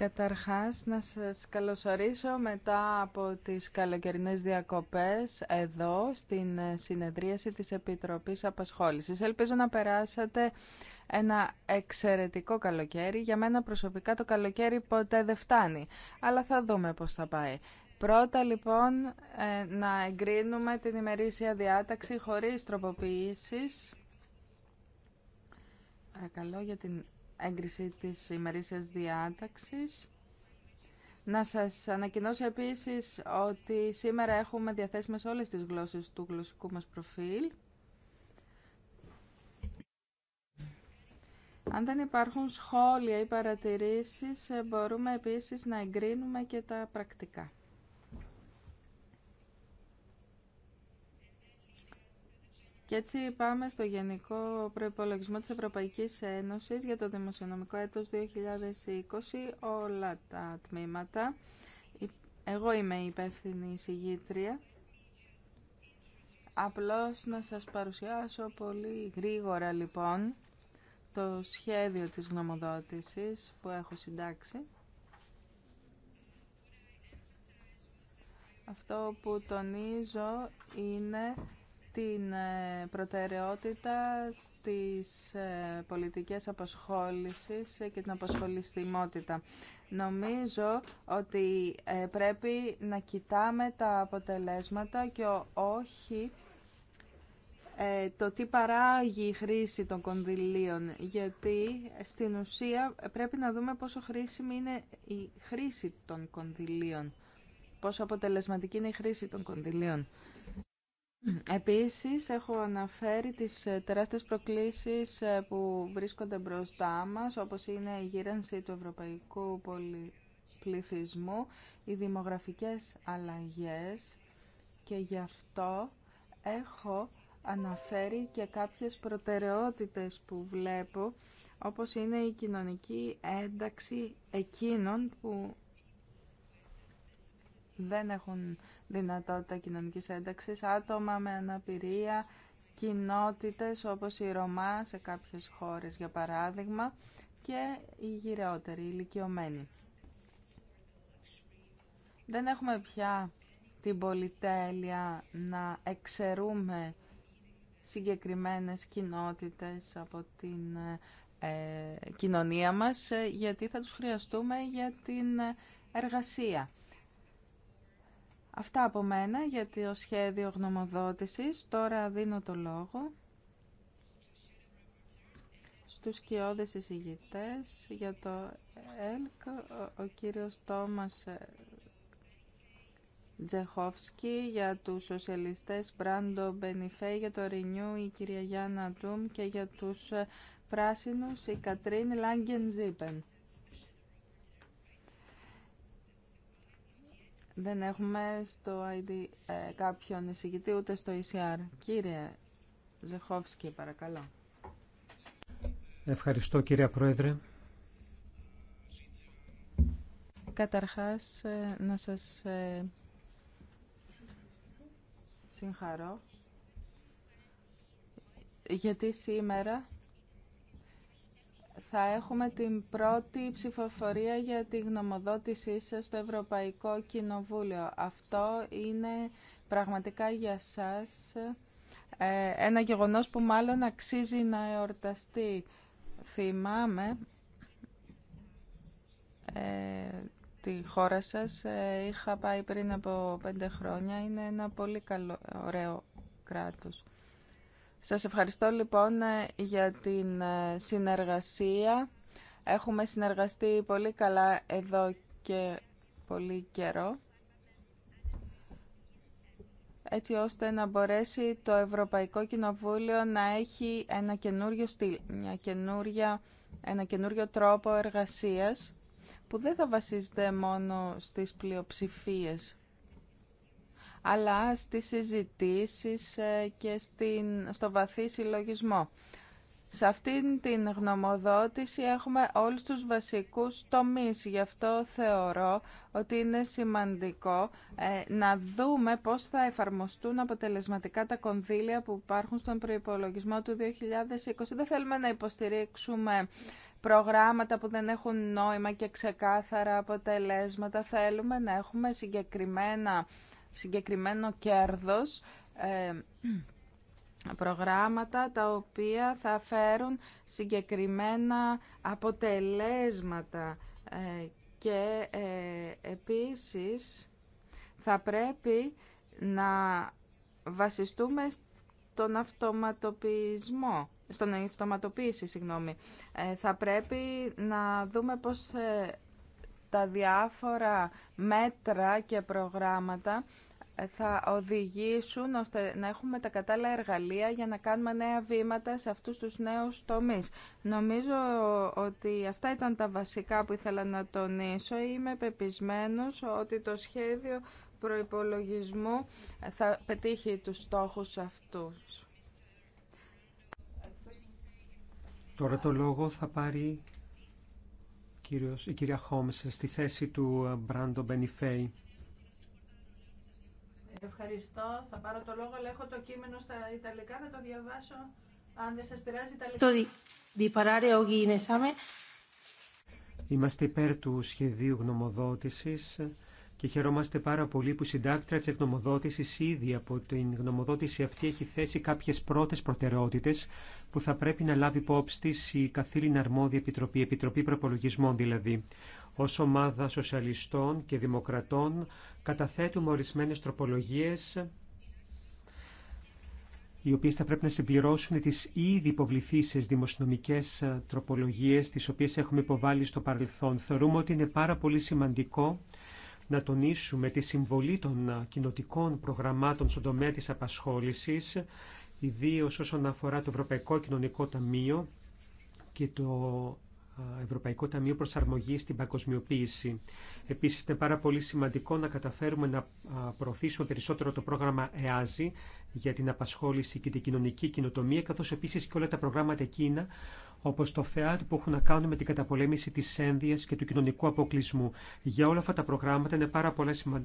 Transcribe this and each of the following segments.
Καταρχάς, να σας καλωσορίσω μετά από τις καλοκαιρινές διακοπές εδώ στην ε, συνεδρίαση της Επιτροπής Απασχόλησης. Ελπίζω να περάσατε ένα εξαιρετικό καλοκαίρι. Για μένα προσωπικά το καλοκαίρι ποτέ δεν φτάνει, αλλά θα δούμε πώς θα πάει. Πρώτα λοιπόν ε, να εγκρίνουμε την ημερήσια διάταξη χωρίς τροποποιήσεις. Παρακαλώ για την έγκριση της ημερήσιας διάταξης. Να σας ανακοινώσω επίσης ότι σήμερα έχουμε διαθέσιμες όλες τις γλώσσες του γλωσσικού μας προφίλ. Αν δεν υπάρχουν σχόλια ή παρατηρήσεις, μπορούμε επίσης να εγκρίνουμε και τα πρακτικά. Και έτσι πάμε στο Γενικό προπολογισμό της Ευρωπαϊκής Ένωσης για το Δημοσιονομικό έτος 2020, όλα τα τμήματα. Εγώ είμαι η υπεύθυνη εισηγήτρια. Απλώς να σας παρουσιάσω πολύ γρήγορα λοιπόν το σχέδιο της γνωμοδότησης που έχω συντάξει. Αυτό που τονίζω είναι την ε, προτεραιότητα στις ε, πολιτικές απασχόλησης και την απασχολησιμότητα. Νομίζω ότι ε, πρέπει να κοιτάμε τα αποτελέσματα και όχι το τι παράγει η χρήση των κονδυλίων, γιατί στην ουσία πρέπει να δούμε πόσο χρήσιμη είναι η χρήση των κονδυλίων, πόσο αποτελεσματική είναι η χρήση των κονδυλίων. Επίσης, έχω αναφέρει τις ε, τεράστιες προκλήσεις ε, που βρίσκονται μπροστά μας, όπως είναι η γύρανση του ευρωπαϊκού πολυπληθυσμού, οι δημογραφικές αλλαγές και γι' αυτό έχω αναφέρει και κάποιες προτεραιότητες που βλέπω, όπως είναι η κοινωνική ένταξη εκείνων που δεν έχουν δυνατότητα κοινωνικής ένταξης, άτομα με αναπηρία, κοινότητες όπως η Ρωμά σε κάποιες χώρες για παράδειγμα και οι γυραιότεροι, οι ηλικιωμένοι. Δεν έχουμε πια την πολυτέλεια να εξαιρούμε συγκεκριμένες κοινότητες από την ε, κοινωνία μας ε, γιατί θα τους χρειαστούμε για την εργασία. Αυτά από μένα για το σχέδιο γνωμοδότησης. Τώρα δίνω το λόγο στους σκιώδες εισηγητές για το ΕΛΚ, ο κύριος Τόμας ε, Τζεχόφσκι για τους σοσιαλιστές Μπράντο Μπενιφέ για το Ρινιού η κυρία Γιάννα Τούμ και για τους ε, πράσινους η Κατρίν Λάγκεν Ζίπεν. Δεν έχουμε στο ID ε, κάποιον εισηγητή ούτε στο ECR. Κύριε Ζεχόφσκι, παρακαλώ. Ευχαριστώ κύριε Πρόεδρε. Καταρχάς, ε, να σας ε, συγχαρώ, γιατί σήμερα θα έχουμε την πρώτη ψηφοφορία για τη γνωμοδότησή σας στο Ευρωπαϊκό Κοινοβούλιο. Αυτό είναι πραγματικά για σας ε, ένα γεγονός που μάλλον αξίζει να εορταστεί. Θυμάμαι ε, τη χώρα σας. Ε, είχα πάει πριν από πέντε χρόνια. Είναι ένα πολύ καλό, ωραίο κράτος. Σας ευχαριστώ λοιπόν ε, για την ε, συνεργασία. Έχουμε συνεργαστεί πολύ καλά εδώ και πολύ καιρό έτσι ώστε να μπορέσει το Ευρωπαϊκό Κοινοβούλιο να έχει ένα καινούριο στυλ, μια καινούρια, ένα καινούριο τρόπο εργασίας που δεν θα βασίζεται μόνο στις πλειοψηφίες αλλά στις συζητήσεις ε, και στην, στο βαθύ συλλογισμό. Σε αυτήν την γνωμοδότηση έχουμε όλους τους βασικούς τομείς. Γι' αυτό θεωρώ ότι είναι σημαντικό ε, να δούμε πώς θα εφαρμοστούν αποτελεσματικά τα κονδύλια που υπάρχουν στον προϋπολογισμό του 2020. Δεν θέλουμε να υποστηρίξουμε προγράμματα που δεν έχουν νόημα και ξεκάθαρα αποτελέσματα. Θέλουμε να έχουμε συγκεκριμένα συγκεκριμένο κέρδος ε, προγράμματα τα οποία θα φέρουν συγκεκριμένα αποτελέσματα ε, και ε, επίσης θα πρέπει να βασιστούμε στον αυτοματοποιησμό, στον αυτοματοποίηση, συγγνώμη. θα πρέπει να δούμε πώς τα διάφορα μέτρα και προγράμματα ε, θα οδηγήσουν ώστε να έχουμε τα κατάλληλα εργαλεία για να κάνουμε νέα βήματα σε αυτούς τους νέους τομείς. Νομίζω ότι αυτά ήταν τα βασικά που ήθελα να τονίσω. Είμαι πεπισμένος ότι το σχέδιο προϋπολογισμού ε, θα πετύχει τους στόχους αυτούς. Τώρα το λόγο θα πάρει κύριος, η κυρία Χόμσε στη θέση του ε, Μπράντο Μπενιφέη. Ευχαριστώ. Θα πάρω το λόγο, αλλά έχω το κείμενο στα Ιταλικά. Θα το διαβάσω, αν δεν σας πειράζει, Ιταλικά. Είμαστε υπέρ του σχεδίου γνωμοδότησης και χαιρόμαστε πάρα πολύ που η συντάκτρα τη εκνομοδότηση ήδη από την γνωμοδότηση αυτή έχει θέσει κάποιε πρώτε προτεραιότητε που θα πρέπει να λάβει υπόψη τη η καθήλυνα αρμόδια επιτροπή, Επιτροπή Προπολογισμών δηλαδή. Ω ομάδα σοσιαλιστών και δημοκρατών καταθέτουμε ορισμένε τροπολογίε οι οποίες θα πρέπει να συμπληρώσουν τις ήδη υποβληθήσεις δημοσιονομικές τροπολογίες τις οποίες έχουμε υποβάλει στο παρελθόν. Θεωρούμε ότι είναι πάρα πολύ σημαντικό να τονίσουμε τη συμβολή των κοινοτικών προγραμμάτων στον τομέα της απασχόλησης, ιδίως όσον αφορά το Ευρωπαϊκό Κοινωνικό Ταμείο και το Ευρωπαϊκό Ταμείο Προσαρμογή στην Παγκοσμιοποίηση. Επίση, είναι πάρα πολύ σημαντικό να καταφέρουμε να προωθήσουμε περισσότερο το πρόγραμμα ΕΑΖΗ για την απασχόληση και την κοινωνική κοινοτομία, καθώ επίση και όλα τα προγράμματα εκείνα, όπω το ΦΕΑΤ, που έχουν να κάνουν με την καταπολέμηση τη ένδυα και του κοινωνικού αποκλεισμού. Για όλα αυτά τα προγράμματα είναι πάρα,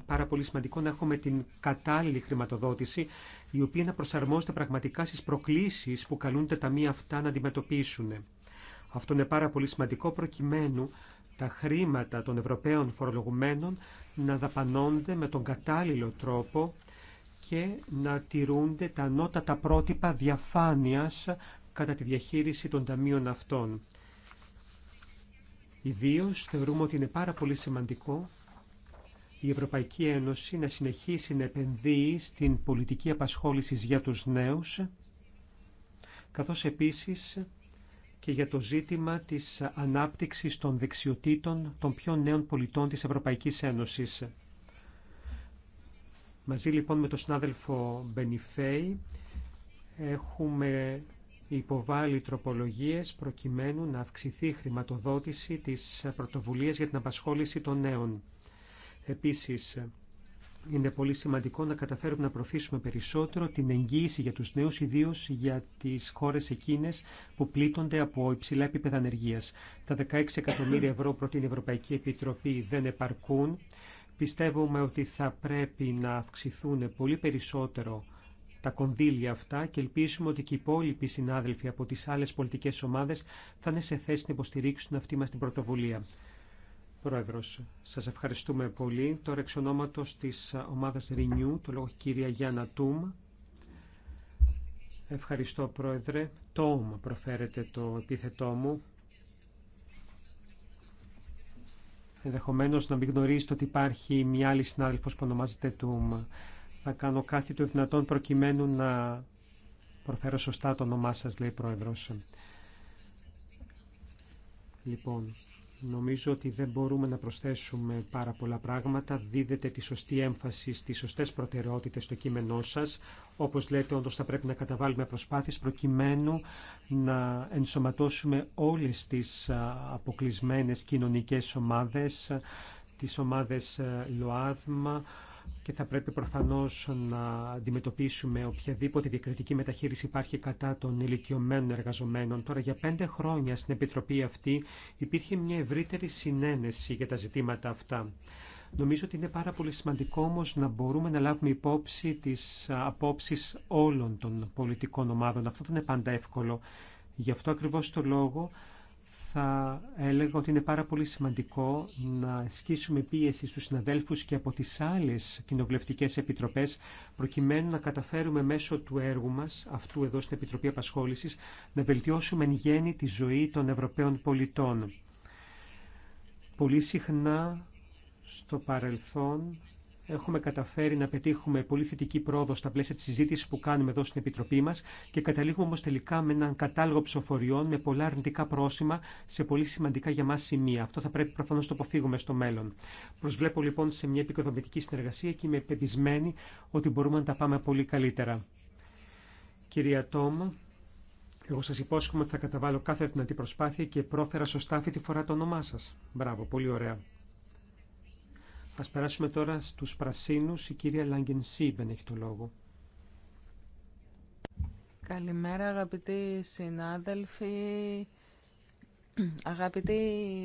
πάρα πολύ σημαντικό να έχουμε την κατάλληλη χρηματοδότηση, η οποία να προσαρμόζεται πραγματικά στι προκλήσει που καλούν τα ταμεία αυτά να αντιμετωπίσουν. Αυτό είναι πάρα πολύ σημαντικό προκειμένου τα χρήματα των Ευρωπαίων φορολογουμένων να δαπανώνται με τον κατάλληλο τρόπο και να τηρούνται τα ανώτατα πρότυπα διαφάνειας κατά τη διαχείριση των ταμείων αυτών. Ιδίω θεωρούμε ότι είναι πάρα πολύ σημαντικό η Ευρωπαϊκή Ένωση να συνεχίσει να επενδύει στην πολιτική απασχόλησης για τους νέους, καθώς επίσης και για το ζήτημα της ανάπτυξης των δεξιοτήτων των πιο νέων πολιτών της Ευρωπαϊκής Ένωσης. Μαζί λοιπόν με τον συνάδελφο Μπενιφέη έχουμε υποβάλει τροπολογίες προκειμένου να αυξηθεί η χρηματοδότηση της πρωτοβουλίας για την απασχόληση των νέων. Επίσης, είναι πολύ σημαντικό να καταφέρουμε να προωθήσουμε περισσότερο την εγγύηση για τους νέους, ιδίω για τις χώρες εκείνες που πλήττονται από υψηλά επίπεδα ανεργίας. Τα 16 εκατομμύρια ευρώ προ την Ευρωπαϊκή Επιτροπή δεν επαρκούν. Πιστεύουμε ότι θα πρέπει να αυξηθούν πολύ περισσότερο τα κονδύλια αυτά και ελπίσουμε ότι και οι υπόλοιποι συνάδελφοι από τις άλλες πολιτικές ομάδες θα είναι σε θέση να υποστηρίξουν αυτή μας την πρωτοβουλία. Πρόεδρος, σας ευχαριστούμε πολύ. Τώρα εξ της ομάδας Renew, το λόγο κυρία Γιάννα Τούμ. Ευχαριστώ Πρόεδρε. Τόμ προφέρεται το επίθετό μου. Ενδεχομένως να μην γνωρίζετε ότι υπάρχει μια άλλη συνάδελφος που ονομάζεται Τούμ. Θα κάνω κάτι το δυνατόν προκειμένου να προφέρω σωστά το όνομά σας, λέει Πρόεδρος. Λοιπόν, Νομίζω ότι δεν μπορούμε να προσθέσουμε πάρα πολλά πράγματα. Δίδετε τη σωστή έμφαση στι σωστέ προτεραιότητε στο κείμενό σα. Όπω λέτε, όντω θα πρέπει να καταβάλουμε προσπάθειε προκειμένου να ενσωματώσουμε όλε τι αποκλεισμένε κοινωνικέ ομάδε, τι ομάδε ΛΟΑΔΜΑ, και θα πρέπει προφανώς να αντιμετωπίσουμε οποιαδήποτε διακριτική μεταχείριση υπάρχει κατά των ηλικιωμένων εργαζομένων. Τώρα για πέντε χρόνια στην Επιτροπή αυτή υπήρχε μια ευρύτερη συνένεση για τα ζητήματα αυτά. Νομίζω ότι είναι πάρα πολύ σημαντικό όμω να μπορούμε να λάβουμε υπόψη τις απόψεις όλων των πολιτικών ομάδων. Αυτό δεν είναι πάντα εύκολο. Γι' αυτό ακριβώς το λόγο θα έλεγα ότι είναι πάρα πολύ σημαντικό να ασκήσουμε πίεση στους συναδέλφους και από τις άλλες κοινοβουλευτικές επιτροπές προκειμένου να καταφέρουμε μέσω του έργου μας, αυτού εδώ στην Επιτροπή Απασχόλησης, να βελτιώσουμε εν γέννη τη ζωή των Ευρωπαίων πολιτών. Πολύ συχνά στο παρελθόν έχουμε καταφέρει να πετύχουμε πολύ θετική πρόοδο στα πλαίσια τη συζήτηση που κάνουμε εδώ στην Επιτροπή μα και καταλήγουμε όμω τελικά με έναν κατάλογο ψηφοφοριών με πολλά αρνητικά πρόσημα σε πολύ σημαντικά για μα σημεία. Αυτό θα πρέπει προφανώ το αποφύγουμε στο μέλλον. Προσβλέπω λοιπόν σε μια επικοδομητική συνεργασία και είμαι πεπισμένη ότι μπορούμε να τα πάμε πολύ καλύτερα. Κυρία Τόμα, εγώ σα υπόσχομαι ότι θα καταβάλω κάθε δυνατή προσπάθεια και πρόφερα σωστά αυτή τη φορά το όνομά σα. Μπράβο, πολύ ωραία. Ας περάσουμε τώρα στους πρασίνους. Η κυρία Σίμπεν έχει το λόγο. Καλημέρα αγαπητοί συνάδελφοι. Αγαπητή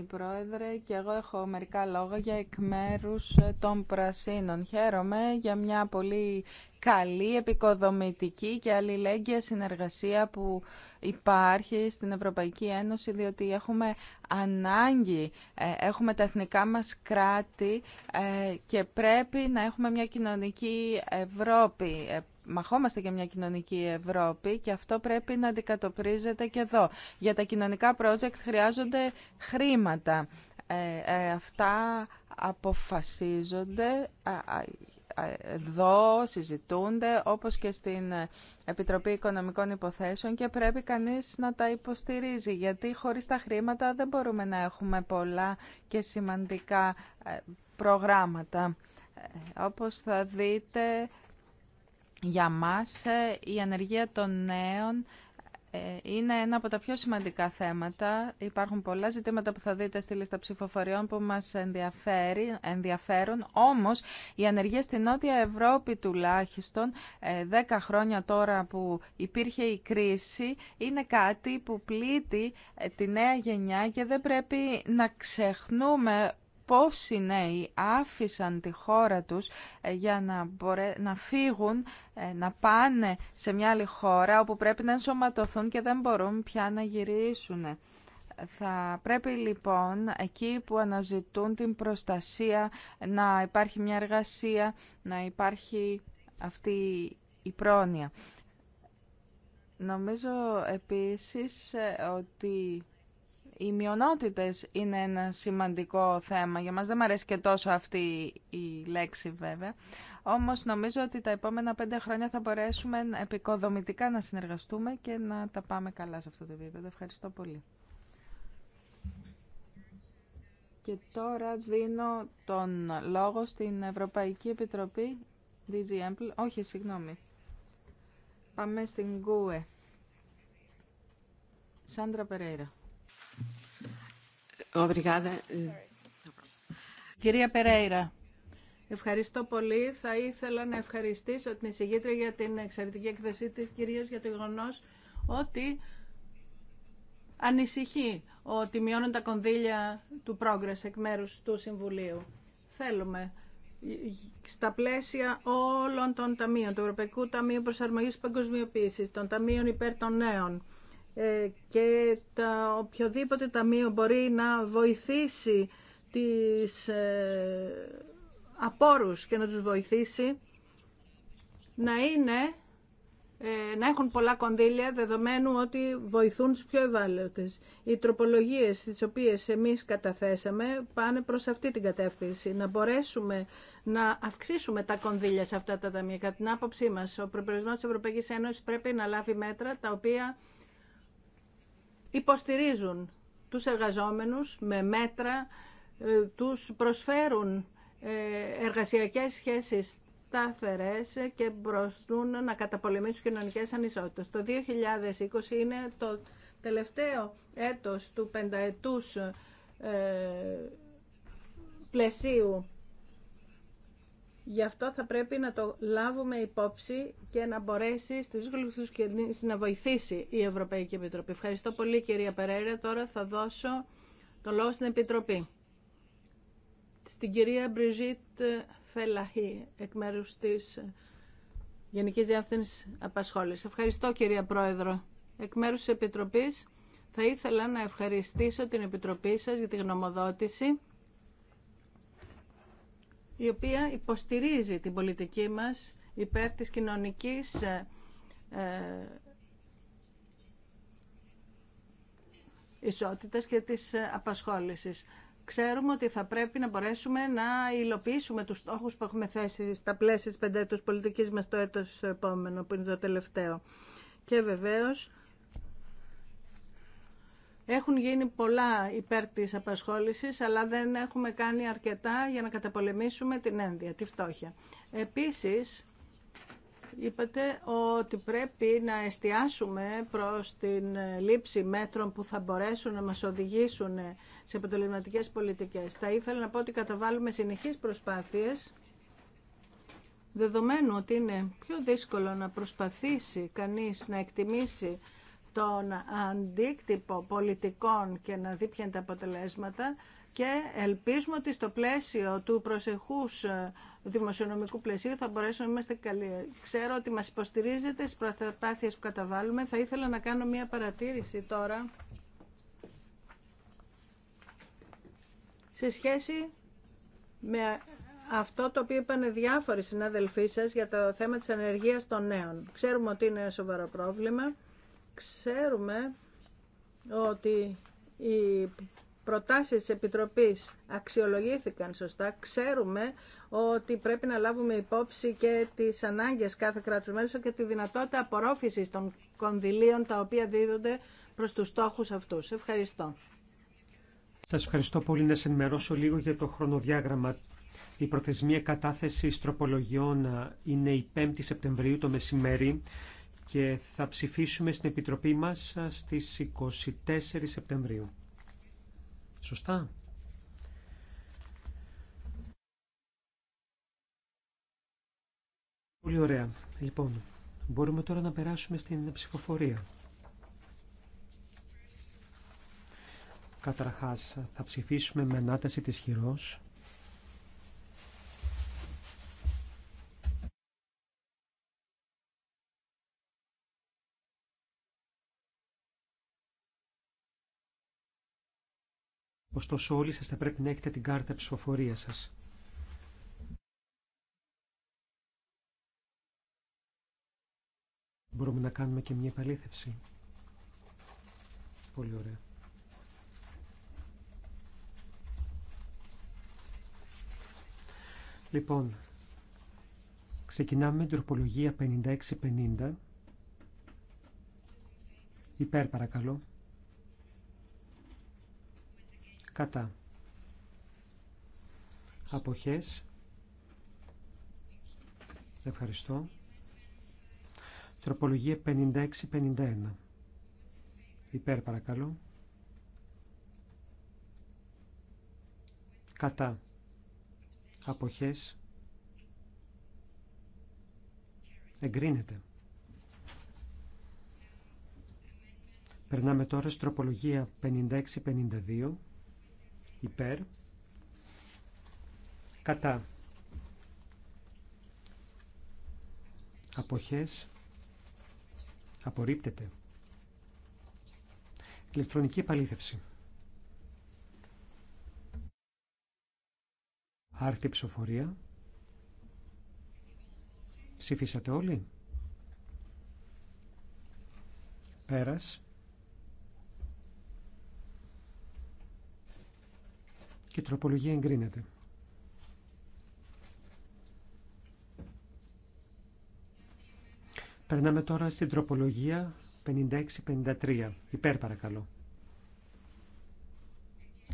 Πρόεδρε, και εγώ έχω μερικά λόγια για εκ μέρου ε, των Πρασίνων. Χαίρομαι για μια πολύ καλή, επικοδομητική και αλληλέγγυα συνεργασία που υπάρχει στην Ευρωπαϊκή Ένωση, διότι έχουμε ανάγκη, ε, έχουμε τα εθνικά μας κράτη ε, και πρέπει να έχουμε μια κοινωνική Ευρώπη μαχόμαστε και μια κοινωνική Ευρώπη και αυτό πρέπει να αντικατοπρίζεται και εδώ. Για τα κοινωνικά project χρειάζονται χρήματα. Ε, ε, αυτά αποφασίζονται εδώ συζητούνται όπως και στην Επιτροπή Οικονομικών Υποθέσεων και πρέπει κανείς να τα υποστηρίζει γιατί χωρίς τα χρήματα δεν μπορούμε να έχουμε πολλά και σημαντικά ε, προγράμματα. Όπως θα δείτε για μας ε, η ανεργία των νέων ε, είναι ένα από τα πιο σημαντικά θέματα. Υπάρχουν πολλά ζητήματα που θα δείτε στη λίστα ψηφοφοριών που μας ενδιαφέρει, ενδιαφέρουν. Όμως η ανεργία στην Νότια Ευρώπη τουλάχιστον 10 ε, χρόνια τώρα που υπήρχε η κρίση είναι κάτι που πλήττει τη νέα γενιά και δεν πρέπει να ξεχνούμε πόσοι νέοι άφησαν τη χώρα τους ε, για να, μπορέ... να φύγουν, ε, να πάνε σε μια άλλη χώρα όπου πρέπει να ενσωματωθούν και δεν μπορούν πια να γυρίσουν. Θα πρέπει λοιπόν εκεί που αναζητούν την προστασία να υπάρχει μια εργασία, να υπάρχει αυτή η πρόνοια. Νομίζω επίσης ε, ότι οι μειονότητες είναι ένα σημαντικό θέμα. Για μας δεν μου αρέσει και τόσο αυτή η λέξη βέβαια. Όμως νομίζω ότι τα επόμενα πέντε χρόνια θα μπορέσουμε επικοδομητικά να συνεργαστούμε και να τα πάμε καλά σε αυτό το επίπεδο. Ευχαριστώ πολύ. Και τώρα δίνω τον λόγο στην Ευρωπαϊκή Επιτροπή DG Όχι, συγγνώμη. Πάμε στην ΚΟΕ. Σάντρα Περέιρα. Κυρία Περέιρα, ευχαριστώ πολύ. Θα ήθελα να ευχαριστήσω την εισηγήτρια για την εξαιρετική έκθεσή της, κυρίως για το γεγονό ότι ανησυχεί ότι μειώνουν τα κονδύλια του Progress εκ μέρους του Συμβουλίου. Θέλουμε στα πλαίσια όλων των ταμείων, του Ευρωπαϊκού Ταμείου Προσαρμογής Παγκοσμιοποίησης, των Ταμείων Υπέρ των Νέων, ε, και τα οποιοδήποτε ταμείο μπορεί να βοηθήσει τις ε, απόρους και να τους βοηθήσει να είναι ε, να έχουν πολλά κονδύλια δεδομένου ότι βοηθούν τους πιο ευάλωτες. Οι τροπολογίες τις οποίες εμείς καταθέσαμε πάνε προς αυτή την κατεύθυνση. Να μπορέσουμε να αυξήσουμε τα κονδύλια σε αυτά τα ταμεία. Κατά την άποψή μας, ο προπερισμός της Ευρωπαϊκής Ένωσης πρέπει να λάβει μέτρα τα οποία υποστηρίζουν τους εργαζόμενους με μέτρα, ε, τους προσφέρουν ε, εργασιακές σχέσεις σταθερές και προστούν να καταπολεμήσουν κοινωνικές ανισότητες. Το 2020 είναι το τελευταίο έτος του πενταετούς ε, πλαισίου Γι' αυτό θα πρέπει να το λάβουμε υπόψη και να μπορέσει στις γλωσσούς και να βοηθήσει η Ευρωπαϊκή Επιτροπή. Ευχαριστώ πολύ κυρία Περέρα. Τώρα θα δώσω το λόγο στην Επιτροπή. Στην κυρία Μπριζίτ Φελαχή, εκ μέρου τη Γενική Διεύθυνση Απασχόληση. Ευχαριστώ κυρία Πρόεδρο. Εκ μέρου τη Επιτροπή θα ήθελα να ευχαριστήσω την Επιτροπή σα για τη γνωμοδότηση η οποία υποστηρίζει την πολιτική μας υπέρ της κοινωνικής ε, ε, ισότητας και της ε, απασχόλησης. Ξέρουμε ότι θα πρέπει να μπορέσουμε να υλοποιήσουμε τους στόχους που έχουμε θέσει στα πλαίσια της πεντέτους πολιτικής μας το έτος επόμενο, που είναι το τελευταίο. Και βεβαίως έχουν γίνει πολλά υπέρ τη απασχόληση, αλλά δεν έχουμε κάνει αρκετά για να καταπολεμήσουμε την ένδια, τη φτώχεια. Επίσης, είπατε ότι πρέπει να εστιάσουμε προς την λήψη μέτρων που θα μπορέσουν να μας οδηγήσουν σε αποτελεσματικές πολιτικές. Θα ήθελα να πω ότι καταβάλουμε συνεχείς προσπάθειες, δεδομένου ότι είναι πιο δύσκολο να προσπαθήσει κανείς να εκτιμήσει τον αντίκτυπο πολιτικών και να δει ποια είναι τα αποτελέσματα και ελπίζουμε ότι στο πλαίσιο του προσεχούς ε, δημοσιονομικού πλαισίου θα μπορέσουμε να είμαστε καλοί. Ξέρω ότι μας υποστηρίζετε στις προσπάθειες που καταβάλουμε. Θα ήθελα να κάνω μια παρατήρηση τώρα σε σχέση με αυτό το οποίο είπαν διάφοροι συνάδελφοί σας για το θέμα της ανεργίας των νέων. Ξέρουμε ότι είναι ένα σοβαρό πρόβλημα. Ξέρουμε ότι οι προτάσεις της Επιτροπής αξιολογήθηκαν σωστά. Ξέρουμε ότι πρέπει να λάβουμε υπόψη και τις ανάγκες κάθε κράτους μέλους και τη δυνατότητα απορρόφησης των κονδυλίων τα οποία δίδονται προς τους στόχους αυτούς. Ευχαριστώ. Σας ευχαριστώ πολύ να σε ενημερώσω λίγο για το χρονοδιάγραμμα. Η προθεσμία κατάθεση τροπολογιών ε, είναι η 5η Σεπτεμβρίου το μεσημέρι και θα ψηφίσουμε στην Επιτροπή μας στις 24 Σεπτεμβρίου. Σωστά. Πολύ ωραία. Λοιπόν, μπορούμε τώρα να περάσουμε στην ψηφοφορία. Καταρχάς, θα ψηφίσουμε με ανάταση της χειρός Ωστόσο όλοι σας θα πρέπει να έχετε την κάρτα ψηφοφορία σας. Μπορούμε να κάνουμε και μια επαλήθευση. Πολύ ωραία. Λοιπόν, ξεκινάμε με την τροπολογία 5650. Υπέρ παρακαλώ κατά αποχές ευχαριστώ τροπολογία 56-51 υπέρ παρακαλώ κατά αποχές εγκρίνεται Περνάμε τώρα στροπολογία 56-52 υπέρ, κατά, αποχές, απορρίπτεται. Ηλεκτρονική επαλήθευση. Άρτη ψηφοφορία. Ψήφισατε όλοι. Πέρας. Και η τροπολογία εγκρίνεται. Περνάμε τώρα στην τροπολογία 56-53. Υπέρ παρακαλώ.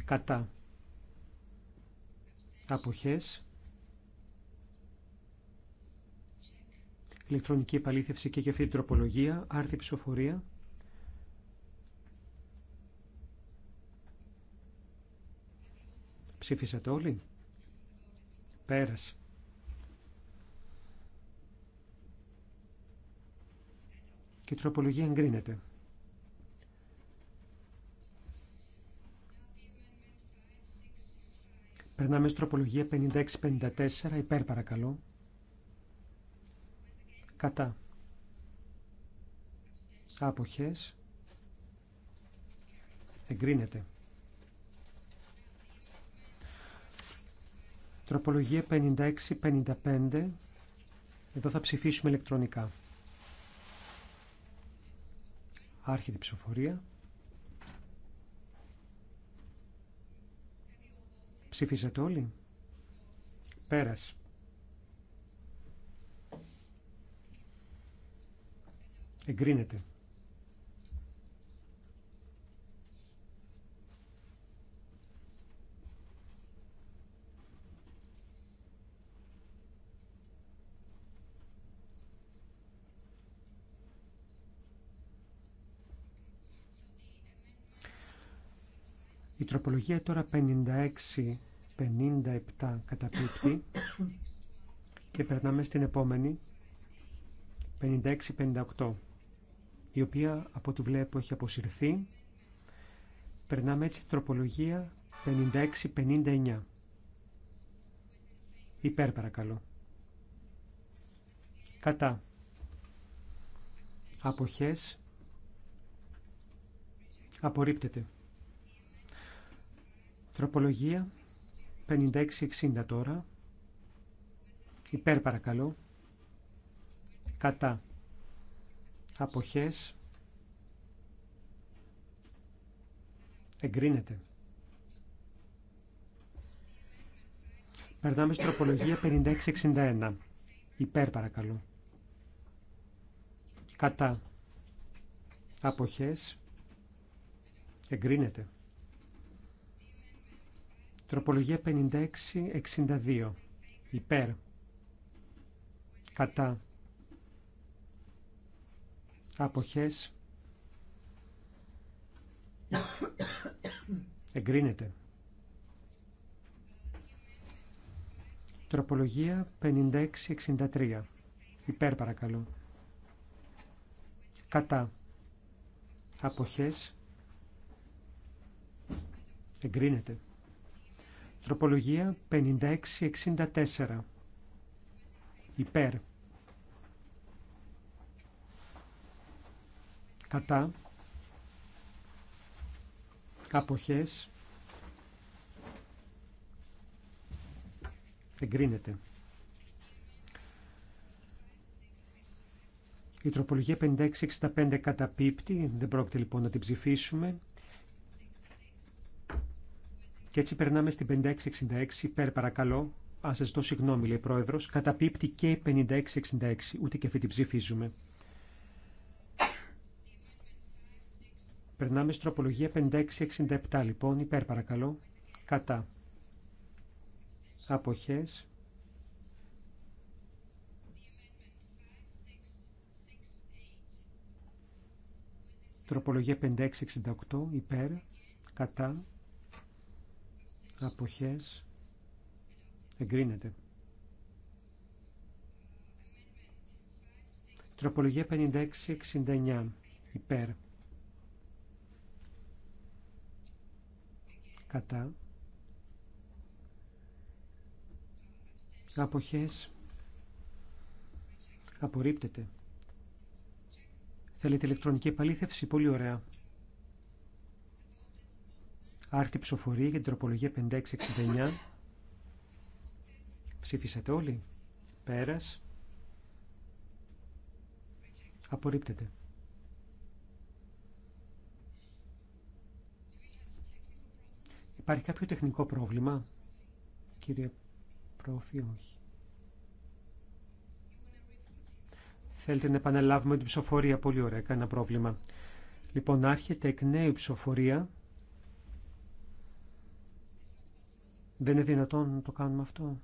Κατά. Αποχές. Ηλεκτρονική επαλήθευση και για αυτή την τροπολογία. Άρτη ψηφοφορία. Ψήφισατε όλοι. Πέρασε. Και η τροπολογία εγκρίνεται. Περνάμε στην τροπολογία 56-54. Υπέρ παρακαλώ. Κατά. Άποχες. Εγκρίνεται. Τροπολογία 56-55. Εδώ θα ψηφίσουμε ηλεκτρονικά. Άρχεται ψηφοφορία. Ψηφίσατε όλοι. Πέρας. Εγκρίνεται. τροπολογία τώρα 56-57 καταπίπτει και περνάμε στην επόμενη 56-58 η οποία από ό,τι βλέπω έχει αποσυρθεί. Περνάμε έτσι στην τροπολογία 56-59. Υπέρ παρακαλώ. Κατά. Αποχές. Απορρίπτεται τροπολογια 5660 τώρα. Υπέρ παρακαλώ. Κατά. Αποχές. Εγκρίνεται. Περνάμε στην τροπολογία 56-61. Υπέρ παρακαλώ. Κατά. Αποχές. Εγκρίνεται. Τροπολογία 56-62. Υπέρ. Κατά. Αποχές. Εγκρίνεται. Τροπολογία 56-63. Υπέρ παρακαλώ. Κατά. Αποχές. Εγκρίνεται. Τροπολογία 5664. Υπέρ. Κατά. Αποχές. Εγκρίνεται. Η τροπολογία 5665 καταπίπτει, δεν πρόκειται λοιπόν να την ψηφίσουμε. Και έτσι περνάμε στην 5666 υπέρ παρακαλώ. Α, σα δώσω συγγνώμη, λέει πρόεδρο. Καταπίπτει και η 5666. Ούτε και αυτή την ψηφίζουμε. Περνάμε στην τροπολογία 5667, λοιπόν. Υπέρ, παρακαλώ. Κατά. Αποχές. Τροπολογία 5668, υπέρ, κατά, αποχές εγκρίνεται. 5669 56-69 υπέρ. Κατά. Αποχές απορρίπτεται. Θέλετε ηλεκτρονική επαλήθευση, πολύ ωραία. Άρτη ψηφοφορία για την τροπολογία 5669. Ψήφισατε όλοι. Πέρας. Απορρίπτεται. Υπάρχει κάποιο τεχνικό πρόβλημα. Κύριε Πρόφη, όχι. Θέλετε να επαναλάβουμε την ψηφοφορία. Πολύ ωραία, κανένα πρόβλημα. Λοιπόν, άρχεται εκ νέου ψηφοφορία Δεν είναι δυνατόν να το κάνουμε αυτό.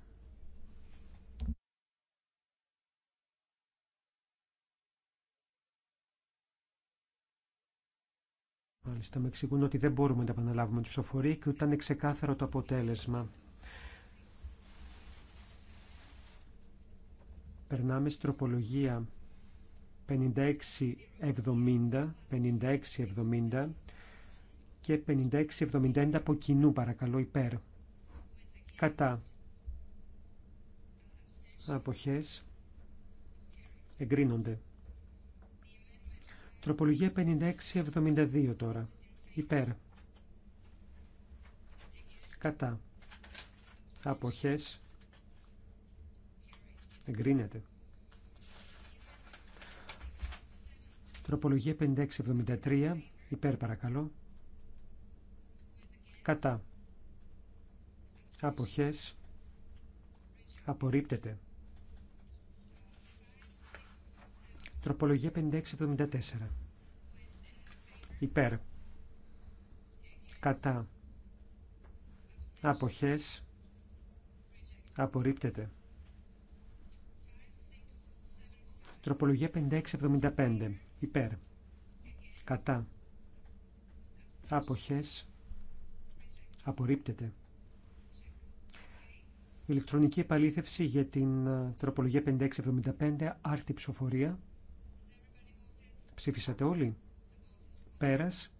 Μάλιστα, με εξηγούν ότι δεν μπορούμε να επαναλάβουμε τη ψηφοφορία και ούτε ήταν ξεκάθαρο το αποτέλεσμα. Περνάμε στην τροπολογία 5670, 5670 και 5671 από κοινού, παρακαλώ, υπέρ κατά αποχές εγκρίνονται. 5672 τώρα. Υπέρ. Κατά. Αποχές. Εγκρίνεται. 5673 Υπέρ παρακαλώ. Κατά αποχές απορρίπτεται. Τροπολογία 5674. Υπέρ. Κατά. Αποχές. Απορρίπτεται. Τροπολογία 5675. Υπέρ. Κατά. Αποχές. Απορρίπτεται. Ηλεκτρονική επαλήθευση για την ε, τροπολογία 5675, άρτη ψηφοφορία. Ψήφισατε όλοι. Πέρας.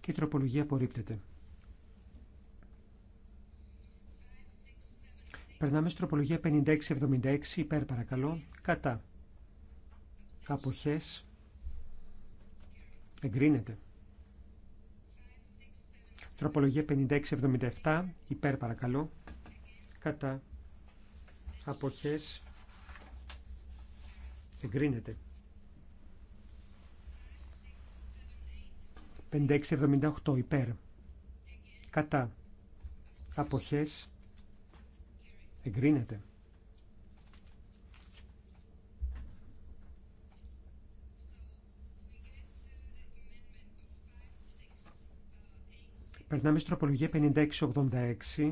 Και η τροπολογία απορρίπτεται. Περνάμε στην τροπολογία 5676, υπέρ παρακαλώ, κατά. Αποχές. Εγκρίνεται. Τροπολογία 5677, υπέρ παρακαλώ, κατά αποχές εγκρίνεται. 5678 υπέρ, κατά αποχές εγκρίνεται. Περνάμε στην τροπολογία 5686.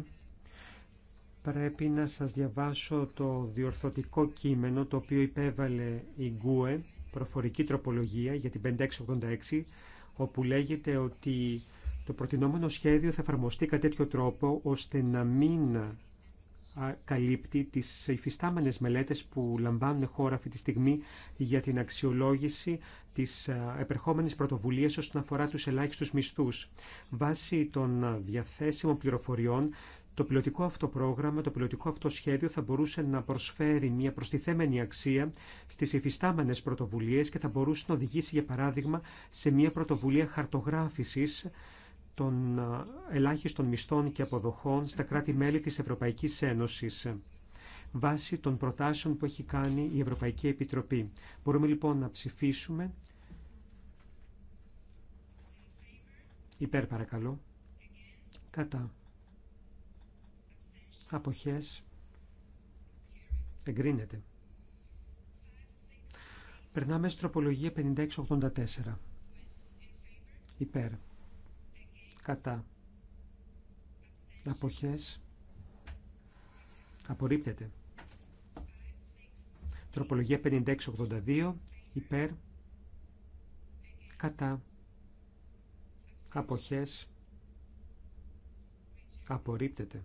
Πρέπει να σας διαβάσω το διορθωτικό κείμενο το οποίο υπέβαλε η Γκουε, προφορική τροπολογία για την 5686, όπου λέγεται ότι το προτινόμενο σχέδιο θα εφαρμοστεί κατά τέτοιο τρόπο ώστε να μην καλύπτει τις υφιστάμενες μελέτες που λαμβάνουν χώρα αυτή τη στιγμή για την αξιολόγηση της ε, επερχόμενης πρωτοβουλίας όσον αφορά τους ελάχιστους μισθούς. Βάσει των διαθέσιμων πληροφοριών, το πιλωτικό αυτό πρόγραμμα, το πιλωτικό αυτό σχέδιο θα μπορούσε να προσφέρει μια προστιθέμενη αξία στις υφιστάμενες πρωτοβουλίες και θα μπορούσε να οδηγήσει, για παράδειγμα, σε μια πρωτοβουλία χαρτογράφησης των ε, ελάχιστων μισθών και αποδοχών στα κράτη-μέλη της Ευρωπαϊκής Ένωσης βάσει των προτάσεων που έχει κάνει η Ευρωπαϊκή Επιτροπή. Μπορούμε λοιπόν να ψηφίσουμε. Υπέρ παρακαλώ. Κατά. Αποχές. Εγκρίνεται. Περνάμε στην τροπολογία 5684. Υπέρ κατά αποχές απορρίπτεται τροπολογία 5682 υπέρ κατά αποχές απορρίπτεται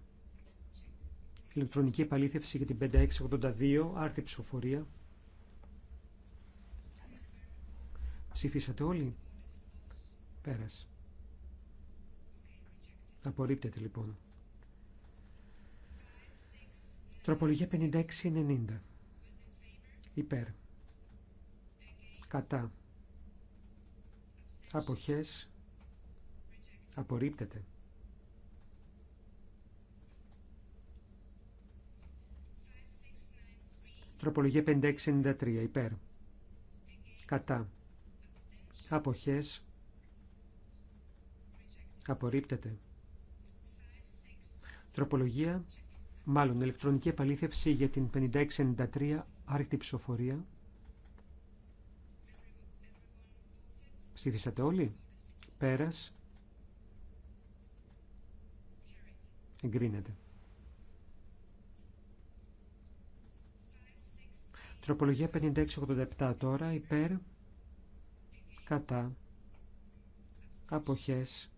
ηλεκτρονική επαλήθευση για την 5682 άρτη ψηφοφορία ψηφίσατε όλοι πέρασε Απορρίπτεται λοιπόν. Τροπολογία 56-90. Υπέρ. Κατά. Αποχές. Απορρίπτεται. Τροπολογία 56-93. Υπέρ. Κατά. Αποχές. Απορρίπτεται. Τροπολογία, μάλλον ηλεκτρονική επαλήθευση για την 5693 άρρηκτη ψηφοφορία. Ψήφισατε όλοι. Πέρας. Εγκρίνεται. Τροπολογία 5687 τώρα υπέρ κατά αποχές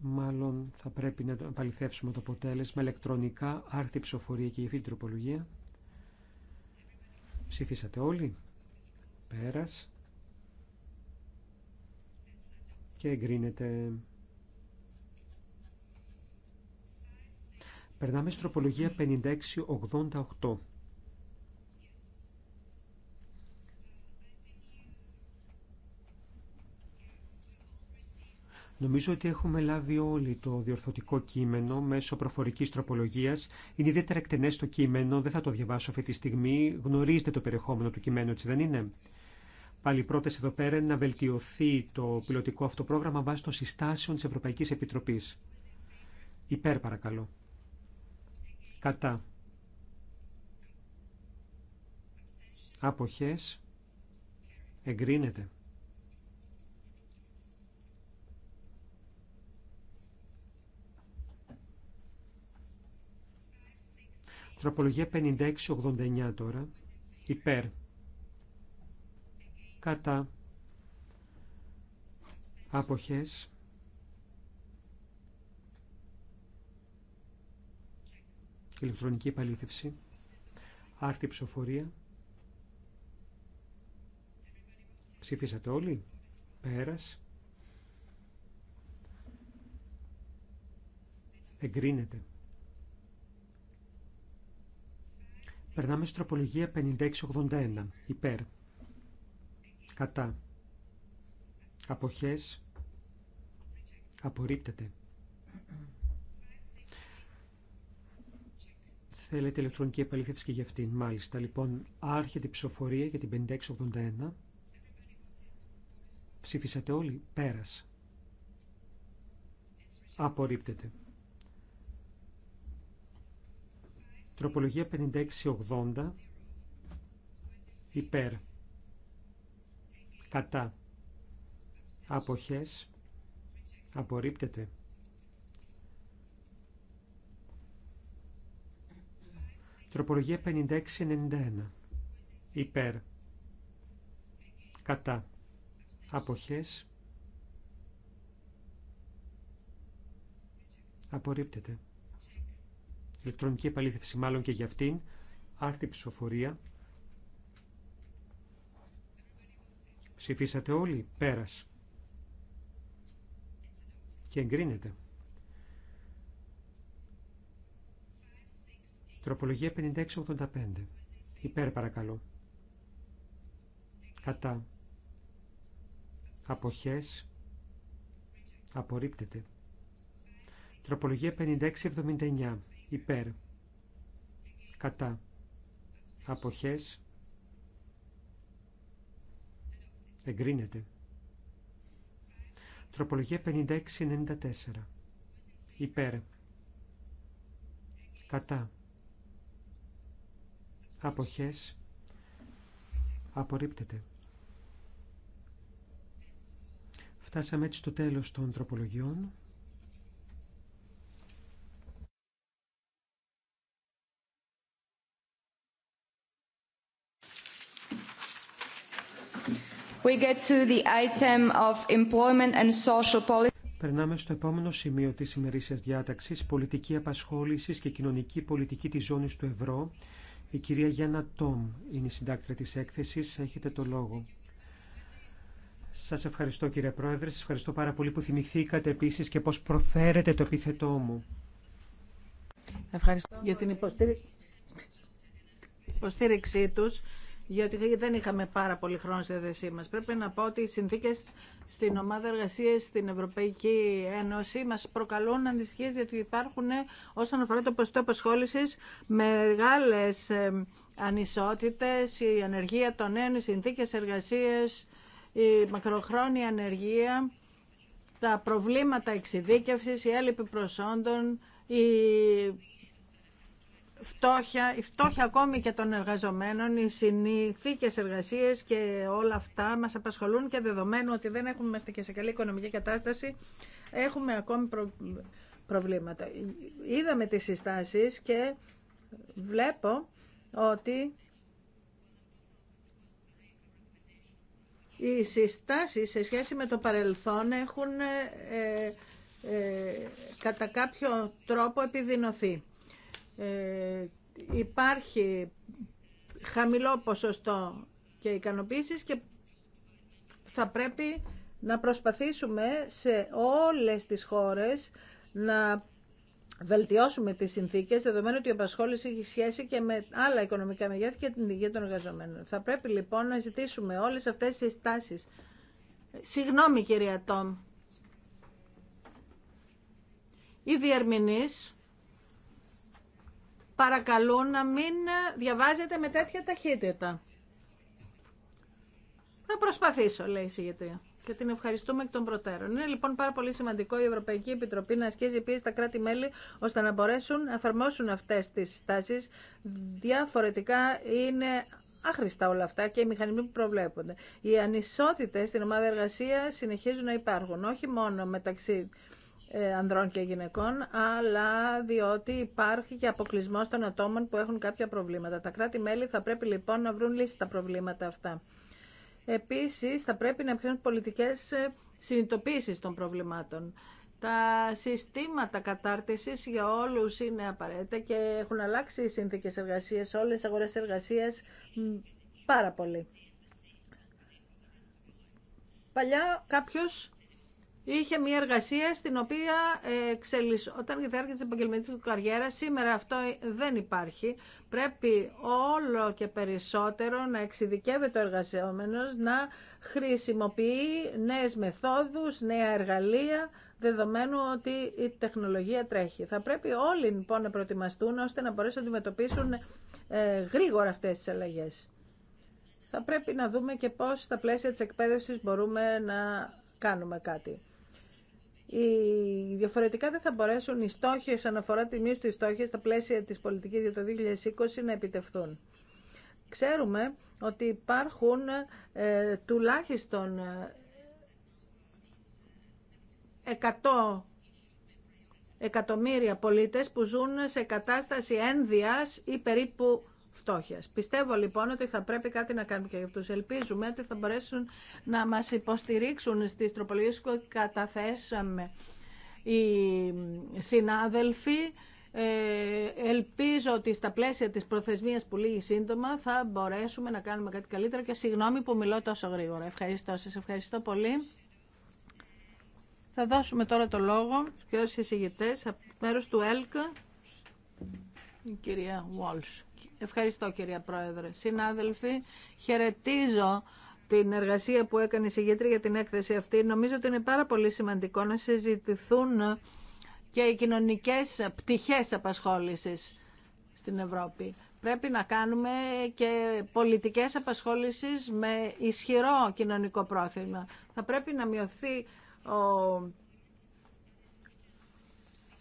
Μάλλον θα πρέπει να παληθεύσουμε το αποτέλεσμα ηλεκτρονικά, άρθρη ψηφοφορία και η τροπολογία. Ψηφίσατε όλοι. Πέρας. Και εγκρίνεται. Περνάμε στην τροπολογία 5688. Νομίζω ότι έχουμε λάβει όλοι το διορθωτικό κείμενο μέσω προφορική τροπολογία. Είναι ιδιαίτερα εκτενέ το κείμενο, δεν θα το διαβάσω αυτή τη στιγμή. Γνωρίζετε το περιεχόμενο του κειμένου, έτσι δεν είναι. Πάλι πρώτε εδώ πέρα είναι να βελτιωθεί το πιλωτικό αυτό πρόγραμμα βάσει των συστάσεων τη Ευρωπαϊκή Επιτροπή. Υπέρ, παρακαλώ. Κατά. Αποχές. Εγκρίνεται. Τροπολογία 5689 τώρα. Υπέρ. Κατά. Άποχες. Ηλεκτρονική επαλήθευση. Άρτη ψηφοφορία. Ψηφίσατε όλοι. Πέρας. Εγκρίνεται. Περνάμε στην τροπολογία 5681. Υπέρ. Κατά. Αποχές. Απορρίπτεται. Θέλετε ηλεκτρονική επαλήθευση και για αυτήν. Μάλιστα, λοιπόν, άρχεται η ψηφοφορία για την 5681. Ψήφισατε όλοι. Πέρας. Απορρίπτεται. Τροπολογία 5680 υπέρ κατά αποχές απορρίπτεται. Τροπολογία 5691 υπέρ κατά αποχές απορρίπτεται ηλεκτρονική επαλήθευση μάλλον και για αυτήν, άρτη ψηφοφορία. Ψηφίσατε όλοι, πέρας. Και εγκρίνεται. Τροπολογία 5685. Υπέρ παρακαλώ. Κατά. Αποχές. Απορρίπτεται. Τροπολογία 5679 υπέρ κατά αποχές εγκρίνεται τροπολογία 56-94 υπέρ κατά αποχές απορρίπτεται Φτάσαμε έτσι στο τέλος των τροπολογιών. Περνάμε στο επόμενο σημείο της ημερήσιας διάταξης, πολιτική απασχόλησης και κοινωνική πολιτική της ζώνης του ευρώ. Η κυρία Γιάννα Τόμ είναι η συντάκτρια της έκθεσης. Έχετε το λόγο. Σας ευχαριστώ κύριε Πρόεδρε, σας ευχαριστώ πάρα πολύ που θυμηθήκατε επίσης και πώς προφέρετε το επίθετό μου. Ευχαριστώ για την υποστήριξή τους γιατί δεν είχαμε πάρα πολύ χρόνο στη διαδεσία μας. Πρέπει να πω ότι οι συνθήκες στην ομάδα εργασίας στην Ευρωπαϊκή Ένωση μας προκαλούν αντιστοιχίες γιατί υπάρχουν ε, όσον αφορά το ποσοστό απασχόληση μεγάλες ε, ανισότητες, η ανεργία των νέων, οι συνθήκες εργασίας, η μακροχρόνια ανεργία, τα προβλήματα εξειδίκευσης, η έλλειπη προσόντων, η φτώχεια, η φτώχεια ακόμη και των εργαζομένων, οι συνήθικες εργασίες και όλα αυτά μας απασχολούν και δεδομένου ότι δεν έχουμε, είμαστε και σε καλή οικονομική κατάσταση, έχουμε ακόμη προβλήματα. Είδαμε τις συστάσεις και βλέπω ότι οι συστάσεις σε σχέση με το παρελθόν έχουν ε, ε κατά κάποιο τρόπο επιδεινωθεί. Ε, υπάρχει χαμηλό ποσοστό και ικανοποίησης και θα πρέπει να προσπαθήσουμε σε όλες τις χώρες να βελτιώσουμε τις συνθήκες, δεδομένου ότι η απασχόληση έχει σχέση και με άλλα οικονομικά μεγέθη και την υγεία των εργαζομένων. Θα πρέπει λοιπόν να ζητήσουμε όλες αυτές τις τάσεις. Συγγνώμη κυρία Τόμ. Οι διερμηνείς Παρακαλώ να μην διαβάζετε με τέτοια ταχύτητα. Θα προσπαθήσω, λέει η συγγετρία. Και την ευχαριστούμε εκ των προτέρων. Είναι λοιπόν πάρα πολύ σημαντικό η Ευρωπαϊκή Επιτροπή να ασκήσει πίεση στα κράτη-μέλη ώστε να μπορέσουν να εφαρμόσουν αυτέ τι στάσει. Διαφορετικά είναι άχρηστα όλα αυτά και οι μηχανισμοί που προβλέπονται. Οι ανισότητε στην ομάδα εργασία συνεχίζουν να υπάρχουν, όχι μόνο μεταξύ ε, ανδρών και γυναικών, αλλά διότι υπάρχει και αποκλεισμό των ατόμων που έχουν κάποια προβλήματα. Τα κράτη-μέλη θα πρέπει λοιπόν να βρουν λύσει στα προβλήματα αυτά. Επίσης, θα πρέπει να υπάρχουν πολιτικές ε, συνειδητοποίησεις των προβλημάτων. Τα συστήματα κατάρτιση για όλους είναι απαραίτητα και έχουν αλλάξει οι συνθήκε σε όλες οι αγορέ εργασία πάρα πολύ. Παλιά κάποιος Είχε μια εργασία στην οποία ε, εξελισσόταν για διάρκεια τη επαγγελματική του καριέρα. Σήμερα αυτό ε, δεν υπάρχει. Πρέπει όλο και περισσότερο να εξειδικεύεται ο εργαζόμενο, να χρησιμοποιεί νέε μεθόδου, νέα εργαλεία, δεδομένου ότι η τεχνολογία τρέχει. Θα πρέπει όλοι λοιπόν να προετοιμαστούν ώστε να μπορέσουν να αντιμετωπίσουν ε, γρήγορα αυτέ τι αλλαγέ. Θα πρέπει να δούμε και πώς στα πλαίσια της εκπαίδευσης μπορούμε να κάνουμε κάτι. Οι διαφορετικά δεν θα μπορέσουν οι στόχοι, όσον αφορά τη μείωση του στόχοι, στα πλαίσια της πολιτικής για το 2020 να επιτευχθούν. Ξέρουμε ότι υπάρχουν ε, τουλάχιστον 100 ε, εκατομμύρια πολίτες που ζουν σε κατάσταση ένδυας ή περίπου Πιστεύω λοιπόν ότι θα πρέπει κάτι να κάνουμε και για αυτού. Ελπίζουμε ότι θα μπορέσουν να μας υποστηρίξουν στι τροπολογίε που καταθέσαμε οι συνάδελφοι. Ε, ελπίζω ότι στα πλαίσια της προθεσμίας που λύγει σύντομα θα μπορέσουμε να κάνουμε κάτι καλύτερο και συγγνώμη που μιλώ τόσο γρήγορα. Ευχαριστώ σας. Ευχαριστώ πολύ. Θα δώσουμε τώρα το λόγο στους εισηγητές από μέρους του ΕΛΚ, η κυρία Walsh. Ευχαριστώ κυρία Πρόεδρε. Συνάδελφοι, χαιρετίζω την εργασία που έκανε η Συγγήτρια για την έκθεση αυτή. Νομίζω ότι είναι πάρα πολύ σημαντικό να συζητηθούν και οι κοινωνικές πτυχές απασχόλησης στην Ευρώπη. Πρέπει να κάνουμε και πολιτικές απασχόλησεις με ισχυρό κοινωνικό πρόθυμα. Θα πρέπει να μειωθεί ο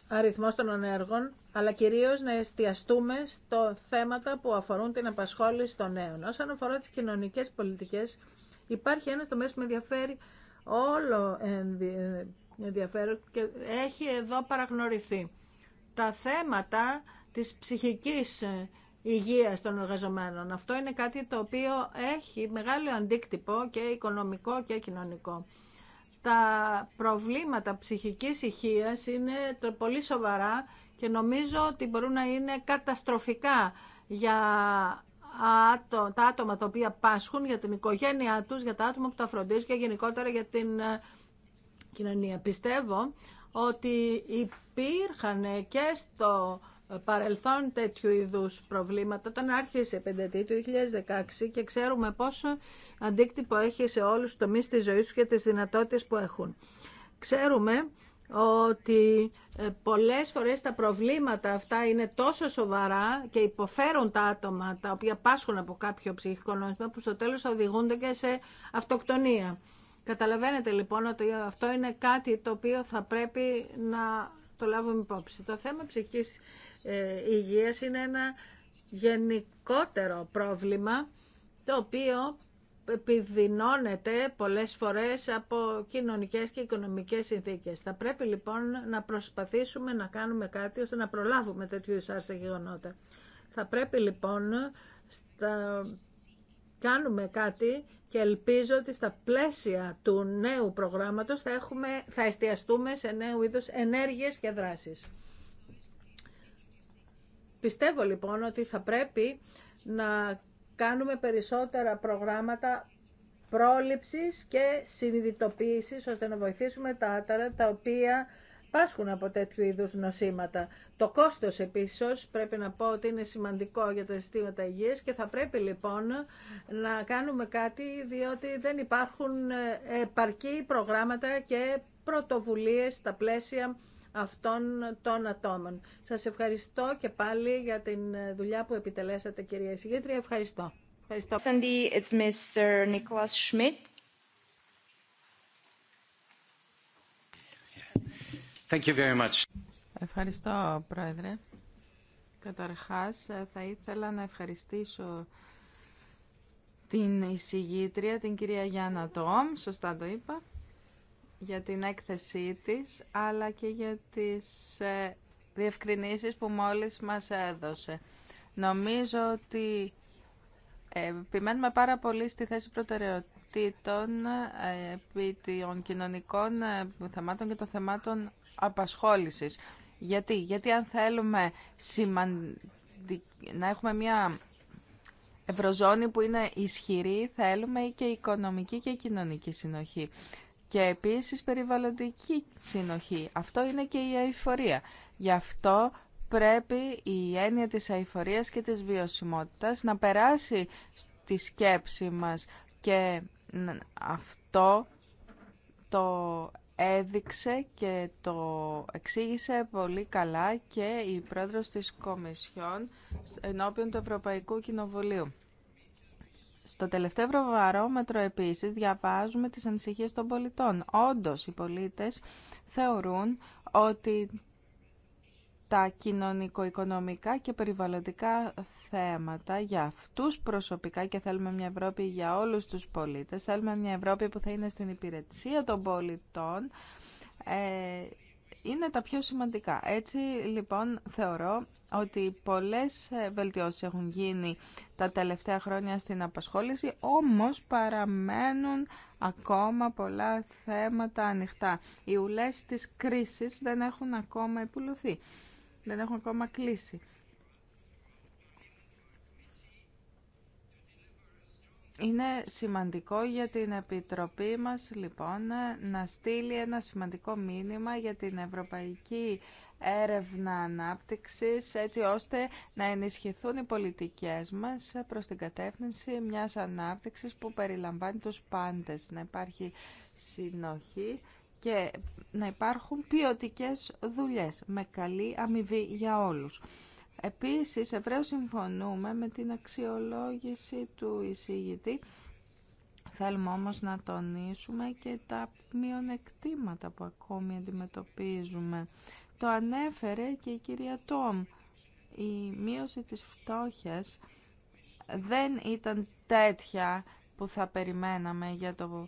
αριθμός των ανέργων αλλά κυρίως να εστιαστούμε στο θέματα που αφορούν την απασχόληση των νέων. Όσον αφορά τις κοινωνικές πολιτικές, υπάρχει ένας τομέας που με ενδιαφέρει όλο ενδιαφέρον και έχει εδώ παραγνωριθεί. Τα θέματα της ψυχικής υγείας των εργαζομένων. Αυτό είναι κάτι το οποίο έχει μεγάλο αντίκτυπο και οικονομικό και κοινωνικό. Τα προβλήματα ψυχικής υγείας είναι πολύ σοβαρά και νομίζω ότι μπορούν να είναι καταστροφικά για τα άτομα τα οποία πάσχουν, για την οικογένειά τους, για τα άτομα που τα φροντίζουν και γενικότερα για την ε, κοινωνία. Πιστεύω ότι υπήρχαν και στο παρελθόν τέτοιου είδους προβλήματα όταν άρχισε η πεντετή του 2016 και ξέρουμε πόσο αντίκτυπο έχει σε όλους τους τομείς της ζωής τους και τις δυνατότητες που έχουν. Ξέρουμε ότι ε, πολλές φορές τα προβλήματα αυτά είναι τόσο σοβαρά και υποφέρουν τα άτομα τα οποία πάσχουν από κάποιο ψυχικό νόημα που στο τέλος οδηγούνται και σε αυτοκτονία. Καταλαβαίνετε λοιπόν ότι αυτό είναι κάτι το οποίο θα πρέπει να το λάβουμε υπόψη. Το θέμα ψυχικής ε, υγείας είναι ένα γενικότερο πρόβλημα το οποίο επιδεινώνεται πολλές φορές από κοινωνικές και οικονομικές συνθήκες. Θα πρέπει λοιπόν να προσπαθήσουμε να κάνουμε κάτι ώστε να προλάβουμε τέτοιου ισάρστα γεγονότα. Θα πρέπει λοιπόν να κάνουμε κάτι και ελπίζω ότι στα πλαίσια του νέου προγράμματος θα, έχουμε, θα εστιαστούμε σε νέου είδους ενέργειες και δράσεις. Πιστεύω λοιπόν ότι θα πρέπει να κάνουμε περισσότερα προγράμματα πρόληψης και συνειδητοποίησης ώστε να βοηθήσουμε τα άταρα τα οποία πάσχουν από τέτοιου είδους νοσήματα. Το κόστος επίσης πρέπει να πω ότι είναι σημαντικό για τα συστήματα υγείας και θα πρέπει λοιπόν να κάνουμε κάτι διότι δεν υπάρχουν ε, επαρκή προγράμματα και πρωτοβουλίες στα πλαίσια αυτών των ατόμων. Σας ευχαριστώ και πάλι για την δουλειά που επιτελέσατε κυρία Εισηγήτρια. Ευχαριστώ. Ευχαριστώ. It's Mr. Nicholas Schmidt. Thank you very much. Ευχαριστώ, Πρόεδρε. Καταρχάς, θα ήθελα να ευχαριστήσω την εισηγήτρια, την κυρία Γιάννα Τόμ, σωστά το είπα, για την έκθεσή της, αλλά και για τις ε, διευκρινήσεις που μόλις μας έδωσε. Νομίζω ότι ε, επιμένουμε πάρα πολύ στη θέση προτεραιοτήτων ε, επί των κοινωνικών θεμάτων και των θεμάτων απασχόλησης. Γιατί, Γιατί αν θέλουμε να έχουμε μια ευρωζώνη που είναι ισχυρή, θέλουμε και οικονομική και κοινωνική συνοχή και επίσης περιβαλλοντική συνοχή. Αυτό είναι και η αηφορία. Γι' αυτό πρέπει η έννοια της αηφορίας και της βιωσιμότητας να περάσει στη σκέψη μας και αυτό το έδειξε και το εξήγησε πολύ καλά και η πρόεδρος της Κομισιόν ενώπιον του Ευρωπαϊκού Κοινοβουλίου. Στο τελευταίο ευρωβαρόμετρο επίσης διαβάζουμε τις ανησυχίες των πολιτών. Όντως οι πολίτες θεωρούν ότι τα κοινωνικο-οικονομικά και περιβαλλοντικά θέματα για αυτούς προσωπικά και θέλουμε μια Ευρώπη για όλους τους πολίτες, θέλουμε μια Ευρώπη που θα είναι στην υπηρεσία των πολιτών, ε, είναι τα πιο σημαντικά. Έτσι λοιπόν θεωρώ ότι πολλές ε, βελτιώσεις έχουν γίνει τα τελευταία χρόνια στην απασχόληση, όμως παραμένουν ακόμα πολλά θέματα ανοιχτά. Οι ουλές της κρίσης δεν έχουν ακόμα υπουλωθεί, δεν έχουν ακόμα κλείσει. Είναι σημαντικό για την Επιτροπή μας λοιπόν να στείλει ένα σημαντικό μήνυμα για την ευρωπαϊκή έρευνα ανάπτυξης έτσι ώστε να ενισχυθούν οι πολιτικές μας προς την κατεύθυνση μιας ανάπτυξης που περιλαμβάνει τους πάντες, να υπάρχει συνοχή και να υπάρχουν ποιοτικέ δουλειές με καλή αμοιβή για όλους. Επίσης, ευρέως συμφωνούμε με την αξιολόγηση του εισηγητή Θέλουμε όμως να τονίσουμε και τα μειονεκτήματα που ακόμη αντιμετωπίζουμε το ανέφερε και η κυρία Τόμ. Η μείωση της φτώχειας δεν ήταν τέτοια που θα περιμέναμε για το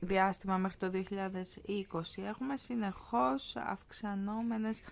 διάστημα μέχρι το 2020. Έχουμε συνεχώς αυξανόμενες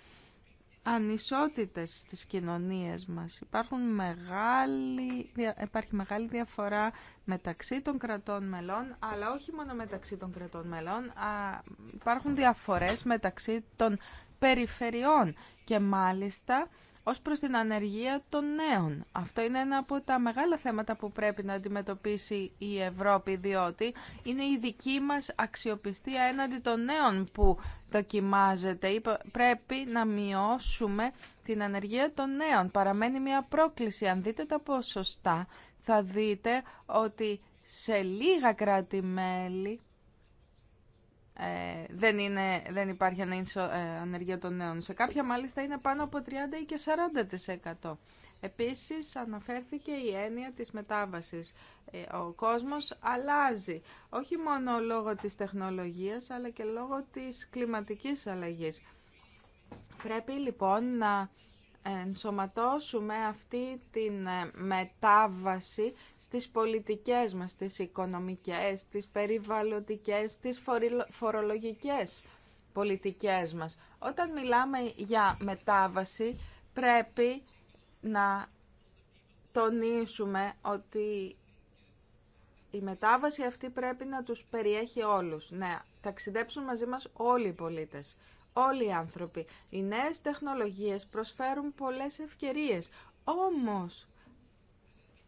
ανισότητες στις κοινωνίες μας. Υπάρχουν μεγάλη, υπάρχει μεγάλη διαφορά μεταξύ των κρατών μελών, αλλά όχι μόνο μεταξύ των κρατών μελών, α, υπάρχουν διαφορές μεταξύ των περιφερειών και μάλιστα ως προς την ανεργία των νέων. Αυτό είναι ένα από τα μεγάλα θέματα που πρέπει να αντιμετωπίσει η Ευρώπη, διότι είναι η δική μας αξιοπιστία έναντι των νέων που δοκιμάζεται. Πρέπει να μειώσουμε την ανεργία των νέων. Παραμένει μια πρόκληση. Αν δείτε τα ποσοστά, θα δείτε ότι σε λίγα κράτη-μέλη ε, δεν, είναι, δεν υπάρχει ε, ανεργία των νέων. Σε κάποια μάλιστα είναι πάνω από 30% ή και 40%. Επίσης αναφέρθηκε η έννοια της μετάβασης. Ε, ο κόσμος αλλάζει, όχι μόνο λόγω της τεχνολογίας, αλλά και λόγω της κλιματικής αλλαγής. Πρέπει λοιπόν να ενσωματώσουμε αυτή την ε, μετάβαση στις πολιτικές μας, στις οικονομικές, στις περιβαλλοντικές, στις φορολογικές πολιτικές μας. Όταν μιλάμε για μετάβαση πρέπει να τονίσουμε ότι η μετάβαση αυτή πρέπει να τους περιέχει όλους. Ναι, ταξιδέψουν μαζί μας όλοι οι πολίτες όλοι οι άνθρωποι. Οι νέες τεχνολογίες προσφέρουν πολλές ευκαιρίες, όμως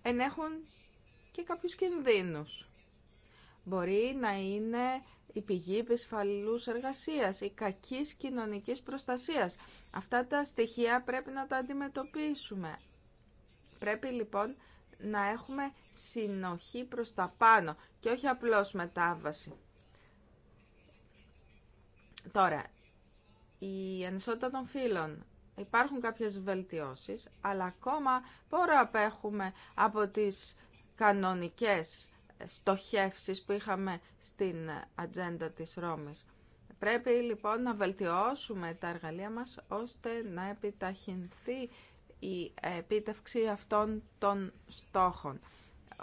ενέχουν και κάποιους κινδύνους. Μπορεί να είναι η πηγή επισφαλούς εργασίας, η κακής κοινωνικής προστασίας. Αυτά τα στοιχεία πρέπει να τα αντιμετωπίσουμε. Πρέπει λοιπόν να έχουμε συνοχή προς τα πάνω και όχι απλώς μετάβαση. Τώρα, η ανισότητα των φύλων. Υπάρχουν κάποιες βελτιώσεις, αλλά ακόμα πόρο απέχουμε από τις κανονικές στοχεύσεις που είχαμε στην ατζέντα της Ρώμης. Πρέπει λοιπόν να βελτιώσουμε τα εργαλεία μας ώστε να επιταχυνθεί η επίτευξη αυτών των στόχων.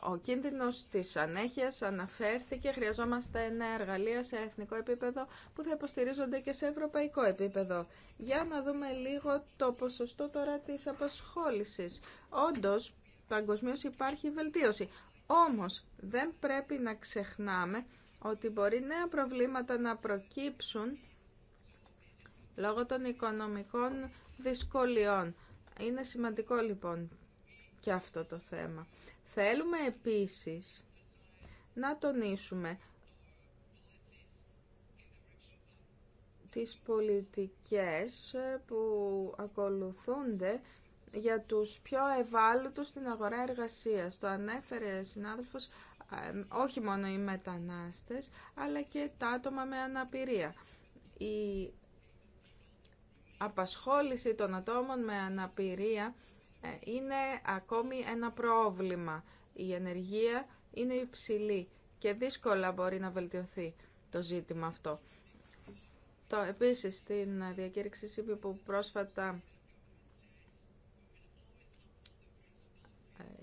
Ο κίνδυνος της ανέχειας αναφέρθηκε, χρειαζόμαστε νέα εργαλεία σε εθνικό επίπεδο που θα υποστηρίζονται και σε ευρωπαϊκό επίπεδο. Για να δούμε λίγο το ποσοστό τώρα της απασχόλησης. Όντως, παγκοσμίως υπάρχει βελτίωση. Όμως, δεν πρέπει να ξεχνάμε ότι μπορεί νέα προβλήματα να προκύψουν λόγω των οικονομικών δυσκολιών. Είναι σημαντικό λοιπόν και αυτό το θέμα. Θέλουμε επίσης να τονίσουμε τις πολιτικές ε, που ακολουθούνται για τους πιο ευάλωτους στην αγορά εργασίας. Το ανέφερε συνάδελφος ε, όχι μόνο οι μετανάστες, αλλά και τα άτομα με αναπηρία. Η απασχόληση των ατόμων με αναπηρία ε, είναι ακόμη ένα πρόβλημα. Η ενεργεία είναι υψηλή και δύσκολα μπορεί να βελτιωθεί το ζήτημα αυτό. Το, επίσης, στην διακήρυξη ΣΥΠΗ που πρόσφατα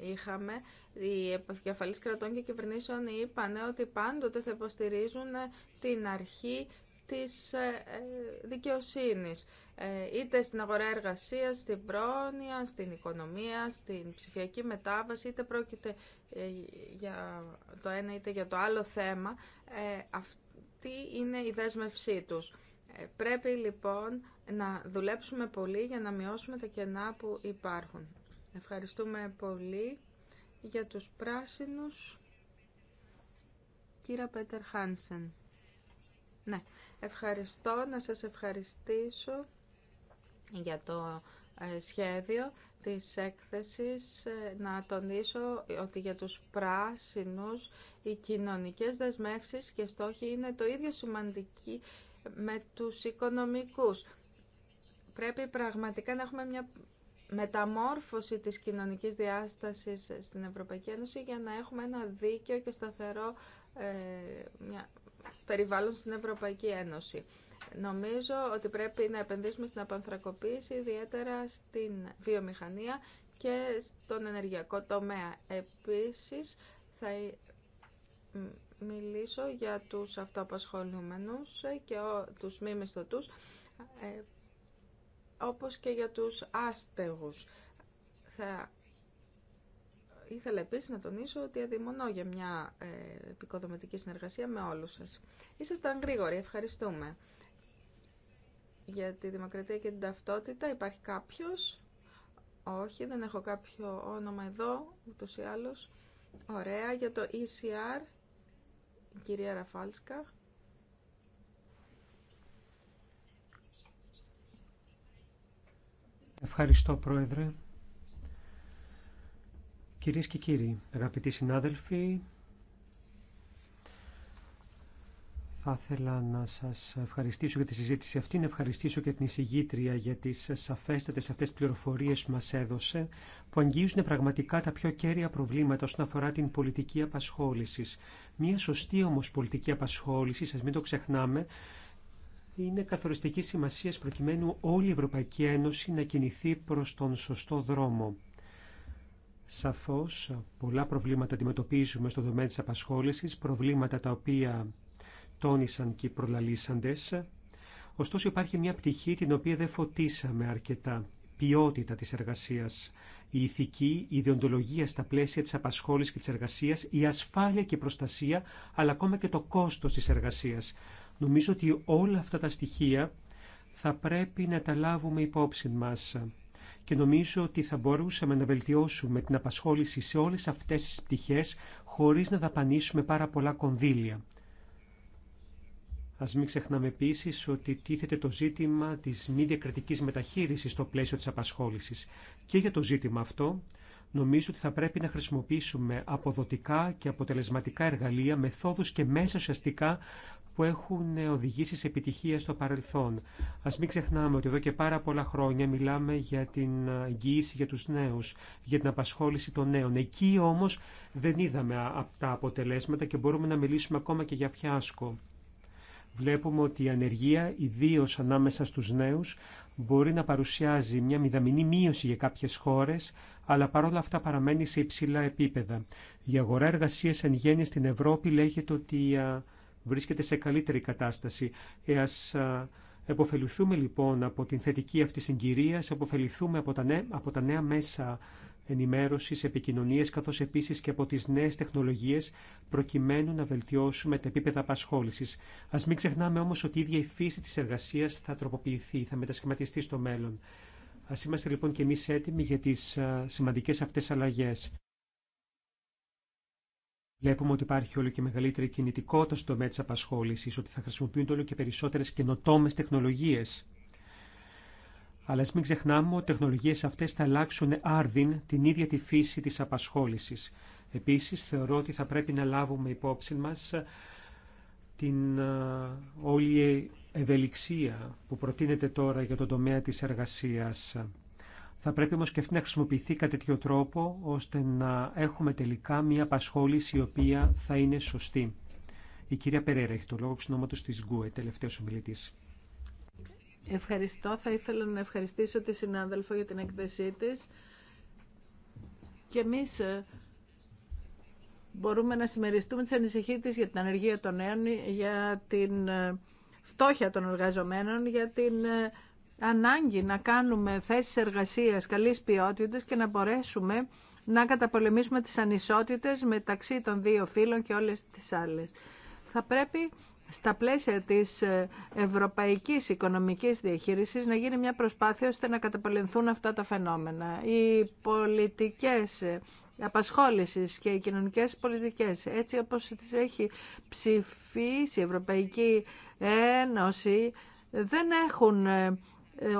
ε, είχαμε, οι επικεφαλής κρατών και κυβερνήσεων είπαν ότι πάντοτε θα υποστηρίζουν ε, την αρχή της δικαιοσύνης. Ε, είτε στην αγορά εργασίας, στην πρόνοια, στην οικονομία, στην ψηφιακή μετάβαση, είτε πρόκειται ε, για το ένα είτε για το άλλο θέμα, ε, αυτή είναι η δέσμευσή τους. Πρέπει λοιπόν να δουλέψουμε πολύ για να μειώσουμε τα κενά που υπάρχουν. Ευχαριστούμε πολύ για τους πράσινους. Κύρα Πέτερ Χάνσεν. Ναι, ευχαριστώ να σας ευχαριστήσω για το ε, σχέδιο της έκθεσης ε, να τονίσω ότι για τους πράσινους οι κοινωνικές δεσμεύσεις και στόχοι είναι το ίδιο σημαντικοί με τους οικονομικούς. Πρέπει πραγματικά να έχουμε μια μεταμόρφωση της κοινωνικής διάστασης στην Ευρωπαϊκή Ένωση για να έχουμε ένα δίκαιο και σταθερό ε, περιβάλλον στην Ευρωπαϊκή Ένωση νομίζω ότι πρέπει να επενδύσουμε στην απανθρακοποίηση, ιδιαίτερα στην βιομηχανία και στον ενεργειακό τομέα. Επίσης, θα μιλήσω για τους αυτοαπασχολούμενους και τους μη μισθωτούς, ε, όπως και για τους άστεγους. Θα ήθελα επίσης να τονίσω ότι αδειμονώ για μια ε, επικοδομητική συνεργασία με όλους σας. Ήσασταν γρήγοροι, ευχαριστούμε για τη δημοκρατία και την ταυτότητα. Υπάρχει κάποιος. Όχι, δεν έχω κάποιο όνομα εδώ, ούτως ή άλλως. Ωραία, για το ECR, η κυρία Ραφάλσκα. Ευχαριστώ, Πρόεδρε. Κυρίες και κύριοι, αγαπητοί συνάδελφοι, Θα ήθελα να σας ευχαριστήσω για τη συζήτηση αυτή, να ευχαριστήσω και την εισηγήτρια για τις σαφέστατες αυτές τις πληροφορίες που μας έδωσε, που αγγίζουν πραγματικά τα πιο κέρια προβλήματα όσον αφορά την πολιτική απασχόληση. Μία σωστή όμως πολιτική απασχόληση, σας μην το ξεχνάμε, είναι καθοριστική σημασία προκειμένου όλη η Ευρωπαϊκή Ένωση να κινηθεί προς τον σωστό δρόμο. Σαφώς, πολλά προβλήματα αντιμετωπίζουμε στο τομέα της απασχόλησης, προβλήματα τα οποία τόνισαν και οι προλαλήσαντες. Ωστόσο υπάρχει μια πτυχή την οποία δεν φωτίσαμε αρκετά. Ποιότητα της εργασίας, η ηθική, η ιδεοντολογία στα πλαίσια της απασχόλησης και της εργασίας, η ασφάλεια και η προστασία, αλλά ακόμα και το κόστος της εργασίας. Νομίζω ότι όλα αυτά τα στοιχεία θα πρέπει να τα λάβουμε υπόψη μας και νομίζω ότι θα μπορούσαμε να βελτιώσουμε την απασχόληση σε όλες αυτές τις πτυχές χωρίς να δαπανίσουμε πάρα πολλά κονδύλια. Α μην ξεχνάμε επίση ότι τίθεται το ζήτημα τη μη διακριτική μεταχείρισης στο πλαίσιο τη απασχόληση. Και για το ζήτημα αυτό νομίζω ότι θα πρέπει να χρησιμοποιήσουμε αποδοτικά και αποτελεσματικά εργαλεία, μεθόδου και μέσα ουσιαστικά που έχουν οδηγήσει σε επιτυχία στο παρελθόν. Α μην ξεχνάμε ότι εδώ και πάρα πολλά χρόνια μιλάμε για την εγγύηση για του νέου, για την απασχόληση των νέων. Εκεί όμω δεν είδαμε τα αποτελέσματα και μπορούμε να μιλήσουμε ακόμα και για φιάσκο βλέπουμε ότι η ανεργία, ιδίω ανάμεσα στους νέους, μπορεί να παρουσιάζει μια μηδαμινή μείωση για κάποιες χώρες, αλλά παρόλα αυτά παραμένει σε υψηλά επίπεδα. Η αγορά εργασίας εν γέννη στην Ευρώπη λέγεται ότι βρίσκεται σε καλύτερη κατάσταση. Ε, α, εποφεληθούμε λοιπόν από την θετική αυτή συγκυρία, εποφεληθούμε από από τα νέα μέσα Ενημέρωση, επικοινωνίε, καθώ επίση και από τι νέε τεχνολογίε προκειμένου να βελτιώσουμε τα επίπεδα απασχόληση. Α μην ξεχνάμε όμω ότι η ίδια η φύση της εργασίας θα τροποποιηθεί, θα μετασχηματιστεί στο μέλλον. Α είμαστε λοιπόν και εμεί έτοιμοι για τι σημαντικέ αυτέ αλλαγέ. Βλέπουμε ότι υπάρχει όλο και μεγαλύτερη κινητικότητα στο τομέα τη απασχόληση, ότι θα χρησιμοποιούνται όλο και περισσότερε καινοτόμε τεχνολογίε αλλά μην ξεχνάμε ότι οι τεχνολογίες αυτές θα αλλάξουν άρδιν την ίδια τη φύση της απασχόλησης. Επίσης, θεωρώ ότι θα πρέπει να λάβουμε υπόψη μας την όλη ευελιξία που προτείνεται τώρα για τον τομέα της εργασίας. Θα πρέπει όμως και αυτή να χρησιμοποιηθεί κατά τέτοιο τρόπο, ώστε να έχουμε τελικά μια απασχόληση η οποία θα είναι σωστή. Η κυρία Περέρα έχει το λόγο του της ΓΚΟΕ, τελευταίος ομιλητής. Ευχαριστώ. Θα ήθελα να ευχαριστήσω τη συνάδελφο για την έκθεσή της. Και εμείς ε, μπορούμε να συμμεριστούμε τις ανησυχίες της για την ανεργία των νέων, για την ε, φτώχεια των εργαζομένων, για την ε, ανάγκη να κάνουμε θέσεις εργασίας καλής ποιότητας και να μπορέσουμε να καταπολεμήσουμε τις ανισότητες μεταξύ των δύο φύλων και όλες τις άλλες. Θα πρέπει στα πλαίσια της ε, ευρωπαϊκής οικονομικής διαχείρισης να γίνει μια προσπάθεια ώστε να καταπολεμηθούν αυτά τα φαινόμενα. Οι πολιτικές ε, απασχόλησης και οι κοινωνικές πολιτικές, έτσι όπως τις έχει ψηφίσει η Ευρωπαϊκή Ένωση, δεν έχουν ε,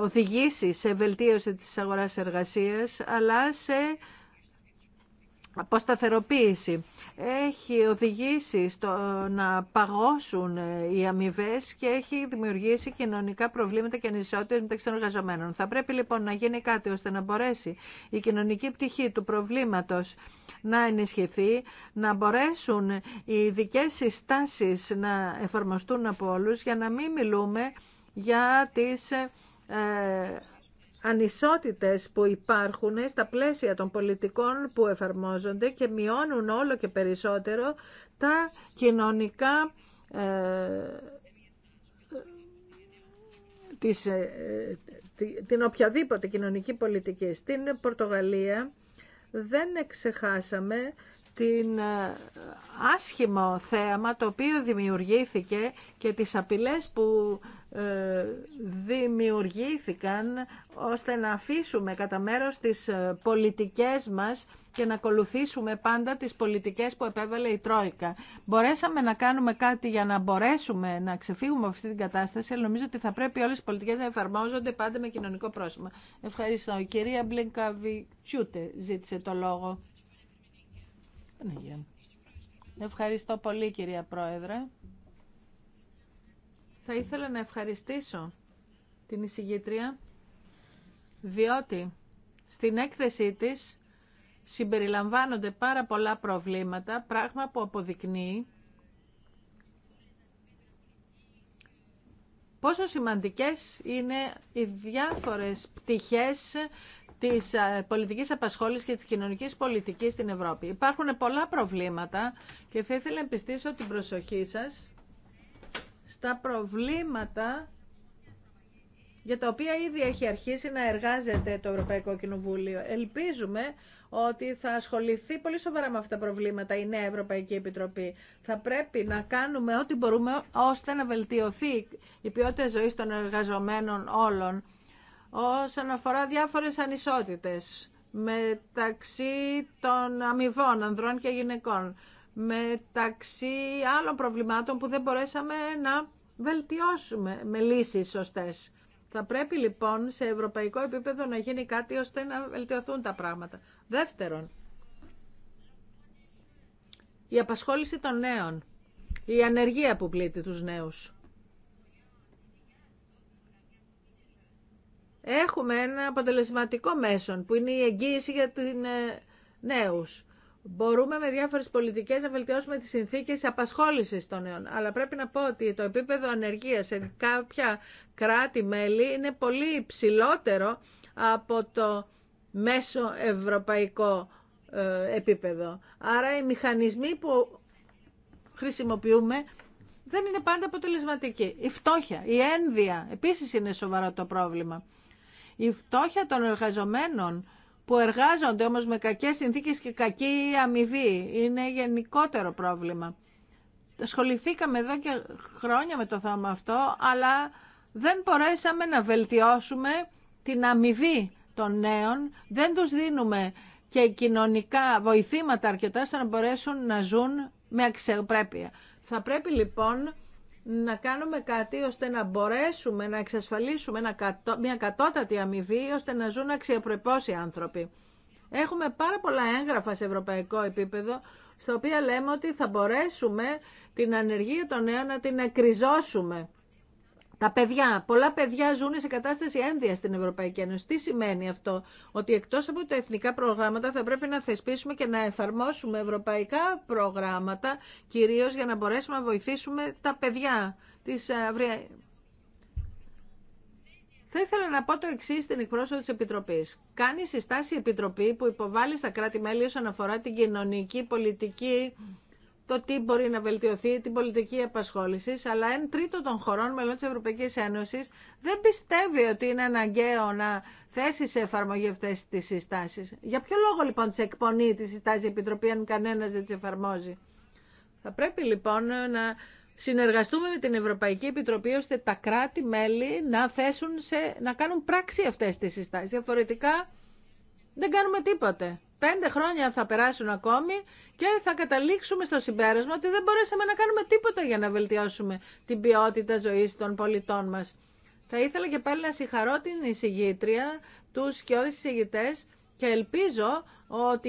οδηγήσει σε βελτίωση της αγοράς εργασίας, αλλά σε αποσταθεροποίηση έχει οδηγήσει στο να παγώσουν οι αμοιβέ και έχει δημιουργήσει κοινωνικά προβλήματα και ανισότητε μεταξύ των εργαζομένων. Θα πρέπει λοιπόν να γίνει κάτι ώστε να μπορέσει η κοινωνική πτυχή του προβλήματος να ενισχυθεί, να μπορέσουν οι ειδικέ συστάσεις να εφαρμοστούν από όλους για να μην μιλούμε για τις ε, ανισότητες που υπάρχουν στα πλαίσια των πολιτικών που εφαρμόζονται και μειώνουν όλο και περισσότερο τα κοινωνικά ε, ε, την οποιαδήποτε κοινωνική πολιτική. Στην Πορτογαλία δεν εξεχάσαμε την ε, άσχημο θέαμα το οποίο δημιουργήθηκε και τις απειλές που ε, δημιουργήθηκαν ώστε να αφήσουμε κατά μέρος τις ε, πολιτικές μας και να ακολουθήσουμε πάντα τις πολιτικές που επέβαλε η Τρόικα. Μπορέσαμε να κάνουμε κάτι για να μπορέσουμε να ξεφύγουμε από αυτή την κατάσταση, αλλά νομίζω ότι θα πρέπει όλες οι πολιτικές να εφαρμόζονται πάντα με κοινωνικό πρόσημα. Ευχαριστώ. Η κυρία Μπλεγκαβιτσιούτε ζήτησε το λόγο. Ναι, Ευχαριστώ πολύ κυρία Πρόεδρε. Θα ήθελα να ευχαριστήσω την εισηγήτρια, διότι στην έκθεσή της συμπεριλαμβάνονται πάρα πολλά προβλήματα, πράγμα που αποδεικνύει πόσο σημαντικές είναι οι διάφορες πτυχές της ε, πολιτικής απασχόλησης και της κοινωνικής πολιτικής στην Ευρώπη. Υπάρχουν πολλά προβλήματα και θα ήθελα να πιστήσω την προσοχή σας στα προβλήματα για τα οποία ήδη έχει αρχίσει να εργάζεται το Ευρωπαϊκό Κοινοβούλιο. Ελπίζουμε ότι θα ασχοληθεί πολύ σοβαρά με αυτά τα προβλήματα η νέα Ευρωπαϊκή Επιτροπή. Θα πρέπει να κάνουμε ό,τι μπορούμε ώστε να βελτιωθεί η ποιότητα ζωής των εργαζομένων όλων όσον αφορά διάφορες ανισότητες μεταξύ των αμοιβών ανδρών και γυναικών μεταξύ άλλων προβλημάτων που δεν μπορέσαμε να βελτιώσουμε με λύσεις σωστές. Θα πρέπει λοιπόν σε ευρωπαϊκό επίπεδο να γίνει κάτι ώστε να βελτιωθούν τα πράγματα. Δεύτερον, η απασχόληση των νέων, η ανεργία που πλήττει τους νέους. Έχουμε ένα αποτελεσματικό μέσον που είναι η εγγύηση για την ε, νέους μπορούμε με διάφορες πολιτικές να βελτιώσουμε τις συνθήκες απασχόλησης των νέων. Αλλά πρέπει να πω ότι το επίπεδο ανεργίας σε κάποια κράτη-μέλη είναι πολύ υψηλότερο από το μέσο ευρωπαϊκό ε, επίπεδο. Άρα οι μηχανισμοί που χρησιμοποιούμε δεν είναι πάντα αποτελεσματικοί. Η φτώχεια, η ένδυα επίση είναι σοβαρό το πρόβλημα. Η φτώχεια των εργαζομένων που εργάζονται όμως με κακές συνθήκες και κακή αμοιβή. Είναι γενικότερο πρόβλημα. Σχοληθήκαμε εδώ και χρόνια με το θέμα αυτό, αλλά δεν μπορέσαμε να βελτιώσουμε την αμοιβή των νέων. Δεν τους δίνουμε και κοινωνικά βοηθήματα αρκετά ώστε να μπορέσουν να ζουν με αξιοπρέπεια. Θα πρέπει λοιπόν να κάνουμε κάτι ώστε να μπορέσουμε να εξασφαλίσουμε μια κατώτατη αμοιβή ώστε να ζουν αξιοπρεπώς οι άνθρωποι. Έχουμε πάρα πολλά έγγραφα σε ευρωπαϊκό επίπεδο, στα οποία λέμε ότι θα μπορέσουμε την ανεργία των νέων να την εκριζώσουμε. Τα παιδιά, πολλά παιδιά ζουν σε κατάσταση ένδυα στην Ευρωπαϊκή Ένωση. Τι σημαίνει αυτό, ότι εκτός από τα εθνικά προγράμματα θα πρέπει να θεσπίσουμε και να εφαρμόσουμε ευρωπαϊκά προγράμματα, κυρίως για να μπορέσουμε να βοηθήσουμε τα παιδιά της ε, θα ήθελα να πω το εξή στην εκπρόσωπο τη Επιτροπή. Κάνει συστάση η Επιτροπή που υποβάλλει στα κράτη-μέλη όσον αφορά την κοινωνική πολιτική το τι μπορεί να βελτιωθεί, την πολιτική απασχόληση, αλλά εν τρίτο των χωρών μελών τη Ευρωπαϊκή Ένωση δεν πιστεύει ότι είναι αναγκαίο να θέσει σε εφαρμογή αυτέ τι συστάσει. Για ποιο λόγο λοιπόν τι εκπονεί τι συστάσει η Επιτροπή, αν κανένα δεν τι εφαρμόζει. Θα πρέπει λοιπόν να συνεργαστούμε με την Ευρωπαϊκή Επιτροπή ώστε τα κράτη-μέλη να, σε, να κάνουν πράξη αυτές τις συστάσεις. Διαφορετικά δεν κάνουμε τίποτε. Πέντε χρόνια θα περάσουν ακόμη και θα καταλήξουμε στο συμπέρασμα ότι δεν μπορέσαμε να κάνουμε τίποτα για να βελτιώσουμε την ποιότητα ζωής των πολιτών μας. Θα ήθελα και πάλι να συγχαρώ την εισηγήτρια, τους σκιώδεις εισηγητές και ελπίζω ότι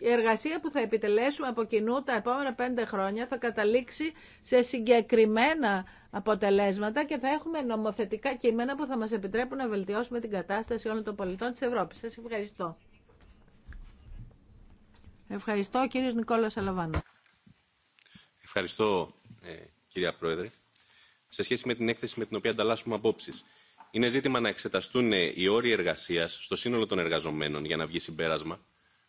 η εργασία που θα επιτελέσουμε από κοινού τα επόμενα πέντε χρόνια θα καταλήξει σε συγκεκριμένα αποτελέσματα και θα έχουμε νομοθετικά κείμενα που θα μας επιτρέπουν να βελτιώσουμε την κατάσταση όλων των πολιτών της Ευρώπης. Σας ευχαριστώ. Ευχαριστώ, κύριος Νικόλας Αλαβάνο. Ευχαριστώ, ε, κυρία Πρόεδρε. Σε σχέση με την έκθεση με την οποία ανταλλάσσουμε απόψεις, είναι ζήτημα να εξεταστούν ε, οι όροι εργασία στο σύνολο των εργαζομένων για να βγει συμπέρασμα,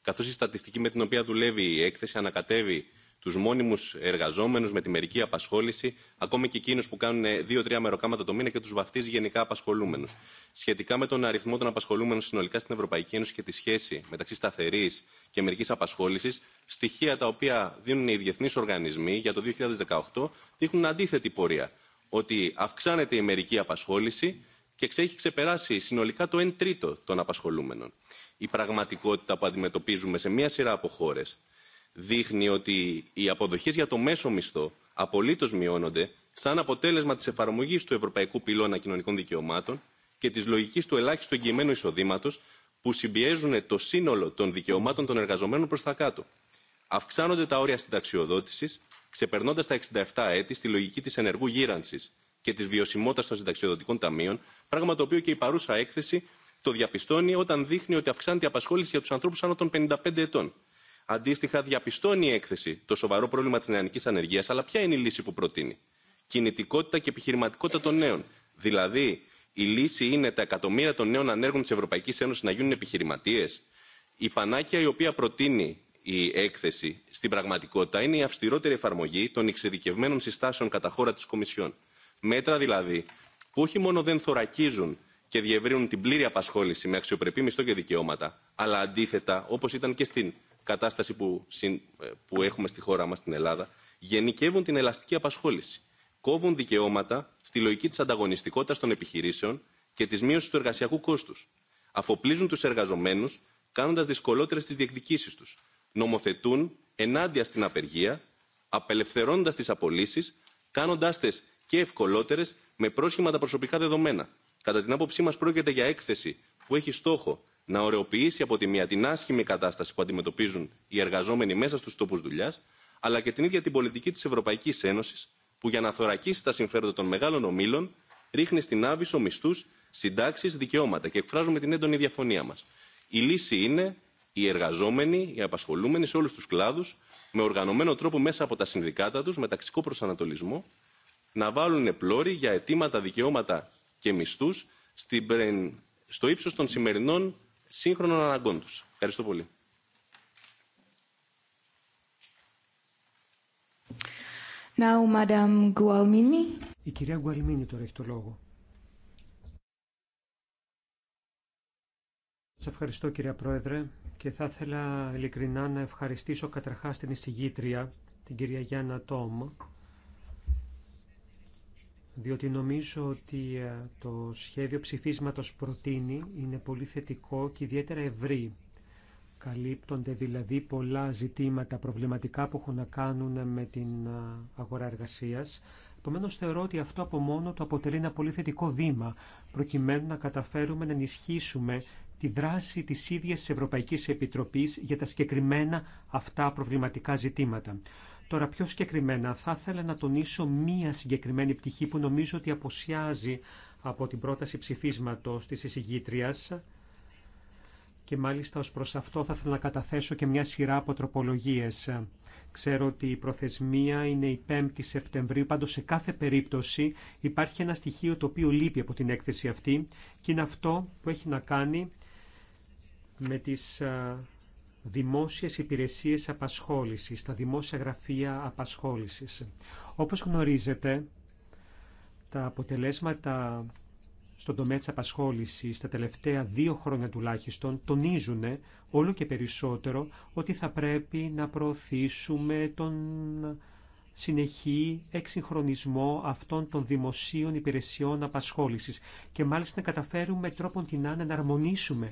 καθώ η στατιστική με την οποία δουλεύει η έκθεση ανακατεύει του μόνιμου εργαζόμενου με τη μερική απασχόληση, ακόμη και εκείνους που κάνουν δύο-τρία μεροκάματα το μήνα και του βαφτείς γενικά απασχολούμενου. Σχετικά με τον αριθμό των απασχολούμενων συνολικά στην Ευρωπαϊκή Ένωση και τη σχέση μεταξύ σταθερή και μερική απασχόληση, στοιχεία τα οποία δίνουν οι διεθνείς οργανισμοί για το 2018 δείχνουν αντίθετη πορεία. Ότι αυξάνεται η μερική απασχόληση και έχει ξεπεράσει συνολικά το 1 τρίτο των απασχολούμενων. Η πραγματικότητα που αντιμετωπίζουμε σε μία σειρά από χώρε δείχνει ότι οι αποδοχές για το μέσο μισθό απολύτως μειώνονται σαν αποτέλεσμα της εφαρμογής του Ευρωπαϊκού Πυλώνα Κοινωνικών Δικαιωμάτων και της λογικής του ελάχιστου εγγυημένου εισοδήματος που συμπιέζουν το σύνολο των δικαιωμάτων των εργαζομένων προς τα κάτω. Αυξάνονται τα όρια συνταξιοδότησης, ξεπερνώντας τα 67 έτη στη λογική της ενεργού γύρανσης και της βιωσιμότητας των συνταξιοδοτικών ταμείων, πράγμα το οποίο και η παρούσα έκθεση το διαπιστώνει όταν δείχνει ότι αυξάνεται η απασχόληση για τους ανθρώπους άνω των 55 ετών. Αντίστοιχα, διαπιστώνει η έκθεση το σοβαρό πρόβλημα τη νεανική ανεργία, αλλά ποια είναι η λύση που προτείνει. Κινητικότητα και επιχειρηματικότητα των νέων. Δηλαδή, η λύση είναι τα εκατομμύρια των νέων ανέργων τη Ευρωπαϊκή Ένωση να γίνουν επιχειρηματίε. Η πανάκια η οποία προτείνει η έκθεση στην πραγματικότητα είναι η αυστηρότερη εφαρμογή των εξειδικευμένων συστάσεων κατά χώρα τη Κομισιόν. Μέτρα δηλαδή που όχι μόνο δεν θωρακίζουν και διευρύνουν την πλήρη απασχόληση με αξιοπρεπή μισθό και δικαιώματα, αλλά αντίθετα, όπω ήταν και στην κατάσταση που, ε, που έχουμε στη χώρα μας, στην Ελλάδα, γενικεύουν την ελαστική απασχόληση. Κόβουν δικαιώματα στη λογική της ανταγωνιστικότητας των επιχειρήσεων και της μείωσης του εργασιακού κόστους. Αφοπλίζουν τους εργαζομένους, κάνοντας δυσκολότερες τις διεκδικήσεις τους. Νομοθετούν ενάντια στην απεργία, απελευθερώνοντας τις απολύσεις, κάνοντάς τες και ευκολότερες με πρόσχημα τα προσωπικά δεδομένα. Κατά την άποψή μας πρόκειται για έκθεση που έχει στόχο να ωρεοποιήσει από τη μία την άσχημη κατάσταση που αντιμετωπίζουν οι εργαζόμενοι μέσα στου τόπου δουλειά, αλλά και την ίδια την πολιτική τη Ευρωπαϊκή Ένωση, που για να θωρακίσει τα συμφέροντα των μεγάλων ομήλων, ρίχνει στην άβυσο μισθού, συντάξει, δικαιώματα. Και εκφράζουμε την έντονη διαφωνία μα. Η λύση είναι οι εργαζόμενοι, οι απασχολούμενοι σε όλου του κλάδου, με οργανωμένο τρόπο μέσα από τα συνδικάτα του, με ταξικό προσανατολισμό, να βάλουν πλώρη για αιτήματα, δικαιώματα και μισθού στο ύψο των σημερινών σύγχρονων αναγκών τους. Ευχαριστώ πολύ. Now, Gualmini. Η κυρία Γουαλμίνη τώρα έχει το λόγο. Σας ευχαριστώ κυρία Πρόεδρε και θα ήθελα ειλικρινά να ευχαριστήσω καταρχάς την εισηγήτρια, την κυρία Γιάννα Τόμ, διότι νομίζω ότι ε, το σχέδιο ψηφίσματος προτείνει είναι πολύ θετικό και ιδιαίτερα ευρύ. Καλύπτονται δηλαδή πολλά ζητήματα προβληματικά που έχουν να κάνουν με την ε, αγορά εργασίας. Επομένω θεωρώ ότι αυτό από μόνο το αποτελεί ένα πολύ θετικό βήμα, προκειμένου να καταφέρουμε να ενισχύσουμε τη δράση της ίδιας Ευρωπαϊκής Επιτροπής για τα συγκεκριμένα αυτά προβληματικά ζητήματα. Τώρα πιο συγκεκριμένα θα ήθελα να τονίσω μία συγκεκριμένη πτυχή που νομίζω ότι αποσιάζει από την πρόταση ψηφίσματος της εισηγήτριας και μάλιστα ως προς αυτό θα ήθελα να καταθέσω και μια σειρά από τροπολογίες. Ξέρω ότι η προθεσμία είναι η 5η Σεπτεμβρίου, πάντως σε κάθε περίπτωση υπάρχει ένα στοιχείο το οποίο λείπει από την έκθεση αυτή και είναι αυτό που έχει να κάνει με τις δημόσιες υπηρεσίες απασχόλησης, τα δημόσια γραφεία απασχόλησης. Όπως γνωρίζετε, τα αποτελέσματα στον τομέα της απασχόλησης τα τελευταία δύο χρόνια τουλάχιστον τονίζουν όλο και περισσότερο ότι θα πρέπει να προωθήσουμε τον συνεχή εξυγχρονισμό αυτών των δημοσίων υπηρεσιών απασχόλησης και μάλιστα να καταφέρουμε τρόπον την να εναρμονίσουμε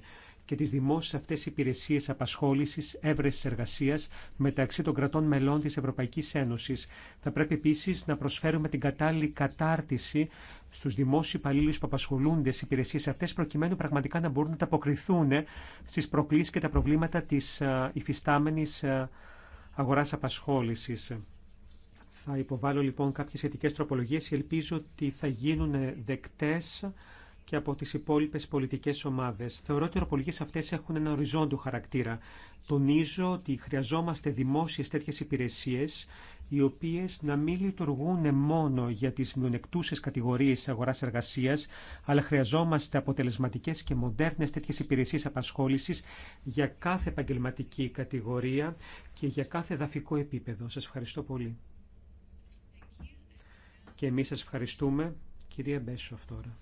και τις δημόσιες αυτές υπηρεσίες απασχόλησης έβρεση εργασίας μεταξύ των κρατών μελών της Ευρωπαϊκής Ένωσης. Θα πρέπει επίσης να προσφέρουμε την κατάλληλη κατάρτιση στους δημόσιους υπαλλήλους που απασχολούνται στις υπηρεσίες αυτές προκειμένου πραγματικά να μπορούν να ταποκριθούν στις προκλήσεις και τα προβλήματα της ε, υφιστάμενης ε, αγοράς απασχόλησης. Θα υποβάλω λοιπόν κάποιες σχετικές τροπολογίες ελπίζω ότι θα γίνουν δεκτές και από τις υπόλοιπες πολιτικές ομάδες. Θεωρώ ότι οι οροπολικές αυτές έχουν ένα οριζόντιο χαρακτήρα. Τονίζω ότι χρειαζόμαστε δημόσιες τέτοιες υπηρεσίες, οι οποίες να μην λειτουργούν μόνο για τις μειονεκτούσες κατηγορίες αγοράς εργασίας, αλλά χρειαζόμαστε αποτελεσματικές και μοντέρνες τέτοιες υπηρεσίες απασχόλησης για κάθε επαγγελματική κατηγορία και για κάθε δαφικό επίπεδο. Σας ευχαριστώ πολύ. Και εμείς σας ευχαριστούμε. Κυρία Μπέσοφ τώρα.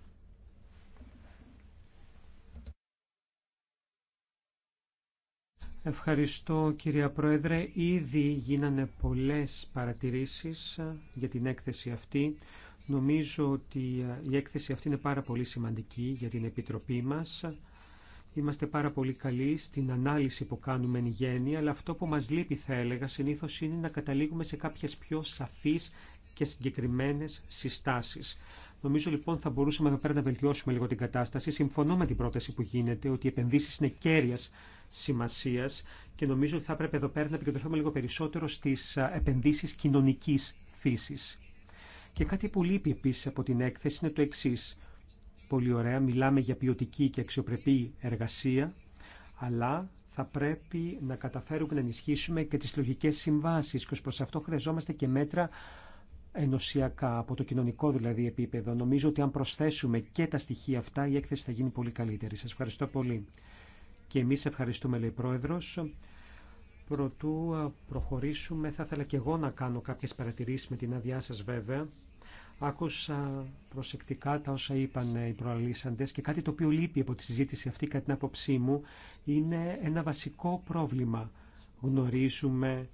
Ευχαριστώ κυρία Πρόεδρε. Ήδη γίνανε πολλές παρατηρήσεις ε, για την έκθεση αυτή. Νομίζω ότι ε, η έκθεση αυτή είναι πάρα πολύ σημαντική για την Επιτροπή μας. Είμαστε πάρα πολύ καλοί στην ανάλυση που κάνουμε εν γέννη, αλλά αυτό που μας λείπει θα έλεγα συνήθως είναι να καταλήγουμε σε κάποιες πιο σαφείς και συγκεκριμένες συστάσεις. Νομίζω λοιπόν θα μπορούσαμε εδώ πέρα να βελτιώσουμε λίγο την κατάσταση. Συμφωνώ με την πρόταση που γίνεται ότι οι επενδύσει είναι κέρια σημασία και νομίζω ότι θα έπρεπε εδώ πέρα να επικεντρωθούμε λίγο περισσότερο στι επενδύσει κοινωνική φύση. Και κάτι που λείπει επίση από την έκθεση είναι το εξή. Πολύ ωραία, μιλάμε για ποιοτική και αξιοπρεπή εργασία, αλλά θα πρέπει να καταφέρουμε να ενισχύσουμε και τις λογικές συμβάσεις και ως προς αυτό χρειαζόμαστε και μέτρα ενωσιακά, από το κοινωνικό δηλαδή επίπεδο. Νομίζω ότι αν προσθέσουμε και τα στοιχεία αυτά, η έκθεση θα γίνει πολύ καλύτερη. Σας ευχαριστώ πολύ. Και εμείς ευχαριστούμε, λέει Πρόεδρος. Προτού προχωρήσουμε, θα ήθελα και εγώ να κάνω κάποιες παρατηρήσεις με την άδειά σας βέβαια. Άκουσα προσεκτικά τα όσα είπαν οι προαλήσαντες και κάτι το οποίο λείπει από τη συζήτηση αυτή κατά την άποψή μου είναι ένα βασικό πρόβλημα. Γνωρίζουμε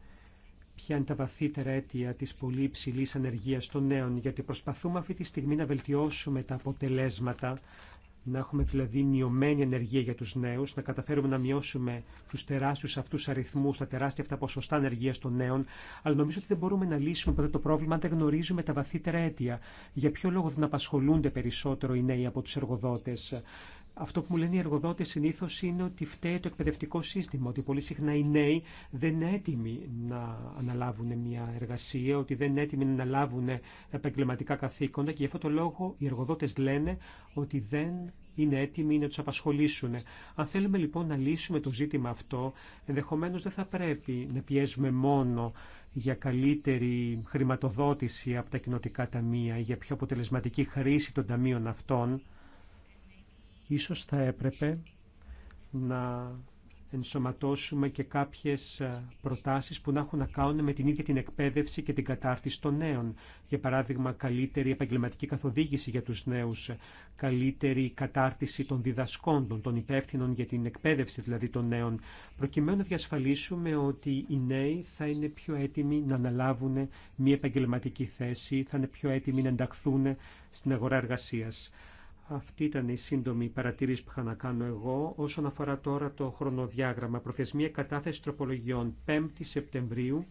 ποια είναι τα βαθύτερα αίτια της πολύ υψηλή ανεργίας των νέων, γιατί προσπαθούμε αυτή τη στιγμή να βελτιώσουμε τα αποτελέσματα, να έχουμε δηλαδή μειωμένη ανεργία για τους νέους, να καταφέρουμε να μειώσουμε τους τεράστιους αυτούς αριθμού, τα τεράστια αυτά ποσοστά ανεργίας των νέων, αλλά νομίζω ότι δεν μπορούμε να λύσουμε ποτέ το πρόβλημα αν δεν γνωρίζουμε τα βαθύτερα αίτια. Για ποιο λόγο δεν απασχολούνται περισσότερο οι νέοι από του εργοδότε, αυτό που μου λένε οι εργοδότες συνήθως είναι ότι φταίει το εκπαιδευτικό σύστημα, ότι πολύ συχνά οι νέοι δεν είναι έτοιμοι να αναλάβουν μια εργασία, ότι δεν είναι έτοιμοι να αναλάβουν επαγγελματικά καθήκοντα και γι' αυτό το λόγο οι εργοδότες λένε ότι δεν είναι έτοιμοι να τους απασχολήσουν. Αν θέλουμε λοιπόν να λύσουμε το ζήτημα αυτό, ενδεχομένως δεν θα πρέπει να πιέζουμε μόνο για καλύτερη χρηματοδότηση από τα κοινοτικά ταμεία, για πιο αποτελεσματική χρήση των ταμείων αυτών, Ίσως θα έπρεπε να ενσωματώσουμε και κάποιες ε, προτάσεις που να έχουν να κάνουν με την ίδια την εκπαίδευση και την κατάρτιση των νέων. Για παράδειγμα, καλύτερη επαγγελματική καθοδήγηση για τους νέους, ε, καλύτερη κατάρτιση των διδασκόντων, των υπεύθυνων για την εκπαίδευση δηλαδή των νέων, προκειμένου να διασφαλίσουμε ότι οι νέοι θα είναι πιο έτοιμοι να αναλάβουν μια επαγγελματική θέση, θα είναι πιο έτοιμοι να ενταχθούν στην αγορά εργασίας. Αυτή ήταν η σύντομη παρατήρηση που είχα να κάνω εγώ όσον αφορά τώρα το χρονοδιάγραμμα. Προθεσμία κατάθεση τροπολογιών 5η Σεπτεμβρίου,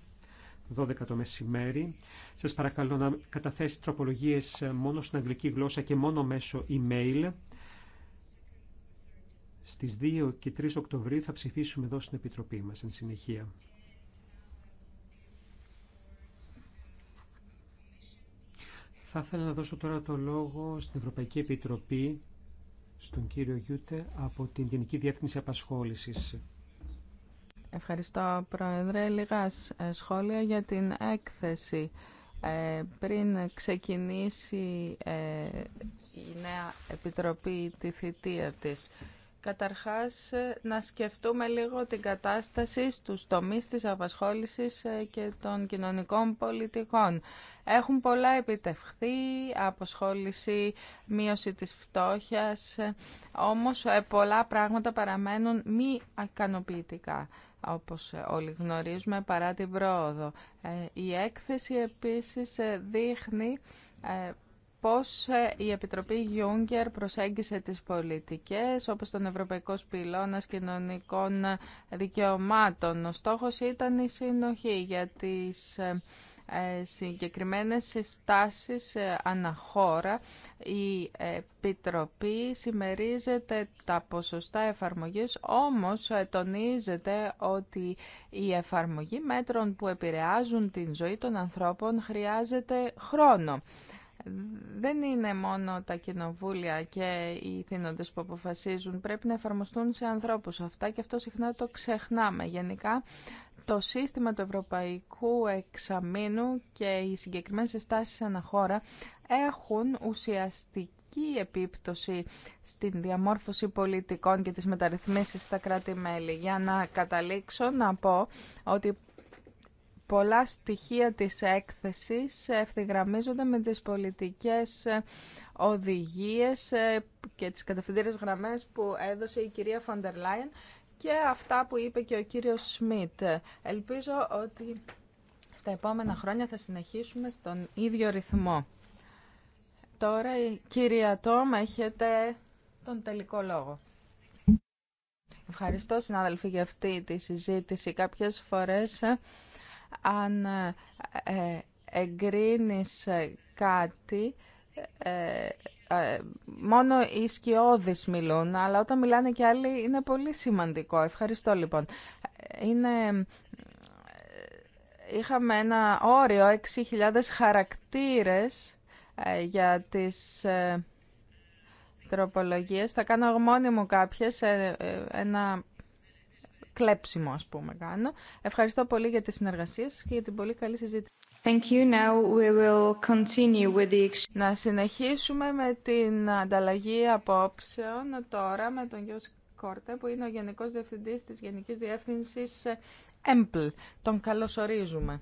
12 το μεσημέρι. Σας παρακαλώ να καταθέσετε τροπολογίες μόνο στην αγγλική γλώσσα και μόνο μέσω email. Στις 2 και 3 Οκτωβρίου θα ψηφίσουμε εδώ στην Επιτροπή μας εν συνεχεία. Θα ήθελα να δώσω τώρα το λόγο στην Ευρωπαϊκή Επιτροπή, στον κύριο Γιούτε, από την Γενική Διεύθυνση Απασχόλησης. Ευχαριστώ, Πρόεδρε. Λίγα ε, σχόλια για την έκθεση. Ε, πριν ξεκινήσει ε, η νέα Επιτροπή τη θητεία της. Καταρχάς, να σκεφτούμε λίγο την κατάσταση στους τομείς της απασχόλησης ε, και των κοινωνικών πολιτικών. Έχουν πολλά επιτευχθεί, απασχόληση, μείωση της φτώχειας, ε, όμως ε, πολλά πράγματα παραμένουν μη ακανοποιητικά όπως όλοι γνωρίζουμε, παρά την πρόοδο. Η έκθεση επίσης δείχνει πώς ε, η Επιτροπή Γιούγκερ προσέγγισε τις πολιτικές, όπως τον Ευρωπαϊκό Σπυλώνα Κοινωνικών Δικαιωμάτων. Ο στόχος ήταν η συνοχή για τις ε, ε, συγκεκριμένες συστάσεις αναχώρα. Η Επιτροπή συμμερίζεται τα ποσοστά εφαρμογής, όμως τονίζεται ότι η εφαρμογή μέτρων που επηρεάζουν την ζωή των ανθρώπων χρειάζεται χρόνο δεν είναι μόνο τα κοινοβούλια και οι θύνοντες που αποφασίζουν. Πρέπει να εφαρμοστούν σε ανθρώπους αυτά και αυτό συχνά το ξεχνάμε. Γενικά το σύστημα του Ευρωπαϊκού Εξαμήνου και οι συγκεκριμένες συστάσεις σε χώρα έχουν ουσιαστική επίπτωση στην διαμόρφωση πολιτικών και τις μεταρρυθμίσεις στα κράτη-μέλη. Για να καταλήξω να πω ότι πολλά στοιχεία της έκθεσης ευθυγραμμίζονται με τις πολιτικές οδηγίες και τις κατευθυντήρες γραμμές που έδωσε η κυρία Φοντερ και αυτά που είπε και ο κύριος Σμιτ. Ελπίζω ότι στα επόμενα χρόνια θα συνεχίσουμε στον ίδιο ρυθμό. Τώρα, η κυρία Τόμ, έχετε τον τελικό λόγο. Ευχαριστώ, συνάδελφοι, για αυτή τη συζήτηση. Κάποιες φορές αν ε, ε, εγκρίνεις ε, κάτι, μόνο οι σκιώδεις μιλούν, αλλά όταν μιλάνε και άλλοι είναι πολύ σημαντικό. Ευχαριστώ λοιπόν. Είχαμε ένα όριο 6.000 χαρακτήρες για τις τροπολογίες. Θα κάνω μόνη μου κάποιες, ένα κλέψιμο ας πούμε κάνω. Ευχαριστώ πολύ για τη συνεργασία σας και για την πολύ καλή συζήτηση. Thank you. Now we will continue with the... Να συνεχίσουμε με την ανταλλαγή απόψεων τώρα με τον Γιώργο Κόρτε, που είναι ο Γενικός Διευθυντής της Γενικής Διεύθυνσης ΕΜΠΛ. Τον καλωσορίζουμε.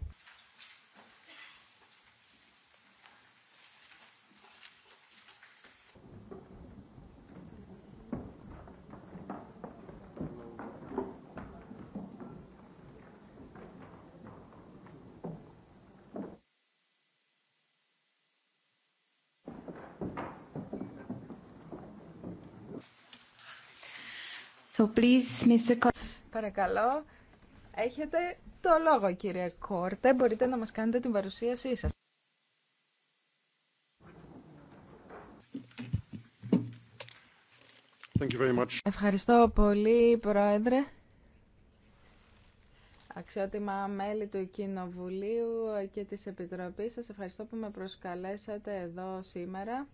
Παρακαλώ, έχετε το λόγο κύριε Κόρτε, μπορείτε να μας κάνετε την παρουσίασή σας. Ευχαριστώ πολύ, Πρόεδρε. Αξιότιμα μέλη του Κοινοβουλίου και της Επιτροπής, σας ευχαριστώ που με προσκαλέσατε εδώ σήμερα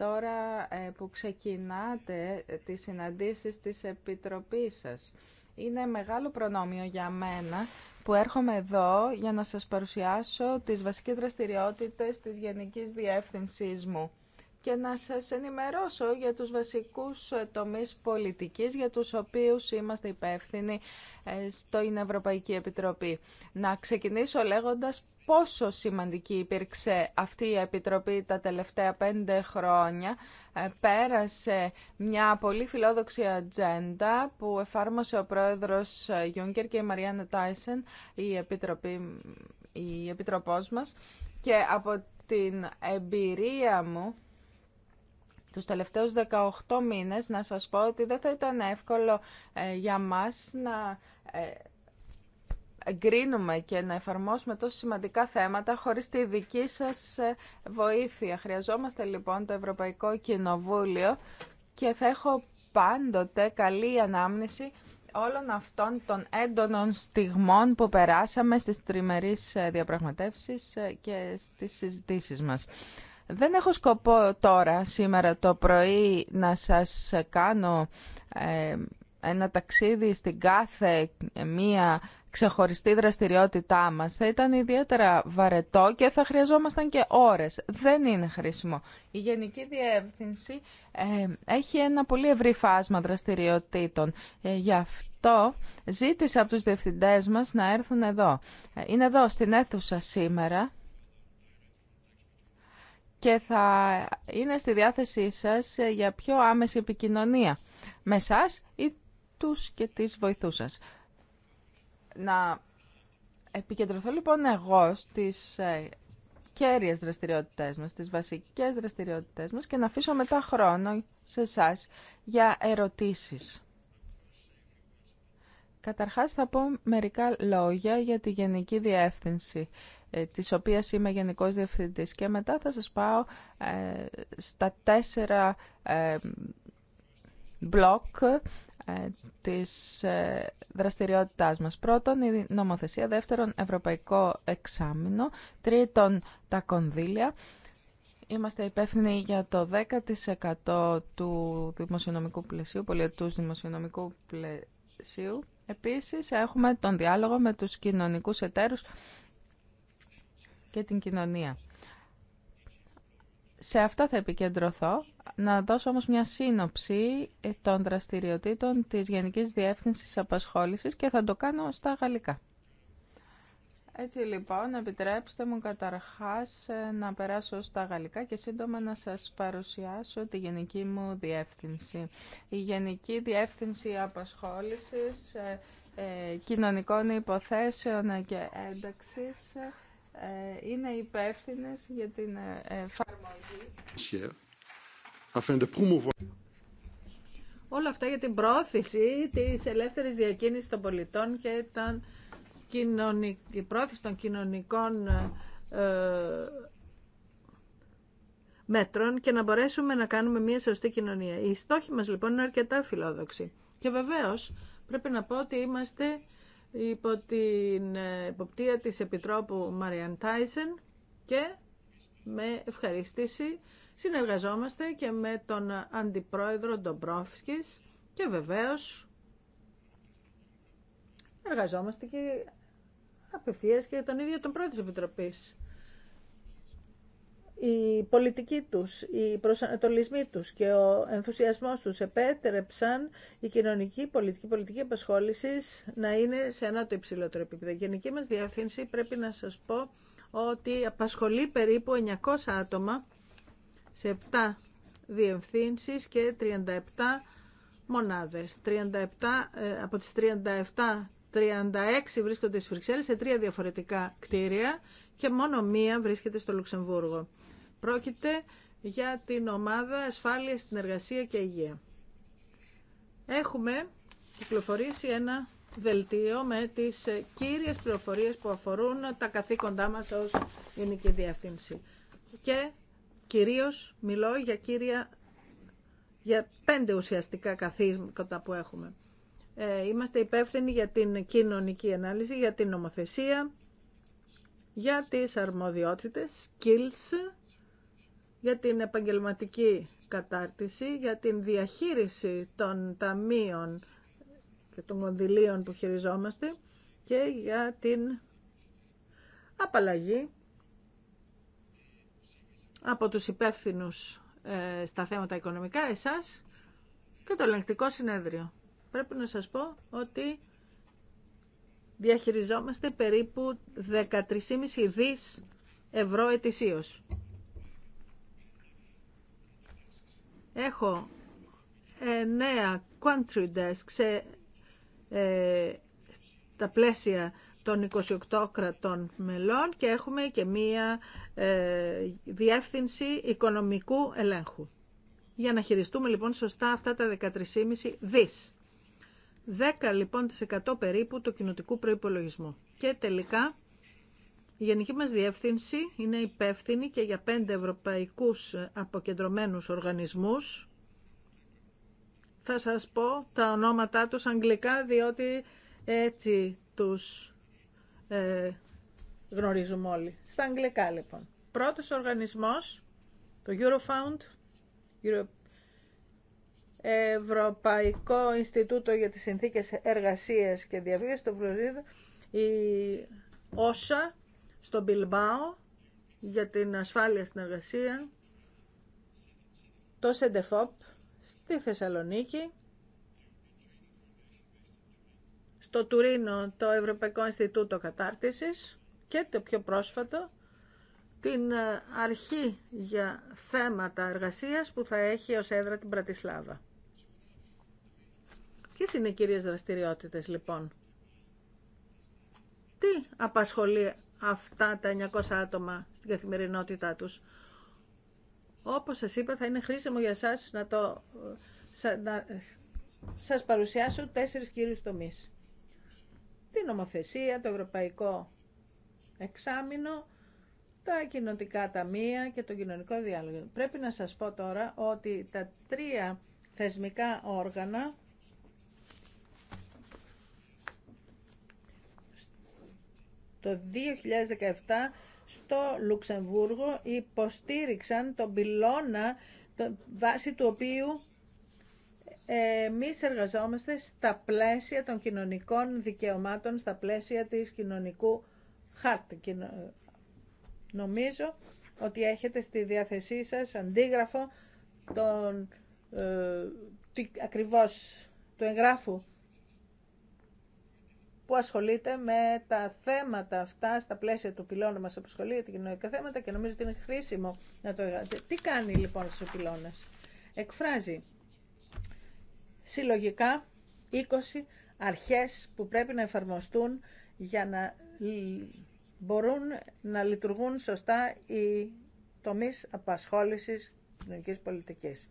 τώρα ε, που ξεκινάτε τις συναντήσεις της Επιτροπής σας. Είναι μεγάλο προνόμιο για μένα που έρχομαι εδώ για να σας παρουσιάσω τις βασικές δραστηριότητες της Γενικής Διεύθυνσής μου και να σας ενημερώσω για τους βασικούς ε, τομείς πολιτικής για τους οποίους είμαστε υπεύθυνοι ε, στο Ευρωπαϊκή Επιτροπή. Να ξεκινήσω λέγοντας πόσο σημαντική υπήρξε αυτή η Επιτροπή τα τελευταία πέντε χρόνια. Ε, πέρασε μια πολύ φιλόδοξη ατζέντα που εφάρμοσε ο πρόεδρος ε, Γιούγκερ και η Μαριάννα Τάισεν, η, Επιτροπή, η Επιτροπός μας. Και από την εμπειρία μου τους τελευταίους 18 μήνες να σας πω ότι δεν θα ήταν εύκολο ε, για μας να εγκρίνουμε και να εφαρμόσουμε τόσο σημαντικά θέματα χωρίς τη δική σας ε, βοήθεια. Χρειαζόμαστε λοιπόν το Ευρωπαϊκό Κοινοβούλιο και θα έχω πάντοτε καλή ανάμνηση όλων αυτών των έντονων στιγμών που περάσαμε στις τριμερείς ε, διαπραγματεύσεις ε, και στις συζητήσεις μας. Δεν έχω σκοπό τώρα, σήμερα το πρωί, να σας κάνω ένα ταξίδι στην κάθε μία ξεχωριστή δραστηριότητά μας θα ήταν ιδιαίτερα βαρετό και θα χρειαζόμασταν και ώρες. Δεν είναι χρήσιμο. Η Γενική Διεύθυνση ε, έχει ένα πολύ ευρύ φάσμα δραστηριοτήτων. Ε, γι' αυτό ζήτησα από τους διευθυντές μας να έρθουν εδώ. Ε, είναι εδώ στην αίθουσα σήμερα και θα είναι στη διάθεσή σας για πιο άμεση επικοινωνία με σας ή τους και τις βοηθούς σας να επικεντρωθώ λοιπόν εγώ στις ε, κέρυες δραστηριότητές μας, στις βασικές δραστηριότητές μας και να αφήσω μετά χρόνο σε εσά για ερωτήσεις. Καταρχάς θα πω μερικά λόγια για τη Γενική Διεύθυνση, ε, της οποίας είμαι Γενικός Διευθυντής και μετά θα σας πάω ε, στα τέσσερα μπλοκ ε, της ε, δραστηριότητάς μας. Πρώτον, η νομοθεσία. Δεύτερον, ευρωπαϊκό εξάμεινο. Τρίτον, τα κονδύλια. Είμαστε υπεύθυνοι για το 10% του δημοσιονομικού πλαισίου, πολιετούς δημοσιονομικού πλαισίου. Επίσης, έχουμε τον διάλογο με τους κοινωνικούς εταίρους και την κοινωνία. Σε αυτά θα επικεντρωθώ να δώσω όμως μια σύνοψη ε, των δραστηριοτήτων της Γενικής Διεύθυνσης Απασχόλησης και θα το κάνω στα γαλλικά. Έτσι λοιπόν, επιτρέψτε μου καταρχάς ε, να περάσω στα γαλλικά και σύντομα να σας παρουσιάσω τη γενική μου διεύθυνση. Η Γενική Διεύθυνση Απασχόλησης ε, Κοινωνικών Υποθέσεων και Ένταξης είναι υπεύθυνες για την εφαρμογή Όλα αυτά για την πρόθεση της ελεύθερης διακίνησης των πολιτών και την πρόθεση των κοινωνικών ε, μέτρων και να μπορέσουμε να κάνουμε μια σωστή κοινωνία. Οι στόχοι μας λοιπόν είναι αρκετά φιλόδοξοι. Και βεβαίως πρέπει να πω ότι είμαστε υπό την ε, υποπτία της Επιτρόπου Μαριαν Τάισεν και με ευχαριστήσει Συνεργαζόμαστε και με τον Αντιπρόεδρο Ντομπρόφσκης και βεβαίως εργαζόμαστε και απευθείας και τον ίδιο τον Πρόεδρο της Επιτροπής. Η πολιτική τους, οι προσανατολισμοί τους και ο ενθουσιασμός τους επέτρεψαν η κοινωνική πολιτική πολιτική απασχόλησης να είναι σε ένα το υψηλότερο επίπεδο. Η γενική μας διεύθυνση πρέπει να σας πω ότι απασχολεί περίπου 900 άτομα σε 7 διευθύνσεις και 37 μονάδες. 37, ε, από τις 37, 36 βρίσκονται στις Βρυξέλλες σε τρία διαφορετικά κτίρια και μόνο μία βρίσκεται στο Λουξεμβούργο. Πρόκειται για την ομάδα ασφάλεια στην εργασία και υγεία. Έχουμε κυκλοφορήσει ένα δελτίο με τις ε, κύριες πληροφορίες που αφορούν τα καθήκοντά μας ως γενική διεύθυνση. Και Κυρίως μιλώ για, κύρια, για πέντε ουσιαστικά καθίσματα που έχουμε. Ε, είμαστε υπεύθυνοι για την κοινωνική ανάλυση, για την νομοθεσία, για τις αρμοδιότητες, skills, για την επαγγελματική κατάρτιση, για την διαχείριση των ταμείων και των κονδυλίων που χειριζόμαστε και για την απαλλαγή από τους υπεύθυνου ε, στα θέματα οικονομικά, εσάς και το ελεγκτικό συνέδριο. Πρέπει να σας πω ότι διαχειριζόμαστε περίπου 13,5 δις ευρώ ετησίως. Έχω ε, νέα country desk σε, ε, τα πλαίσια των 28 κρατών μελών και έχουμε και μία ε, διεύθυνση Οικονομικού Ελέγχου. Για να χειριστούμε λοιπόν σωστά αυτά τα 13,5 δις. 10 λοιπόν το 100 περίπου του κοινοτικού προϋπολογισμού. Και τελικά η Γενική μας Διεύθυνση είναι υπεύθυνη και για 5 ευρωπαϊκούς αποκεντρωμένους οργανισμούς. Θα σας πω τα ονόματά τους αγγλικά διότι έτσι τους ε, γνωρίζουμε όλοι. Στα αγγλικά λοιπόν. Πρώτος οργανισμός, το Eurofound, Ευρωπαϊκό Ινστιτούτο για τις Συνθήκες Εργασίας και Διαβίωσης στο Φλωρίδα, η όσα στο Μπιλμπάο για την ασφάλεια στην εργασία, το ΣΕΝΤΕΦΟΠ στη Θεσσαλονίκη, στο Τουρίνο το Ευρωπαϊκό Ινστιτούτο Κατάρτισης, και το πιο πρόσφατο την ε, αρχή για θέματα εργασίας που θα έχει ως έδρα την Πρατισλάβα. Ποιε είναι οι κυρίες δραστηριότητες λοιπόν. Τι απασχολεί αυτά τα 900 άτομα στην καθημερινότητά τους. Όπως σας είπα θα είναι χρήσιμο για σας να το ε, σας παρουσιάσω τέσσερις κύριους τομείς. Την νομοθεσία, το ευρωπαϊκό εξάμεινο, τα κοινοτικά ταμεία και το κοινωνικό διάλογο. Πρέπει να σας πω τώρα ότι τα τρία θεσμικά όργανα το 2017 στο Λουξεμβούργο υποστήριξαν τον πυλώνα το, βάσει του οποίου εμεί εργαζόμαστε στα πλαίσια των κοινωνικών δικαιωμάτων, στα πλαίσια της κοινωνικού χάρτη και νομίζω ότι έχετε στη διάθεσή σας αντίγραφο του ε, τι, ακριβώς του εγγράφου που ασχολείται με τα θέματα αυτά στα πλαίσια του πυλώνα μας απασχολεί για τα κοινωνικά θέματα και νομίζω ότι είναι χρήσιμο να το εγγράψετε. Τι κάνει λοιπόν ο πυλώνας. Εκφράζει συλλογικά 20 αρχές που πρέπει να εφαρμοστούν για να μπορούν να λειτουργούν σωστά οι τομείς απασχόλησης κοινωνικής πολιτικής.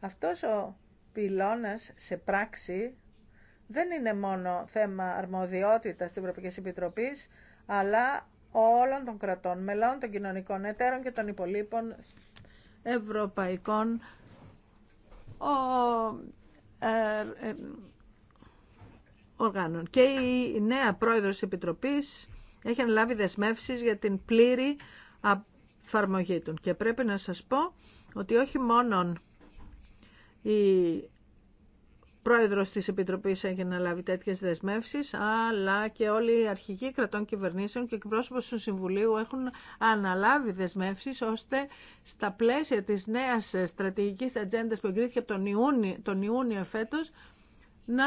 Αυτός ο πυλώνας σε πράξη δεν είναι μόνο θέμα αρμοδιότητας της Ευρωπαϊκής Επιτροπής, αλλά όλων των κρατών, μελών, των κοινωνικών εταίρων και των υπολείπων ευρωπαϊκών ε, ε, οργάνων. Και η νέα πρόεδρος της Επιτροπής έχει αναλάβει δεσμεύσεις για την πλήρη εφαρμογή του. Και πρέπει να σας πω ότι όχι μόνον η πρόεδρος της Επιτροπής έχει αναλάβει τέτοιες δεσμεύσεις, αλλά και όλοι οι αρχηγοί κρατών κυβερνήσεων και εκπρόσωπος του Συμβουλίου έχουν αναλάβει δεσμεύσεις, ώστε στα πλαίσια της νέας στρατηγικής ατζέντας που εγκρίθηκε τον Ιούνιο, τον Ιούνιο φέτος, να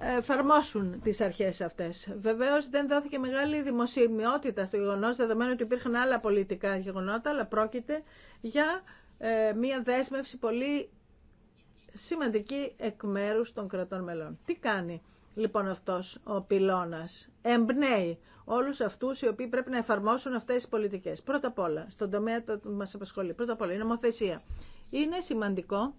εφαρμόσουν τις αρχές αυτές. Βεβαίως δεν δόθηκε μεγάλη δημοσιμιότητα στο γεγονός, δεδομένου ότι υπήρχαν άλλα πολιτικά γεγονότα, αλλά πρόκειται για ε, μία δέσμευση πολύ σημαντική εκ μέρου των κρατών μελών. Τι κάνει λοιπόν αυτός ο πυλώνας. Εμπνέει όλους αυτούς οι οποίοι πρέπει να εφαρμόσουν αυτές τις πολιτικές. Πρώτα απ' όλα, στον τομέα που μας απασχολεί, πρώτα απ' όλα η νομοθεσία. Είναι σημαντικό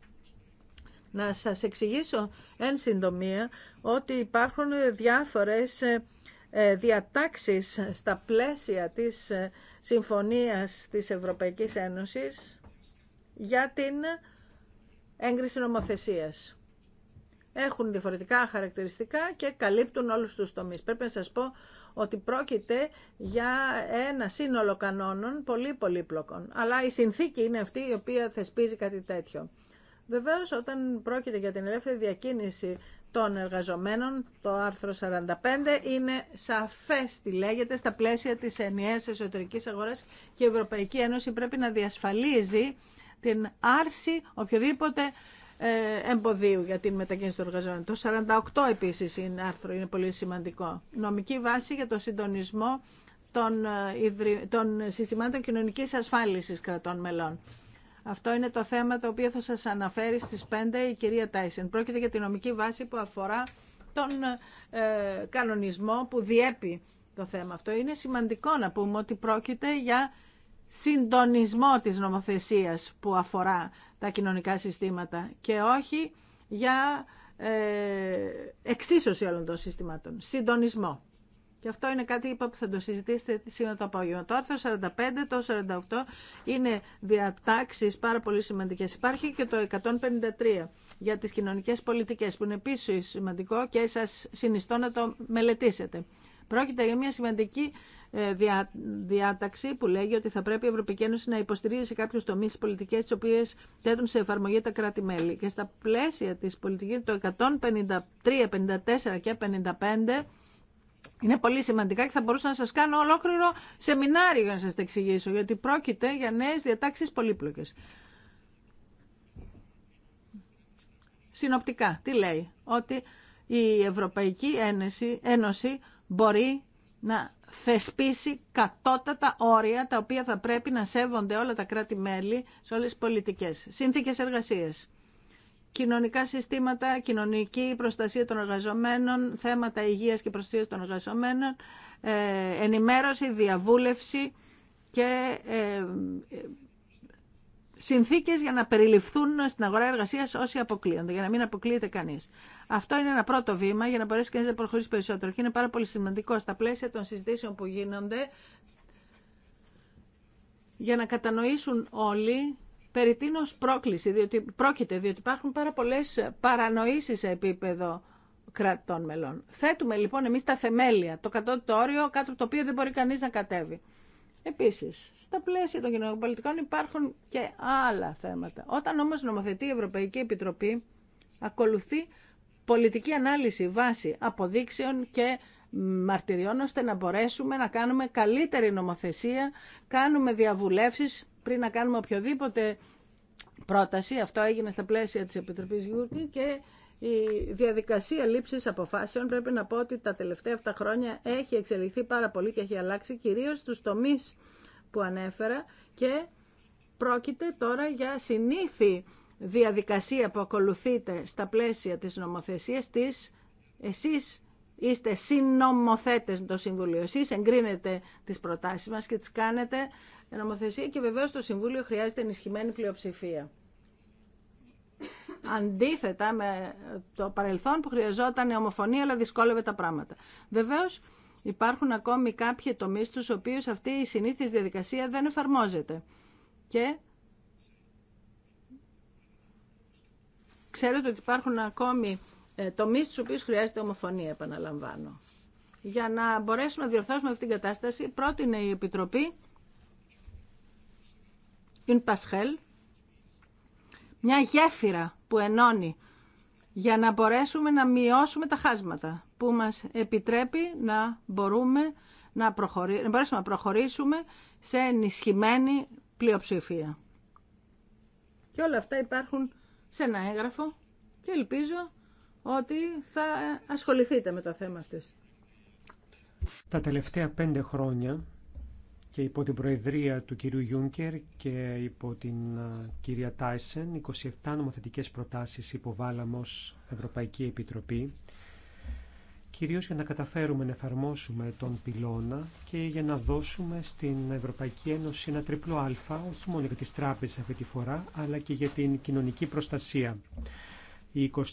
να σας εξηγήσω εν συντομία ότι υπάρχουν διάφορες ε, ε, διατάξεις στα πλαίσια της ε, Συμφωνίας της Ευρωπαϊκής Ένωσης για την έγκριση νομοθεσίας. Έχουν διαφορετικά χαρακτηριστικά και καλύπτουν όλους τους τομείς. Πρέπει να σας πω ότι πρόκειται για ένα σύνολο κανόνων πολύ πολύπλοκων. Αλλά η συνθήκη είναι αυτή η οποία θεσπίζει κάτι τέτοιο. Βεβαίω, όταν πρόκειται για την ελεύθερη διακίνηση των εργαζομένων, το άρθρο 45 είναι σαφές τι λέγεται στα πλαίσια τη ενιαία εσωτερική αγοράς και η Ευρωπαϊκή Ένωση πρέπει να διασφαλίζει την άρση οποιοδήποτε ε, εμποδίου για την μετακίνηση των εργαζομένων. Το 48 επίση είναι άρθρο, είναι πολύ σημαντικό. Νομική βάση για το συντονισμό των, ε, συστημάτων κοινωνικής ασφάλισης κρατών μελών. Αυτό είναι το θέμα το οποίο θα σας αναφέρει στις 5 η κυρία Τάισεν. Πρόκειται για τη νομική βάση που αφορά τον ε, κανονισμό που διέπει το θέμα αυτό. Είναι σημαντικό να πούμε ότι πρόκειται για συντονισμό της νομοθεσίας που αφορά τα κοινωνικά συστήματα και όχι για ε, εξίσωση όλων των συστημάτων. Συντονισμό. Και αυτό είναι κάτι είπα, που θα το συζητήσετε σήμερα το απόγευμα. Το άρθρο 45, το 48 είναι διατάξεις πάρα πολύ σημαντικές. Υπάρχει και το 153 για τις κοινωνικές πολιτικές που είναι επίσης σημαντικό και σας συνιστώ να το μελετήσετε. Πρόκειται για μια σημαντική ε, διά, διάταξη που λέγει ότι θα πρέπει η Ευρωπαϊκή Ένωση να υποστηρίζει σε κάποιου τομεί τι πολιτικέ τι οποίε θέτουν σε εφαρμογή τα κράτη-μέλη. Και στα πλαίσια τη πολιτική το 153, 54 και 55 είναι πολύ σημαντικά και θα μπορούσα να σας κάνω ολόκληρο σεμινάριο για να σας τα εξηγήσω, γιατί πρόκειται για νέες διατάξεις πολύπλοκες. Συνοπτικά, τι λέει, ότι η Ευρωπαϊκή Ένωση, Ένωση μπορεί να θεσπίσει κατώτατα όρια τα οποία θα πρέπει να σέβονται όλα τα κράτη-μέλη σε όλες τις πολιτικές. Σύνθηκες εργασίες κοινωνικά συστήματα, κοινωνική προστασία των εργαζομένων, θέματα υγείας και προστασίας των εργαζομένων, ε, ενημέρωση, διαβούλευση και ε, συνθήκες για να περιληφθούν στην αγορά εργασίας όσοι αποκλείονται, για να μην αποκλείεται κανείς. Αυτό είναι ένα πρώτο βήμα για να μπορέσει κανείς να προχωρήσει περισσότερο και είναι πάρα πολύ σημαντικό στα πλαίσια των συζητήσεων που γίνονται για να κατανοήσουν όλοι περί τίνος πρόκληση, διότι πρόκειται, διότι υπάρχουν πάρα πολλές παρανοήσεις σε επίπεδο κρατών μελών. Θέτουμε λοιπόν εμείς τα θεμέλια, το κατώτατο όριο, κάτω από το οποίο δεν μπορεί κανείς να κατέβει. Επίσης, στα πλαίσια των κοινωνικών πολιτικών υπάρχουν και άλλα θέματα. Όταν όμως νομοθετεί η Ευρωπαϊκή Επιτροπή, ακολουθεί πολιτική ανάλυση βάση αποδείξεων και μαρτυριών, ώστε να μπορέσουμε να κάνουμε καλύτερη νομοθεσία, κάνουμε διαβουλεύσεις πριν να κάνουμε οποιοδήποτε πρόταση, αυτό έγινε στα πλαίσια της Επιτροπής Γιούρκη και η διαδικασία λήψης αποφάσεων πρέπει να πω ότι τα τελευταία αυτά χρόνια έχει εξελιχθεί πάρα πολύ και έχει αλλάξει κυρίως στους τομείς που ανέφερα και πρόκειται τώρα για συνήθι διαδικασία που ακολουθείτε στα πλαίσια της νομοθεσίας της εσείς είστε συνομοθέτε με το Συμβούλιο. Εσεί εγκρίνετε τις προτάσεις μας και τις κάνετε νομοθεσία και βεβαίω το Συμβούλιο χρειάζεται ενισχυμένη πλειοψηφία. Αντίθετα με το παρελθόν που χρειαζόταν η ομοφωνία αλλά δυσκόλευε τα πράγματα. Βεβαίω, υπάρχουν ακόμη κάποιοι τομείς στους οποίους αυτή η συνήθι διαδικασία δεν εφαρμόζεται. Και ξέρετε ότι υπάρχουν ακόμη ε, τομεί στου οποίου χρειάζεται ομοφωνία, επαναλαμβάνω. Για να μπορέσουμε να διορθώσουμε αυτή την κατάσταση, πρότεινε η Επιτροπή η Πασχέλ, μια γέφυρα που ενώνει για να μπορέσουμε να μειώσουμε τα χάσματα που μας επιτρέπει να μπορούμε να, προχωρήσουμε, να μπορέσουμε να προχωρήσουμε σε ενισχυμένη πλειοψηφία. Και όλα αυτά υπάρχουν σε ένα έγγραφο και ελπίζω ότι θα ασχοληθείτε με τα θέματα αυτές. Τα τελευταία πέντε χρόνια και υπό την προεδρία του κυρίου Γιούνκερ και υπό την κυρία Τάισεν 27 νομοθετικές προτάσεις υποβάλαμε ως Ευρωπαϊκή Επιτροπή κυρίως για να καταφέρουμε να εφαρμόσουμε τον πυλώνα και για να δώσουμε στην Ευρωπαϊκή Ένωση ένα τριπλό α, όχι μόνο για τις τράπεζες αυτή τη φορά, αλλά και για την κοινωνική προστασία. Οι 24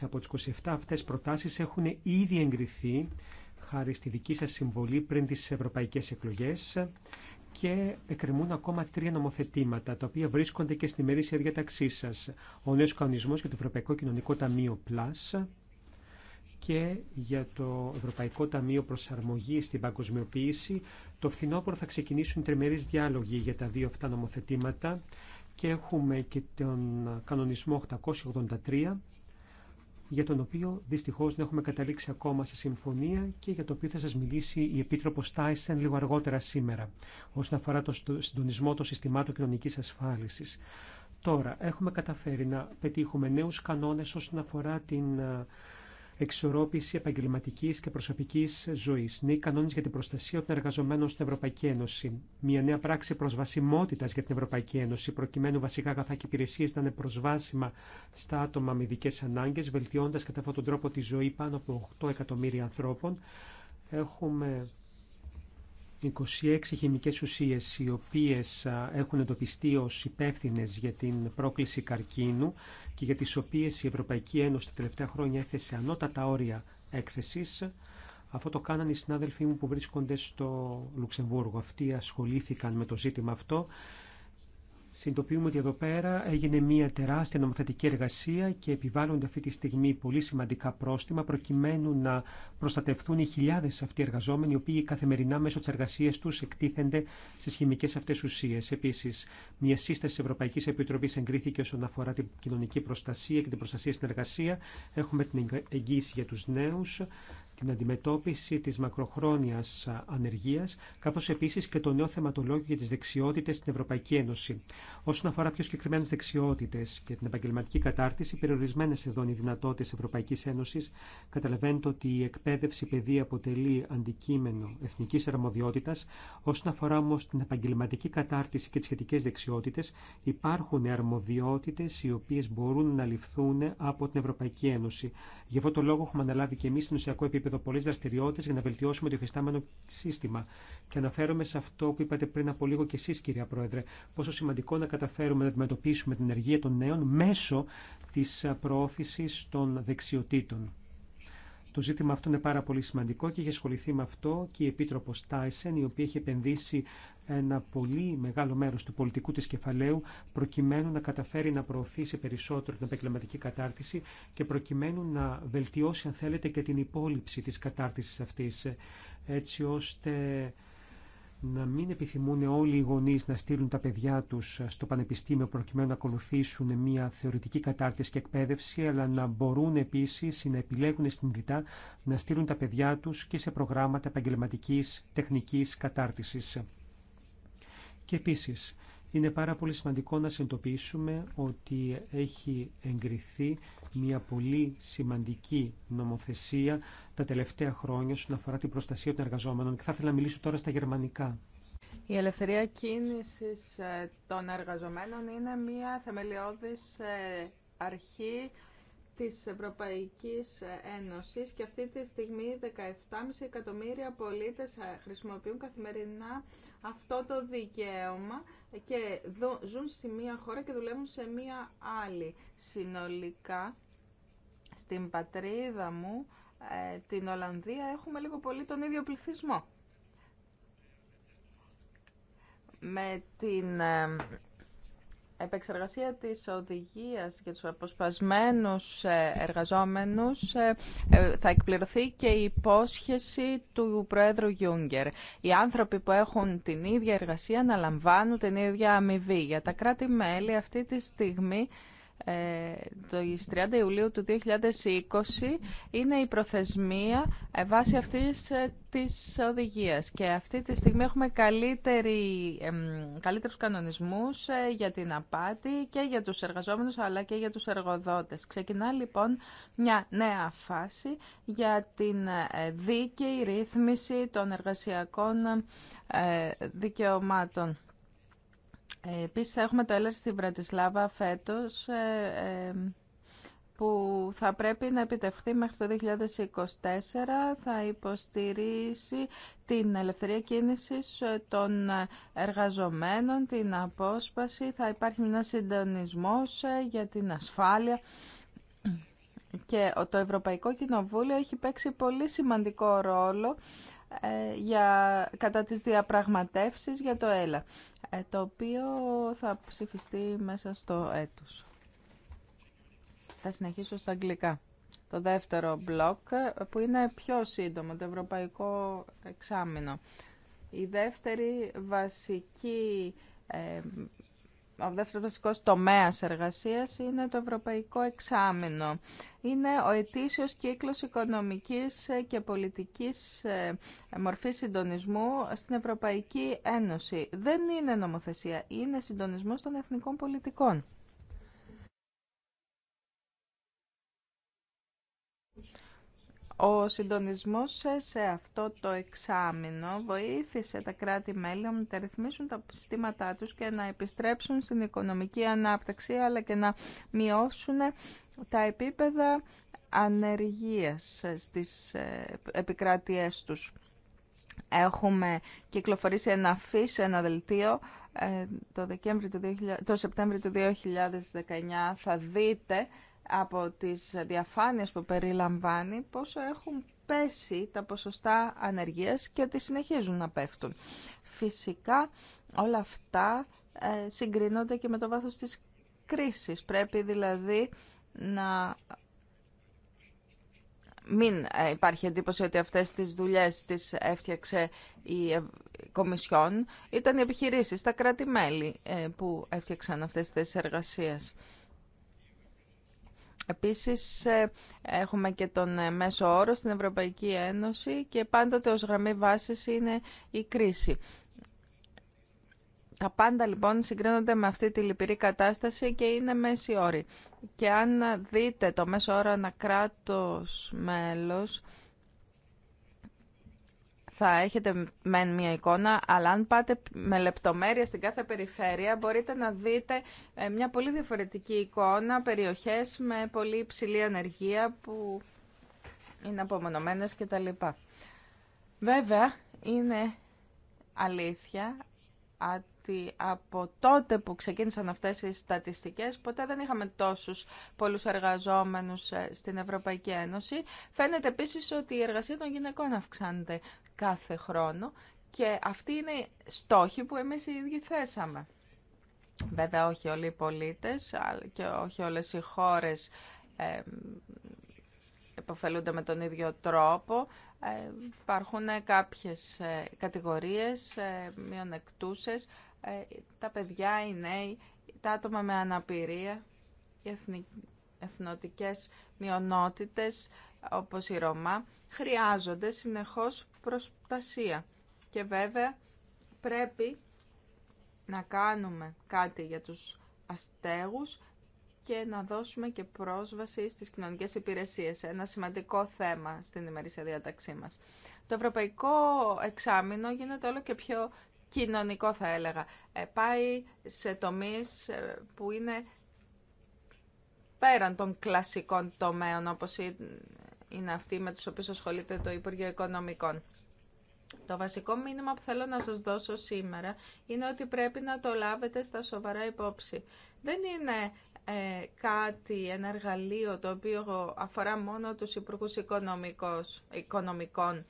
από τις 27 αυτές προτάσεις έχουν ήδη εγκριθεί χάρη στη δική σας συμβολή πριν τις ευρωπαϊκές εκλογές και εκκρεμούν ακόμα τρία νομοθετήματα, τα οποία βρίσκονται και στη μερίσια διαταξή σα. Ο νέο κανονισμός για το Ευρωπαϊκό Κοινωνικό Ταμείο Plus και για το Ευρωπαϊκό Ταμείο Προσαρμογή στην Παγκοσμιοποίηση. Το φθινόπωρο θα ξεκινήσουν τριμερεί διάλογοι για τα δύο αυτά νομοθετήματα και έχουμε και τον κανονισμό 883 για τον οποίο δυστυχώς δεν έχουμε καταλήξει ακόμα σε συμφωνία και για το οποίο θα σας μιλήσει η Επίτροπος Τάισεν λίγο αργότερα σήμερα όσον αφορά το συντονισμό των συστημάτων κοινωνικής ασφάλισης. Τώρα, έχουμε καταφέρει να πετύχουμε νέους κανόνες όσον αφορά την ε, εξορρόπηση επαγγελματική και προσωπική ζωή. Νέοι κανόνε για την προστασία των εργαζομένων στην Ευρωπαϊκή Ένωση. Μια νέα πράξη προσβασιμότητα για την Ευρωπαϊκή Ένωση, προκειμένου βασικά αγαθά και υπηρεσίε να είναι προσβάσιμα στα άτομα με ειδικέ ανάγκε, βελτιώντα κατά αυτόν τον τρόπο τη ζωή πάνω από 8 εκατομμύρια ανθρώπων. Έχουμε 26 χημικές ουσίες οι οποίες έχουν εντοπιστεί ως υπεύθυνε για την πρόκληση καρκίνου και για τις οποίες η Ευρωπαϊκή Ένωση τα τελευταία χρόνια έθεσε ανώτατα όρια έκθεσης. Αυτό το κάνανε οι συνάδελφοί μου που βρίσκονται στο Λουξεμβούργο. Αυτοί ασχολήθηκαν με το ζήτημα αυτό Συντοποιούμε ότι εδώ πέρα έγινε μια τεράστια νομοθετική εργασία και επιβάλλονται αυτή τη στιγμή πολύ σημαντικά πρόστιμα προκειμένου να προστατευτούν οι χιλιάδε αυτοί οι εργαζόμενοι οι οποίοι καθημερινά μέσω τη εργασία του εκτίθενται στι χημικέ αυτέ ουσίε. Επίση, μια σύσταση τη Ευρωπαϊκή Επιτροπή εγκρίθηκε όσον αφορά την κοινωνική προστασία και την προστασία στην εργασία. Έχουμε την εγγύηση για του νέου την αντιμετώπιση της μακροχρόνιας ανεργίας, καθώς επίσης και το νέο θεματολόγιο για τις δεξιότητες στην Ευρωπαϊκή Ένωση. Όσον αφορά πιο συγκεκριμένες δεξιότητες και την επαγγελματική κατάρτιση, περιορισμένες εδώ είναι οι δυνατότητες Ευρωπαϊκής Ένωσης. Καταλαβαίνετε ότι η εκπαίδευση παιδεία αποτελεί αντικείμενο εθνικής αρμοδιότητας. Όσον αφορά όμω την επαγγελματική κατάρτιση και τις σχετικές δεξιότητες, υπάρχουν αρμοδιότητες οι οποίες μπορούν να ληφθούν από την Ευρωπαϊκή Ένωση. Γι' αυτό το λόγο έχουμε αναλάβει και εμείς στην ουσιακό επίπεδο επίπεδο πολλέ δραστηριότητε για να βελτιώσουμε το υφιστάμενο σύστημα. Και αναφέρομαι σε αυτό που είπατε πριν από λίγο και εσεί, κυρία Πρόεδρε, πόσο σημαντικό να καταφέρουμε να αντιμετωπίσουμε την ενεργεια των νέων μέσω τη προώθηση των δεξιοτήτων. Το ζήτημα αυτό είναι πάρα πολύ σημαντικό και έχει ασχοληθεί με αυτό και η επίτροπο Τάισεν, η οποία έχει επενδύσει ένα πολύ μεγάλο μέρος του πολιτικού της κεφαλαίου προκειμένου να καταφέρει να προωθήσει περισσότερο την επαγγελματική κατάρτιση και προκειμένου να βελτιώσει αν θέλετε και την υπόλοιψη της κατάρτισης αυτής έτσι ώστε να μην επιθυμούν όλοι οι γονεί να στείλουν τα παιδιά τους στο πανεπιστήμιο προκειμένου να ακολουθήσουν μια θεωρητική κατάρτιση και εκπαίδευση, αλλά να μπορούν επίσης να επιλέγουν συνειδητά να στείλουν τα παιδιά του και σε προγράμματα επαγγελματική τεχνική κατάρτιση. Και επίσης, είναι πάρα πολύ σημαντικό να συνειδητοποιήσουμε ότι έχει εγκριθεί μια πολύ σημαντική νομοθεσία τα τελευταία χρόνια όσον αφορά την προστασία των εργαζόμενων. Και θα ήθελα να μιλήσω τώρα στα γερμανικά. Η ελευθερία κίνησης ε, των εργαζομένων είναι μια θεμελιώδης ε, αρχή της Ευρωπαϊκής Ένωσης και αυτή τη στιγμή 17,5 εκατομμύρια πολίτες χρησιμοποιούν καθημερινά αυτό το δικαίωμα και ζουν σε μία χώρα και δουλεύουν σε μία άλλη. Συνολικά, στην πατρίδα μου, ε, την Ολλανδία, έχουμε λίγο πολύ τον ίδιο πληθυσμό. Με την ε, επεξεργασία της οδηγίας για τους αποσπασμένους ε, εργαζόμενους ε, ε, θα εκπληρωθεί και η υπόσχεση του Προέδρου Γιούγκερ. Οι άνθρωποι που έχουν την ίδια εργασία να λαμβάνουν την ίδια αμοιβή. Για τα κράτη-μέλη αυτή τη στιγμή ε, το 30 Ιουλίου του 2020 είναι η προθεσμία ε, βάσει αυτής ε, της οδηγίας και αυτή τη στιγμή έχουμε καλύτερη, καλύτερους κανονισμούς για την απάτη και για τους εργαζόμενους αλλά και για τους εργοδότες. Ξεκινά λοιπόν μια νέα φάση για την δίκαιη ρύθμιση των εργασιακών δικαιωμάτων. Ε, επίσης έχουμε το έλεγχο στη Βρατισλάβα φέτος ε, ε, που θα πρέπει να επιτευχθεί μέχρι το 2024 θα υποστηρίσει την ελευθερία κίνησης των εργαζομένων, την απόσπαση, θα υπάρχει ένα συντονισμός για την ασφάλεια και το Ευρωπαϊκό Κοινοβούλιο έχει παίξει πολύ σημαντικό ρόλο ε, για, κατά τις διαπραγματεύσεις για το ΕΛΑ, ε, το οποίο θα ψηφιστεί μέσα στο έτος. Θα συνεχίσω στα αγγλικά. Το δεύτερο μπλοκ, που είναι πιο σύντομο, το ευρωπαϊκό εξάμεινο. Η δεύτερη βασική ε, ο δεύτερος βασικό τομέας εργασίας είναι το Ευρωπαϊκό Εξάμεινο. Είναι ο ετήσιος κύκλος οικονομικής και πολιτικής ε, μορφής συντονισμού στην Ευρωπαϊκή Ένωση. Δεν είναι νομοθεσία, είναι συντονισμός των εθνικών πολιτικών. Ο συντονισμός σε αυτό το εξάμεινο βοήθησε τα κράτη-μέλη να μεταρρυθμίσουν τα συστήματά τους και να επιστρέψουν στην οικονομική ανάπτυξη αλλά και να μειώσουν τα επίπεδα ανεργίας στις ε, επικράτειές τους. Έχουμε κυκλοφορήσει ένα φύση, ένα δελτίο, ε, το, το Σεπτέμβριο του 2019 θα δείτε από τις διαφάνειες που περιλαμβάνει πόσο έχουν πέσει τα ποσοστά ανεργίας και ότι συνεχίζουν να πέφτουν. Φυσικά όλα αυτά ε, συγκρίνονται και με το βάθος της κρίσης. Πρέπει δηλαδή να μην ε, υπάρχει εντύπωση ότι αυτές τις δουλειές τις έφτιαξε η Κομισιόν. Ήταν οι επιχειρήσεις, τα κράτη-μέλη ε, που έφτιαξαν αυτές τις θέσεις Επίσης ε, έχουμε και τον ε, μέσο όρο στην Ευρωπαϊκή Ένωση και πάντοτε ως γραμμή βάσης είναι η κρίση. Τα πάντα λοιπόν συγκρίνονται με αυτή τη λυπηρή κατάσταση και είναι μέση όρη. Και αν δείτε το μέσο όρο κράτος μέλος, θα έχετε μεν μία εικόνα, αλλά αν πάτε με λεπτομέρεια στην κάθε περιφέρεια μπορείτε να δείτε ε, μια πολύ διαφορετική εικόνα, περιοχές με πολύ υψηλή ανεργία που είναι απομονωμένες κτλ. Βέβαια, είναι αλήθεια ότι από τότε που ξεκίνησαν αυτές οι στατιστικές ποτέ δεν είχαμε τόσους πολλούς εργαζόμενους ε, στην Ευρωπαϊκή Ένωση. Φαίνεται επίσης ότι η εργασία των γυναικών αυξάνεται κάθε χρόνο και αυτή είναι η στόχη που εμείς οι ίδιοι θέσαμε. Βέβαια όχι όλοι οι πολίτες και όχι όλες οι χώρες ε, με τον ίδιο τρόπο. υπάρχουν κάποιες ε, κατηγορίες ε, ε, τα παιδιά, οι νέοι, τα άτομα με αναπηρία, οι εθνικές μειονότητες, όπως η Ρώμα, χρειάζονται συνεχώς προστασία. Και βέβαια πρέπει να κάνουμε κάτι για τους αστέγους και να δώσουμε και πρόσβαση στις κοινωνικές υπηρεσίες. Ένα σημαντικό θέμα στην ημερήσια διάταξή μας. Το ευρωπαϊκό εξάμεινο γίνεται όλο και πιο κοινωνικό θα έλεγα. Ε, πάει σε τομείς ε, που είναι πέραν των κλασικών τομέων όπως είναι αυτοί με τους οποίους ασχολείται το Υπουργείο Οικονομικών. Το βασικό μήνυμα που θέλω να σας δώσω σήμερα είναι ότι πρέπει να το λάβετε στα σοβαρά υπόψη. Δεν είναι ε, κάτι, ένα εργαλείο το οποίο αφορά μόνο τους υπουργούς οικονομικών.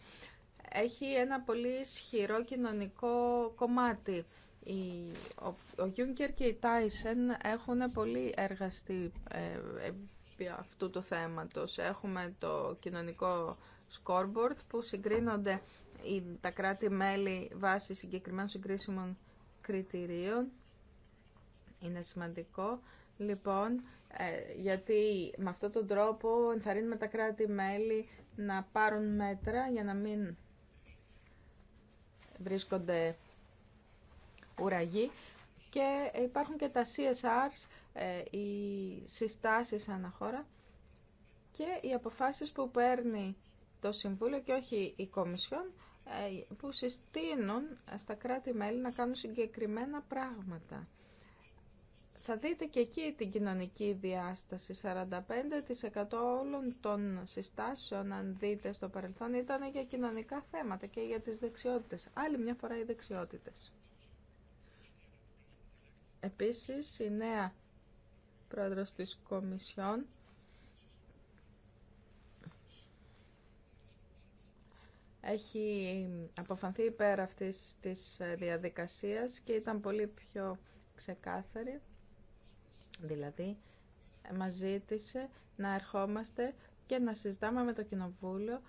Έχει ένα πολύ ισχυρό κοινωνικό κομμάτι. Ο Γιούγκερ και η Τάισεν έχουν πολύ εργαστεί ε, ε αυτού του θέματος. Έχουμε το κοινωνικό scoreboard που συγκρίνονται τα κράτη-μέλη βάσει συγκεκριμένων συγκρίσιμων κριτηρίων. Είναι σημαντικό. Λοιπόν, ε, γιατί με αυτόν τον τρόπο ενθαρρύνουμε τα κράτη-μέλη να πάρουν μέτρα για να μην βρίσκονται ουραγοί και υπάρχουν και τα CSRs, ε, οι συστάσεις αναχώρα και οι αποφάσεις που παίρνει το Συμβούλιο και όχι η Κομισιόν ε, που συστήνουν στα κράτη-μέλη να κάνουν συγκεκριμένα πράγματα. Θα δείτε και εκεί την κοινωνική διάσταση. 45% όλων των συστάσεων, αν δείτε στο παρελθόν, ήταν για κοινωνικά θέματα και για τις δεξιότητες. Άλλη μια φορά οι δεξιότητες. Επίσης, η νέα πρόεδρος της Κομισιόν έχει αποφανθεί υπέρ αυτής της διαδικασίας και ήταν πολύ πιο ξεκάθαρη. Δηλαδή, μας ζήτησε να ερχόμαστε και να συζητάμε με το Κοινοβούλιο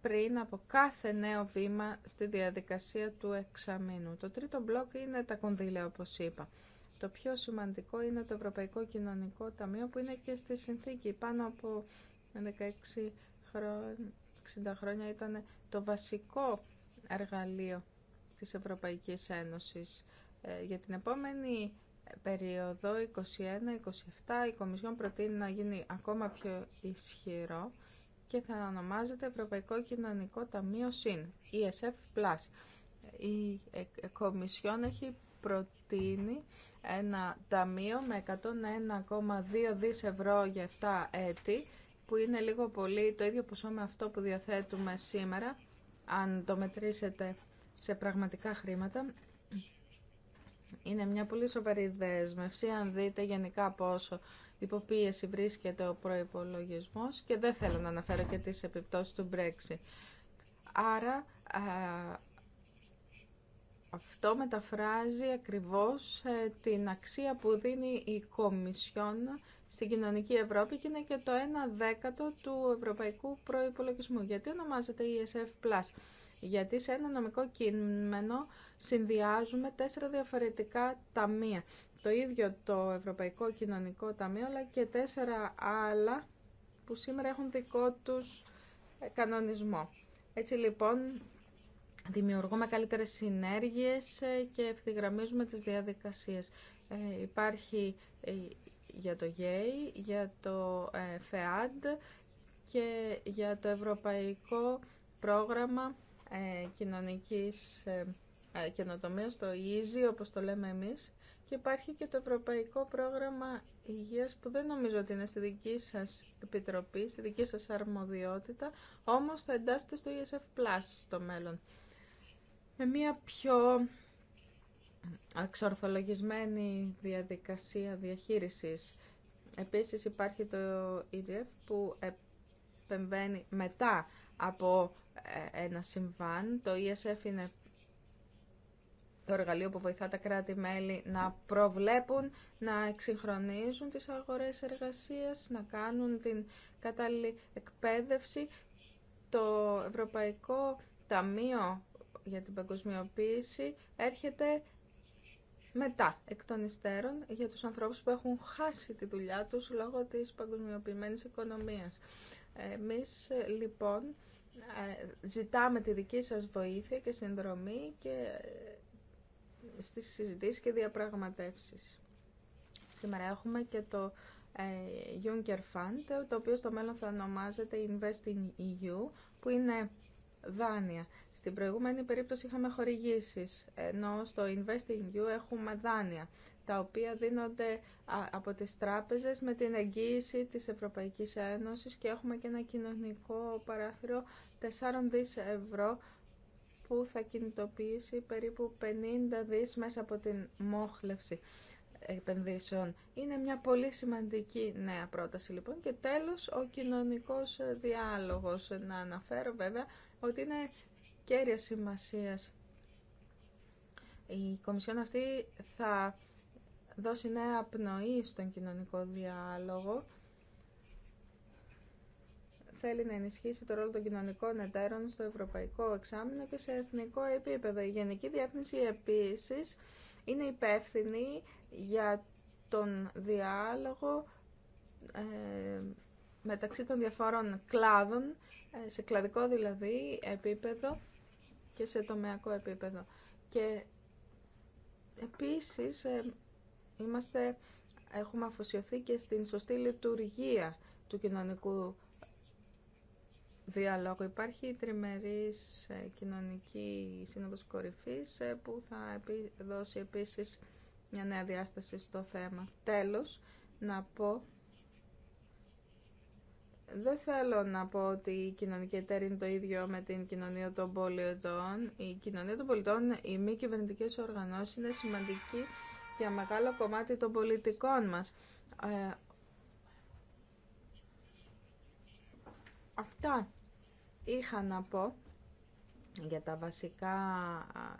πριν από κάθε νέο βήμα στη διαδικασία του εξαμήνου. Το τρίτο μπλοκ είναι τα κονδύλια, όπως είπα. Το πιο σημαντικό είναι το Ευρωπαϊκό Κοινωνικό Ταμείο που είναι και στη συνθήκη. Πάνω από 16 χρόνια, 60 χρόνια ήταν το βασικό εργαλείο της Ευρωπαϊκής Ένωσης. Ε, για την επόμενη περίοδο 21-27 η Κομισιόν προτείνει να γίνει ακόμα πιο ισχυρό και θα ονομάζεται Ευρωπαϊκό Κοινωνικό Ταμείο ΣΥΝ, ESF+. Η ε, ε, Κομισιόν έχει προτείνει προτείνει ένα ταμείο με 101,2 δις ευρώ για 7 έτη, που είναι λίγο πολύ το ίδιο ποσό με αυτό που διαθέτουμε σήμερα, αν το μετρήσετε σε πραγματικά χρήματα. Είναι μια πολύ σοβαρή δέσμευση, αν δείτε γενικά πόσο υποπίεση βρίσκεται ο προϋπολογισμός και δεν θέλω να αναφέρω και τις επιπτώσεις του Brexit. Άρα αυτό μεταφράζει ακριβώς ε, την αξία που δίνει η Κομισιόν στην κοινωνική Ευρώπη και είναι και το 1 δέκατο του ευρωπαϊκού προϋπολογισμού. Γιατί ονομάζεται ESF+. Γιατί σε ένα νομικό κείμενο συνδυάζουμε τέσσερα διαφορετικά ταμεία. Το ίδιο το Ευρωπαϊκό Κοινωνικό Ταμείο, αλλά και τέσσερα άλλα που σήμερα έχουν δικό τους ε, κανονισμό. Έτσι λοιπόν δημιουργούμε καλύτερες συνέργειες ε, και ευθυγραμμίζουμε τις διαδικασίες. Ε, υπάρχει ε, για το ΓΕΙ, για το ε, ΦΕΑΝΤ και για το Ευρωπαϊκό Πρόγραμμα Κοινωνικής Καινοτομίας, το EASY όπως το λέμε εμείς, και υπάρχει και το Ευρωπαϊκό Πρόγραμμα Υγείας που δεν νομίζω ότι είναι στη δική σας επιτροπή, στη δική σας αρμοδιότητα, όμως θα εντάσσεται στο ESF Plus στο μέλλον με μια πιο αξορθολογισμένη διαδικασία διαχείρισης. Επίσης υπάρχει το EGF που επεμβαίνει μετά από ε, ένα συμβάν. Το ESF είναι το εργαλείο που βοηθά τα κράτη-μέλη να προβλέπουν, να εξυγχρονίζουν τις αγορές εργασίας, να κάνουν την κατάλληλη εκπαίδευση. Το Ευρωπαϊκό Ταμείο για την παγκοσμιοποίηση έρχεται μετά, εκ των υστέρων, για τους ανθρώπους που έχουν χάσει τη δουλειά τους λόγω της παγκοσμιοποιημένης οικονομίας. Εμείς λοιπόν ε, ζητάμε τη δική σας βοήθεια και συνδρομή και ε, στις συζητήσεις και διαπραγματεύσεις. Σήμερα έχουμε και το ε, Juncker Fund, το οποίο στο μέλλον θα ονομάζεται Investing EU, που είναι δάνεια. Στην προηγούμενη περίπτωση είχαμε χορηγήσεις, ενώ στο Investing You έχουμε δάνεια, τα οποία δίνονται από τις τράπεζες με την εγγύηση της Ευρωπαϊκής Ένωσης και έχουμε και ένα κοινωνικό παράθυρο 4 δις ευρώ που θα κινητοποιήσει περίπου 50 δις μέσα από την μόχλευση επενδύσεων. Είναι μια πολύ σημαντική νέα πρόταση λοιπόν και τέλος ο κοινωνικός διάλογος. Να αναφέρω βέβαια ότι είναι κέρια σημασίας. Η Κομισιόν αυτή θα δώσει νέα πνοή στον κοινωνικό διάλογο. Θέλει να ενισχύσει το ρόλο των κοινωνικών εταίρων στο ευρωπαϊκό εξάμεινο και σε εθνικό επίπεδο. Η Γενική Διεύθυνση επίσης είναι υπεύθυνη για τον διάλογο ε, μεταξύ των διαφορών κλάδων, ε, σε κλαδικό δηλαδή επίπεδο και σε τομεακό επίπεδο. Και επίσης ε, είμαστε, έχουμε αφοσιωθεί και στην σωστή λειτουργία του κοινωνικού διαλόγου. Υπάρχει η τριμερής ε, κοινωνική σύνοδος κορυφής που θα δώσει επίσης μια νέα διάσταση στο θέμα. Τέλος, να πω δεν θέλω να πω ότι η κοινωνική εταίρεια είναι το ίδιο με την κοινωνία των πολιτών. Η κοινωνία των πολιτών, οι μη κυβερνητικέ οργανώσει είναι σημαντική για μεγάλο κομμάτι των πολιτικών μας. Ε, αυτά είχα να πω για τα βασικά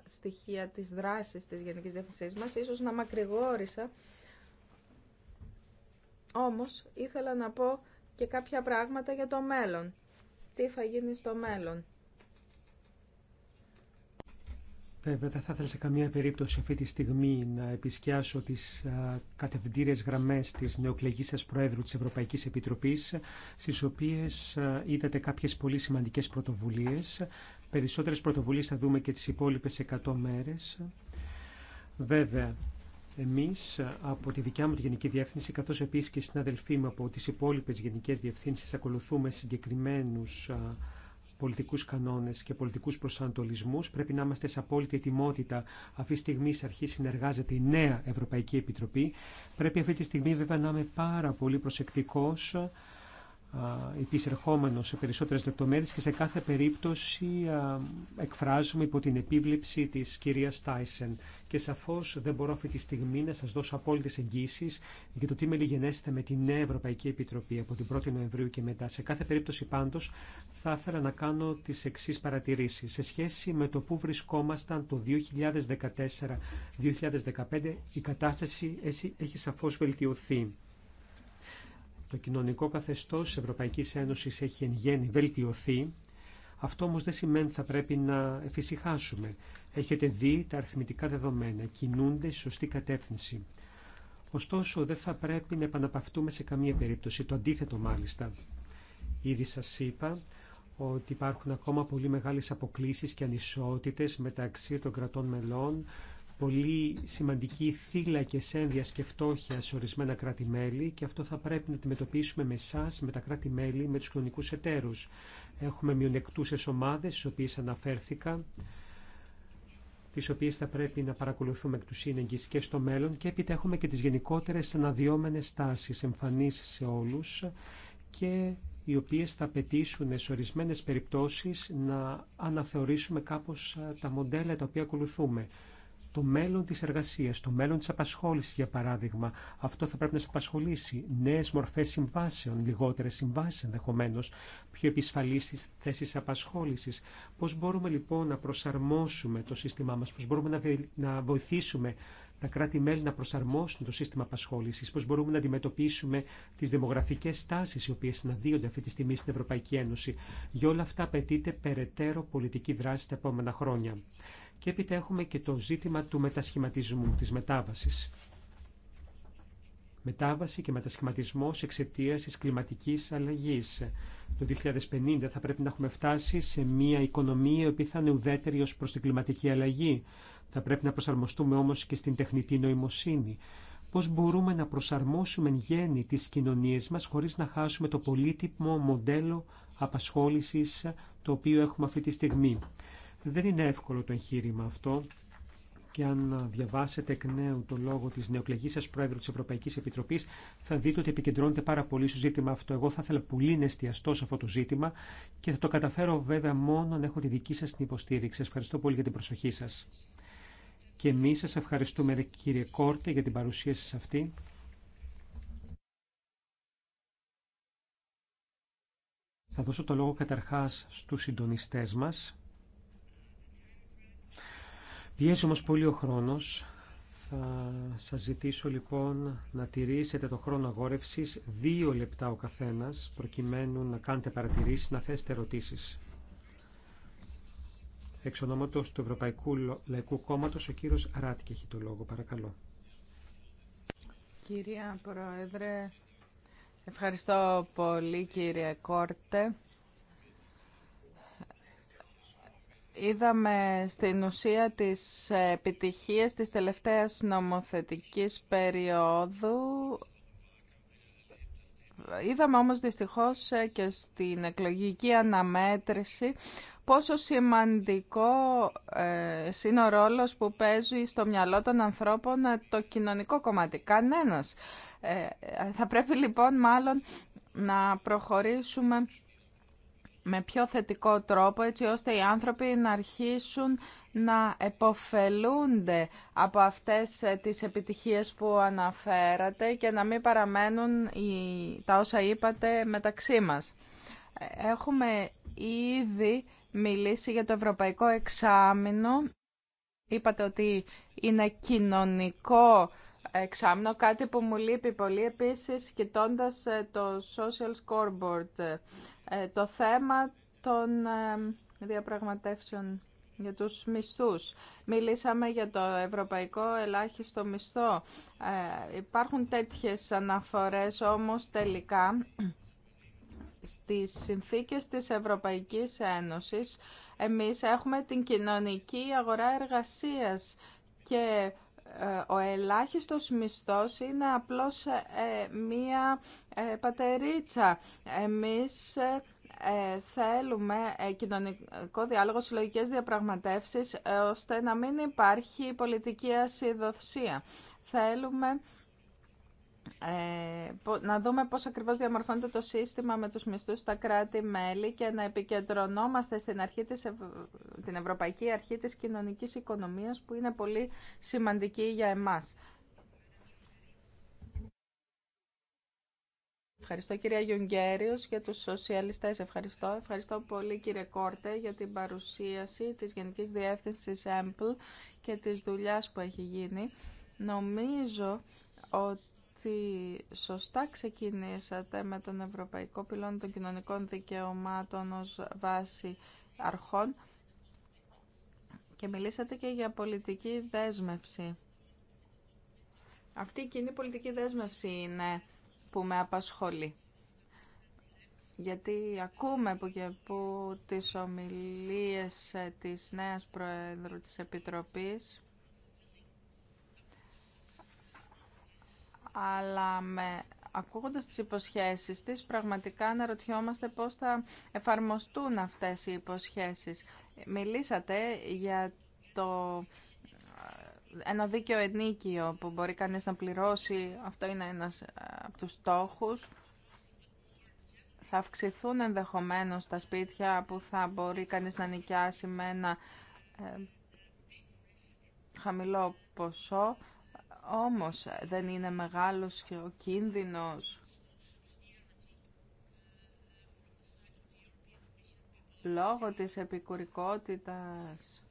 στοιχεία της δράσης της Γενικής Διεύθυνσής μας. Ίσως να μακρηγόρησα, όμως ήθελα να πω και κάποια πράγματα για το μέλλον. Τι θα γίνει στο μέλλον. Βέβαια, δεν θα ήθελα σε καμία περίπτωση αυτή τη στιγμή να επισκιάσω τι κατευθύντηρε γραμμέ τη νεοκλεγή σα Προέδρου τη Ευρωπαϊκή Επιτροπή, στι οποίε είδατε κάποιε πολύ σημαντικέ πρωτοβουλίε. Περισσότερε πρωτοβουλίε θα δούμε και τι υπόλοιπε 100 μέρε. Βέβαια, Εμεί, από τη δικιά μου τη Γενική Διεύθυνση, καθώ επίση και οι συναδελφοί μου από τις υπόλοιπε Γενικές διευθύνσει ακολουθούμε συγκεκριμένου πολιτικούς κανόνες και πολιτικούς προσανατολισμού, Πρέπει να είμαστε σε απόλυτη ετοιμότητα. Αυτή τη στιγμή αρχή συνεργάζεται η νέα Ευρωπαϊκή Επιτροπή. Πρέπει αυτή τη στιγμή βέβαια να είμαι πάρα πολύ προσεκτικό επισερχόμενο σε περισσότερες λεπτομέρειες και σε κάθε περίπτωση εκφράζουμε υπό την επίβλεψη της κυρίας Τάισεν. Και σαφώς δεν μπορώ αυτή τη στιγμή να σας δώσω απόλυτες εγγύσεις για το τι μελιγενέστε με την Νέα Ευρωπαϊκή Επιτροπή από την 1η Νοεμβρίου και μετά. Σε κάθε περίπτωση πάντως θα ήθελα να κάνω τις εξή παρατηρήσεις. Σε σχέση με το που βρισκόμασταν το 2014-2015 η κατάσταση έχει σαφώς βελτιωθεί. Το κοινωνικό καθεστώ της Ευρωπαϊκής Ένωσης έχει εν γέννη βελτιωθεί. Αυτό όμω δεν σημαίνει ότι θα πρέπει να εφησυχάσουμε. Έχετε δει τα αριθμητικά δεδομένα, κινούνται σε σωστή κατεύθυνση. Ωστόσο, δεν θα πρέπει να επαναπαυτούμε σε καμία περίπτωση, το αντίθετο μάλιστα. Ήδη σα είπα ότι υπάρχουν ακόμα πολύ μεγάλε αποκλήσει και ανισότητε μεταξύ των κρατών μελών, πολύ σημαντικοί θύλακες ένδια και φτώχεια σε ορισμένα κράτη-μέλη και αυτό θα πρέπει να αντιμετωπίσουμε με εσά, με τα κράτη-μέλη, με του κοινωνικού εταίρου. Έχουμε μειονεκτούσε ομάδε στις οποίε αναφέρθηκα, τι οποίε θα πρέπει να παρακολουθούμε εκ του σύνεγγυ και στο μέλλον και έπειτα έχουμε και τι γενικότερε αναδυόμενε τάσει, εμφανίσει σε όλου, και οι οποίες θα απαιτήσουν σε ορισμένες περιπτώσεις να αναθεωρήσουμε κάπως ε, τα μοντέλα τα οποία ακολουθούμε το μέλλον της εργασίας, το μέλλον της απασχόλησης για παράδειγμα. Αυτό θα πρέπει να σε απασχολήσει. Νέες μορφές συμβάσεων, λιγότερες συμβάσεις ενδεχομένω, πιο επισφαλείς θέσεις απασχόλησης. Πώς μπορούμε λοιπόν να προσαρμόσουμε το σύστημά μας, πώς μπορούμε να βοηθήσουμε τα κράτη-μέλη να προσαρμόσουν το σύστημα απασχόληση, πώ μπορούμε να αντιμετωπίσουμε τι δημογραφικέ τάσει οι οποίε συναντίονται αυτή τη στιγμή στην Ευρωπαϊκή Ένωση. Για όλα αυτά απαιτείται περαιτέρω πολιτική δράση τα επόμενα χρόνια. Και έπειτα έχουμε και το ζήτημα του μετασχηματισμού, της μετάβασης. Μετάβαση και μετασχηματισμός εξαιτία της κλιματικής αλλαγής. Το 2050 θα πρέπει να έχουμε φτάσει σε μια οικονομία οποία θα είναι ουδέτερη ως προς την κλιματική αλλαγή. Θα πρέπει να προσαρμοστούμε όμως και στην τεχνητή νοημοσύνη. Πώς μπορούμε να προσαρμόσουμε εν γέννη τις κοινωνίες μας χωρίς να χάσουμε το πολύτιμο μοντέλο απασχόλησης το οποίο έχουμε αυτή τη στιγμή. Δεν είναι εύκολο το εγχείρημα αυτό και αν διαβάσετε εκ νέου το λόγο της νεοκλεγής Πρόεδρου της Ευρωπαϊκής Επιτροπής θα δείτε ότι επικεντρώνεται πάρα πολύ στο ζήτημα αυτό. Εγώ θα ήθελα πολύ να εστιαστώ σε αυτό το ζήτημα και θα το καταφέρω βέβαια μόνο αν έχω τη δική σας την υποστήριξη. Σας ευχαριστώ πολύ για την προσοχή σας. Και εμεί σας ευχαριστούμε κύριε Κόρτε για την παρουσία σας αυτή. Θα δώσω το λόγο καταρχάς στους συντονιστές μας. Πιέζει όμως πολύ ο χρόνος. Θα σας ζητήσω λοιπόν να τηρήσετε το χρόνο αγόρευσης δύο λεπτά ο καθένας προκειμένου να κάνετε παρατηρήσεις, να θέσετε ερωτήσεις. Εξ ονόματος του Ευρωπαϊκού Λαϊκού Κόμματος ο κύριος Ράτικ έχει το λόγο. Παρακαλώ. Κυρία Πρόεδρε, ευχαριστώ πολύ κύριε Κόρτε. είδαμε στην ουσία τις επιτυχίες της τελευταίας νομοθετικής περίοδου. Είδαμε όμως δυστυχώς και στην εκλογική αναμέτρηση πόσο σημαντικό ε, είναι ο ρόλος που παίζει στο μυαλό των ανθρώπων το κοινωνικό κομμάτι. Κανένας. Ε, θα πρέπει λοιπόν μάλλον να προχωρήσουμε με πιο θετικό τρόπο έτσι ώστε οι άνθρωποι να αρχίσουν να εποφελούνται από αυτές ε, τις επιτυχίες που αναφέρατε και να μην παραμένουν τα όσα είπατε μεταξύ μας. Έχουμε ήδη μιλήσει για το Ευρωπαϊκό Εξάμεινο. Είπατε ότι είναι κοινωνικό εξάμεινο, κάτι που μου λείπει πολύ επίσης κοιτώντα ε, το social scoreboard, ε, το θέμα των διαπραγματεύσεων για τους μισθούς. Μιλήσαμε για το ευρωπαϊκό ελάχιστο μισθό. Ε, υπάρχουν τέτοιες αναφορές όμως τελικά στις συνθήκες της Ευρωπαϊκής Ένωσης εμείς έχουμε την κοινωνική αγορά εργασίας και ε, ο ελάχιστος μισθός είναι απλώς ε, μία ε, πατερίτσα. Εμείς θέλουμε κοινωνικό διάλογο, συλλογικές διαπραγματεύσεις, ώστε να μην υπάρχει πολιτική ασυδοσία. Θέλουμε ε, να δούμε πώς ακριβώς διαμορφώνεται το σύστημα με τους μισθούς στα κράτη-μέλη και να επικεντρωνόμαστε στην την Ευρωπαϊκή Αρχή της Κοινωνικής Οικονομίας που είναι πολύ σημαντική για εμάς. Ευχαριστώ κυρία Γιουγκέριος για τους σοσιαλιστές. Ευχαριστώ. Ευχαριστώ πολύ κύριε Κόρτε για την παρουσίαση της Γενικής Διεύθυνσης ΕΜΠΛ και της δουλειάς που έχει γίνει. Νομίζω ότι ότι σωστά ξεκινήσατε με τον Ευρωπαϊκό Πυλόν των Κοινωνικών Δικαιωμάτων ως βάση αρχών και μιλήσατε και για πολιτική δέσμευση. Αυτή η κοινή πολιτική δέσμευση είναι που με απασχολεί. Γιατί ακούμε που και που τις ομιλίες ε, της νέας Προέδρου της Επιτροπής αλλά με, ακούγοντας τις υποσχέσεις της, πραγματικά αναρωτιόμαστε πώς θα εφαρμοστούν αυτές οι υποσχέσεις. Μιλήσατε για το ε, ένα δίκαιο ενίκιο που μπορεί κανείς να πληρώσει, αυτό είναι ένας ε, από τους στόχους. Θα αυξηθούν ενδεχομένως τα σπίτια που θα μπορεί κανείς να νοικιάσει με ένα ε, χαμηλό ποσό. Όμως δεν είναι μεγάλος και ο κίνδυνος λόγω της επικουρικότητας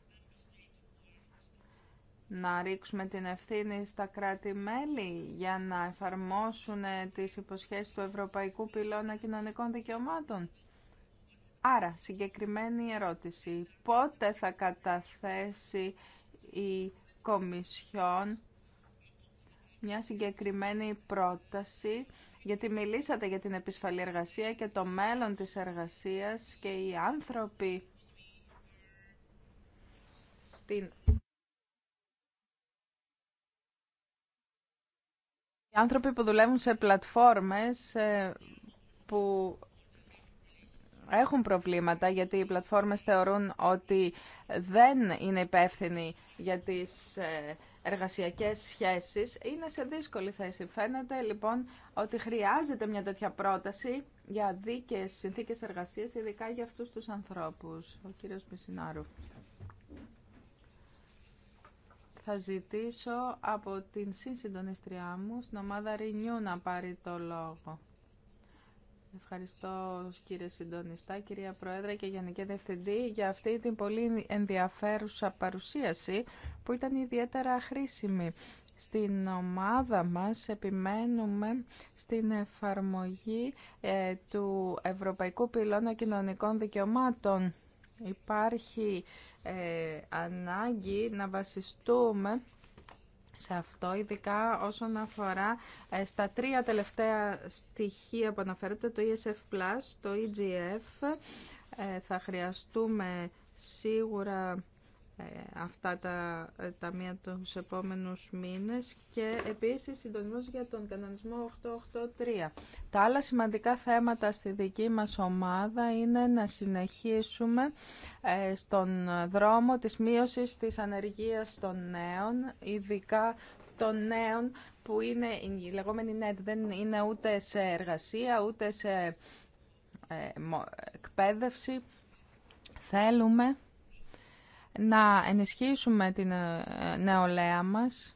να ρίξουμε την ευθύνη στα κράτη-μέλη για να εφαρμόσουν τις υποσχέσεις του Ευρωπαϊκού Πυλώνα Κοινωνικών Δικαιωμάτων. Άρα, συγκεκριμένη ερώτηση. Πότε θα καταθέσει η Κομισιόν μια συγκεκριμένη πρόταση, γιατί μιλήσατε για την επισφαλή εργασία και το μέλλον της εργασίας και οι άνθρωποι στην... Οι άνθρωποι που δουλεύουν σε πλατφόρμες ε, που έχουν προβλήματα γιατί οι πλατφόρμες θεωρούν ότι δεν είναι υπεύθυνοι για τις ε, εργασιακές σχέσεις είναι σε δύσκολη θέση. Φαίνεται λοιπόν ότι χρειάζεται μια τέτοια πρόταση για δίκαιες συνθήκες εργασίας, ειδικά για αυτούς τους ανθρώπους. Ο κύριος Μησινάρου Θα ζητήσω από την συνσυντονιστριά μου στην ομάδα Renew να πάρει το λόγο. Ευχαριστώ κύριε Συντονιστά, κυρία Πρόεδρε και Γενική Διευθυντή για αυτή την πολύ ενδιαφέρουσα παρουσίαση που ήταν ιδιαίτερα χρήσιμη. Στην ομάδα μας επιμένουμε στην εφαρμογή ε, του Ευρωπαϊκού Πυλώνα Κοινωνικών Δικαιωμάτων. Υπάρχει ε, ανάγκη να βασιστούμε σε αυτό, ειδικά όσον αφορά ε, στα τρία τελευταία στοιχεία που αναφέρεται, το ESF+, το EGF, ε, θα χρειαστούμε σίγουρα ε, αυτά τα ε, ταμεία τους επόμενους μήνες και επίσης συντονισμός για τον κανονισμό 883. Τα άλλα σημαντικά θέματα στη δική μας ομάδα είναι να συνεχίσουμε ε, στον δρόμο της μείωσης της ανεργίας των νέων, ειδικά των νέων που είναι η λεγόμενοι νέτ, δεν είναι ούτε σε εργασία, ούτε σε εκπαίδευση. Θέλουμε να ενισχύσουμε την ε, νεολαία μας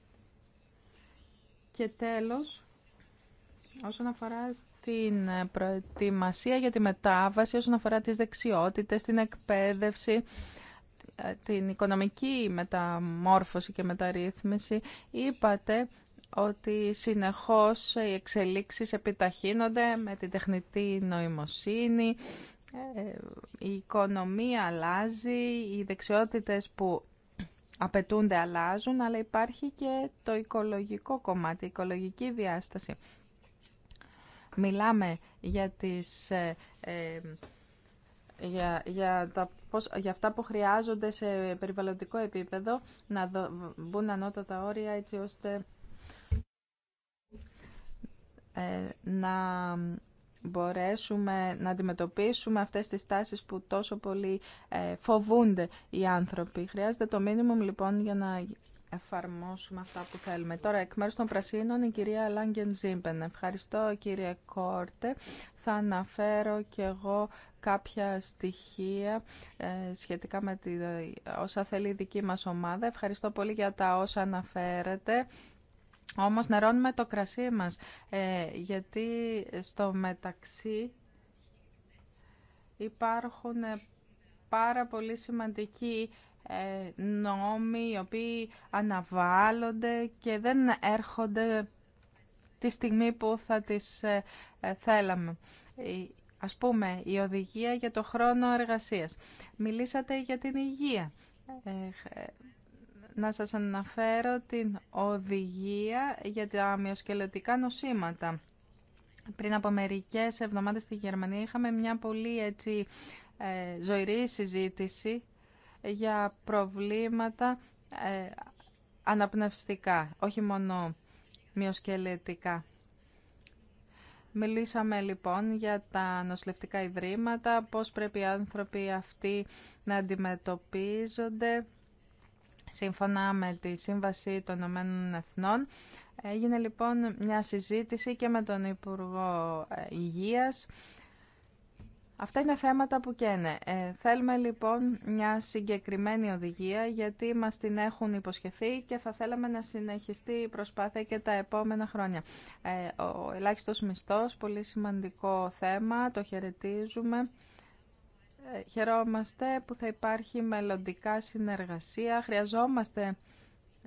και τέλος όσον αφορά την ε, προετοιμασία για τη μετάβαση, όσον αφορά τις δεξιότητες, την εκπαίδευση, ε, την οικονομική μεταμόρφωση και μεταρρύθμιση, είπατε ότι συνεχώς οι εξελίξεις επιταχύνονται με την τεχνητή νοημοσύνη, ε, η οικονομία αλλάζει, οι δεξιότητες που απαιτούνται αλλάζουν, αλλά υπάρχει και το οικολογικό κομμάτι, η οικολογική διάσταση. Μιλάμε για, τις, ε, ε, τα, για αυτά που χρειάζονται σε περιβαλλοντικό επίπεδο να δω, μπουν ανώτατα όρια έτσι ώστε να μπορέσουμε να αντιμετωπίσουμε αυτές τις τάσεις που τόσο πολύ ε, φοβούνται οι άνθρωποι. Χρειάζεται το μίνιμουμ λοιπόν για να εφαρμόσουμε αυτά που θέλουμε. Τώρα εκ μέρους των Πρασίνων η κυρία Λάγκεν Ζίμπεν. Ευχαριστώ κύριε Κόρτε. Θα αναφέρω κι εγώ κάποια στοιχεία ε, σχετικά με τη, όσα θέλει η δική μας ομάδα. Ευχαριστώ πολύ για τα όσα αναφέρετε. Όμως νερώνουμε το κρασί μας, ε, γιατί στο μεταξύ υπάρχουν ε, πάρα πολύ σημαντικοί ε, νόμοι οι οποίοι αναβάλλονται και δεν έρχονται τη στιγμή που θα τις θέλαμε. Ας πούμε, η οδηγία για το χρόνο εργασίας. Μιλήσατε για την υγεία να σας αναφέρω την οδηγία για τα μειοσκελετικά νοσήματα. Πριν από μερικές εβδομάδες στη Γερμανία είχαμε μια πολύ έτσι, ε, ζωηρή συζήτηση για προβλήματα ε, αναπνευστικά, όχι μόνο μειοσκελετικά. Μιλήσαμε λοιπόν για τα νοσηλευτικά ιδρύματα, πώς πρέπει οι άνθρωποι αυτοί να αντιμετωπίζονται Σύμφωνα με τη Σύμβαση των Ηνωμένων Εθνών, έγινε λοιπόν μια συζήτηση και με τον Υπουργό ε, Υγείας. Αυτά είναι θέματα που καίνε. Ε, θέλουμε λοιπόν μια συγκεκριμένη οδηγία γιατί μας την έχουν υποσχεθεί και θα θέλαμε να συνεχιστεί η προσπάθεια και τα επόμενα χρόνια. Ε, ο ελάχιστος μισθός, πολύ σημαντικό θέμα, το χαιρετίζουμε χαιρόμαστε που θα υπάρχει μελλοντικά συνεργασία. Χρειαζόμαστε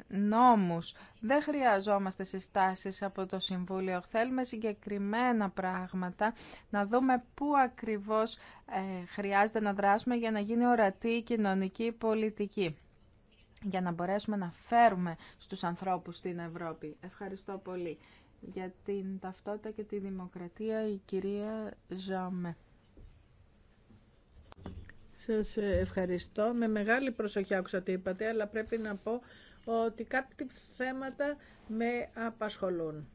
νόμους. Δεν χρειαζόμαστε συστάσεις από το Συμβούλιο. Θέλουμε συγκεκριμένα πράγματα, να δούμε πού ακριβώς ε, χρειάζεται να δράσουμε για να γίνει ορατή η κοινωνική πολιτική για να μπορέσουμε να φέρουμε στους ανθρώπους στην Ευρώπη. Ευχαριστώ πολύ. Για την ταυτότητα και τη δημοκρατία η κυρία Ζόμε. Σας ευχαριστώ. Με μεγάλη προσοχή άκουσα τι είπατε, αλλά πρέπει να πω ότι κάποια θέματα με απασχολούν.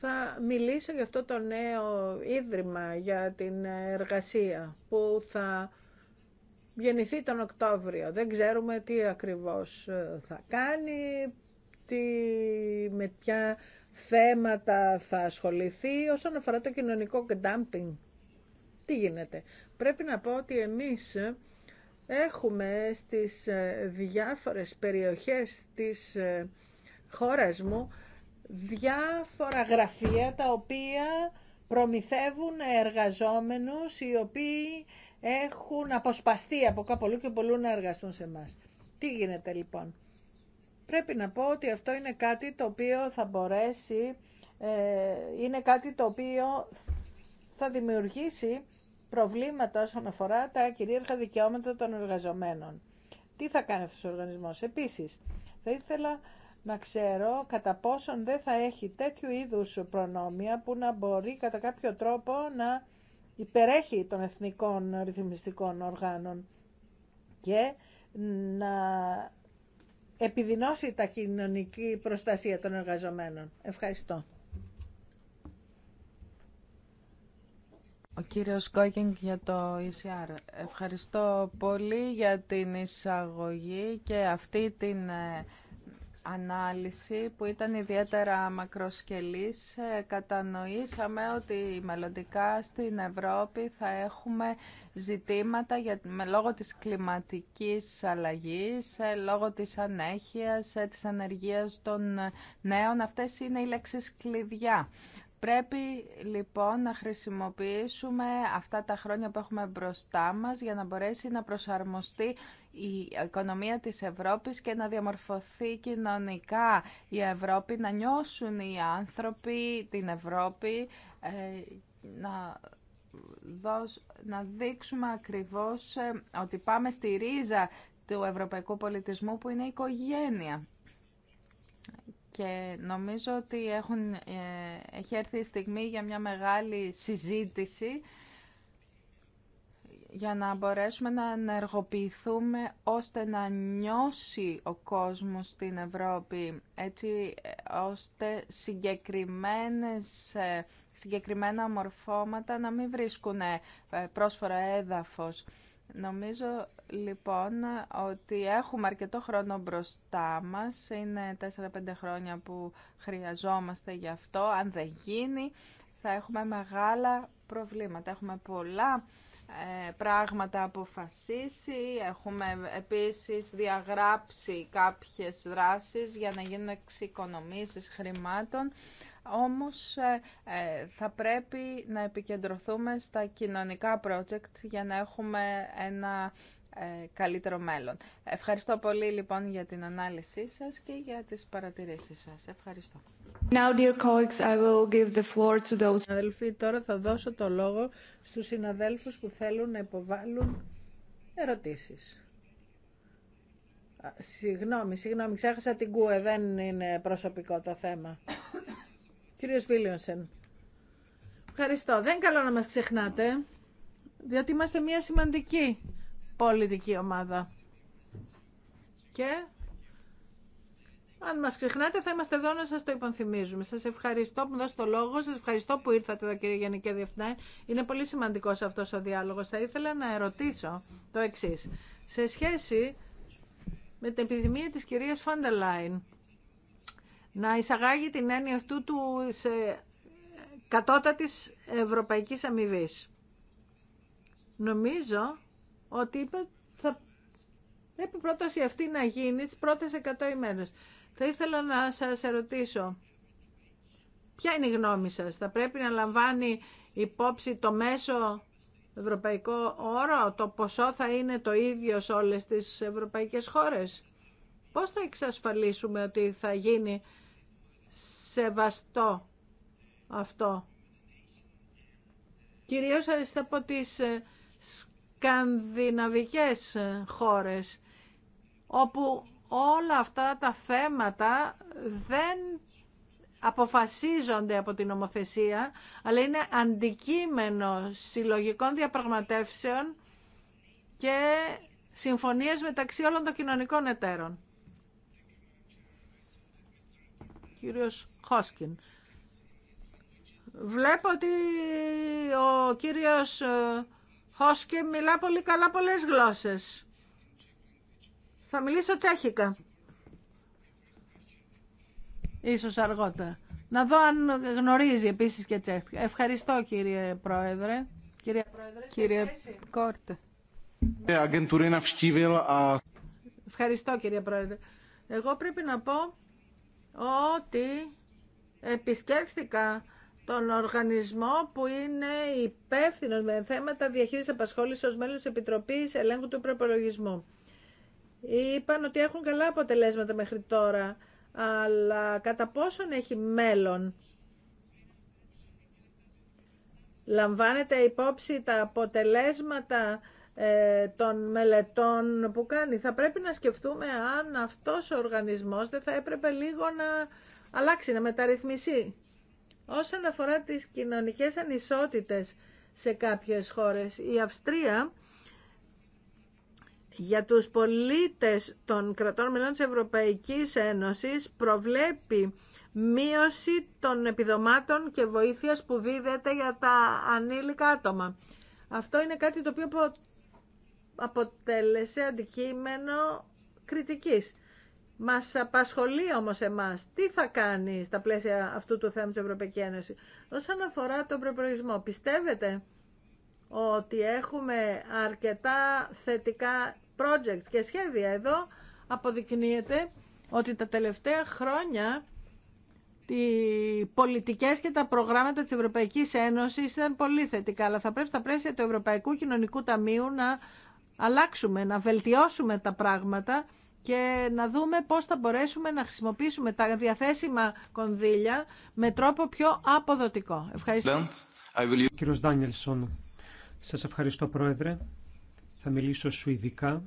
Θα μιλήσω για αυτό το νέο ίδρυμα για την εργασία που θα γεννηθεί τον Οκτώβριο. Δεν ξέρουμε τι ακριβώς θα κάνει, τι, με ποια θέματα θα ασχοληθεί όσον αφορά το κοινωνικό dumping τι γίνεται. Πρέπει να πω ότι εμείς έχουμε στις ε, διάφορες περιοχές της ε, χώρας μου διάφορα γραφεία τα οποία προμηθεύουν εργαζόμενους οι οποίοι έχουν αποσπαστεί από κάπου και πολλού να εργαστούν σε εμά. Τι γίνεται λοιπόν. Πρέπει να πω ότι αυτό είναι κάτι το οποίο θα μπορέσει, ε, είναι κάτι το οποίο θα δημιουργήσει προβλήματα όσον αφορά τα κυρίαρχα δικαιώματα των εργαζομένων. Τι θα κάνει αυτός ο οργανισμός. Επίσης, θα ήθελα να ξέρω κατά πόσον δεν θα έχει τέτοιου είδους προνόμια που να μπορεί κατά κάποιο τρόπο να υπερέχει των εθνικών ρυθμιστικών οργάνων και να επιδεινώσει τα κοινωνική προστασία των εργαζομένων. Ευχαριστώ. Ο κύριος Κόκκινγκ για το ECR. Ευχαριστώ πολύ για την εισαγωγή και αυτή την ε, ανάλυση που ήταν ιδιαίτερα μακροσκελής. Ε, κατανοήσαμε ότι μελλοντικά στην Ευρώπη θα έχουμε ζητήματα για, με, λόγω της κλιματικής αλλαγής, ε, λόγω της ανέχειας, της ανεργίας των νέων. Αυτές είναι οι λέξεις κλειδιά. Πρέπει λοιπόν να χρησιμοποιήσουμε αυτά τα χρόνια που έχουμε μπροστά μας για να μπορέσει να προσαρμοστεί η οικονομία της Ευρώπης και να διαμορφωθεί κοινωνικά η Ευρώπη, να νιώσουν οι άνθρωποι την Ευρώπη, ε, να, να δείξουμε ακριβώς ε, ότι πάμε στη ρίζα του ευρωπαϊκού πολιτισμού που είναι η οικογένεια και νομίζω ότι έχουν, ε, έχει έρθει η στιγμή για μια μεγάλη συζήτηση για να μπορέσουμε να ενεργοποιηθούμε ώστε να νιώσει ο κόσμος στην Ευρώπη έτσι ώστε συγκεκριμένες, ε, συγκεκριμένα μορφώματα να μην βρίσκουν ε, πρόσφορα έδαφος. Νομίζω λοιπόν ότι έχουμε αρκετό χρόνο μπροστά μας. Είναι 4-5 χρόνια που χρειαζόμαστε γι' αυτό. Αν δεν γίνει θα έχουμε μεγάλα προβλήματα. Έχουμε πολλά ε, πράγματα αποφασίσει. Έχουμε επίσης διαγράψει κάποιες δράσεις για να γίνουν εξοικονομήσεις χρημάτων. Όμως ε, ε, θα πρέπει να επικεντρωθούμε στα κοινωνικά project για να έχουμε ένα ε, καλύτερο μέλλον. Ευχαριστώ πολύ λοιπόν για την ανάλυση σας και για τις παρατηρήσεις σας. Ευχαριστώ. Now, give the floor to τώρα θα δώσω το λόγο στους συναδέλφους που θέλουν να υποβάλουν ερωτήσεις. Συγγνώμη, συγγνώμη, ξέχασα την ΚΟΕ, δεν είναι προσωπικό το θέμα. Κύριος Βίλιονσεν. Ευχαριστώ. Δεν καλό να μας ξεχνάτε, διότι είμαστε μια σημαντική πολιτική ομάδα. Και αν μας ξεχνάτε θα είμαστε εδώ να σας το υπονθυμίζουμε. Σας ευχαριστώ που δώσετε το λόγο, σας ευχαριστώ που ήρθατε εδώ κύριε Γενική Διευθυντά. Είναι πολύ σημαντικός αυτός ο διάλογος. Θα ήθελα να ερωτήσω το εξής. Σε σχέση με την επιδημία της κυρίας Φαντελάιν, να εισαγάγει την έννοια αυτού του σε κατώτατης ευρωπαϊκής αμοιβή. Νομίζω ότι θα πρέπει πρόταση αυτή να γίνει τις πρώτες 100 ημέρες. Θα ήθελα να σας ερωτήσω, ποια είναι η γνώμη σας, θα πρέπει να λαμβάνει υπόψη το μέσο ευρωπαϊκό όρο, το ποσό θα είναι το ίδιο σε όλες τις ευρωπαϊκές χώρες. Πώς θα εξασφαλίσουμε ότι θα γίνει σεβαστό αυτό. Κυρίως αριστερά από τις ε, σκανδιναβικές ε, χώρες, όπου όλα αυτά τα θέματα δεν αποφασίζονται από την νομοθεσία, αλλά είναι αντικείμενο συλλογικών διαπραγματεύσεων και συμφωνίες μεταξύ όλων των κοινωνικών εταίρων. κύριος Χόσκιν. Βλέπω ότι ο κύριος ε, Χόσκιν μιλά πολύ καλά πολλές γλώσσες. Θα μιλήσω τσέχικα. Ίσως αργότερα. Να δω αν γνωρίζει επίσης και τσέχικα. Ευχαριστώ κύριε Πρόεδρε. Κύριε Πρόεδρε, κύριε Κόρτε. Ε, Ευχαριστώ κύριε Πρόεδρε. Εγώ πρέπει να πω ότι επισκέφθηκα τον οργανισμό που είναι υπεύθυνο με θέματα διαχείρισης απασχόλησης ως μέλος της Επιτροπής Ελέγχου του Προπολογισμού. Είπαν ότι έχουν καλά αποτελέσματα μέχρι τώρα, αλλά κατά πόσον έχει μέλλον. Λαμβάνεται υπόψη τα αποτελέσματα ε, των μελετών που κάνει. Θα πρέπει να σκεφτούμε αν αυτός ο οργανισμός δεν θα έπρεπε λίγο να αλλάξει, να μεταρρυθμιστεί. Όσον αφορά τις κοινωνικές ανισότητες σε κάποιες χώρες, η Αυστρία για τους πολίτες των κρατών μελών της Ευρωπαϊκής Ένωσης προβλέπει μείωση των επιδομάτων και βοήθειας που δίδεται για τα ανήλικα άτομα. Αυτό είναι κάτι το οποίο αποτέλεσε αντικείμενο κριτικής. Μας απασχολεί όμως εμάς τι θα κάνει στα πλαίσια αυτού του θέματος Ευρωπαϊκή Ένωση. Όσον αφορά τον προπολογισμό, πιστεύετε ότι έχουμε αρκετά θετικά project και σχέδια. Εδώ αποδεικνύεται ότι τα τελευταία χρόνια οι πολιτικές και τα προγράμματα της Ευρωπαϊκής Ένωσης ήταν πολύ θετικά, αλλά θα πρέπει στα πλαίσια του Ευρωπαϊκού Κοινωνικού Ταμείου να αλλάξουμε, να βελτιώσουμε τα πράγματα και να δούμε πώς θα μπορέσουμε να χρησιμοποιήσουμε τα διαθέσιμα κονδύλια με τρόπο πιο αποδοτικό. Ευχαριστώ. Κύριος Ντάνιελσον, σας ευχαριστώ Πρόεδρε. Θα μιλήσω σου ειδικά.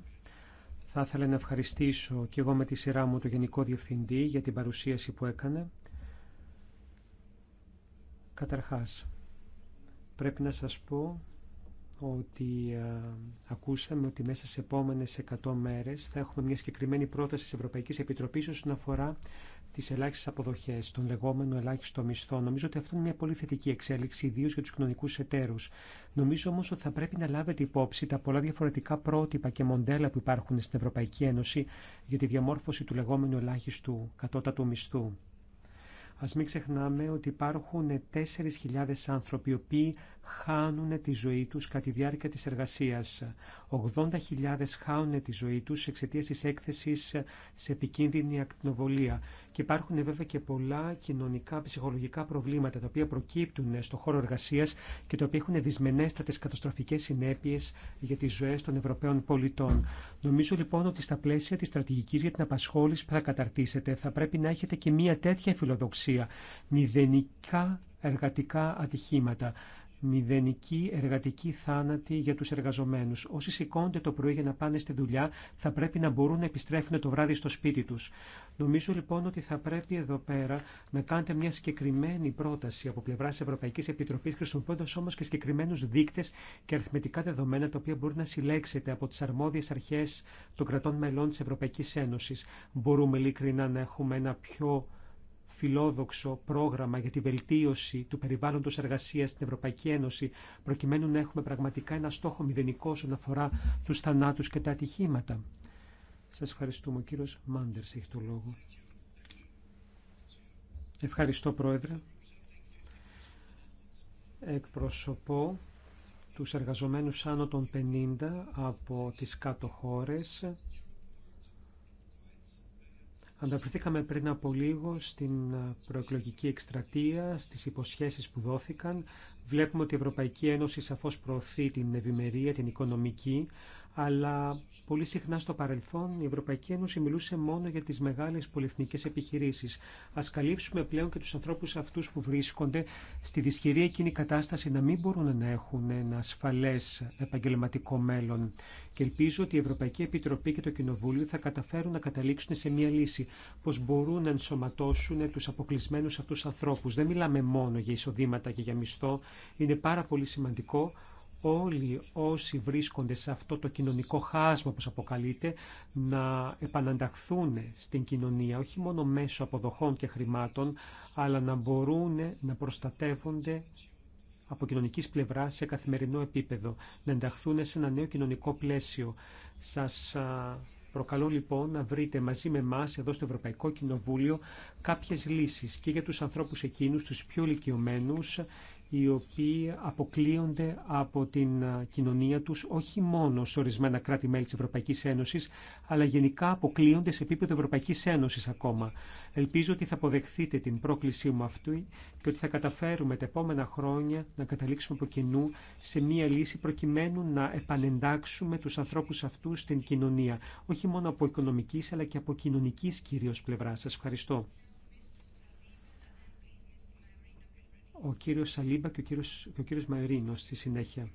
Θα ήθελα να ευχαριστήσω και εγώ με τη σειρά μου το Γενικό Διευθυντή για την παρουσίαση που έκανε. Καταρχάς, πρέπει να σας πω ότι ε, ακούσαμε ότι μέσα σε επόμενες 100 μέρες θα έχουμε μια συγκεκριμένη πρόταση της Ευρωπαϊκής Επιτροπής όσον αφορά τις ελάχιστες αποδοχές, τον λεγόμενο ελάχιστο μισθό. Νομίζω ότι αυτό είναι μια πολύ θετική εξέλιξη, ιδίω για τους κοινωνικούς εταίρους. Νομίζω όμως ότι θα πρέπει να λάβετε υπόψη τα πολλά διαφορετικά πρότυπα και μοντέλα που υπάρχουν στην Ευρωπαϊκή Ένωση για τη διαμόρφωση του λεγόμενου ελάχιστου κατώτατου μισθού. Ας μην ξεχνάμε ότι υπάρχουν 4.000 άνθρωποι οι οποίοι χάνουν τη ζωή τους κατά τη διάρκεια της εργασίας. 80.000 χάνουν τη ζωή τους εξαιτίας της έκθεσης σε επικίνδυνη ακτινοβολία. Και υπάρχουν βέβαια και πολλά κοινωνικά, ψυχολογικά προβλήματα τα οποία προκύπτουν στο χώρο εργασίας και τα οποία έχουν δυσμενέστατες καταστροφικές συνέπειες για τις ζωές των Ευρωπαίων πολιτών. Νομίζω λοιπόν ότι στα πλαίσια της στρατηγικής για την απασχόληση που θα καταρτήσετε θα πρέπει να έχετε και μια τέτοια φιλοδοξία ουσία. Μηδενικά εργατικά ατυχήματα. Μηδενική εργατική θάνατη για του εργαζομένου. Όσοι σηκώνται το πρωί για να πάνε στη δουλειά θα πρέπει να μπορούν να επιστρέφουν το βράδυ στο σπίτι του. Νομίζω λοιπόν ότι θα πρέπει εδώ πέρα να κάνετε μια συγκεκριμένη πρόταση από πλευρά τη Ευρωπαϊκή Επιτροπή, χρησιμοποιώντα όμω και συγκεκριμένου δείκτε και αριθμητικά δεδομένα τα οποία μπορεί να συλλέξετε από τι αρμόδιε αρχέ των κρατών μελών τη Ευρωπαϊκή Ένωση. Μπορούμε ειλικρινά να έχουμε ένα πιο φιλόδοξο πρόγραμμα για τη βελτίωση του περιβάλλοντος εργασίας στην Ευρωπαϊκή Ένωση, προκειμένου να έχουμε πραγματικά ένα στόχο μηδενικό όσον αφορά τους θανάτου και τα ατυχήματα. Σας ευχαριστούμε. Ο κύριος Μάντερς έχει το λόγο. Ευχαριστώ, Πρόεδρε. Εκπροσωπώ τους εργαζομένους άνω των 50 από τις κάτω χώρες Αναφερθήκαμε πριν από λίγο στην ε, προεκλογική εκστρατεία, στις υποσχέσεις που δόθηκαν. Βλέπουμε ότι η Ευρωπαϊκή Ένωση σαφώς προωθεί την ευημερία, την οικονομική, αλλά Πολύ συχνά στο παρελθόν η Ευρωπαϊκή Ένωση μιλούσε μόνο για τι μεγάλε πολυεθνικές επιχειρήσει. Α καλύψουμε πλέον και του ανθρώπου αυτού που βρίσκονται στη δυσχερή εκείνη κατάσταση να μην μπορούν να έχουν ένα ασφαλέ επαγγελματικό μέλλον. Και ελπίζω ότι η Ευρωπαϊκή Επιτροπή και το Κοινοβούλιο θα καταφέρουν να καταλήξουν σε μια λύση. πώ μπορούν να ενσωματώσουν τους αποκλεισμένους αυτούς ανθρώπου. Δεν μιλάμε μόνο για εισοδήματα και για μισθό. Είναι πάρα πολύ σημαντικό όλοι όσοι βρίσκονται σε αυτό το κοινωνικό χάσμα όπως αποκαλείται να επανανταχθούν στην κοινωνία όχι μόνο μέσω αποδοχών και χρημάτων αλλά να μπορούν να προστατεύονται από κοινωνικής πλευράς σε καθημερινό επίπεδο, να ενταχθούν σε ένα νέο κοινωνικό πλαίσιο. Σας Προκαλώ λοιπόν να βρείτε μαζί με εμά εδώ στο Ευρωπαϊκό Κοινοβούλιο κάποιες λύσεις... και για του ανθρώπους εκείνους, τους πιο ηλικιωμένου οι οποίοι αποκλείονται από την ε, κοινωνία τους όχι μόνο σε ορισμένα κράτη-μέλη της Ευρωπαϊκής Ένωσης, αλλά γενικά αποκλείονται σε επίπεδο Ευρωπαϊκής Ένωσης ακόμα. Ελπίζω ότι θα αποδεχθείτε την πρόκλησή μου αυτή και ότι θα καταφέρουμε τα επόμενα χρόνια να καταλήξουμε από κοινού σε μία λύση προκειμένου να επανεντάξουμε τους ανθρώπους αυτούς στην κοινωνία, όχι μόνο από οικονομικής αλλά και από κοινωνικής κυρίως πλευρά. Σας ευχαριστώ. ο κύριος Σαλίμπα και ο κύριος, και ο στη συνέχεια.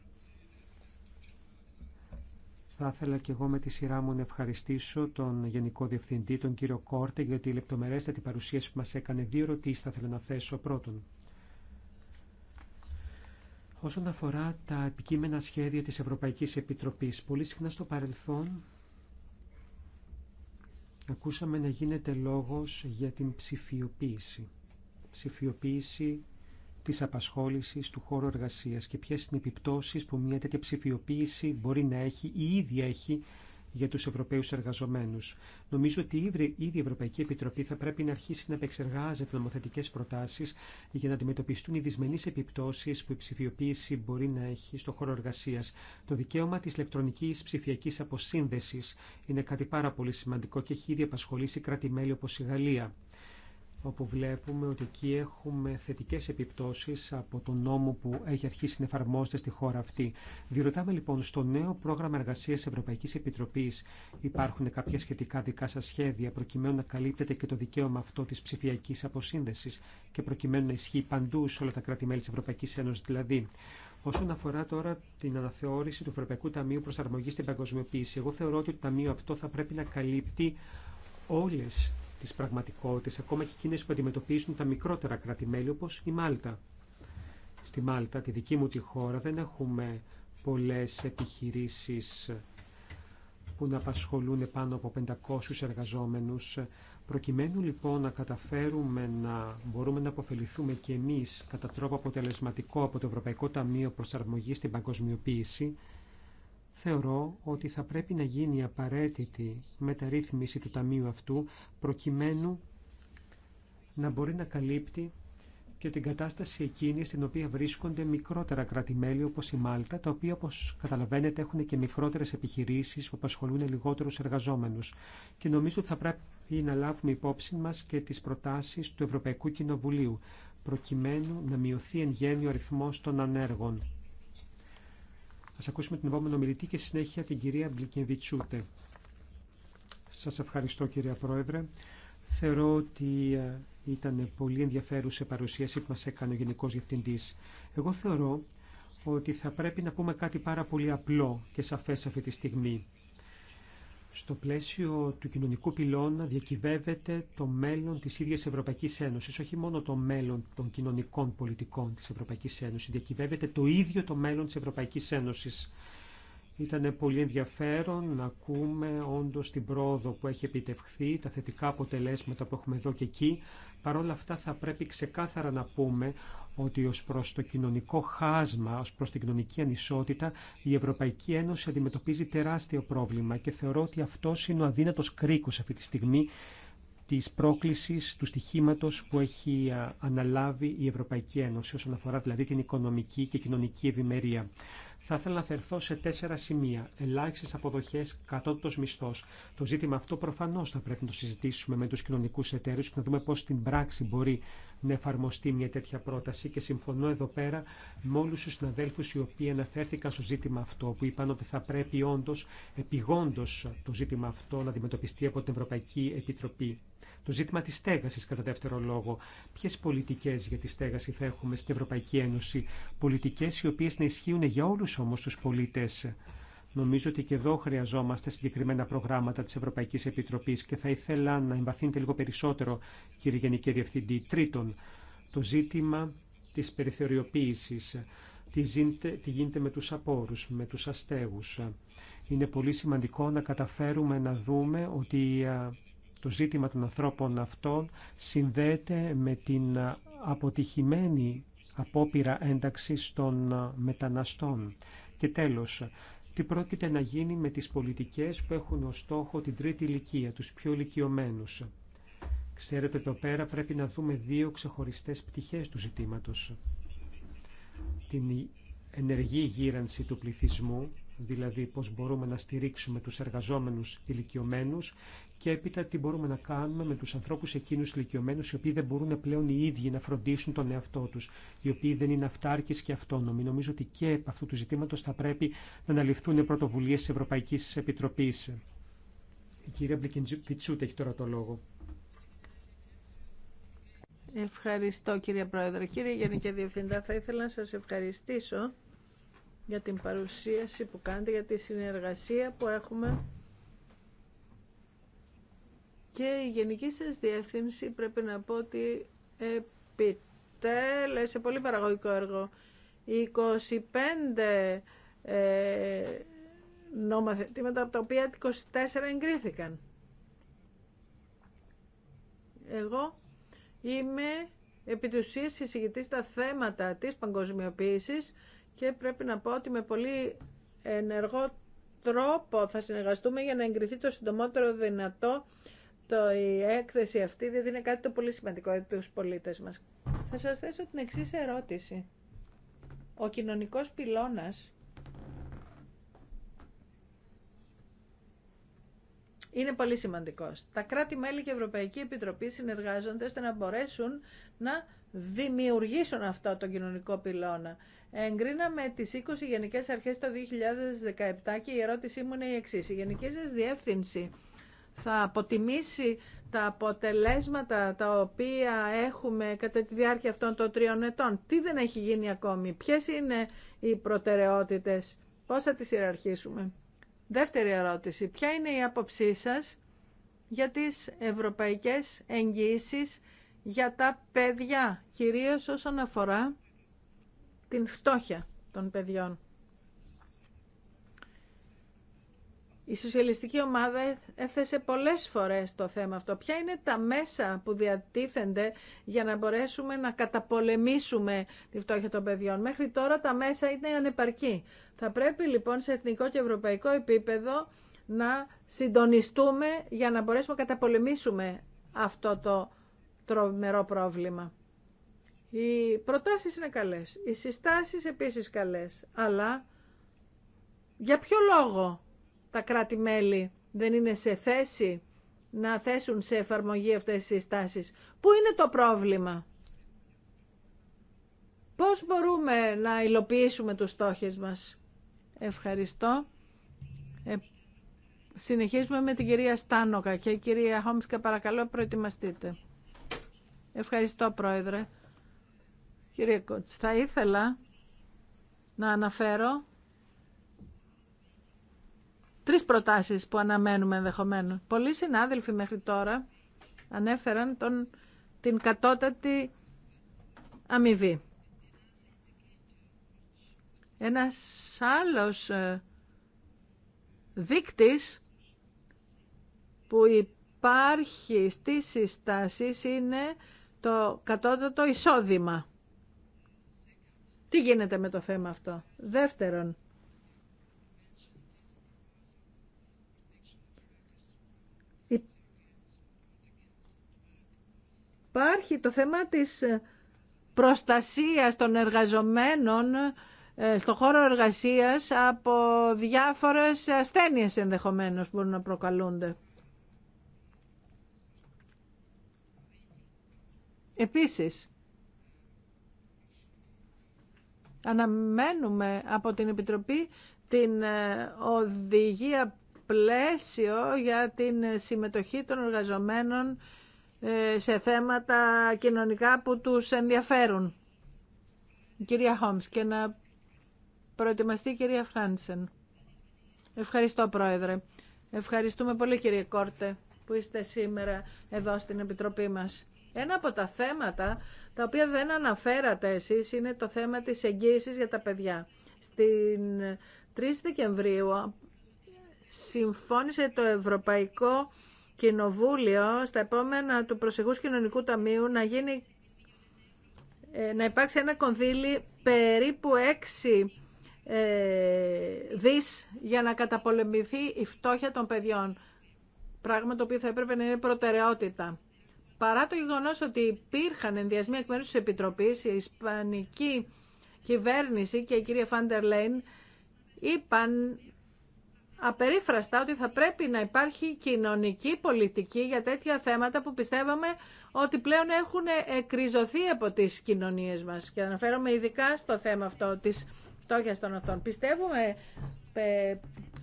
Θα ήθελα και εγώ με τη σειρά μου να ευχαριστήσω τον Γενικό Διευθυντή, τον κύριο Κόρτε, για τη λεπτομερέστατη παρουσίαση που μας έκανε. Δύο ερωτήσει θα ήθελα να θέσω. Πρώτον, όσον αφορά τα επικείμενα σχέδια της Ευρωπαϊκής Επιτροπής, πολύ συχνά στο παρελθόν ακούσαμε να γίνεται λόγος για την ψηφιοποίηση. Ψηφιοποίηση Τη απασχόληση του χώρου εργασία και ποιε είναι οι επιπτώσεις που μια τέτοια ψηφιοποίηση μπορεί να έχει ή ήδη έχει για τους Ευρωπαίους εργαζομένους. Νομίζω ότι ήδη η Ευρωπαϊκή Επιτροπή θα πρέπει να αρχίσει να επεξεργάζεται νομοθετικές προτάσεις για να αντιμετωπιστούν οι δυσμενείς επιπτώσεις που η ψηφιοποίηση μπορεί να έχει στο χώρο εργασίας. Το δικαίωμα της ηλεκτρονικής ψηφιακής αποσύνδεσης είναι κάτι πάρα πολύ σημαντικό και έχει ήδη απασχολήσει κράτη-μέλη η Γαλλία όπου βλέπουμε ότι εκεί έχουμε θετικές επιπτώσεις από τον νόμο που έχει αρχίσει να εφαρμόζεται στη χώρα αυτή. Διερωτάμε λοιπόν στο νέο πρόγραμμα εργασίας Ευρωπαϊκής Επιτροπής υπάρχουν κάποια σχετικά δικά σας σχέδια προκειμένου να καλύπτεται και το δικαίωμα αυτό της ψηφιακής αποσύνδεσης και προκειμένου να ισχύει παντού σε όλα τα κράτη-μέλη της Ευρωπαϊκής Ένωσης δηλαδή. Όσον αφορά τώρα την αναθεώρηση του Ευρωπαϊκού Ταμείου προσαρμογή στην Παγκοσμιοποίηση, εγώ θεωρώ ότι το Ταμείο αυτό θα πρέπει να καλύπτει όλες τι πραγματικότητε, ακόμα και εκείνες που αντιμετωπίζουν τα μικρότερα κράτη-μέλη, όπως η Μάλτα. Στη Μάλτα, τη δική μου τη χώρα, δεν έχουμε πολλές επιχειρήσεις που να απασχολούν πάνω από 500 εργαζόμενους. Προκειμένου λοιπόν να καταφέρουμε να μπορούμε να αποφεληθούμε και εμείς κατά τρόπο αποτελεσματικό από το Ευρωπαϊκό Ταμείο Προσαρμογής στην Παγκοσμιοποίηση, θεωρώ ότι θα πρέπει να γίνει απαραίτητη μεταρρύθμιση του ταμείου αυτού προκειμένου να μπορεί να καλύπτει και την κατάσταση εκείνη στην οποία βρίσκονται κρατημέλη όπως όπω η Μάλτα, τα οποία όπως καταλαβαίνετε έχουν και μικρότερες επιχειρήσεις που απασχολούν λιγότερου εργαζόμενους. Και νομίζω ότι θα πρέπει να λάβουμε υπόψη μας και τις προτάσεις του Ευρωπαϊκού Κοινοβουλίου, προκειμένου να μειωθεί εν γέννη ο αριθμός των ανέργων. Ας ακούσουμε την επόμενη ομιλητή και στη συνέχεια την κυρία Μπλικενβιτσούτε. Σας ευχαριστώ κυρία Πρόεδρε. Θεωρώ ότι ε, ήταν πολύ ενδιαφέρουσα η παρουσίαση που μας έκανε ο Γενικό Διευθυντή. Εγώ θεωρώ ότι θα πρέπει να πούμε κάτι πάρα πολύ απλό και σαφές αυτή τη στιγμή στο πλαίσιο του κοινωνικού πυλώνα διακυβεύεται το μέλλον της ίδιας Ευρωπαϊκής Ένωσης, όχι μόνο το μέλλον των κοινωνικών πολιτικών της Ευρωπαϊκής Ένωσης, διακυβεύεται το ίδιο το μέλλον της Ευρωπαϊκής Ένωσης. Ήταν πολύ ενδιαφέρον να ακούμε όντω την πρόοδο που έχει επιτευχθεί, τα θετικά αποτελέσματα που έχουμε εδώ και εκεί. Παρ' όλα αυτά θα πρέπει ξεκάθαρα να πούμε ότι ως προς το κοινωνικό χάσμα, ως προς την κοινωνική ανισότητα, η Ευρωπαϊκή Ένωση αντιμετωπίζει τεράστιο πρόβλημα και θεωρώ ότι αυτό είναι ο αδύνατος κρίκος αυτή τη στιγμή της πρόκλησης του στοιχήματος που έχει αναλάβει η Ευρωπαϊκή Ένωση όσον αφορά δηλαδή την οικονομική και κοινωνική ευημερία θα ήθελα να αφαιρθώ σε τέσσερα σημεία. Ελάχιστε αποδοχέ, κατώτατο μισθό. Το ζήτημα αυτό προφανώ θα πρέπει να το συζητήσουμε με του κοινωνικού εταίρου και να δούμε πώ στην πράξη μπορεί να εφαρμοστεί μια τέτοια πρόταση. Και συμφωνώ εδώ πέρα με όλου του συναδέλφου οι οποίοι αναφέρθηκαν στο ζήτημα αυτό, που είπαν ότι θα πρέπει όντω επιγόντω το ζήτημα αυτό να αντιμετωπιστεί από την Ευρωπαϊκή Επιτροπή. Το ζήτημα τη στέγαση, κατά δεύτερο λόγο. Ποιε πολιτικέ για τη στέγαση θα έχουμε στην Ευρωπαϊκή Ένωση, πολιτικέ οι οποίε να ισχύουν για όλου όμω του πολίτε. Νομίζω ότι και εδώ χρειαζόμαστε συγκεκριμένα προγράμματα της Ευρωπαϊκής Επιτροπής και θα ήθελα να εμβαθύνετε λίγο περισσότερο, κύριε Γενική Διευθυντή. Τρίτον, το ζήτημα της περιθεωριοποίησης, τι, τι γίνεται με τους απόρους, με τους αστέγους. Είναι πολύ σημαντικό να καταφέρουμε να δούμε ότι το ζήτημα των ανθρώπων αυτών συνδέεται με την αποτυχημένη απόπειρα ένταξης των μεταναστών. Και τέλος, τι πρόκειται να γίνει με τις πολιτικές που έχουν ως στόχο την τρίτη ηλικία, τους πιο ηλικιωμένους. Ξέρετε, εδώ πέρα πρέπει να δούμε δύο ξεχωριστές πτυχές του ζητήματος. Την ενεργή γύρανση του πληθυσμού δηλαδή πώς μπορούμε να στηρίξουμε τους εργαζόμενους ηλικιωμένου και έπειτα τι μπορούμε να κάνουμε με τους ανθρώπους εκείνους ηλικιωμένου οι οποίοι δεν μπορούν πλέον οι ίδιοι να φροντίσουν τον εαυτό τους, οι οποίοι δεν είναι αυτάρκες και αυτόνομοι. Νομίζω ότι και από αυτού του ζητήματος θα πρέπει να αναλυφθούν πρωτοβουλίες της Ευρωπαϊκής Επιτροπής. Η κυρία Μπλικεντζιτσούτ έχει τώρα το λόγο. Ευχαριστώ κύριε Πρόεδρε. Κύριε Γενική Διευθυντά, θα ήθελα να σας ευχαριστήσω για την παρουσίαση που κάνετε, για τη συνεργασία που έχουμε και η γενική σας διεύθυνση πρέπει να πω ότι επιτέλεσε πολύ παραγωγικό έργο. 25 ε, νομοθετήματα από τα οποία 24 εγκρίθηκαν. Εγώ είμαι επί του στα θέματα της παγκοσμιοποίησης και πρέπει να πω ότι με πολύ ενεργό τρόπο θα συνεργαστούμε για να εγκριθεί το συντομότερο δυνατό το, η έκθεση αυτή, διότι είναι κάτι το πολύ σημαντικό για τους πολίτες μας. Θα σας θέσω την εξής ερώτηση. Ο κοινωνικός πυλώνας είναι πολύ σημαντικός. Τα κράτη-μέλη και η Ευρωπαϊκή Επιτροπή συνεργάζονται ώστε να μπορέσουν να δημιουργήσουν αυτό το κοινωνικό πυλώνα. Εγκρίναμε τις 20 Γενικές Αρχές το 2017 και η ερώτησή μου είναι η εξή. Η Γενική σα Διεύθυνση θα αποτιμήσει τα αποτελέσματα τα οποία έχουμε κατά τη διάρκεια αυτών των τριών ετών. Τι δεν έχει γίνει ακόμη, ποιες είναι οι προτεραιότητες, πώς θα τις ιεραρχήσουμε. Δεύτερη ερώτηση, ποια είναι η άποψή σας για τις ευρωπαϊκές εγγύησεις για τα παιδιά, κυρίως όσον αφορά την φτώχεια των παιδιών. Η σοσιαλιστική ομάδα έθεσε πολλές φορές το θέμα αυτό. Ποια είναι τα μέσα που διατίθενται για να μπορέσουμε να καταπολεμήσουμε τη φτώχεια των παιδιών. Μέχρι τώρα τα μέσα είναι ανεπαρκή. Θα πρέπει λοιπόν σε εθνικό και ευρωπαϊκό επίπεδο να συντονιστούμε για να μπορέσουμε να καταπολεμήσουμε αυτό το τρομερό πρόβλημα. Οι προτάσεις είναι καλές, οι συστάσεις επίσης καλές, αλλά για ποιο λόγο τα κράτη-μέλη δεν είναι σε θέση να θέσουν σε εφαρμογή αυτές τις συστάσεις. Πού είναι το πρόβλημα. Πώς μπορούμε να υλοποιήσουμε τους στόχες μας. Ευχαριστώ. Ε, συνεχίζουμε με την κυρία Στάνοκα και η κυρία Χόμσκα παρακαλώ προετοιμαστείτε. Ευχαριστώ, Πρόεδρε. Κύριε Κότς, θα ήθελα να αναφέρω τρεις προτάσεις που αναμένουμε ενδεχομένω. Πολλοί συνάδελφοι μέχρι τώρα ανέφεραν τον, την κατώτατη αμοιβή. Ένα άλλος ε, δείκτης που υπάρχει στις συστάσεις είναι το κατώτατο εισόδημα. Τι γίνεται με το θέμα αυτό. Δεύτερον, υπάρχει το θέμα της ε, προστασίας των εργαζομένων ε, στο χώρο εργασίας από διάφορες ασθένειες ενδεχομένως που μπορούν να προκαλούνται. Επίσης, αναμένουμε από την Επιτροπή την ε, οδηγία πλαίσιο για την συμμετοχή των εργαζομένων ε, σε θέματα κοινωνικά που τους ενδιαφέρουν. κυρία Χόμς και να προετοιμαστεί η κυρία Φράνσεν. Ευχαριστώ Πρόεδρε. Ευχαριστούμε πολύ κύριε Κόρτε που είστε σήμερα εδώ στην Επιτροπή μας. Ένα από τα θέματα τα οποία δεν αναφέρατε εσείς είναι το θέμα της εγγύησης για τα παιδιά. Στην 3 Δεκεμβρίου συμφώνησε το Ευρωπαϊκό Κοινοβούλιο στα επόμενα του Προσεγούς Κοινωνικού Ταμείου να, γίνει, ε, να υπάρξει ένα κονδύλι περίπου 6 ε, δις για να καταπολεμηθεί η φτώχεια των παιδιών. Πράγμα το οποίο θα έπρεπε να είναι προτεραιότητα παρά το γεγονό ότι υπήρχαν ενδιασμοί εκ μέρου τη Επιτροπή, η Ισπανική κυβέρνηση και η κυρία Φάντερ Λέιν είπαν απερίφραστα ότι θα πρέπει να υπάρχει κοινωνική πολιτική για τέτοια θέματα που πιστεύαμε ότι πλέον έχουν εκριζωθεί από τις κοινωνίες μας. Και αναφέρομαι ειδικά στο θέμα αυτό της φτώχειας των αυτών. Πιστεύουμε ε,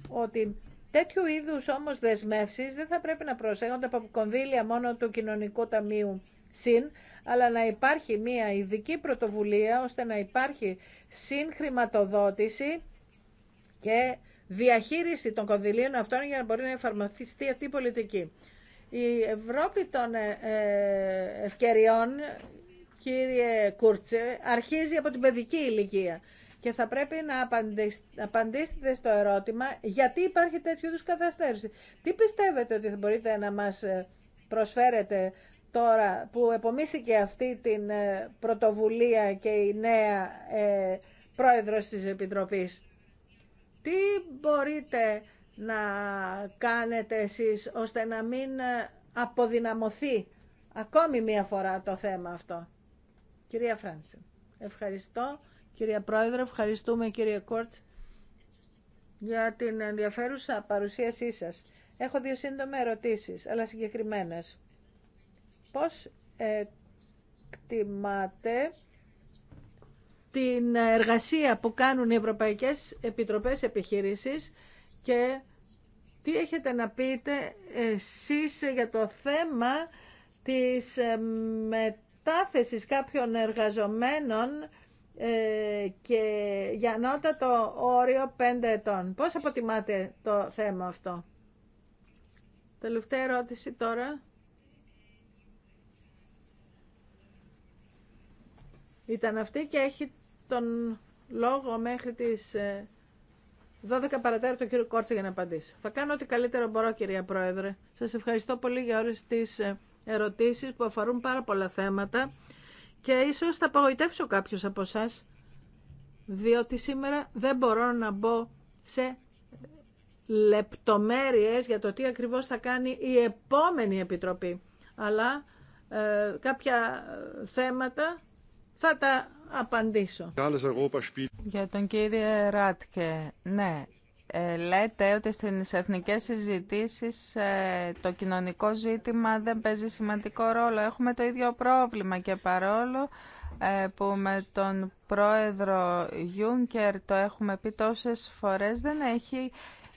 ότι Τέτοιου είδου όμως δεσμεύσει δεν θα πρέπει να προσέχονται από κονδύλια μόνο του Κοινωνικού Ταμείου συν, αλλά να υπάρχει μια ειδική πρωτοβουλία ώστε να υπάρχει συγχρηματοδότηση και διαχείριση των κονδυλίων αυτών για να μπορεί να εφαρμοστεί αυτή η πολιτική. Η Ευρώπη των ε, ε, ευκαιριών, κύριε Κούρτσε, αρχίζει από την παιδική ηλικία. Και θα πρέπει να απαντήσετε στο ερώτημα γιατί υπάρχει τέτοιου τους καθαστέρηση. Τι πιστεύετε ότι θα μπορείτε να μας ε, προσφέρετε τώρα που επομίστηκε αυτή την ε, πρωτοβουλία και η νέα ε, πρόεδρος της Επιτροπής. Τι μπορείτε να κάνετε εσείς ώστε να μην ε, αποδυναμωθεί ακόμη μία φορά το θέμα αυτό. Κυρία Φράντση, ευχαριστώ Κυρία Πρόεδρε, ευχαριστούμε κύριε Κόρτ για την ενδιαφέρουσα παρουσίασή σας. Έχω δύο σύντομα ερωτήσεις, αλλά συγκεκριμένες. Πώς εκτιμάτε την εργασία που κάνουν οι Ευρωπαϊκές Επιτροπές Επιχείρησης και τι έχετε να πείτε εσείς για το θέμα της μετάθεσης κάποιων εργαζομένων ε, και για ανώτατο όριο 5 ετών. Πώς αποτιμάτε το θέμα αυτό. Τελευταία ερώτηση τώρα. Ήταν αυτή και έχει τον λόγο μέχρι τις 12 ε, παρατέρα του κύριο Κόρτσα για να απαντήσει. Θα κάνω ό,τι καλύτερο μπορώ κυρία Πρόεδρε. Σας ευχαριστώ πολύ για όλες τις ε, ερωτήσεις που αφορούν πάρα πολλά θέματα και ίσως θα απογοητεύσω κάποιους από εσά, διότι σήμερα δεν μπορώ να μπω σε λεπτομέρειες για το τι ακριβώς θα κάνει η επόμενη Επιτροπή. Αλλά ε, κάποια θέματα θα τα απαντήσω. Για τον κύριο Ράτκε, ναι, ε, λέτε ότι στις εθνικές συζητήσεις ε, το κοινωνικό ζήτημα δεν παίζει σημαντικό ρόλο. Έχουμε το ίδιο πρόβλημα και παρόλο ε, που με τον πρόεδρο Γιούνκερ το έχουμε πει τόσες φορές δεν έχει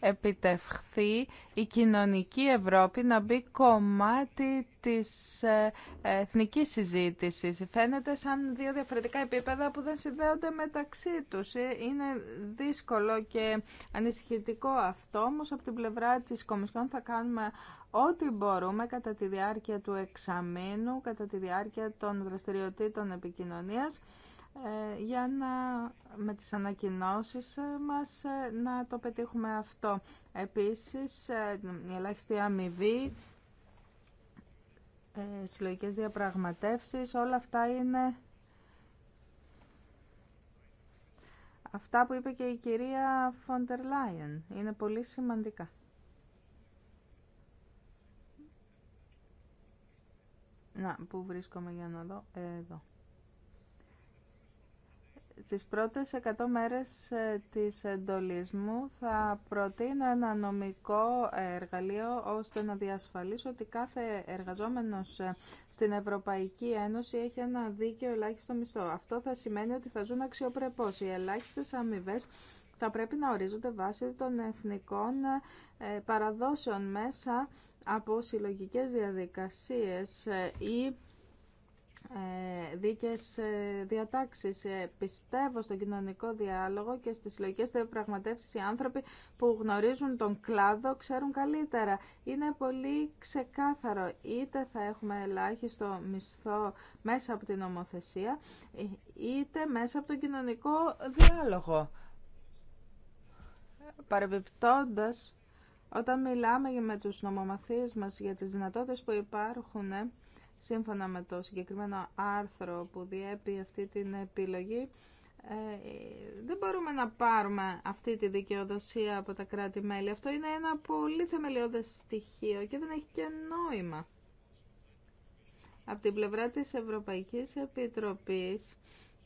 επιτευχθεί η κοινωνική Ευρώπη να μπει κομμάτι της ε, εθνικής συζήτησης. Φαίνεται σαν δύο διαφορετικά επίπεδα που δεν συνδέονται μεταξύ τους. Ε, είναι δύσκολο και ανησυχητικό αυτό, όμως από την πλευρά της Κομισιόν θα κάνουμε ό,τι μπορούμε κατά τη διάρκεια του εξαμήνου, κατά τη διάρκεια των δραστηριοτήτων επικοινωνίας, ε, για να με τις ανακοινώσεις ε, μας ε, να το πετύχουμε αυτό. Επίσης, η ελάχιστη αμοιβή, συλλογικές διαπραγματεύσεις, όλα αυτά είναι αυτά που είπε και η κυρία Φόντερ Λάιεν. Είναι πολύ σημαντικά. Να, πού βρίσκομαι για να δω. Εδώ τις πρώτες 100 μέρες ε, της εντολής μου θα προτείνω ένα νομικό εργαλείο ώστε να διασφαλίσω ότι κάθε εργαζόμενος ε, στην Ευρωπαϊκή Ένωση έχει ένα δίκαιο ελάχιστο μισθό. Αυτό θα σημαίνει ότι θα ζουν αξιοπρεπώς. Οι ελάχιστες αμοιβέ θα πρέπει να ορίζονται βάσει των εθνικών ε, παραδόσεων μέσα από συλλογικές διαδικασίες ή ε, δίκες ε, διατάξεις. Ε, πιστεύω στον κοινωνικό διάλογο και στις συλλογικές διαπραγματεύσεις οι άνθρωποι που γνωρίζουν τον κλάδο ξέρουν καλύτερα. Είναι πολύ ξεκάθαρο. Είτε θα έχουμε ελάχιστο μισθό μέσα από την νομοθεσία, είτε μέσα από τον κοινωνικό διάλογο. Παρεμπιπτόντας, όταν μιλάμε με τους νομομαθείς μας για τις δυνατότητες που υπάρχουν σύμφωνα με το συγκεκριμένο άρθρο που διέπει αυτή την επιλογή, ε, δεν μπορούμε να πάρουμε αυτή τη δικαιοδοσία από τα κράτη-μέλη. Αυτό είναι ένα πολύ θεμελιώδες στοιχείο και δεν έχει και νόημα. Από την πλευρά της Ευρωπαϊκής Επιτροπής,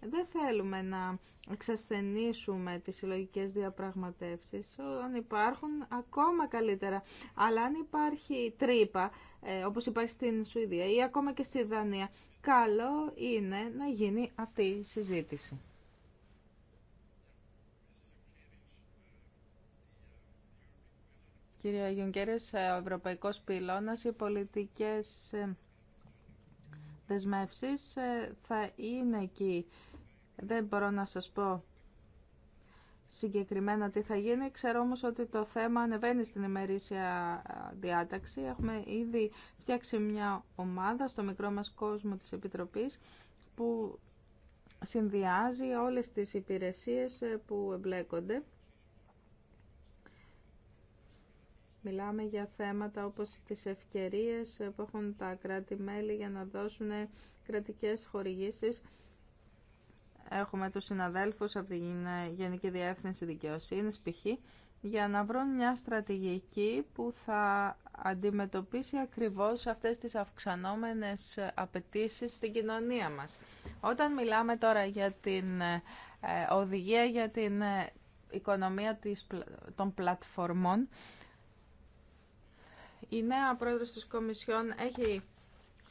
δεν θέλουμε να εξασθενήσουμε τις συλλογικέ διαπραγματεύσεις, αν υπάρχουν ακόμα καλύτερα. Αλλά αν υπάρχει τρύπα, ε, όπως υπάρχει στην Σουηδία ή ακόμα και στη Δανία, καλό είναι να γίνει αυτή η συζήτηση. Κύριε Γιονκέρες, ε, ο Ευρωπαϊκός Πυλώνας, οι πολιτικές ε, δεσμεύσεις θα είναι εκεί δεν μπορώ να σας πω συγκεκριμένα τι θα γίνει. Ξέρω όμως ότι το θέμα ανεβαίνει στην ημερήσια διάταξη. Έχουμε ήδη φτιάξει μια ομάδα στο μικρό μας κόσμο της Επιτροπής που συνδυάζει όλες τις υπηρεσίες ε, που εμπλέκονται. Μιλάμε για θέματα όπως τις ευκαιρίες ε, που έχουν τα κράτη-μέλη για να δώσουν κρατικές χορηγήσεις έχουμε τους συναδέλφους από την Γενική Διεύθυνση Δικαιοσύνης, π.χ., για να βρουν μια στρατηγική που θα αντιμετωπίσει ακριβώς αυτές τις αυξανόμενες απαιτήσεις στην κοινωνία μας. Όταν μιλάμε τώρα για την ε, οδηγία για την ε, οικονομία των πλατφορμών, η νέα πρόεδρος της Κομισιόν έχει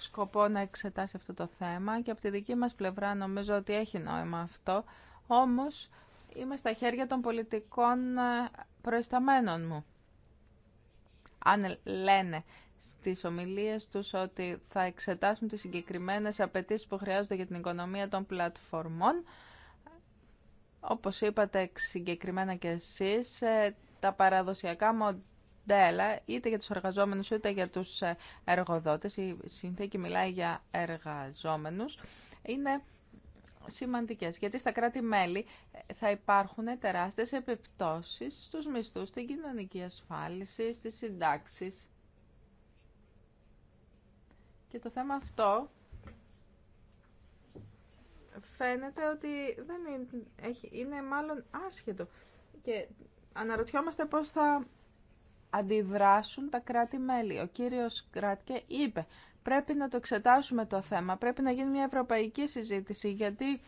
σκοπό να εξετάσει αυτό το θέμα και από τη δική μας πλευρά νομίζω ότι έχει νόημα αυτό, όμως είμαι στα χέρια των πολιτικών ε, προϊσταμένων μου. Αν λένε στις ομιλίες τους ότι θα εξετάσουν τις συγκεκριμένες απαιτήσει που χρειάζονται για την οικονομία των πλατφορμών, όπως είπατε συγκεκριμένα και εσείς, ε, τα παραδοσιακά είτε για τους εργαζόμενους είτε για τους ε, εργοδότες, η συνθήκη μιλάει για εργαζόμενους, είναι σημαντικές, γιατί στα κράτη-μέλη ε, θα υπάρχουν τεράστιες επιπτώσεις στους μισθούς, στην κοινωνική ασφάλιση, στις συντάξεις. Και το θέμα αυτό φαίνεται ότι δεν είναι, είναι μάλλον άσχετο. Και αναρωτιόμαστε πώς θα αντιδράσουν τα κράτη-μέλη. Ο κύριος Κράτκε είπε πρέπει να το εξετάσουμε το θέμα, πρέπει να γίνει μια ευρωπαϊκή συζήτηση γιατί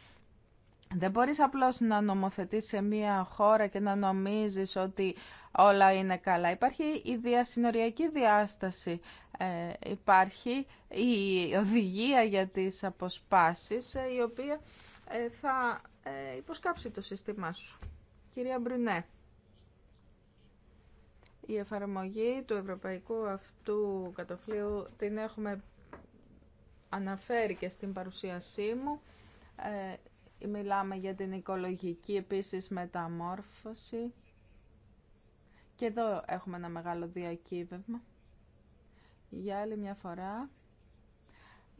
δεν μπορείς απλώς να νομοθετείς σε μια χώρα και να νομίζεις ότι όλα είναι καλά. Υπάρχει η διασυνοριακή διάσταση, ε, υπάρχει η οδηγία για τις αποσπάσεις ε, η οποία ε, θα υποσκάψει το σύστημά σου. Κυρία Μπρουνέ. Η εφαρμογή του ευρωπαϊκού αυτού κατοφλίου την έχουμε αναφέρει και στην παρουσίασή μου. Ε, μιλάμε για την οικολογική επίσης μεταμόρφωση. Και εδώ έχουμε ένα μεγάλο διακύβευμα. Για άλλη μια φορά,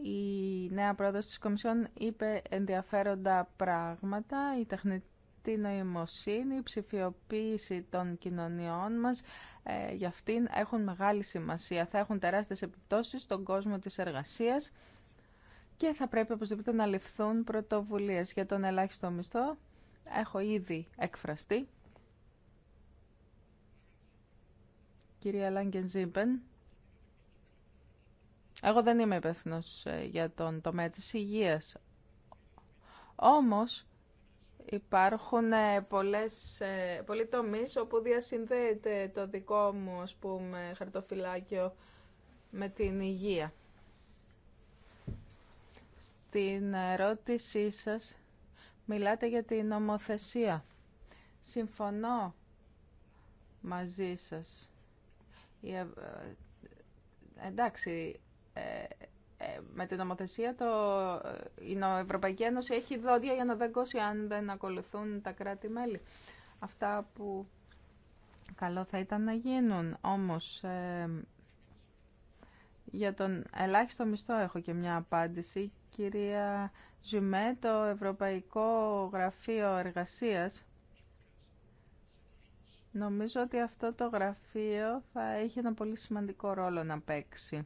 η νέα πρόεδρος της Κομισιόν είπε ενδιαφέροντα πράγματα, η τεχνητή νοημοσύνη, η ψηφιοποίηση των κοινωνιών μας, ε, για αυτήν έχουν μεγάλη σημασία. Θα έχουν τεράστιες επιπτώσεις στον κόσμο της εργασίας και θα πρέπει οπωσδήποτε να ληφθούν πρωτοβουλίες για τον ελάχιστο μισθό. Έχω ήδη εκφραστεί. Κυρία Λάγκεν Ζίμπεν, εγώ δεν είμαι υπεύθυνο ε, για τον τομέα της υγείας. Όμως, Υπάρχουν ε, πολλές, ε, πολλοί τομείς όπου διασυνδέεται το δικό μου ας πούμε, χαρτοφυλάκιο με την υγεία. Στην ερώτησή σας μιλάτε για την νομοθεσία. Συμφωνώ μαζί σας. Ε, εντάξει, ε, με την νομοθεσία το, ε, η Ευρωπαϊκή Ένωση έχει δόντια για να δαγκώσει αν δεν ακολουθούν τα κράτη-μέλη. Αυτά που καλό θα ήταν να γίνουν. Όμως ε, για τον ελάχιστο μισθό έχω και μια απάντηση. Κυρία Ζουμέ, το Ευρωπαϊκό Γραφείο Εργασίας Νομίζω ότι αυτό το γραφείο θα έχει ένα πολύ σημαντικό ρόλο να παίξει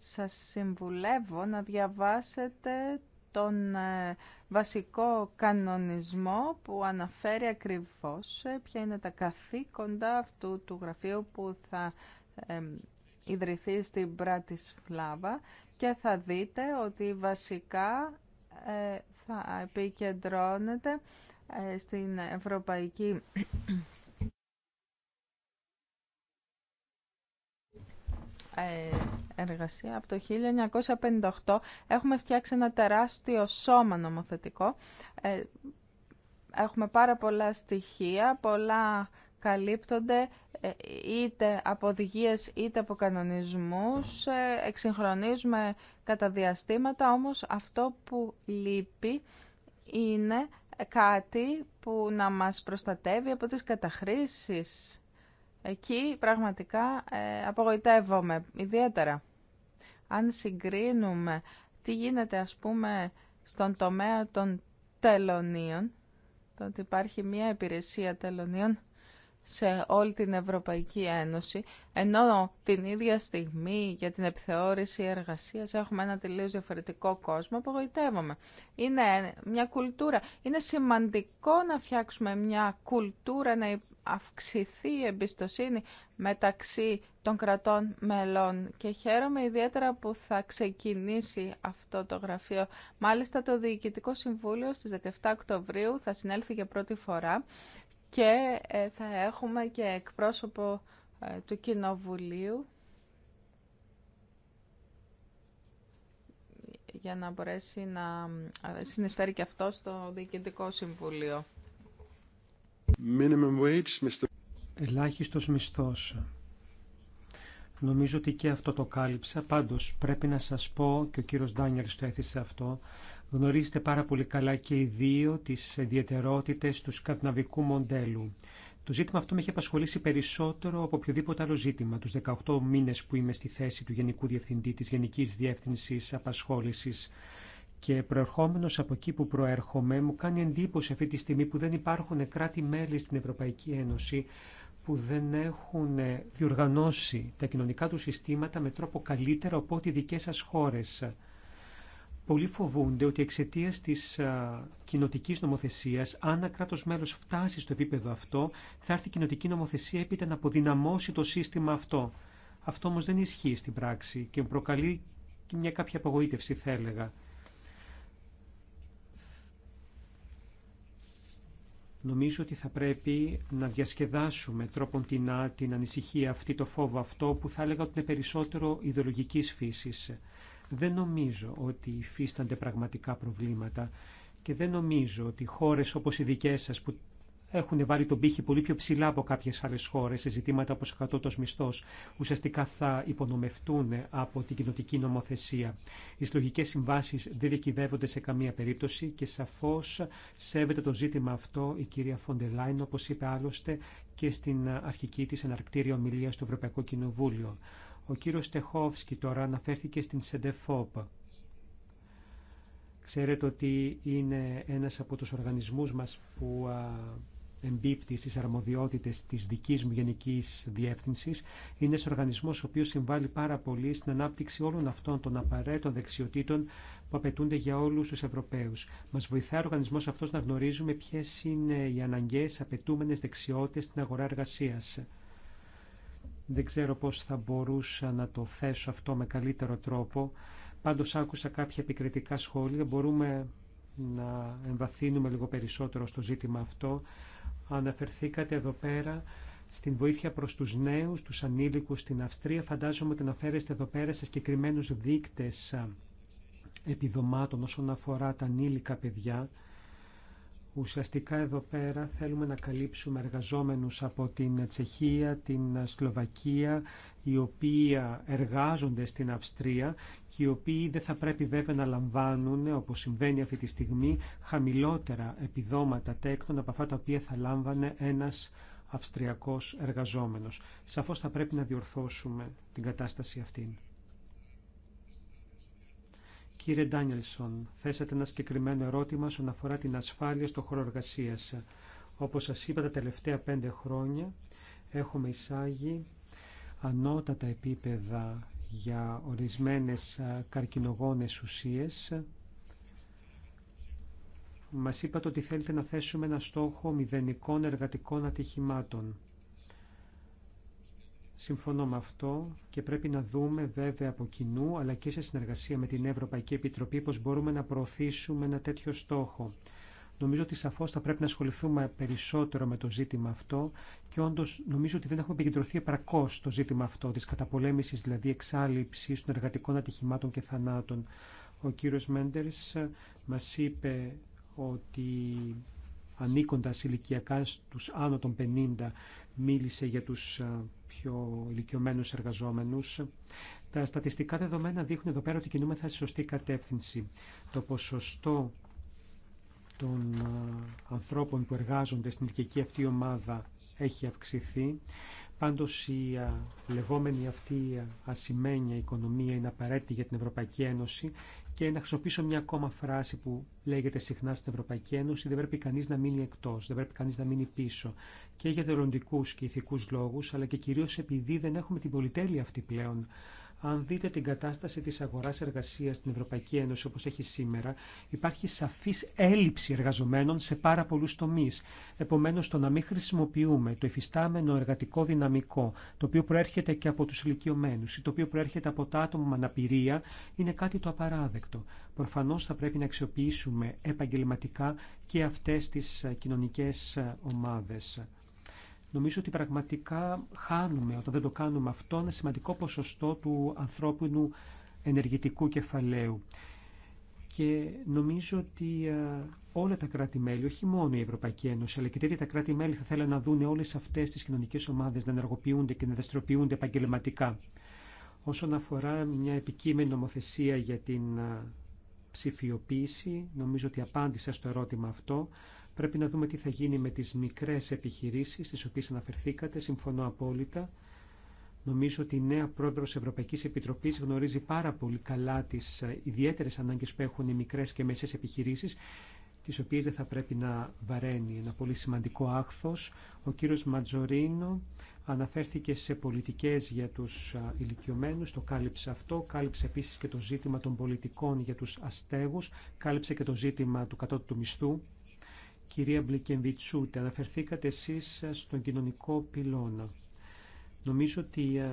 σας συμβουλεύω να διαβάσετε τον ε, βασικό κανονισμό που αναφέρει ακριβώς ε, ποια είναι τα καθήκοντα αυτού του γραφείου που θα ε, ιδρυθεί στην Φλάβα και θα δείτε ότι βασικά θα επικεντρώνεται στην ευρωπαϊκή Ε, εργασία. Από το 1958 έχουμε φτιάξει ένα τεράστιο σώμα νομοθετικό. Ε, έχουμε πάρα πολλά στοιχεία, πολλά καλύπτονται ε, είτε από οδηγίε είτε από κανονισμούς, εξυγχρονίζουμε κατά διαστήματα, όμως αυτό που λείπει είναι κάτι που να μας προστατεύει από τις καταχρήσεις Εκεί πραγματικά ε, απογοητεύομαι ιδιαίτερα. Αν συγκρίνουμε τι γίνεται ας πούμε στον τομέα των τελωνίων, το ότι υπάρχει μια υπηρεσία τελωνίων σε όλη την Ευρωπαϊκή Ένωση, ενώ την ίδια στιγμή για την επιθεώρηση εργασίας έχουμε ένα τελείως διαφορετικό κόσμο, απογοητεύομαι. Είναι μια κουλτούρα. Είναι σημαντικό να φτιάξουμε μια κουλτούρα, να αυξηθεί η εμπιστοσύνη μεταξύ των κρατών μελών και χαίρομαι ιδιαίτερα που θα ξεκινήσει αυτό το γραφείο. Μάλιστα το Διοικητικό Συμβούλιο στις 17 Οκτωβρίου θα συνέλθει για πρώτη φορά και ε, θα έχουμε και εκπρόσωπο ε, του Κοινοβουλίου για να μπορέσει να ε, συνεισφέρει και αυτό στο Διοικητικό Συμβούλιο. wage, Ελάχιστος μισθός. Νομίζω ότι και αυτό το κάλυψα. Πάντως πρέπει να σας πω, και ο κύριος Ντάνιελ το έθεσε αυτό, Γνωρίζετε πάρα πολύ καλά και οι δύο τις ιδιαιτερότητες του σκανδιναβικού μοντέλου. Το ζήτημα αυτό με έχει απασχολήσει περισσότερο από οποιοδήποτε άλλο ζήτημα, τους 18 μήνες που είμαι στη θέση του Γενικού Διευθυντή της Γενικής Διεύθυνσης Απασχόλησης και προερχόμενος από εκεί που προέρχομαι, μου κάνει εντύπωση αυτή τη στιγμή που δεν υπάρχουν κράτη-μέλη στην Ευρωπαϊκή Ένωση που δεν έχουν διοργανώσει τα κοινωνικά του συστήματα με τρόπο καλύτερο από ό,τι δικές σας χώρες. Πολλοί φοβούνται ότι εξαιτία τη κοινοτική νομοθεσία, αν ένα κράτο μέλο φτάσει στο επίπεδο αυτό, θα έρθει η κοινοτική νομοθεσία έπειτα να αποδυναμώσει το σύστημα αυτό. Αυτό όμω δεν ισχύει στην πράξη και προκαλεί μια κάποια απογοήτευση, θα έλεγα. Νομίζω ότι θα πρέπει να διασκεδάσουμε τρόπον την, την ανησυχία αυτή, το φόβο αυτό, που θα έλεγα ότι είναι περισσότερο ιδεολογικής φύσης δεν νομίζω ότι υφίστανται πραγματικά προβλήματα και δεν νομίζω ότι χώρες όπως οι δικές σας που έχουν βάλει τον πύχη πολύ πιο ψηλά από κάποιε άλλε χώρε σε ζητήματα όπω ο κατώτο μισθό, ουσιαστικά θα υπονομευτούν από την κοινοτική νομοθεσία. Οι συλλογικέ συμβάσει δεν διακυβεύονται σε καμία περίπτωση και σαφώ σέβεται το ζήτημα αυτό η κυρία Φοντελάιν, όπω είπε άλλωστε και στην αρχική τη εναρκτήρια ομιλία στο Ευρωπαϊκό Κοινοβούλιο. Ο κύριος Στεχόφσκι τώρα αναφέρθηκε στην ΣΕΝΤΕΦΟΠ. Ξέρετε ότι είναι ένας από τους οργανισμούς μας που εμπίπτει στις αρμοδιότητες της δικής μου γενικής διεύθυνσης. Είναι ένας οργανισμός ο οποίος συμβάλλει πάρα πολύ στην ανάπτυξη όλων αυτών των απαραίτητων δεξιοτήτων που απαιτούνται για όλους τους Ευρωπαίους. Μας βοηθάει ο οργανισμός αυτός να γνωρίζουμε ποιες είναι οι αναγκαίες απαιτούμενες δεξιότητες στην αγορά εργασίας. Δεν ξέρω πώς θα μπορούσα να το θέσω αυτό με καλύτερο τρόπο. Πάντως άκουσα κάποια επικριτικά σχόλια. Μπορούμε να εμβαθύνουμε λίγο περισσότερο στο ζήτημα αυτό. Αναφερθήκατε εδώ πέρα στην βοήθεια προς τους νέους, τους ανήλικους στην Αυστρία. Φαντάζομαι ότι αναφέρεστε εδώ πέρα σε συγκεκριμένους δείκτες επιδομάτων όσον αφορά τα ανήλικα παιδιά. Ουσιαστικά εδώ πέρα θέλουμε να καλύψουμε εργαζόμενους από την Τσεχία, την Σλοβακία, οι οποίοι εργάζονται στην Αυστρία και οι οποίοι δεν θα πρέπει βέβαια να λαμβάνουν, όπως συμβαίνει αυτή τη στιγμή, χαμηλότερα επιδόματα τέκνων από αυτά τα οποία θα λάμβανε ένας Αυστριακός εργαζόμενος. Σαφώς θα πρέπει να διορθώσουμε την κατάσταση αυτήν. Κύριε Ντάνιελσον, θέσατε ένα συγκεκριμένο ερώτημα όσον αφορά την ασφάλεια στο χώρο εργασία. Όπως σα είπα τα τελευταία πέντε χρόνια έχουμε εισάγει ανώτατα επίπεδα για ορισμένες καρκινογόνες ουσίες. Μας είπατε ότι θέλετε να θέσουμε ένα στόχο μηδενικών εργατικών ατυχημάτων. Συμφωνώ με αυτό και πρέπει να δούμε βέβαια από κοινού αλλά και σε συνεργασία με την Ευρωπαϊκή Επιτροπή πώς μπορούμε να προωθήσουμε ένα τέτοιο στόχο. Νομίζω ότι σαφώ θα πρέπει να ασχοληθούμε περισσότερο με το ζήτημα αυτό και όντω νομίζω ότι δεν έχουμε επικεντρωθεί επαρκώ στο ζήτημα αυτό, τη καταπολέμηση δηλαδή εξάλληψη των εργατικών ατυχημάτων και θανάτων. Ο κύριο Μέντερ μα είπε ότι ανήκοντα ηλικιακά στου άνω των 50, μίλησε για του πιο ηλικιωμένου εργαζόμενου. Τα στατιστικά δεδομένα δείχνουν εδώ πέρα ότι κινούμεθα στη σωστή κατεύθυνση. Το ποσοστό των ε, ανθρώπων που εργάζονται στην ηλικιακή αυτή ομάδα έχει αυξηθεί. Πάντως η ε, λεγόμενη αυτή ε, ασημένια οικονομία είναι απαραίτητη για την Ευρωπαϊκή Ένωση και να χρησιμοποιήσω μια ακόμα φράση που λέγεται συχνά στην Ευρωπαϊκή Ένωση, δεν πρέπει κανείς να μείνει εκτός, δεν πρέπει κανείς να μείνει πίσω. Και για δεροντικούς και ηθικούς λόγους, αλλά και κυρίως επειδή δεν έχουμε την πολυτέλεια αυτή πλέον αν δείτε την κατάσταση της αγοράς εργασίας στην Ευρωπαϊκή Ένωση όπως έχει σήμερα, υπάρχει σαφής έλλειψη εργαζομένων σε πάρα πολλούς τομείς. Επομένως, το να μην χρησιμοποιούμε το εφιστάμενο εργατικό δυναμικό, το οποίο προέρχεται και από τους ηλικιωμένους ή το οποίο προέρχεται από τα άτομα με αναπηρία, είναι κάτι το απαράδεκτο. Προφανώς θα πρέπει να αξιοποιήσουμε επαγγελματικά και αυτές τις κοινωνικές ομάδες. Νομίζω ότι πραγματικά χάνουμε όταν δεν το κάνουμε αυτό ένα σημαντικό ποσοστό του ανθρώπινου ενεργητικού κεφαλαίου. Και νομίζω ότι ε, όλα τα κράτη-μέλη, όχι μόνο η Ευρωπαϊκή Ένωση, αλλά και τέτοια τα κράτη-μέλη θα θέλουν να δουν όλες αυτές τις κοινωνικές ομάδες να ενεργοποιούνται και να δραστηριοποιούνται επαγγελματικά. Όσον αφορά μια επικείμενη νομοθεσία για την ε, ψηφιοποίηση, νομίζω ότι απάντησα στο ερώτημα αυτό. Πρέπει να δούμε τι θα γίνει με τις μικρές επιχειρήσεις, στις οποίες αναφερθήκατε, συμφωνώ απόλυτα. Νομίζω ότι η νέα πρόεδρος Ευρωπαϊκής Επιτροπής γνωρίζει πάρα πολύ καλά τις ε, ιδιαίτερες ανάγκες που έχουν οι μικρές και μεσές επιχειρήσεις, τις οποίες δεν θα πρέπει να βαραίνει. Ένα πολύ σημαντικό άχθος. Ο κύριος Ματζορίνο αναφέρθηκε σε πολιτικές για τους ε, ηλικιωμένους, το κάλυψε αυτό, κάλυψε επίσης και το ζήτημα των πολιτικών για τους αστέγους, κάλυψε και το ζήτημα του κατώτου του μισθού. Κυρία Μπλικεμβιτσούτε, αναφερθήκατε εσείς στον κοινωνικό πυλώνα. Νομίζω ότι ε,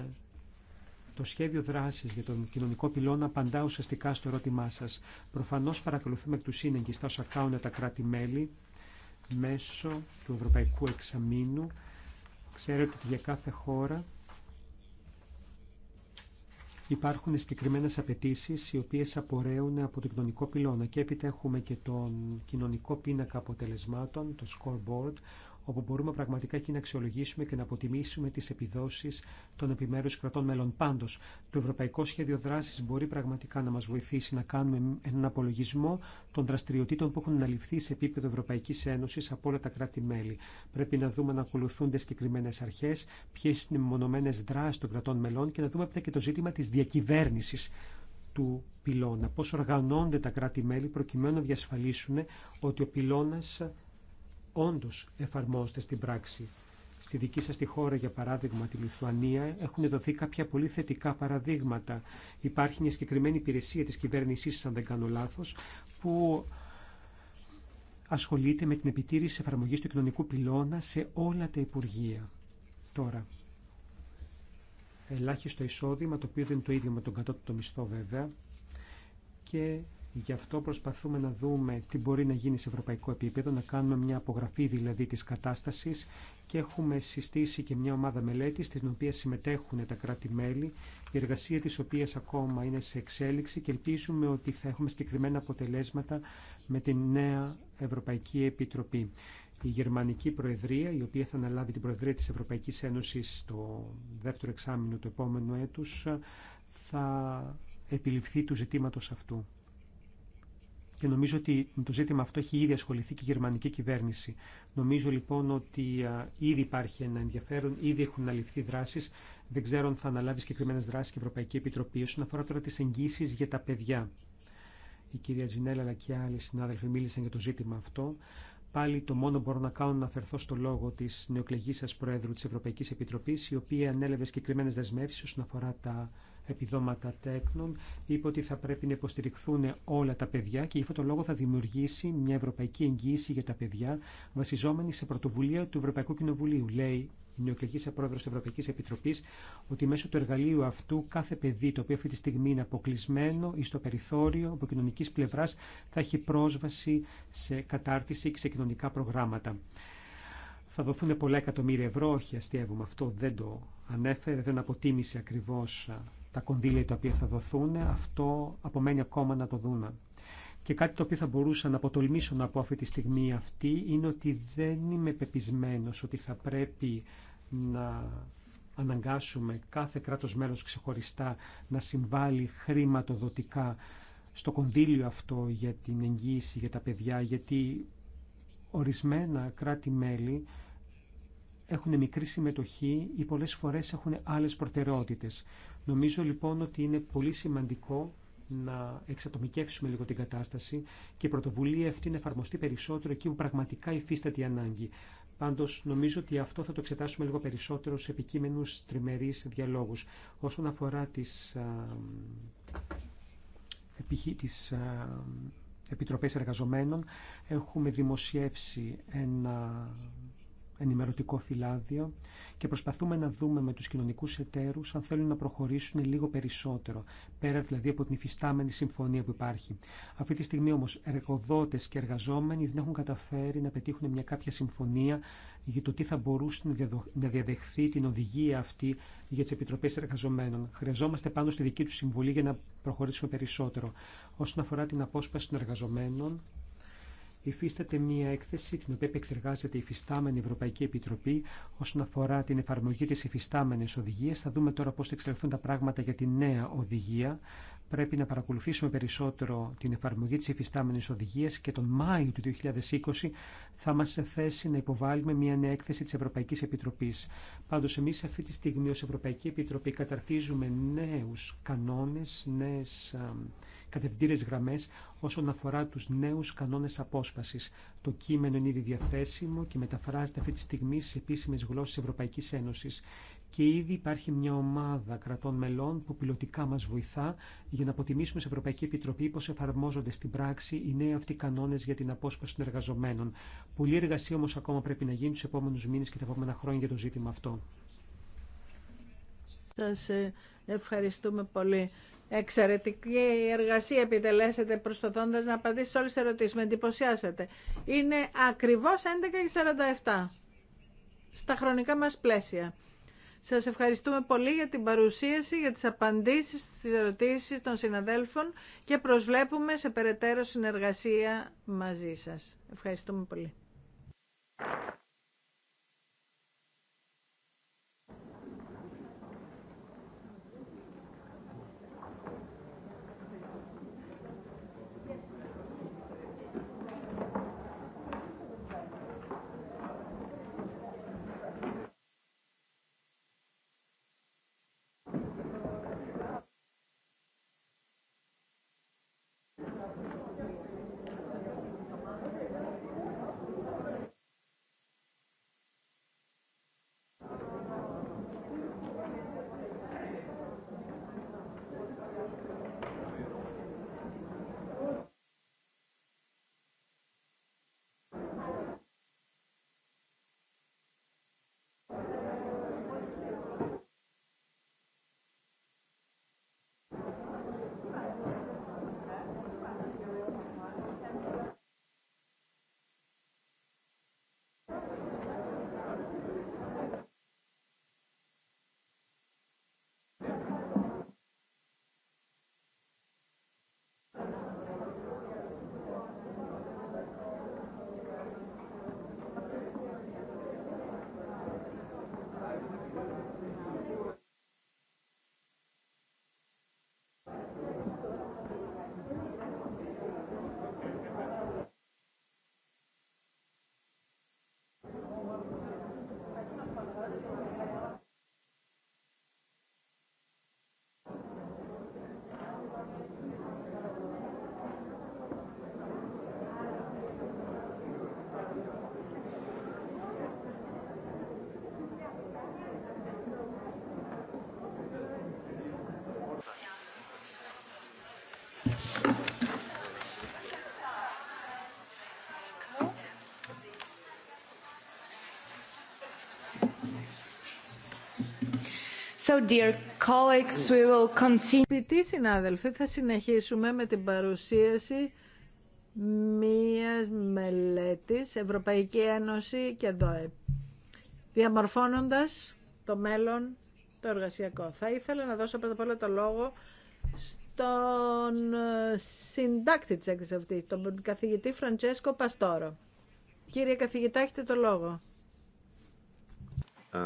το σχέδιο δράσης για τον κοινωνικό πυλώνα απαντά ουσιαστικά στο ερώτημά σα. Προφανώ παρακολουθούμε εκ του σύνεγγυ στα όσα κάνουν τα κράτη-μέλη μέσω του Ευρωπαϊκού Εξαμήνου. Ξέρετε ότι για κάθε χώρα υπάρχουν συγκεκριμένε απαιτήσει οι οποίε απορρέουν από τον κοινωνικό πυλώνα. Και έπειτα έχουμε και τον κοινωνικό πίνακα αποτελεσμάτων, το scoreboard, όπου μπορούμε πραγματικά και να αξιολογήσουμε και να αποτιμήσουμε τι επιδόσει των επιμέρου κρατών μέλων. πάντω. το Ευρωπαϊκό Σχέδιο δράση μπορεί πραγματικά να μα βοηθήσει να κάνουμε έναν απολογισμό των δραστηριοτήτων που έχουν αναλυφθεί σε επίπεδο Ευρωπαϊκή Ένωση από όλα τα κράτη-μέλη. Πρέπει να δούμε να ακολουθούνται συγκεκριμένε αρχέ, ποιε είναι οι μονομένε δράσεις των κρατών μελών και να δούμε και το ζήτημα τη διακυβέρνηση του πυλώνα, πώς οργανώνται τα κράτη-μέλη προκειμένου να διασφαλίσουν ότι ο πυλώνας Όντω εφαρμόζεται στην πράξη. Στη δική σας τη χώρα, για παράδειγμα, τη Λιθουανία, έχουν δοθεί κάποια πολύ θετικά παραδείγματα. Υπάρχει μια συγκεκριμένη υπηρεσία της κυβέρνησής, αν δεν κάνω λάθος, που ασχολείται με την επιτήρηση εφαρμογής του κοινωνικού πυλώνα σε όλα τα Υπουργεία. Τώρα, ελάχιστο εισόδημα, το οποίο δεν είναι το ίδιο με τον κατώτατο μισθό βέβαια, και Γι' αυτό προσπαθούμε να δούμε τι μπορεί να γίνει σε ευρωπαϊκό επίπεδο, να κάνουμε μια απογραφή δηλαδή της κατάστασης και έχουμε συστήσει και μια ομάδα μελέτη στην οποία συμμετέχουν τα κράτη-μέλη, η εργασία της οποίας ακόμα είναι σε εξέλιξη και ελπίζουμε ότι θα έχουμε συγκεκριμένα αποτελέσματα με την νέα Ευρωπαϊκή Επιτροπή. Η Γερμανική Προεδρία, η οποία θα αναλάβει την Προεδρία της Ευρωπαϊκής Ένωσης στο δεύτερο εξάμεινο του επόμενου έτους, θα επιληφθεί του ζητήματος αυτού και νομίζω ότι με το ζήτημα αυτό έχει ήδη ασχοληθεί και η γερμανική κυβέρνηση. Νομίζω λοιπόν ότι ήδη υπάρχει ένα ενδιαφέρον, ήδη έχουν αναλυφθεί δράσει. Δεν ξέρω αν θα αναλάβει συγκεκριμένε δράσει και η Ευρωπαϊκή Επιτροπή. Όσον αφορά τώρα τι εγγύσει για τα παιδιά. Η κυρία Τζινέλα αλλά και άλλοι συνάδελφοι μίλησαν για το ζήτημα αυτό. Πάλι το μόνο μπορώ να κάνω να αφαιρθώ στο λόγο τη νεοκλεγή σα Προέδρου τη Ευρωπαϊκή Επιτροπή, η οποία ανέλαβε συγκεκριμένε δεσμεύσει όσον αφορά τα επιδόματα τέκνων, είπε ότι θα πρέπει να υποστηριχθούν όλα τα παιδιά και γι' αυτόν το λόγο θα δημιουργήσει μια ευρωπαϊκή εγγύηση για τα παιδιά βασιζόμενη σε πρωτοβουλία του Ευρωπαϊκού Κοινοβουλίου. Λέει η νεοκλεγή πρόεδρο τη Ευρωπαϊκή Επιτροπή ότι μέσω του εργαλείου αυτού κάθε παιδί το οποίο αυτή τη στιγμή είναι αποκλεισμένο ή στο περιθώριο από κοινωνική πλευρά θα έχει πρόσβαση σε κατάρτιση και σε κοινωνικά προγράμματα. Θα δοθούν πολλά εκατομμύρια ευρώ, όχι αστείευουμε αυτό, δεν το ανέφερε, δεν αποτίμησε ακριβώς τα κονδύλια τα οποία θα δοθούν, αυτό απομένει ακόμα να το δούμε. Και κάτι το οποίο θα μπορούσα να αποτολμήσω να πω αυτή τη στιγμή αυτή είναι ότι δεν είμαι πεπισμένος ότι θα πρέπει να αναγκάσουμε κάθε κράτος μέλος ξεχωριστά να συμβάλλει χρηματοδοτικά στο κονδύλιο αυτό για την εγγύηση για τα παιδιά, γιατί ορισμένα κράτη-μέλη έχουν μικρή συμμετοχή ή πολλές φορές έχουν άλλες προτεραιότητες. Νομίζω λοιπόν ότι είναι πολύ σημαντικό να εξατομικεύσουμε λίγο την κατάσταση και η πρωτοβουλία αυτή να εφαρμοστεί περισσότερο εκεί που πραγματικά υφίσταται η ανάγκη. Πάντω, νομίζω ότι αυτό θα το εξετάσουμε λίγο περισσότερο σε επικείμενου τριμερεί διαλόγου. Όσον αφορά τι τις, επιτροπές εργαζομένων, έχουμε δημοσιεύσει ένα ενημερωτικό φυλάδιο και προσπαθούμε να δούμε με τους κοινωνικούς εταίρους αν θέλουν να προχωρήσουν λίγο περισσότερο, πέρα δηλαδή από την υφιστάμενη συμφωνία που υπάρχει. Αυτή τη στιγμή όμως εργοδότες και εργαζόμενοι δεν έχουν καταφέρει να πετύχουν μια κάποια συμφωνία για το τι θα μπορούσε να διαδεχθεί την οδηγία αυτή για τις επιτροπές εργαζομένων. Χρειαζόμαστε πάνω στη δική του συμβουλή για να προχωρήσουμε περισσότερο. Όσον αφορά την απόσπαση των εργαζομένων, υφίσταται μια έκθεση την οποία επεξεργάζεται η φυστάμενη Ευρωπαϊκή Επιτροπή όσον αφορά την εφαρμογή της υφιστάμενης οδηγίας. Θα δούμε τώρα πώς θα εξελιχθούν τα πράγματα για τη νέα οδηγία. Πρέπει να παρακολουθήσουμε περισσότερο την εφαρμογή της υφιστάμενης οδηγίας και τον Μάιο του 2020 θα μας σε να υποβάλουμε μια νέα έκθεση της Ευρωπαϊκής Επιτροπής. Πάντως εμείς αυτή τη στιγμή ως Ευρωπαϊκή Επιτροπή καταρτίζουμε νέους κανόνες, νέες ε, κατευθυντήρες γραμμές όσον αφορά τους νέους κανόνες απόσπαση. Το κείμενο είναι ήδη διαθέσιμο και μεταφράζεται αυτή τη στιγμή σε επίσημες γλώσσες Ευρωπαϊκής Ένωσης. Και ήδη υπάρχει μια ομάδα κρατών μελών που πιλωτικά μας βοηθά για να αποτιμήσουμε σε Ευρωπαϊκή Επιτροπή πώς εφαρμόζονται στην πράξη οι νέοι αυτοί κανόνες για την απόσπαση των εργαζομένων. Πολύ εργασία όμως ακόμα πρέπει να γίνει του επόμενου μήνε και τα επόμενα χρόνια για το ζήτημα αυτό. Σας ε, ευχαριστούμε πολύ. Εξαιρετική εργασία επιτελέσετε προσπαθώντας να απαντήσει σε όλες τις ερωτήσεις. Με εντυπωσιάσατε. Είναι ακριβώς 11.47 στα χρονικά μας πλαίσια. Σας ευχαριστούμε πολύ για την παρουσίαση, για τις απαντήσεις στις ερωτήσεις των συναδέλφων και προσβλέπουμε σε περαιτέρω συνεργασία μαζί σας. Ευχαριστούμε πολύ. So, συνάδελφοι, θα συνεχίσουμε με την παρουσίαση μίας μελέτης Ευρωπαϊκή Ένωση και ΔΟΕ, διαμορφώνοντας το μέλλον το εργασιακό. Θα ήθελα να δώσω πρώτα απ' όλα το λόγο στον συντάκτη της έκθεσης αυτής, τον καθηγητή Φραντσέσκο Παστόρο. Κύριε καθηγητά, έχετε το λόγο. Ε,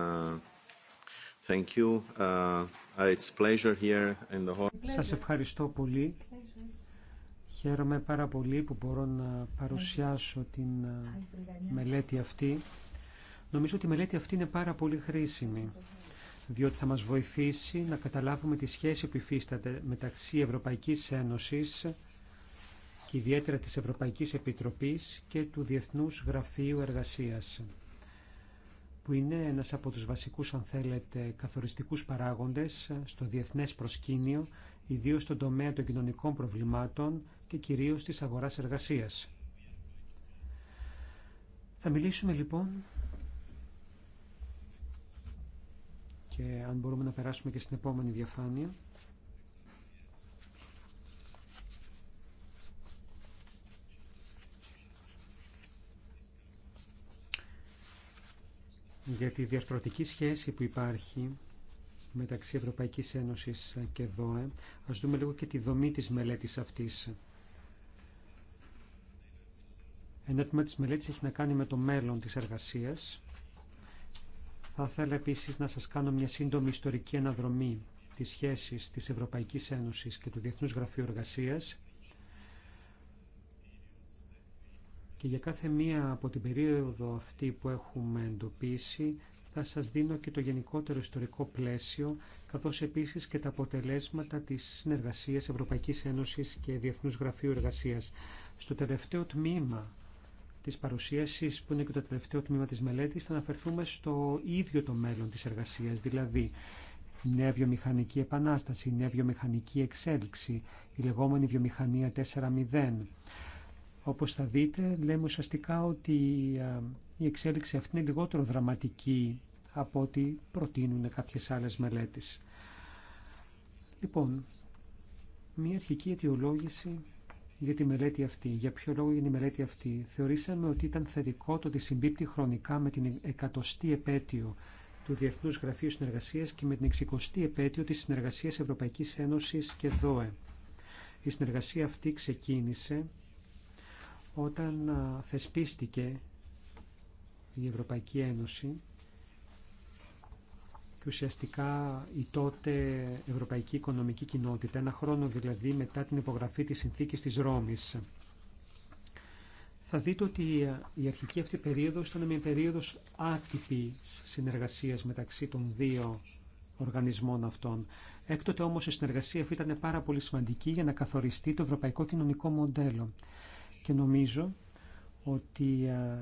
σας ευχαριστώ πολύ. Χαίρομαι πάρα πολύ που μπορώ να παρουσιάσω την uh, μελέτη αυτή. Νομίζω ότι η μελέτη αυτή είναι πάρα πολύ χρήσιμη, διότι θα μας βοηθήσει να καταλάβουμε τη σχέση που υφίσταται μεταξύ Ευρωπαϊκής Ένωσης και ιδιαίτερα της Ευρωπαϊκής Επιτροπής και του Διεθνούς Γραφείου Εργασίας που είναι ένας από τους βασικούς, αν θέλετε, καθοριστικούς παράγοντες ε, στο διεθνές προσκήνιο, ιδίως στον τομέα των κοινωνικών προβλημάτων και κυρίως της αγοράς εργασίας. Θα μιλήσουμε λοιπόν και αν μπορούμε να περάσουμε και στην επόμενη διαφάνεια. για τη διαρθρωτική σχέση που υπάρχει μεταξύ Ευρωπαϊκής Ένωσης και ΔΟΕ. Ας δούμε λίγο και τη δομή της μελέτης αυτής. Ένα τμήμα της μελέτης έχει να κάνει με το μέλλον της εργασίας. Θα ήθελα επίσης να σας κάνω μια σύντομη ιστορική αναδρομή της σχέσης της Ευρωπαϊκής Ένωσης και του Διεθνούς Γραφείου Εργασίας και για κάθε μία από την περίοδο αυτή που έχουμε εντοπίσει θα σας δίνω και το γενικότερο ιστορικό πλαίσιο, καθώς επίσης και τα αποτελέσματα της συνεργασίας Ευρωπαϊκής Ένωσης και Διεθνούς Γραφείου Εργασίας. Στο τελευταίο τμήμα της παρουσίασης, που είναι και το τελευταίο τμήμα της μελέτης, θα αναφερθούμε στο ίδιο το μέλλον της εργασίας, δηλαδή νέα βιομηχανική επανάσταση, νέα βιομηχανική εξέλιξη, η λεγόμενη βιομηχανία 4.0, όπως θα δείτε, λέμε ουσιαστικά ότι η εξέλιξη αυτή είναι λιγότερο δραματική από ό,τι προτείνουν κάποιες άλλες μελέτες. Λοιπόν, μια αρχική αιτιολόγηση για τη μελέτη αυτή. Για ποιο λόγο είναι η μελέτη αυτή. Θεωρήσαμε ότι ήταν θετικό το ότι συμπίπτει χρονικά με την εκατοστή επέτειο του Διεθνούς Γραφείου Συνεργασίας και με την 60η επέτειο της Συνεργασίας Ευρωπαϊκής Ένωσης και ΔΟΕ. Η συνεργασία αυτή ξεκίνησε όταν θεσπίστηκε η Ευρωπαϊκή Ένωση και ουσιαστικά η τότε Ευρωπαϊκή Οικονομική Κοινότητα, ένα χρόνο δηλαδή μετά την υπογραφή της συνθήκης της Ρώμης, θα δείτε ότι η αρχική αυτή περίοδος ήταν μια περίοδος άτυπης συνεργασίας μεταξύ των δύο οργανισμών αυτών. Έκτοτε όμως η συνεργασία αυτή ήταν πάρα πολύ σημαντική για να καθοριστεί το ευρωπαϊκό κοινωνικό μοντέλο και νομίζω ότι ε,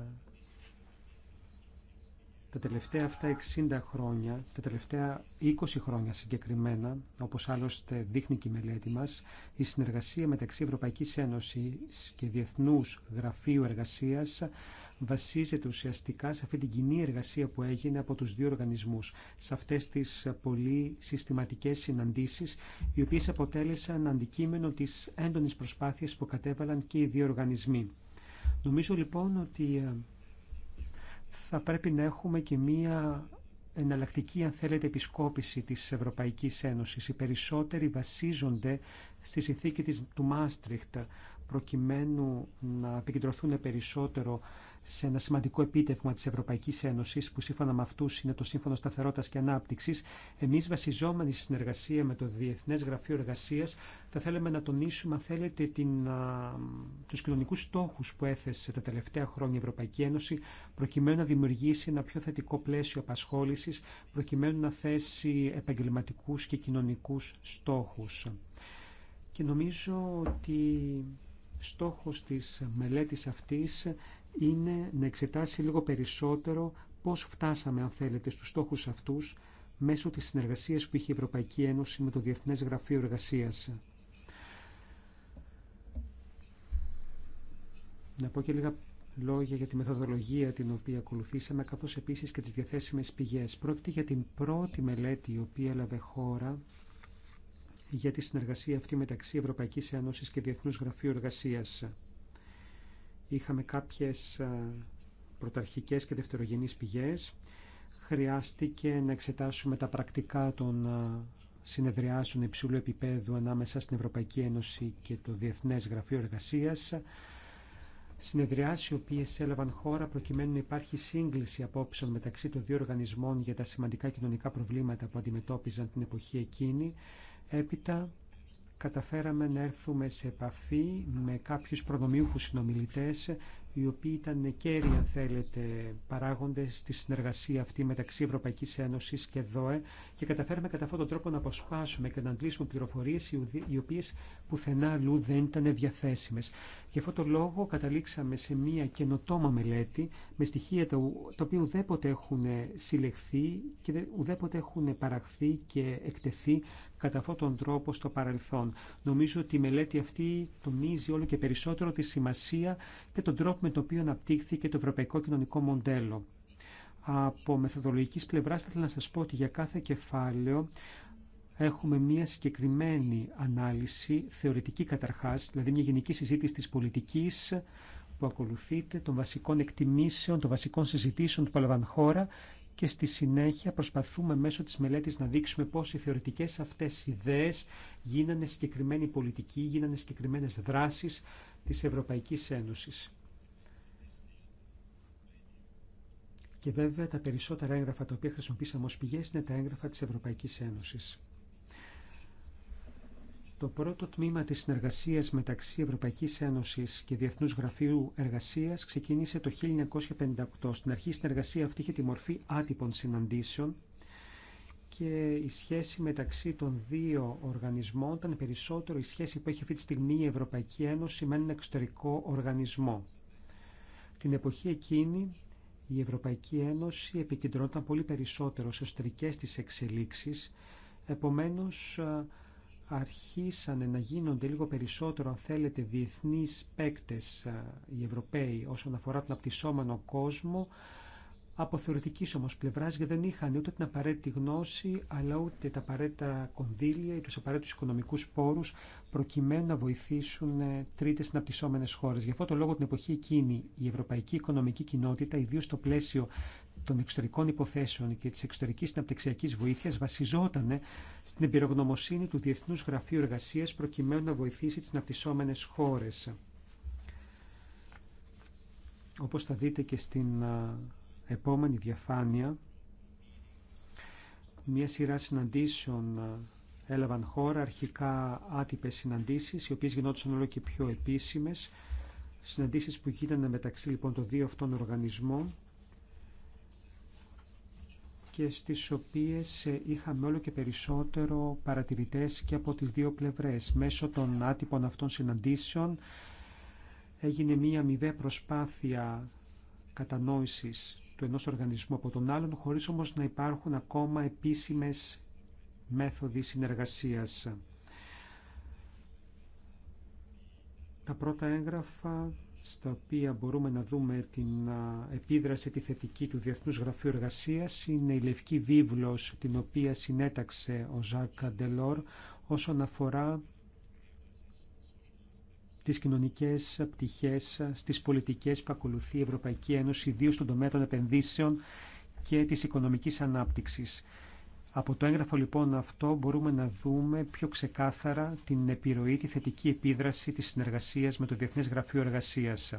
τα τελευταία αυτά 60 χρόνια, τα τελευταία 20 χρόνια συγκεκριμένα, όπως άλλωστε δείχνει και η μελέτη μας, η συνεργασία μεταξύ Ευρωπαϊκής Ένωσης και Διεθνούς Γραφείου Εργασίας βασίζεται ουσιαστικά σε αυτή την κοινή εργασία που έγινε από τους δύο οργανισμούς, σε αυτές τις πολύ συστηματικές συναντήσεις, οι οποίες αποτέλεσαν αντικείμενο της έντονης προσπάθειας που κατέβαλαν και οι δύο οργανισμοί. Νομίζω λοιπόν ότι ε, θα πρέπει να έχουμε και μία εναλλακτική, αν θέλετε, επισκόπηση της Ευρωπαϊκής Ένωσης. Οι περισσότεροι βασίζονται στη συνθήκη του Μάστριχτ, προκειμένου να επικεντρωθούν περισσότερο σε ένα σημαντικό επίτευγμα τη Ευρωπαϊκή Ένωση, που σύμφωνα με αυτού είναι το Σύμφωνο σταθερότητα και ανάπτυξη, εμεί βασιζόμενοι στη συνεργασία με το Διεθνέ Γραφείο Εργασία, θα θέλαμε να τονίσουμε αν θέλετε του κοινωνικού στόχου που έθεσε τα τελευταία χρόνια η Ευρωπαϊκή Ένωση προκειμένου να δημιουργήσει ένα πιο θετικό πλαίσιο απασχόληση, προκειμένου να θέσει επαγγελματικού και κοινωνικού στόχου. Και νομίζω ότι στόχος της μελέτης αυτής είναι να εξετάσει λίγο περισσότερο πώς φτάσαμε, αν θέλετε, στους στόχους αυτούς μέσω της συνεργασίας που είχε η Ευρωπαϊκή Ένωση με το Διεθνές Γραφείο Εργασίας. Να πω και λίγα λόγια για τη μεθοδολογία την οποία ακολουθήσαμε, καθώς επίσης και τις διαθέσιμες πηγές. Πρόκειται για την πρώτη μελέτη η οποία έλαβε χώρα για τη συνεργασία αυτή μεταξύ Ευρωπαϊκής Ένωσης και Διεθνούς Γραφείου Εργασίας. Είχαμε κάποιες ε, πρωταρχικές και δευτερογενείς πηγές. Χρειάστηκε να εξετάσουμε τα πρακτικά των ε, συνεδριάσεων υψηλού επίπεδου ανάμεσα στην Ευρωπαϊκή Ένωση και το Διεθνές Γραφείο Εργασίας. Συνεδριάσεις οι οποίες έλαβαν χώρα προκειμένου να υπάρχει σύγκληση απόψεων μεταξύ των δύο οργανισμών για τα σημαντικά κοινωνικά προβλήματα που αντιμετώπιζαν την εποχή εκείνη. Έπειτα καταφέραμε να έρθουμε σε επαφή με κάποιους προνομιούχους συνομιλητές οι οποίοι ήταν κέρι, αν θέλετε, παράγοντες στη συνεργασία αυτή μεταξύ Ευρωπαϊκής Ένωσης και ΔΟΕ και καταφέραμε κατά αυτόν τον τρόπο να αποσπάσουμε και να αντλήσουμε πληροφορίες οι οποίες πουθενά αλλού δεν ήταν διαθέσιμες. Γι' αυτόν τον λόγο καταλήξαμε σε μία καινοτόμα μελέτη με στοιχεία τα οποία ουδέποτε έχουν συλλεχθεί και ουδέποτε έχουν παραχθεί και εκτεθεί κατά αυτόν τον τρόπο στο παρελθόν. Νομίζω ότι η μελέτη αυτή τονίζει όλο και περισσότερο τη σημασία και τον τρόπο με τον οποίο αναπτύχθηκε το ευρωπαϊκό κοινωνικό μοντέλο. Από μεθοδολογικής πλευράς θα ήθελα να σας πω ότι για κάθε κεφάλαιο έχουμε μία συγκεκριμένη ανάλυση, θεωρητική καταρχάς, δηλαδή μια γενική συζήτηση της πολιτικής που ακολουθείται, των βασικών εκτιμήσεων, των βασικών συζητήσεων του Παλαβανχώρα χώρα και στη συνέχεια προσπαθούμε μέσω της μελέτης να δείξουμε πώς οι θεωρητικές αυτές ιδέες γίνανε συγκεκριμένη πολιτική, γίνανε συγκεκριμένες δράσεις της Ευρωπαϊκής Ένωσης. Και βέβαια τα περισσότερα έγγραφα τα οποία χρησιμοποίησαμε ως πηγές είναι τα έγγραφα της Ευρωπαϊκής Ένωσης. Το πρώτο τμήμα της συνεργασίας μεταξύ Ευρωπαϊκής Ένωσης και Διεθνούς Γραφείου Εργασίας ξεκίνησε το 1958. Στην αρχή η συνεργασία αυτή είχε τη μορφή άτυπων συναντήσεων και η σχέση μεταξύ των δύο οργανισμών ήταν περισσότερο η σχέση που έχει αυτή τη στιγμή η Ευρωπαϊκή Ένωση με έναν εξωτερικό οργανισμό. Την εποχή εκείνη η Ευρωπαϊκή Ένωση επικεντρωνόταν πολύ περισσότερο σε εσωτερικές της εξελίξεις, επομένως αρχίσανε να γίνονται λίγο περισσότερο, αν θέλετε, διεθνείς παίκτες ε, οι Ευρωπαίοι όσον αφορά τον απτυσσόμενο κόσμο, από θεωρητική όμω πλευρά, γιατί δεν είχαν ούτε την απαραίτητη γνώση, αλλά ούτε τα απαραίτητα κονδύλια ή του απαραίτητου οικονομικού πόρου, προκειμένου να βοηθήσουν ε, τρίτε συναπτυσσόμενε χώρε. Γι' αυτό το λόγο την εποχή εκείνη η Ευρωπαϊκή Οικονομική Κοινότητα, ιδίω στο πλαίσιο των εξωτερικών υποθέσεων και της εξωτερικής συναπτυξιακής βοήθειας βασιζόταν στην εμπειρογνωμοσύνη του Διεθνούς Γραφείου Εργασίας προκειμένου να βοηθήσει τις συναπτυσσόμενες χώρες. Όπως θα δείτε και στην επόμενη διαφάνεια, μια σειρά συναντήσεων έλαβαν χώρα, αρχικά άτυπες συναντήσεις, οι οποίες γινόντουσαν όλο και πιο επίσημες, συναντήσεις που γίνανε μεταξύ λοιπόν των δύο αυτών οργανισμών και στις οποίες είχαμε όλο και περισσότερο παρατηρητές και από τις δύο πλευρές. Μέσω των άτυπων αυτών συναντήσεων έγινε μία μηδέ προσπάθεια κατανόησης του ενός οργανισμού από τον άλλον, χωρίς όμως να υπάρχουν ακόμα επίσημες μέθοδοι συνεργασίας. Τα πρώτα έγγραφα στα οποία μπορούμε να δούμε την επίδραση τη θετική του Διεθνούς Γραφείου Εργασίας είναι η Λευκή Βίβλος την οποία συνέταξε ο Ζακ Καντελόρ όσον αφορά τις κοινωνικές πτυχές στις πολιτικές που ακολουθεί η Ευρωπαϊκή Ένωση ιδίως στον τομέα των επενδύσεων και της οικονομικής ανάπτυξης. Από το έγγραφο λοιπόν αυτό μπορούμε να δούμε πιο ξεκάθαρα την επιρροή, τη θετική επίδραση της συνεργασίας με το Διεθνές Γραφείο Εργασίας.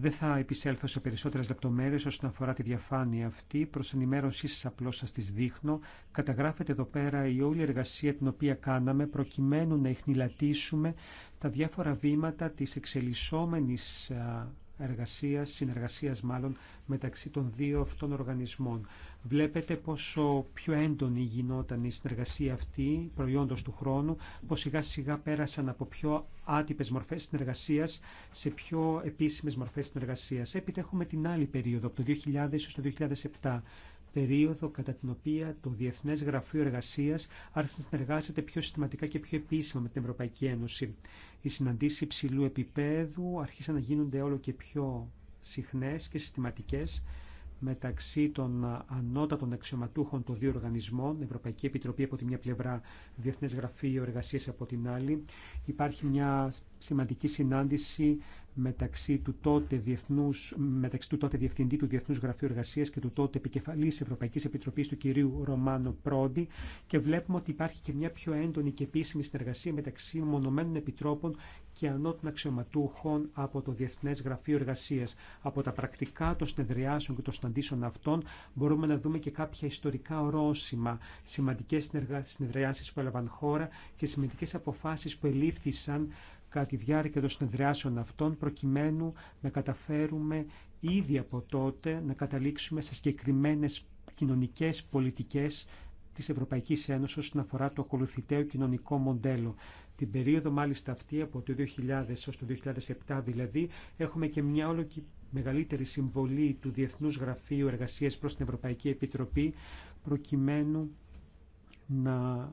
Δεν θα επισέλθω σε περισσότερες λεπτομέρειες όσον αφορά τη διαφάνεια αυτή. Προς ενημέρωσή σας απλώς σας τις δείχνω. Καταγράφεται εδώ πέρα η όλη εργασία την οποία κάναμε προκειμένου να εχνηλατήσουμε τα διάφορα βήματα της εξελισσόμενης εργασίας, συνεργασίας μάλλον, μεταξύ των δύο αυτών οργανισμών. Βλέπετε πόσο πιο έντονη γινόταν η συνεργασία αυτή, προϊόντος του χρόνου, πως σιγά σιγά πέρασαν από πιο άτυπες μορφές συνεργασίας σε πιο επίσημες μορφές συνεργασίας. Έπειτα έχουμε την άλλη περίοδο, από το 2000 έως το 2007, περίοδο κατά την οποία το Διεθνές Γραφείο Εργασίας άρχισε να συνεργάζεται πιο συστηματικά και πιο επίσημα με την Ευρωπαϊκή Ένωση. Οι συναντήσεις υψηλού επίπεδου αρχίσαν να γίνονται όλο και πιο συχνές και συστηματικές μεταξύ των ανώτατων αξιωματούχων των δύο οργανισμών, Ευρωπαϊκή Επιτροπή από τη μια πλευρά, Διεθνές Γραφείο Εργασίας από την άλλη. Υπάρχει μια σημαντική συνάντηση μεταξύ του τότε, διεθνούς, μεταξύ του τότε Διευθυντή του Διεθνούς Γραφείου Εργασίας και του τότε Επικεφαλής Ευρωπαϊκής Επιτροπής του κυρίου Ρωμάνο Πρόντι και βλέπουμε ότι υπάρχει και μια πιο έντονη και επίσημη συνεργασία μεταξύ μονομένων επιτρόπων και ανώτων αξιωματούχων από το διεθνέ Γραφείο Εργασία, Από τα πρακτικά των συνεδριάσεων και των συναντήσεων αυτών μπορούμε να δούμε και κάποια ιστορικά ορόσημα, Σημαντικέ συνεδριάσει που έλαβαν χώρα και σημαντικέ αποφάσει που ελήφθησαν κατά τη διάρκεια των συνεδριάσεων αυτών προκειμένου να καταφέρουμε ήδη από τότε να καταλήξουμε σε συγκεκριμένες κοινωνικές πολιτικές της Ευρωπαϊκής Ένωσης όσον αφορά το ακολουθηταίο κοινωνικό μοντέλο. Την περίοδο μάλιστα αυτή από το 2000 έως το 2007 δηλαδή έχουμε και μια όλο και μεγαλύτερη συμβολή του Διεθνούς Γραφείου Εργασίας προς την Ευρωπαϊκή Επιτροπή προκειμένου να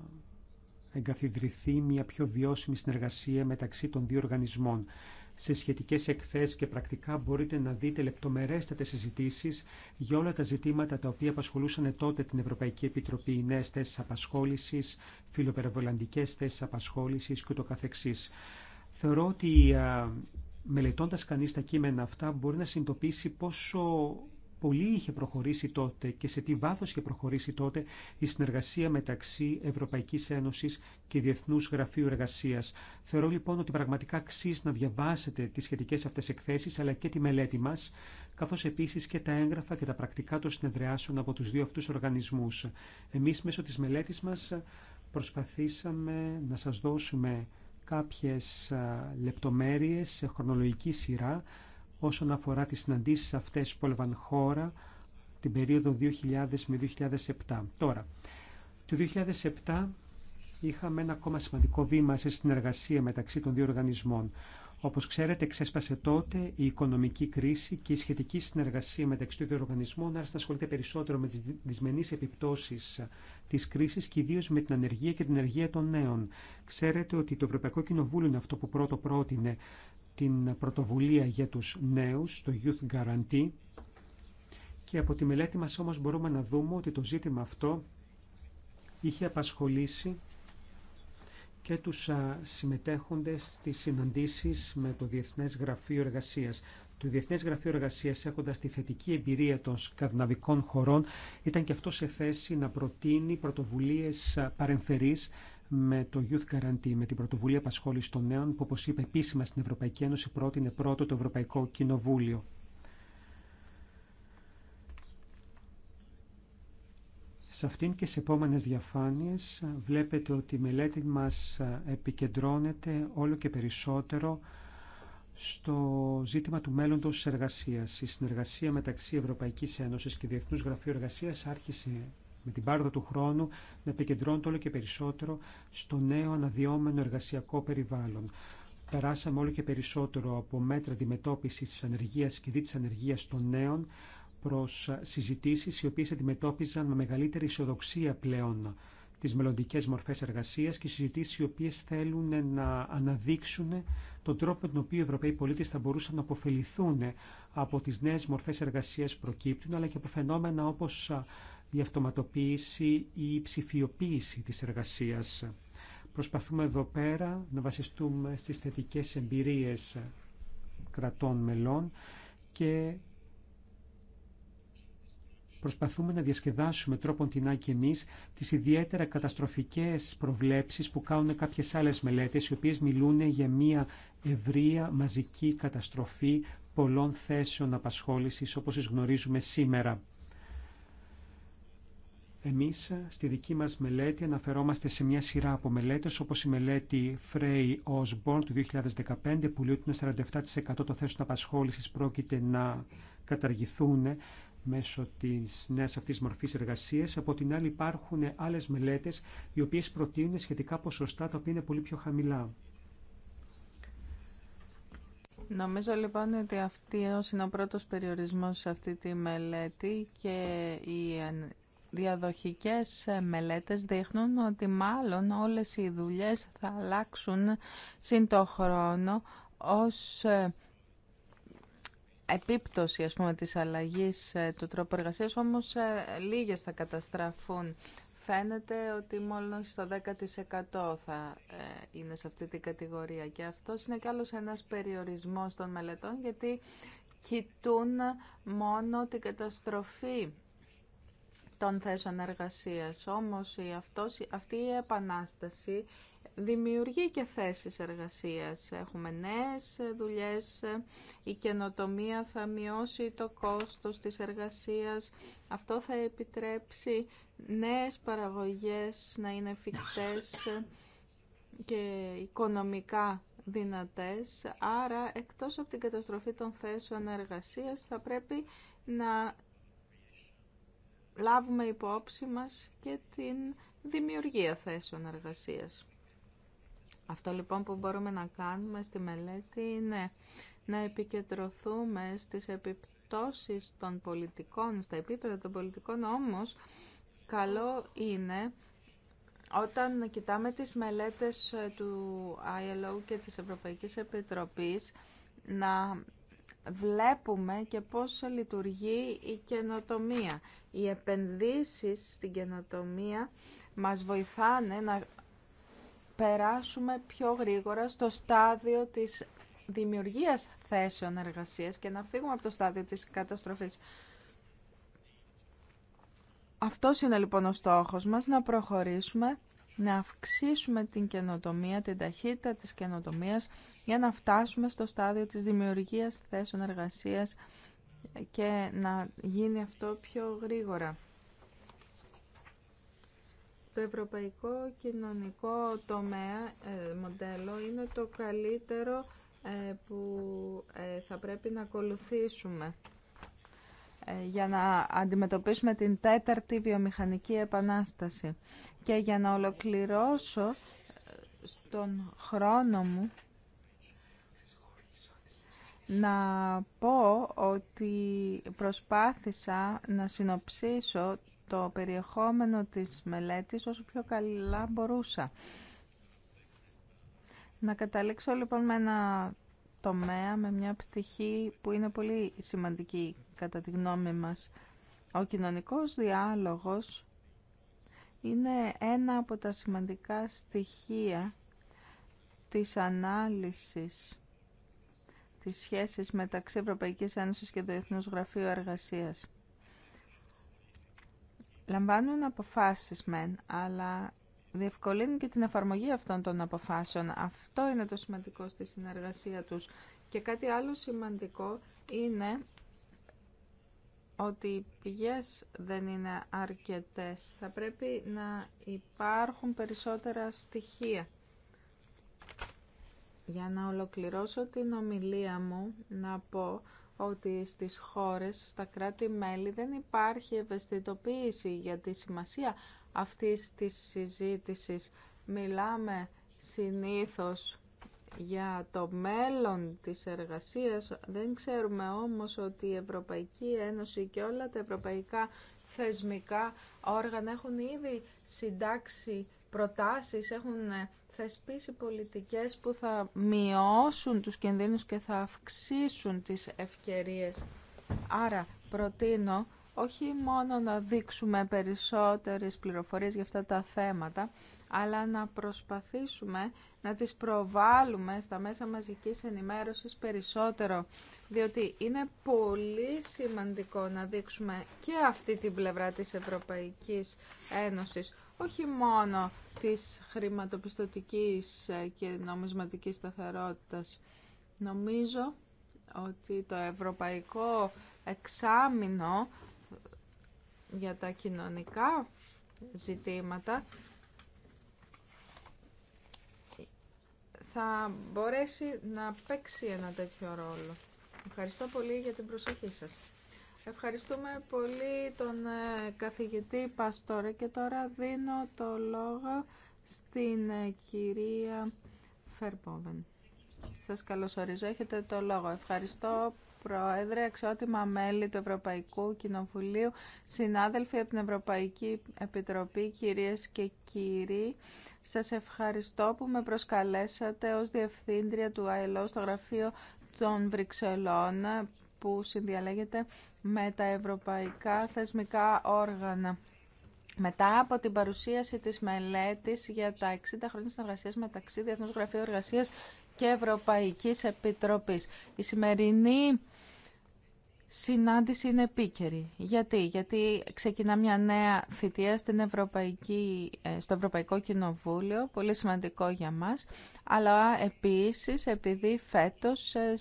εγκαθιδρυθεί μια πιο βιώσιμη συνεργασία μεταξύ των δύο οργανισμών. Σε σχετικές εκθέσεις και πρακτικά μπορείτε να δείτε λεπτομερέστατε συζητήσει για όλα τα ζητήματα τα οποία απασχολούσαν τότε την Ευρωπαϊκή Επιτροπή, νέες θέσεις απασχόλησης, φιλοπεραβολαντικές θέσεις απασχόλησης κ.ο.κ. Θεωρώ ότι μελετώντα κανεί τα κείμενα αυτά μπορεί να συνειδητοποιήσει πόσο πολύ είχε προχωρήσει τότε και σε τι βάθος είχε προχωρήσει τότε η συνεργασία μεταξύ Ευρωπαϊκής Ένωσης και Διεθνούς Γραφείου Εργασίας. Θεωρώ λοιπόν ότι πραγματικά αξίζει να διαβάσετε τις σχετικές αυτές εκθέσεις αλλά και τη μελέτη μας, καθώς επίσης και τα έγγραφα και τα πρακτικά των συνεδριάσεων από τους δύο αυτούς οργανισμούς. Εμείς μέσω της μελέτης μας προσπαθήσαμε να σας δώσουμε κάποιες λεπτομέρειες σε χρονολογική σειρά όσον αφορά τις συναντήσεις αυτές που έλαβαν χώρα την περίοδο 2000 με 2007. Τώρα, το 2007 είχαμε ένα ακόμα σημαντικό βήμα σε συνεργασία μεταξύ των δύο οργανισμών. Όπως ξέρετε, ξέσπασε τότε η οικονομική κρίση και η σχετική συνεργασία μεταξύ των δύο οργανισμών άρα ασχολείται περισσότερο με τις δυσμενείς επιπτώσεις της κρίσης και ιδίως με την ανεργία και την ενεργία των νέων. Ξέρετε ότι το Ευρωπαϊκό Κοινοβούλιο είναι αυτό που πρώτο πρότεινε την πρωτοβουλία για τους νέους, το Youth Guarantee, και από τη μελέτη μας όμως μπορούμε να δούμε ότι το ζήτημα αυτό είχε απασχολήσει και τους συμμετέχοντες στις συναντήσεις με το Διεθνές Γραφείο Εργασίας. Το Διεθνές Γραφείο Εργασίας έχοντας τη θετική εμπειρία των σκανδιναβικών χωρών ήταν και αυτό σε θέση να προτείνει πρωτοβουλίες παρεμφερείς με το Youth Guarantee, με την πρωτοβουλία απασχόληση των νέων, που όπω είπε επίσημα στην Ευρωπαϊκή Ένωση πρότεινε πρώτο το Ευρωπαϊκό Κοινοβούλιο. Σε αυτήν και σε επόμενες διαφάνειες βλέπετε ότι η μελέτη μας επικεντρώνεται όλο και περισσότερο στο ζήτημα του μέλλοντος της εργασίας. Η συνεργασία μεταξύ Ευρωπαϊκής Ένωσης και Διεθνούς Γραφείου Εργασίας άρχισε με την πάροδο του χρόνου να επικεντρώνεται όλο και περισσότερο στο νέο αναδυόμενο εργασιακό περιβάλλον. Περάσαμε όλο και περισσότερο από μέτρα αντιμετώπιση τη ανεργία και δι τη ανεργία των νέων προ συζητήσει οι οποίε αντιμετώπιζαν με μεγαλύτερη ισοδοξία πλέον τι μελλοντικέ μορφέ εργασία και συζητήσει οι οποίε θέλουν να αναδείξουν τον τρόπο με τον οποίο οι Ευρωπαίοι πολίτε θα μπορούσαν να αποφεληθούν από τι νέε μορφέ εργασία προκύπτουν, αλλά και από φαινόμενα όπω η αυτοματοποίηση ή η ψηφιοποίηση της εργασίας. Προσπαθούμε εδώ πέρα να βασιστούμε στις θετικές εμπειρίες κρατών μελών και προσπαθούμε να διασκεδάσουμε τρόπον την και εμεί τις ιδιαίτερα καταστροφικές προβλέψεις που κάνουν κάποιες άλλες μελέτες οι οποίες μιλούν για μια ευρεία μαζική καταστροφή πολλών θέσεων απασχόλησης όπως τις γνωρίζουμε σήμερα. Εμείς στη δική μας μελέτη αναφερόμαστε σε μια σειρά από μελέτες όπως η μελέτη Frey Osborne του 2015 που λέει ότι ένα 47% των θέσεων απασχόλησης πρόκειται να καταργηθούν μέσω της νέας αυτής μορφής εργασίας. Από την άλλη υπάρχουν άλλες μελέτες οι οποίες προτείνουν σχετικά ποσοστά τα οποία είναι πολύ πιο χαμηλά. Νομίζω λοιπόν ότι αυτό είναι ο πρώτος περιορισμός σε αυτή τη μελέτη και η διαδοχικές ε, μελέτες δείχνουν ότι μάλλον όλες οι δουλειές θα αλλάξουν σύν το χρόνο ως ε, επίπτωση ας πούμε, της αλλαγής ε, του τρόπου εργασίας, όμως λίγες θα καταστραφούν. Φαίνεται ότι μόνο στο 10% θα είναι σε αυτή την κατηγορία και αυτό είναι κι άλλος ένας περιορισμός των μελετών γιατί κοιτούν μόνο την καταστροφή των θέσεων εργασίας. Όμως αυτή η επανάσταση δημιουργεί και θέσεις εργασίας. Έχουμε νέες δουλειές, η καινοτομία θα μειώσει το κόστος της εργασίας. Αυτό θα επιτρέψει νέες παραγωγές να είναι εφικτές και οικονομικά δυνατές. Άρα, εκτός από την καταστροφή των θέσεων εργασίας, θα πρέπει να λάβουμε υπόψη μας και την δημιουργία θέσεων εργασίας. Αυτό λοιπόν που μπορούμε να κάνουμε στη μελέτη είναι να επικεντρωθούμε στις επιπτώσεις των πολιτικών, στα επίπεδα των πολιτικών όμως, καλό είναι όταν κοιτάμε τις μελέτες του ILO και της Ευρωπαϊκής Επιτροπής να βλέπουμε και πώς λειτουργεί η καινοτομία. Οι επενδύσεις στην καινοτομία μας βοηθάνε να περάσουμε πιο γρήγορα στο στάδιο της δημιουργίας θέσεων εργασίας και να φύγουμε από το στάδιο της καταστροφής. Αυτό είναι λοιπόν ο στόχος μας, να προχωρήσουμε να αυξήσουμε την καινοτομία, την ταχύτητα της καινοτομίας για να φτάσουμε στο στάδιο της δημιουργίας θέσεων εργασίας και να γίνει αυτό πιο γρήγορα. Το ευρωπαϊκό κοινωνικό τομέα ε, μοντέλο είναι το καλύτερο ε, που ε, θα πρέπει να ακολουθήσουμε. Ε, για να αντιμετωπίσουμε την τέταρτη βιομηχανική επανάσταση. Και για να ολοκληρώσω ε, στον χρόνο μου να πω ότι προσπάθησα να συνοψίσω το περιεχόμενο της μελέτης όσο πιο καλά μπορούσα. Να καταλήξω λοιπόν με ένα τομέα με μια πτυχή που είναι πολύ σημαντική κατά τη γνώμη μας. Ο κοινωνικός διάλογος είναι ένα από τα σημαντικά στοιχεία της ανάλυσης της σχέσης μεταξύ Ευρωπαϊκής Ένωσης και του Εθνούς Γραφείου Εργασίας. Λαμβάνουν αποφάσεις μεν, αλλά διευκολύνουν και την εφαρμογή αυτών των αποφάσεων. Αυτό είναι το σημαντικό στη συνεργασία τους. Και κάτι άλλο σημαντικό είναι ότι οι πηγές δεν είναι αρκετές. Θα πρέπει να υπάρχουν περισσότερα στοιχεία. Για να ολοκληρώσω την ομιλία μου, να πω ότι στις χώρες, στα κράτη-μέλη δεν υπάρχει ευαισθητοποίηση για τη σημασία αυτής της συζήτησης. Μιλάμε συνήθως για το μέλλον της εργασίας, δεν ξέρουμε όμως ότι η Ευρωπαϊκή Ένωση και όλα τα ευρωπαϊκά θεσμικά όργανα έχουν ήδη συντάξει προτάσεις, έχουν θεσπίσει πολιτικές που θα μειώσουν τους κινδύνους και θα αυξήσουν τις ευκαιρίες. Άρα προτείνω όχι μόνο να δείξουμε περισσότερες πληροφορίες για αυτά τα θέματα, αλλά να προσπαθήσουμε να τις προβάλλουμε στα μέσα μαζικής ενημέρωσης περισσότερο, διότι είναι πολύ σημαντικό να δείξουμε και αυτή την πλευρά της Ευρωπαϊκής Ένωσης, όχι μόνο της χρηματοπιστωτικής και νομισματικής σταθερότητας. Νομίζω ότι το ευρωπαϊκό εξάμεινο για τα κοινωνικά ζητήματα θα μπορέσει να παίξει ένα τέτοιο ρόλο. Ευχαριστώ πολύ για την προσοχή σας. Ευχαριστούμε πολύ τον ε, καθηγητή Παστόρε και τώρα δίνω το λόγο στην ε, κυρία Φερπόβεν. Σας καλωσορίζω. Έχετε το λόγο. Ευχαριστώ Πρόεδρε, εξότιμα μέλη του Ευρωπαϊκού Κοινοβουλίου, συνάδελφοι από την Ευρωπαϊκή Επιτροπή, κυρίες και κύριοι, σας ευχαριστώ που με προσκαλέσατε ως Διευθύντρια του ΑΕΛΟ στο Γραφείο των Βρυξελών, που συνδιαλέγεται με τα ευρωπαϊκά θεσμικά όργανα. Μετά από την παρουσίαση της μελέτης για τα 60 χρόνια συνεργασίας μεταξύ Διεθνούς Γραφείου Εργασίας και Ευρωπαϊκής Επιτροπής. Η σημερινή συνάντηση είναι επίκαιρη. Γιατί, Γιατί ξεκινά μια νέα θητεία στην ε, στο Ευρωπαϊκό Κοινοβούλιο, πολύ σημαντικό για μας, αλλά επίσης επειδή φέτος ε,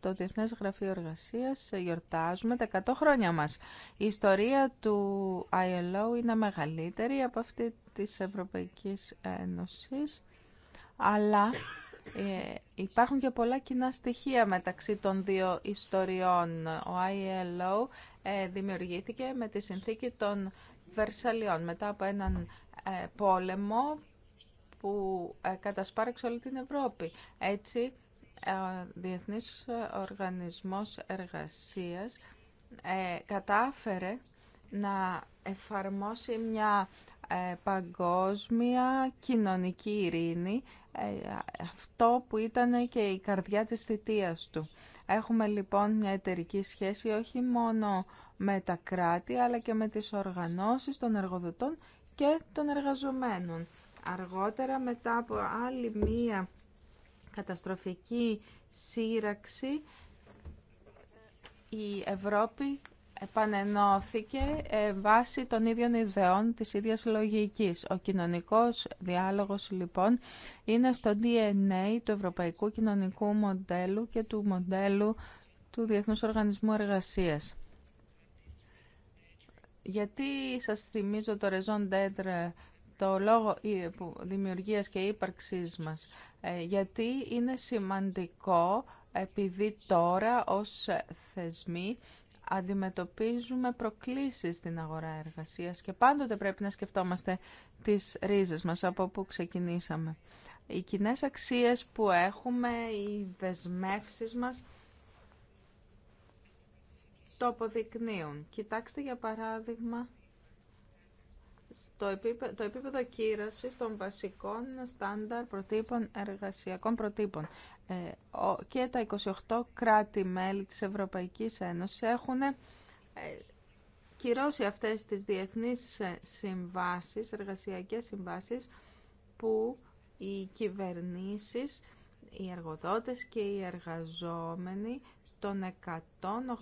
το Διεθνές Γραφείο Εργασίας ε, γιορτάζουμε τα 100 χρόνια μας. Η ιστορία του ILO είναι μεγαλύτερη από αυτή της Ευρωπαϊκής Ένωσης, αλλά ε, υπάρχουν και πολλά κοινά στοιχεία μεταξύ των δύο ιστοριών. Ο ILO ε, δημιουργήθηκε με τη συνθήκη των Βερσαλιών μετά από έναν ε, πόλεμο που κατασπάρεξε όλη την Ευρώπη. Έτσι, ο Διεθνής Οργανισμός Εργασίας κατάφερε να εφαρμόσει μια παγκόσμια κοινωνική ειρήνη ε, αυτό που ήταν και η καρδιά της θητείας του. Έχουμε λοιπόν μια εταιρική σχέση όχι μόνο με τα κράτη αλλά και με τις οργανώσεις των εργοδοτών και των εργαζομένων. Αργότερα μετά από άλλη μία καταστροφική σύραξη η Ευρώπη επανενώθηκε ε, βάσει των ίδιων ιδεών της ίδιας λογικής. Ο κοινωνικός διάλογος λοιπόν είναι στο DNA του ευρωπαϊκού κοινωνικού μοντέλου και του μοντέλου του Διεθνούς Οργανισμού Εργασίας. Γιατί σας θυμίζω το Ρεζόν Τέτρε, το λόγο ε, δημιουργίας και ύπαρξής μας. Ε, γιατί είναι σημαντικό επειδή τώρα ως θεσμοί αντιμετωπίζουμε προκλήσεις στην αγορά εργασίας και πάντοτε πρέπει να σκεφτόμαστε τις ρίζες μας από όπου ξεκινήσαμε. Οι κοινέ αξίες που έχουμε, οι δεσμεύσει μας το αποδεικνύουν. Κοιτάξτε για παράδειγμα το επίπεδο κύρασης των βασικών στάνταρ προτύπων εργασιακών προτύπων. Ε, και τα 28 κράτη-μέλη της Ευρωπαϊκής Ένωσης έχουν ε, κυρώσει αυτές τις διεθνείς ε, συμβάσεις, εργασιακές συμβάσεις που οι κυβερνήσεις, οι εργοδότες και οι εργαζόμενοι των 187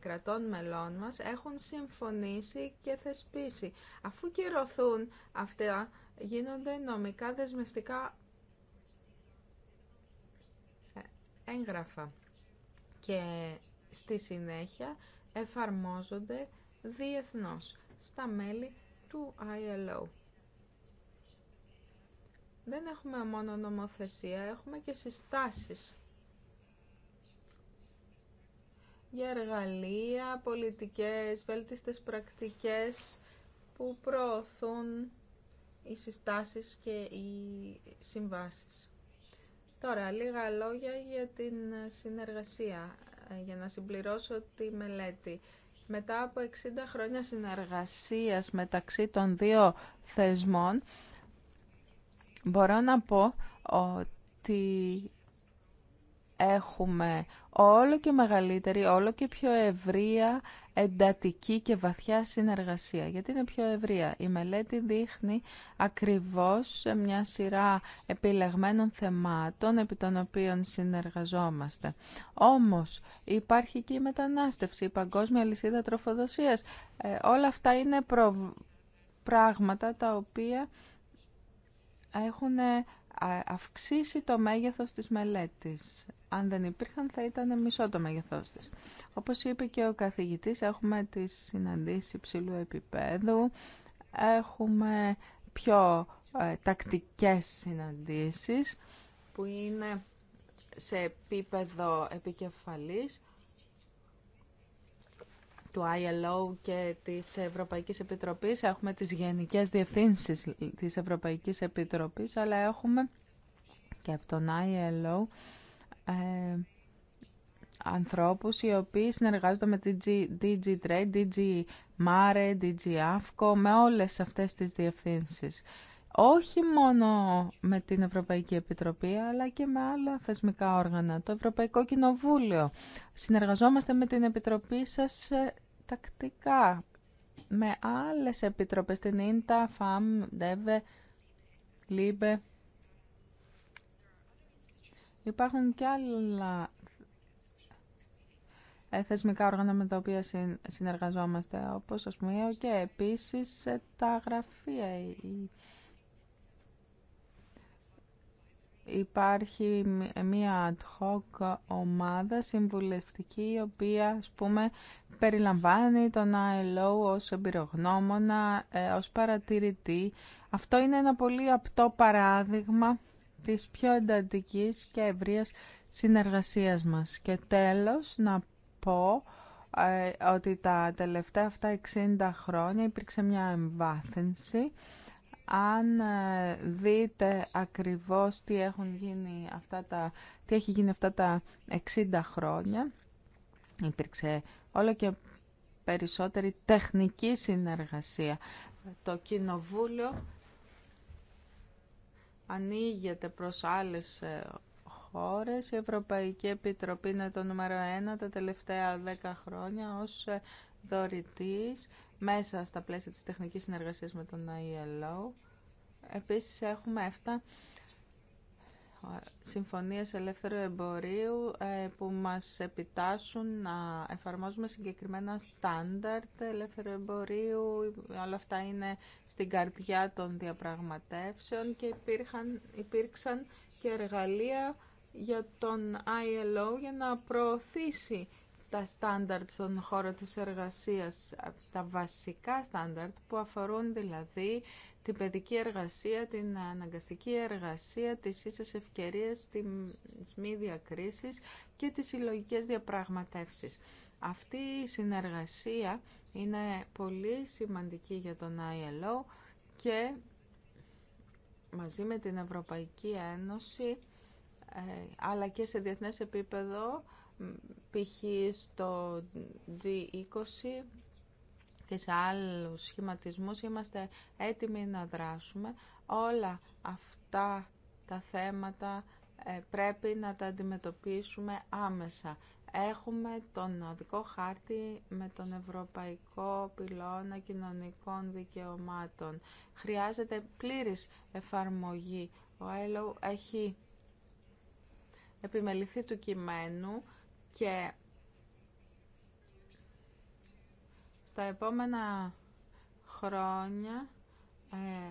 κρατών μελών μας έχουν συμφωνήσει και θεσπίσει. Αφού κυρωθούν αυτά, γίνονται νομικά δεσμευτικά έγγραφα και στη συνέχεια εφαρμόζονται διεθνώς στα μέλη του ILO. Δεν έχουμε μόνο νομοθεσία, έχουμε και συστάσεις για εργαλεία, πολιτικές, βέλτιστες πρακτικές που προωθούν οι συστάσεις και οι συμβάσεις. Τώρα, λίγα λόγια για την συνεργασία, ε, για να συμπληρώσω τη μελέτη. Μετά από 60 χρόνια συνεργασίας μεταξύ των δύο θεσμών, μπορώ να πω ότι έχουμε όλο και μεγαλύτερη, όλο και πιο ευρεία, εντατική και βαθιά συνεργασία. Γιατί είναι πιο ευρεία. Η μελέτη δείχνει ακριβώς μια σειρά επιλεγμένων θεμάτων επί των οποίων συνεργαζόμαστε. Όμως υπάρχει και η μετανάστευση, η παγκόσμια λυσίδα τροφοδοσίας. Ε, όλα αυτά είναι πράγματα τα οποία έχουν αυξήσει το μέγεθος της μελέτης. Αν δεν υπήρχαν θα ήταν μισό το μέγεθός της. Όπως είπε και ο καθηγητής, έχουμε τις συναντήσεις υψηλού επίπεδου, έχουμε πιο ε, τακτικές συναντήσεις που είναι σε επίπεδο επικεφαλής του ILO και της Ευρωπαϊκής Επιτροπής. Έχουμε τις γενικές διευθύνσεις της Ευρωπαϊκής Επιτροπής, αλλά έχουμε και από τον ILO ε, ανθρώπους οι οποίοι συνεργάζονται με DG, DG Trade, DG Mare, DG AFCO, με όλες αυτές τις διευθύνσεις όχι μόνο με την Ευρωπαϊκή Επιτροπή, αλλά και με άλλα θεσμικά όργανα, το Ευρωπαϊκό Κοινοβούλιο. Συνεργαζόμαστε με την Επιτροπή σας ε, τακτικά, με άλλες επιτροπές, την ΙΝΤΑ, ΦΑΜ, ΔΕΒΕ, ΛΥΜΠΕ. Υπάρχουν και άλλα ε, θεσμικά όργανα με τα οποία συνεργαζόμαστε, όπως ο πούμε και επίσης ε, τα γραφεία, υπάρχει μία ad hoc ομάδα συμβουλευτική η οποία ας πούμε περιλαμβάνει τον ILO ως εμπειρογνώμονα, ε, ως παρατηρητή. Αυτό είναι ένα πολύ απτό παράδειγμα της πιο εντατικής και ευρείας συνεργασίας μας. Και τέλος να πω ε, ότι τα τελευταία αυτά 60 χρόνια υπήρξε μια εμβάθυνση αν ε, δείτε ακριβώς τι, έχουν γίνει αυτά τα, τι έχει γίνει αυτά τα 60 χρόνια, υπήρξε όλο και περισσότερη τεχνική συνεργασία. Το Κοινοβούλιο ανοίγεται προς άλλες ε, χώρες. Η Ευρωπαϊκή Επιτροπή είναι το νούμερο ένα τα τελευταία 10 χρόνια ως ε, δωρητής μέσα στα πλαίσια της τεχνικής συνεργασίας με τον ILO. Επίσης έχουμε 7 συμφωνίες ελεύθερου εμπορίου ε, που μας επιτάσσουν να εφαρμόζουμε συγκεκριμένα στάνταρτ ελεύθερου εμπορίου. Όλα αυτά είναι στην καρδιά των διαπραγματεύσεων και υπήρχαν, υπήρξαν και εργαλεία για τον ILO για να προωθήσει τα στάνταρτ στον χώρο της εργασίας, τα βασικά στάνταρτ που αφορούν δηλαδή την παιδική εργασία, την αναγκαστική εργασία, τις ίσες ευκαιρίες, τις μη διακρίσεις και τις συλλογικέ διαπραγματεύσεις. Αυτή η συνεργασία είναι πολύ σημαντική για τον ILO και μαζί με την Ευρωπαϊκή Ένωση ε, αλλά και σε διεθνές επίπεδο π.χ. στο G20 και σε άλλους σχηματισμούς είμαστε έτοιμοι να δράσουμε. Όλα αυτά τα θέματα ε, πρέπει να τα αντιμετωπίσουμε άμεσα. Έχουμε τον οδικό χάρτη με τον Ευρωπαϊκό Πυλώνα Κοινωνικών Δικαιωμάτων. Χρειάζεται πλήρης εφαρμογή. Ο ΕΛΟ έχει επιμεληθεί του κειμένου και στα επόμενα χρόνια ε,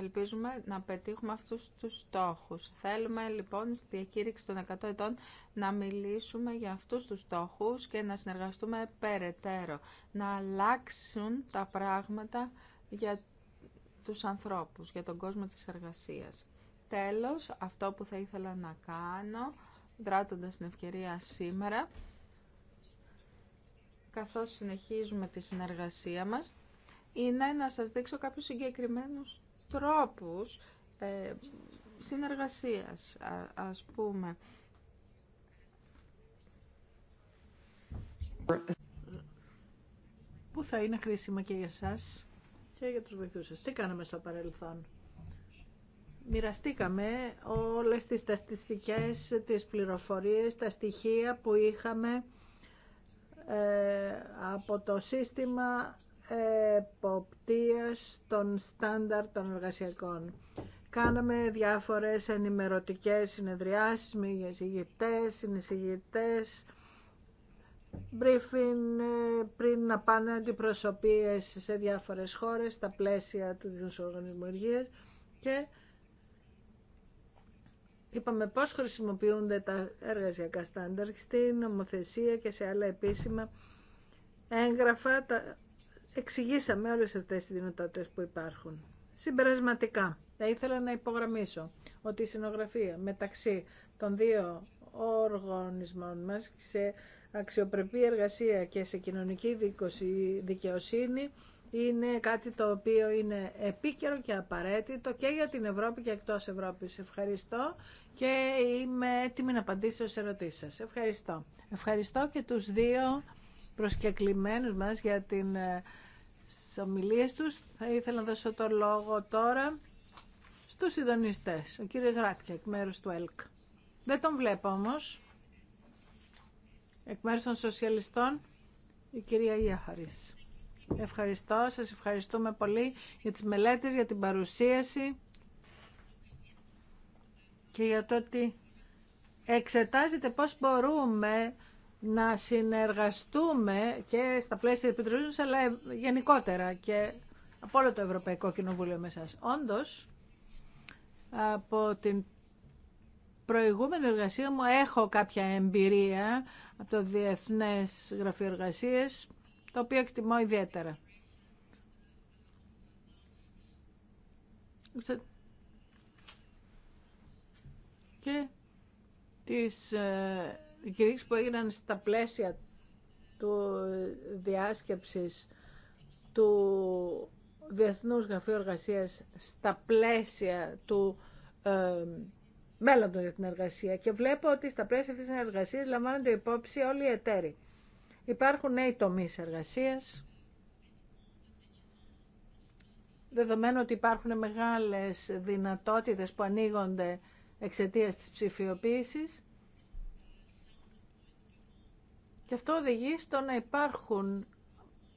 ελπίζουμε να πετύχουμε αυτούς τους στόχους. Θέλουμε λοιπόν στη διακήρυξη των 100 ετών να μιλήσουμε για αυτούς τους στόχους και να συνεργαστούμε περαιτέρω, να αλλάξουν τα πράγματα για τους ανθρώπους, για τον κόσμο της εργασίας. Τέλος, αυτό που θα ήθελα να κάνω δράτοντας την ευκαιρία σήμερα, καθώς συνεχίζουμε τη συνεργασία μας, είναι να σας δείξω κάποιους συγκεκριμένους τρόπους ε, συνεργασίας, α, ας πούμε. Που θα είναι χρήσιμα και για σας και για τους βοηθούς σας. Τι κάναμε στο παρελθόν μοιραστήκαμε όλες τις στατιστικές, τις πληροφορίες, τα στοιχεία που είχαμε ε, από το σύστημα εποπτείας των στάνταρ των εργασιακών. Κάναμε διάφορες ενημερωτικές συνεδριάσεις με εισηγητές, συνεισηγητές, briefing ε, πριν να πάνε αντιπροσωπείες σε διάφορες χώρες στα πλαίσια του Διεθνούς Οργανισμού και Είπαμε πώς χρησιμοποιούνται τα εργασιακά στάνταρ στην νομοθεσία και σε άλλα επίσημα έγγραφα. Τα... Εξηγήσαμε όλες αυτές τις δυνατότητες που υπάρχουν. Συμπερασματικά, θα ήθελα να υπογραμμίσω ότι η συνογραφία μεταξύ των δύο οργανισμών μας σε αξιοπρεπή εργασία και σε κοινωνική δικαιοσύνη είναι κάτι το οποίο είναι επίκαιρο και απαραίτητο και για την Ευρώπη και εκτός Ευρώπης. Ευχαριστώ και είμαι έτοιμη να απαντήσω σε ερωτήσεις σας. Ευχαριστώ. Ευχαριστώ και τους δύο προσκεκλημένους μας για την ε, ομιλίες τους. Θα ήθελα να δώσω το λόγο τώρα στους συντονιστές. Ο κύριος Ράτκια, εκ μέρους του ΕΛΚ. Δεν τον βλέπω όμως. Εκ μέρους των σοσιαλιστών, η κυρία Ιαχαρίς. Ευχαριστώ, σας ευχαριστούμε πολύ για τις μελέτες, για την παρουσίαση και για το ότι εξετάζετε πώς μπορούμε να συνεργαστούμε και στα πλαίσια της Επιτροπής αλλά γενικότερα και από όλο το Ευρωπαϊκό Κοινοβούλιο με σας. Όντως, από την προηγούμενη εργασία μου έχω κάποια εμπειρία από το Διεθνές Γραφείο Εργασίες το οποίο εκτιμώ ιδιαίτερα. Και τις ε, κηρύξεις που έγιναν στα πλαίσια του διάσκεψης του Διεθνούς Γραφείου Εργασίας στα πλαίσια του ε, μέλλοντος για την εργασία και βλέπω ότι στα πλαίσια αυτής της εργασίας λαμβάνονται υπόψη όλοι οι εταίροι. Υπάρχουν νέοι τομείς εργασίας, δεδομένου ότι υπάρχουν μεγάλες δυνατότητες που ανοίγονται εξαιτία της ψηφιοποίησης και αυτό οδηγεί στο να υπάρχουν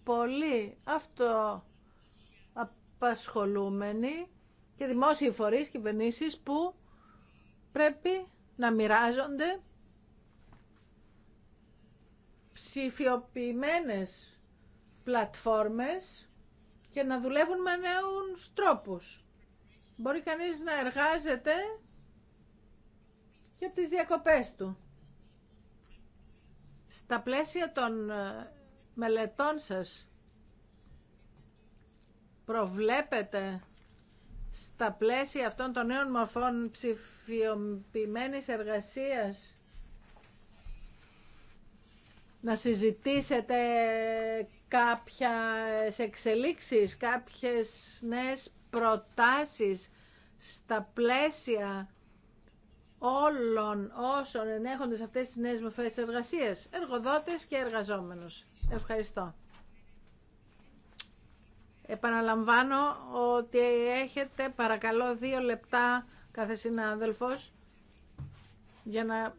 πολλοί αυτοαπασχολούμενοι και δημόσιοι φορείς, κυβερνήσεις που πρέπει να μοιράζονται ψηφιοποιημένες πλατφόρμες και να δουλεύουν με νέους τρόπους. Μπορεί κανείς να εργάζεται και από τις διακοπές του. Στα πλαίσια των ε, μελετών σας προβλέπετε στα πλαίσια αυτών των νέων μορφών ψηφιοποιημένης εργασίας να συζητήσετε κάποια εξελίξεις, κάποιες νέες προτάσεις στα πλαίσια όλων όσων ενέχονται σε αυτές τις νέες μορφές εργασίας, εργοδότες και εργαζόμενους. Ευχαριστώ. Επαναλαμβάνω ότι έχετε παρακαλώ δύο λεπτά κάθε συνάδελφος για να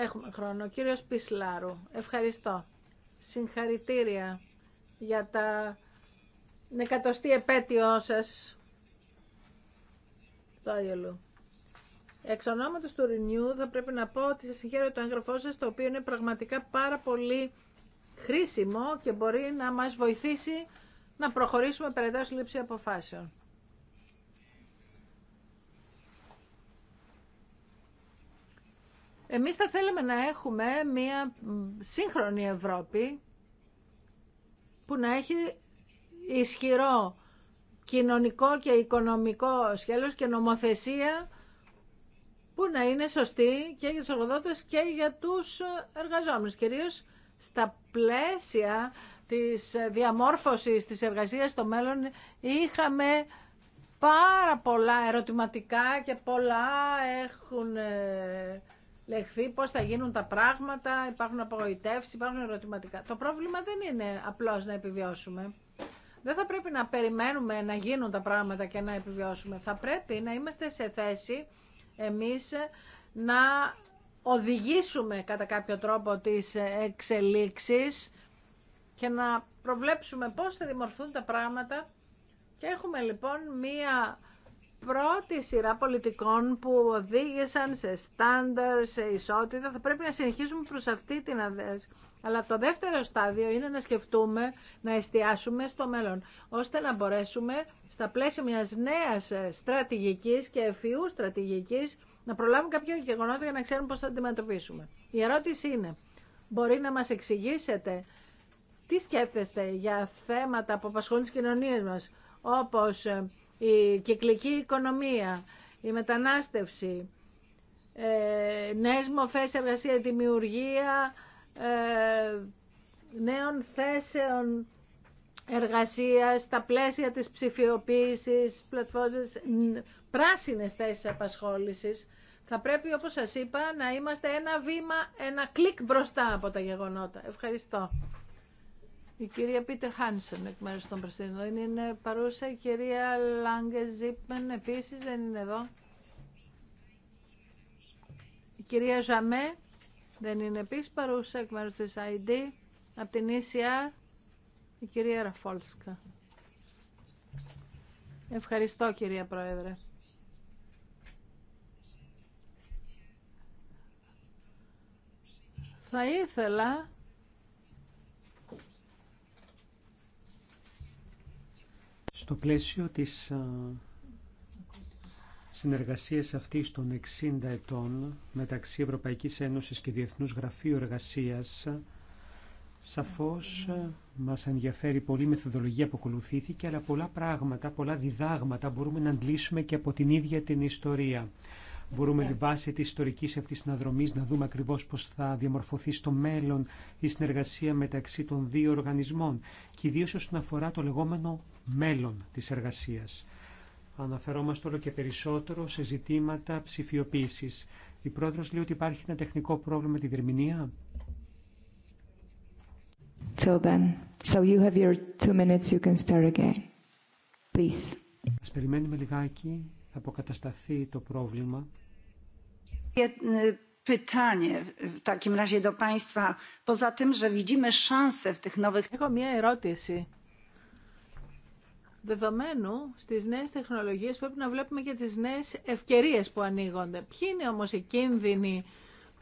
Έχουμε χρόνο. Κύριος Πισλάρου, ευχαριστώ. Συγχαρητήρια για τα εκατοστή επέτειό σας στο Άγιελου. Εξ ονόματος του Renew θα πρέπει να πω ότι σας συγχαίρω το έγγραφό σας, το οποίο είναι πραγματικά πάρα πολύ χρήσιμο και μπορεί να μας βοηθήσει να προχωρήσουμε περαιτέρω λήψη αποφάσεων. Εμείς θα θέλαμε να έχουμε μία σύγχρονη Ευρώπη που να έχει ισχυρό κοινωνικό και οικονομικό σχέλος και νομοθεσία που να είναι σωστή και για τους εργοδότες και για τους εργαζόμενους. Κυρίως στα πλαίσια της διαμόρφωσης της εργασίας στο μέλλον είχαμε πάρα πολλά ερωτηματικά και πολλά έχουν ε, λεχθεί πώς θα γίνουν τα πράγματα, υπάρχουν απογοητεύσει, υπάρχουν ερωτηματικά. Το πρόβλημα δεν είναι απλώς να επιβιώσουμε. Δεν θα πρέπει να περιμένουμε να γίνουν τα πράγματα και να επιβιώσουμε. Θα πρέπει να είμαστε σε θέση εμείς να οδηγήσουμε κατά κάποιο τρόπο τις εξελίξεις και να προβλέψουμε πώς θα δημορφούν τα πράγματα και έχουμε λοιπόν μία πρώτη σειρά πολιτικών που οδήγησαν σε στάνταρ, σε ισότητα. Θα πρέπει να συνεχίσουμε προς αυτή την αδέση. Αλλά το δεύτερο στάδιο είναι να σκεφτούμε, να εστιάσουμε στο μέλλον, ώστε να μπορέσουμε στα πλαίσια μιας νέας στρατηγικής και εφιού στρατηγικής να προλάβουμε κάποια γεγονότα για να ξέρουμε πώς θα αντιμετωπίσουμε. Η ερώτηση είναι, μπορεί να μας εξηγήσετε τι σκέφτεστε για θέματα που απασχολούν τις κοινωνίες μας, όπως ε, η κυκλική οικονομία, η μετανάστευση, ε, νέες μοφές εργασία, δημιουργία ε, νέων θέσεων εργασίας, τα πλαίσια της ψηφιοποίησης, πλατφόρμες, πράσινες θέσεις απασχόλησης. Θα πρέπει, όπως σας είπα, να είμαστε ένα βήμα, ένα κλικ μπροστά από τα γεγονότα. Ευχαριστώ. Η κυρία Πίτερ Χάνσον, εκ μέρους των Δεν είναι παρούσα. Η κυρία Λάγκε Ζίπμεν επίσης δεν είναι εδώ. Η κυρία Ζαμέ δεν είναι επίσης παρούσα, εκ μέρους της ID. Από την ECR, η κυρία Ραφόλσκα. Ευχαριστώ, κυρία Πρόεδρε. Θα ήθελα Στο πλαίσιο της ε, συνεργασίας αυτής των 60 ετών μεταξύ Ευρωπαϊκής Ένωσης και Διεθνούς Γραφείου Εργασίας, σαφώς ε, μας ενδιαφέρει πολύ η μεθοδολογία που ακολουθήθηκε, αλλά πολλά πράγματα, πολλά διδάγματα μπορούμε να αντλήσουμε και από την ίδια την ιστορία. Μπορούμε με βάση τη ιστορική αυτή συναδρομή να δούμε ακριβώ πώ θα διαμορφωθεί στο μέλλον η συνεργασία μεταξύ των δύο οργανισμών και ιδίω όσον αφορά το λεγόμενο μέλλον τη εργασία. Αναφερόμαστε όλο και περισσότερο σε ζητήματα ψηφιοποίηση. Η πρόεδρο λέει ότι υπάρχει ένα τεχνικό πρόβλημα με τη διερμηνία. Till then. So you have your two minutes, you can start again. Please. Ας περιμένουμε λιγάκι, θα αποκατασταθεί το πρόβλημα. Έχω μία ερώτηση. Δεδομένου στι νέε τεχνολογίε πρέπει να βλέπουμε και τι νέε ευκαιρίε που ανοίγονται. Ποιοι είναι όμω οι κίνδυνοι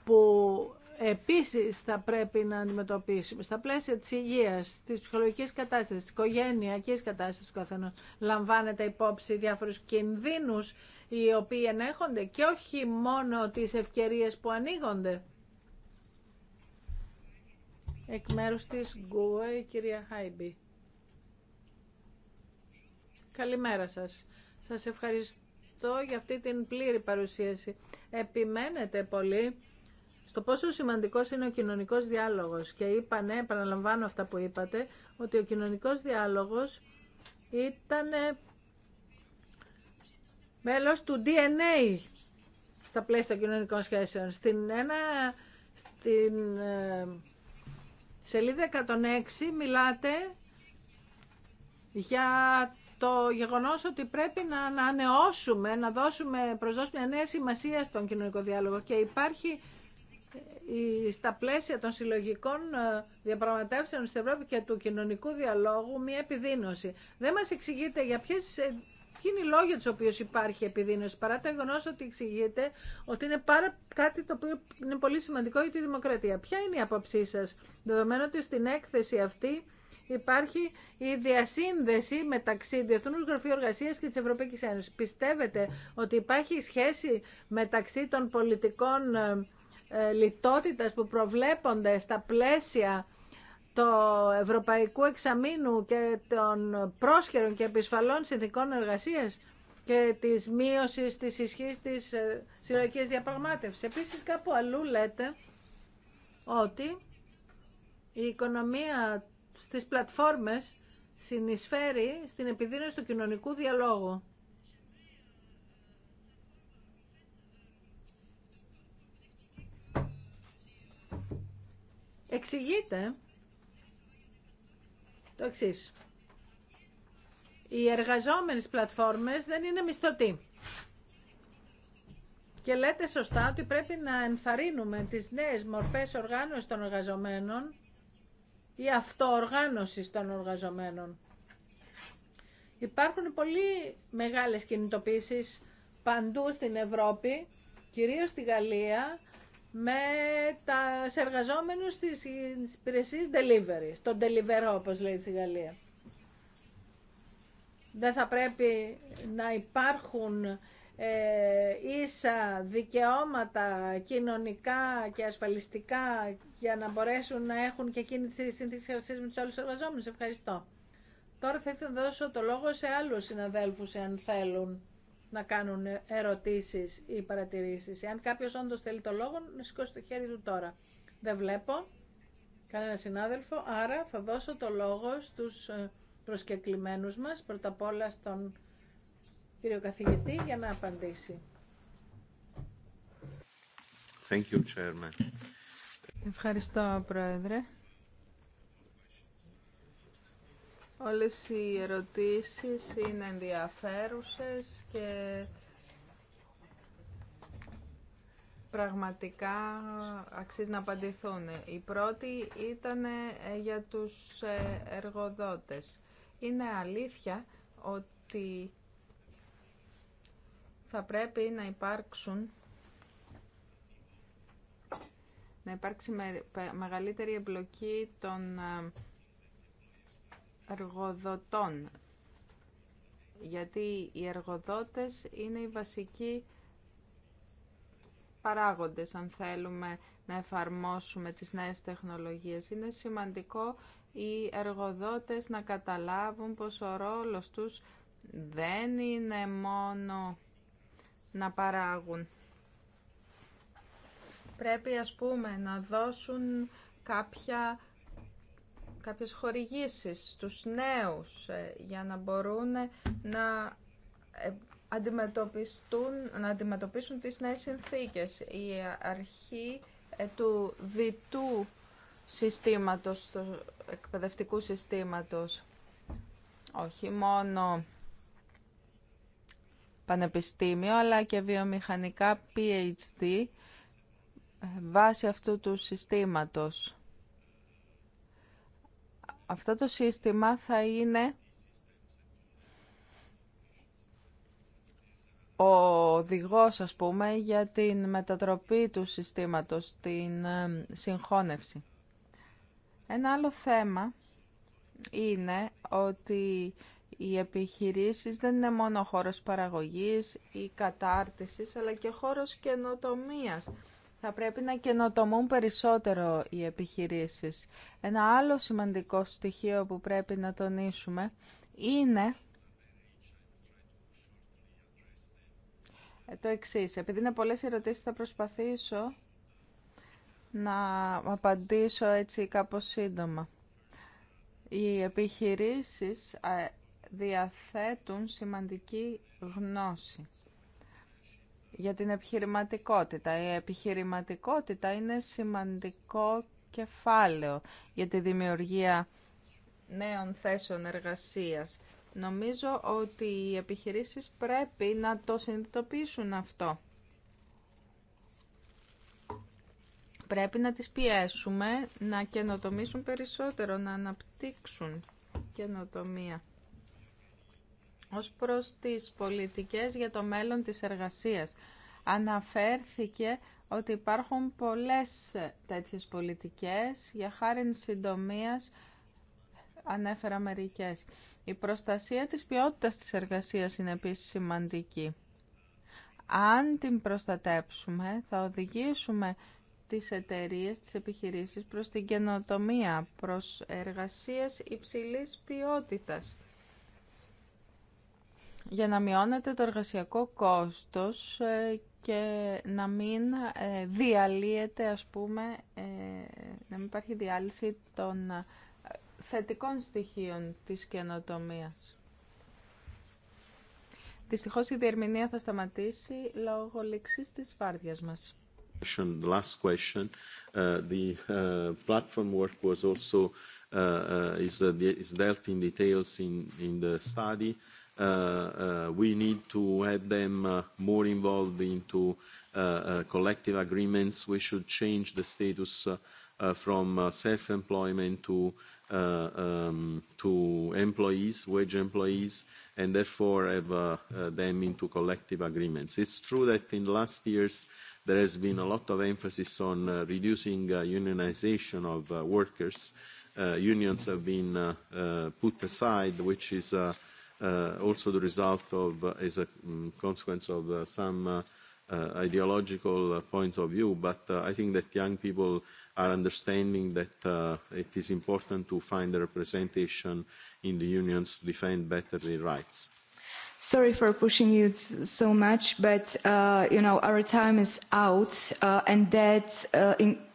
που επίση θα πρέπει να αντιμετωπίσουμε στα πλαίσια τη υγείας, της ψυχολογικής κατάστασης, της οικογένειακής κατάσταση του καθένα, Λαμβάνεται υπόψη διάφορου κινδύνου, οι οποίοι ενέχονται και όχι μόνο τις ευκαιρίες που ανοίγονται. Εκ μέρους της Γκουέ, η κυρία Χάιμπη. Καλημέρα σας. Σας ευχαριστώ για αυτή την πλήρη παρουσίαση. Επιμένετε πολύ στο πόσο σημαντικός είναι ο κοινωνικός διάλογος. Και είπα, ναι, επαναλαμβάνω αυτά που είπατε, ότι ο κοινωνικός διάλογος ήταν μέλος του DNA στα πλαίσια των κοινωνικών σχέσεων. Στην, ένα, στην ε, σελίδα 106 μιλάτε για το γεγονός ότι πρέπει να ανανεώσουμε, να δώσουμε, προσδώσουμε μια νέα σημασία στον κοινωνικό διάλογο και υπάρχει ε, στα πλαίσια των συλλογικών ε, διαπραγματεύσεων στην Ευρώπη και του κοινωνικού διαλόγου μια επιδείνωση. Δεν μας εξηγείτε για ποιες Ποιοι είναι οι λόγοι του οποίου υπάρχει επιδείνωση, παρά το γεγονό ότι εξηγείται ότι είναι πάρα κάτι το οποίο είναι πολύ σημαντικό για τη δημοκρατία. Ποια είναι η άποψή σα, δεδομένου ότι στην έκθεση αυτή υπάρχει η διασύνδεση μεταξύ Διεθνού Γραφείου Εργασία και τη Ευρωπαϊκή Ένωση. Πιστεύετε ότι υπάρχει σχέση μεταξύ των πολιτικών ε, ε, λιτότητας που προβλέπονται στα πλαίσια το Ευρωπαϊκού Εξαμήνου και των πρόσχερων και επισφαλών συνθηκών εργασίας και της μείωσης της ισχύς της ε, συλλογικής διαπραγμάτευσης. Επίσης κάπου αλλού λέτε ότι η οικονομία στις πλατφόρμες συνεισφέρει στην επιδείνωση του κοινωνικού διαλόγου. Εξηγείται το εξή. Οι εργαζόμενες πλατφόρμες δεν είναι μισθωτοί. Και λέτε σωστά ότι πρέπει να ενθαρρύνουμε τις νέες μορφές οργάνωσης των εργαζομένων ή αυτοοργάνωσης των εργαζομένων. Υπάρχουν πολύ μεγάλες κινητοποίησεις παντού στην Ευρώπη, κυρίως στη Γαλλία, με τα εργαζόμενους της υπηρεσίας delivery, στον delivery όπως λέει στη Γαλλία. Δεν θα πρέπει να υπάρχουν ε, ίσα δικαιώματα κοινωνικά και ασφαλιστικά για να μπορέσουν να έχουν και εκείνη τη σύνθεση εργασία με τους άλλους εργαζόμενους. Ευχαριστώ. Τώρα θα ήθελα να δώσω το λόγο σε άλλους συναδέλφους, αν θέλουν να κάνουν ερωτήσεις ή παρατηρήσεις. Εάν κάποιος όντως θέλει το λόγο, να σηκώσει το χέρι του τώρα. Δεν βλέπω κανένα συνάδελφο, άρα θα δώσω το λόγο στους ε, προσκεκλημένους μας, πρώτα απ' όλα στον κύριο καθηγητή, για να απαντήσει. Thank you, Ευχαριστώ, Πρόεδρε. Όλες οι ερωτήσεις είναι ενδιαφέρουσες και πραγματικά αξίζει να απαντηθούν. Η πρώτη ήταν ε, για τους ε, εργοδότες. Είναι αλήθεια ότι θα πρέπει να υπάρξουν να υπάρξει μεγαλύτερη εμπλοκή των ε, εργοδοτών γιατί οι εργοδότες είναι οι βασικοί παράγοντες αν θέλουμε να εφαρμόσουμε τις νέες τεχνολογίες. Είναι σημαντικό οι εργοδότες να καταλάβουν πως ο ρόλος τους δεν είναι μόνο να παράγουν. Πρέπει ας πούμε να δώσουν κάποια κάποιες χορηγήσεις στους νέους ε, για να μπορούν ε, να ε, αντιμετωπιστούν, να αντιμετωπίσουν τις νέες συνθήκες. Η αρχή του διτού συστήματος, του εκπαιδευτικού συστήματος, όχι μόνο πανεπιστήμιο, αλλά και βιομηχανικά PhD, βάσει αυτού του συστήματος. Αυτό το σύστημα θα είναι ο οδηγός, ας πούμε, για την μετατροπή του συστήματος, την ε, συγχώνευση. Ένα άλλο θέμα είναι ότι οι επιχειρήσεις δεν είναι μόνο χώρος παραγωγής ή κατάρτισης, αλλά και χώρος καινοτομίας. Θα πρέπει να καινοτομούν περισσότερο οι επιχειρήσεις. Ένα άλλο σημαντικό στοιχείο που πρέπει να τονίσουμε είναι το εξής. Επειδή είναι πολλές ερωτήσεις θα προσπαθήσω να απαντήσω έτσι κάπως σύντομα. Οι επιχειρήσεις ε, διαθέτουν σημαντική γνώση για την επιχειρηματικότητα. Η επιχειρηματικότητα είναι σημαντικό κεφάλαιο για τη δημιουργία νέων θέσεων εργασίας. Νομίζω ότι οι επιχειρήσεις πρέπει να το συνειδητοποιήσουν αυτό. Πρέπει να τις πιέσουμε να καινοτομήσουν περισσότερο, να αναπτύξουν καινοτομία ως προς τις πολιτικές για το μέλλον της εργασίας. Αναφέρθηκε ότι υπάρχουν πολλές τέτοιες πολιτικές, για χάρη συντομίας ανέφερα μερικές. Η προστασία της ποιότητας της εργασίας είναι επίσης σημαντική. Αν την προστατέψουμε, θα οδηγήσουμε τις εταιρείες, τις επιχειρήσεις προς την καινοτομία, προς εργασίες υψηλής ποιότητας για να μειώνεται το εργασιακό κόστος ε, και να μην ε, διαλύεται, ας πούμε, ε, να μην υπάρχει διάλυση των θετικών στοιχείων της καινοτομίας. Δυστυχώς η διερμηνία θα σταματήσει λόγω λήξης της βάρδιας μας. Last question. Uh, the uh, platform work was also uh, uh is, uh, is dealt in details in, in the study we need to have them more involved into collective agreements. We should change the status from self-employment to to employees, wage employees, and therefore have them into collective agreements. It's true that in the last years there has been a lot of emphasis on reducing unionization of workers. Unions have been put aside, which is a also the result of is a consequence of some ideological point of view but i think that young people are understanding that it is important to find a representation in the unions to defend better their rights sorry for pushing you so much but you know our time is out and that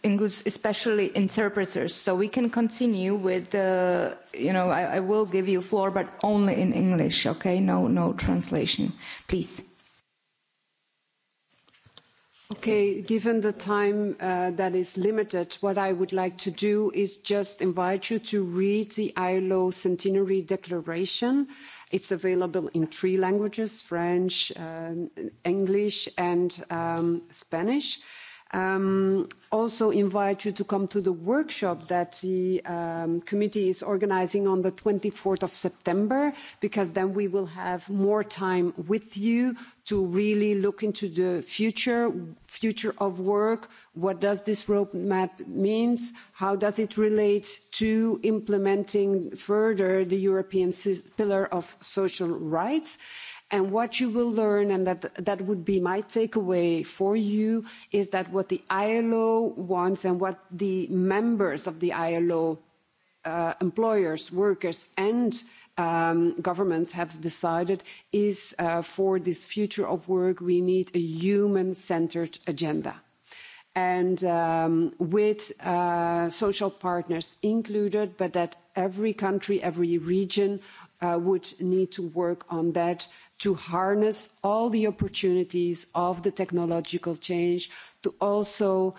includes especially interpreters so we can continue with the you know i will give you floor but only in english okay no no translation please okay given the time that is limited what i would like to do is just invite you to read the ilo centenary declaration It's available in three languages, French, English, and Spanish. Also invite you to come to the workshop that the committee is organising on the 24th of September, because then we will have more time with you to really look into the future, future of work, what does this roadmap mean how does it relate to implementing further the european pillar of social rights and what you will learn and that would be my takeaway for you is that what the ilo wants and what the members of the ilo employers workers and governments have decided is for this future of work we need a human centred agenda and with social partners included, but that every country, every region would need to work on that to harness all the opportunities of the technological change, to also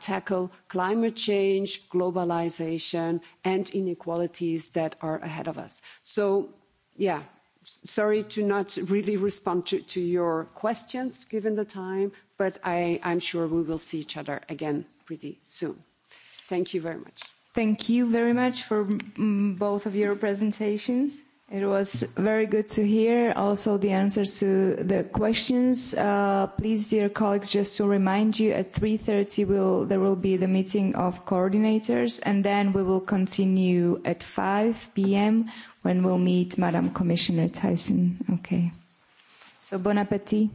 tackle climate change, globalisation and inequalities that are ahead of us. So, yeah, sorry to not really respond to your questions given the time, but I, I'm sure we will see each other again pretty soon. Thank you very much. Thank you very much for both of your presentations. It was very good to hear also the answers to the questions. Please, dear colleagues, just to remind you, at 3.30 there will be the meeting of coordinators, and then we will continue at 5 p.m. when we'll meet Madam Commissioner Tyson. Okay. So bon appétit.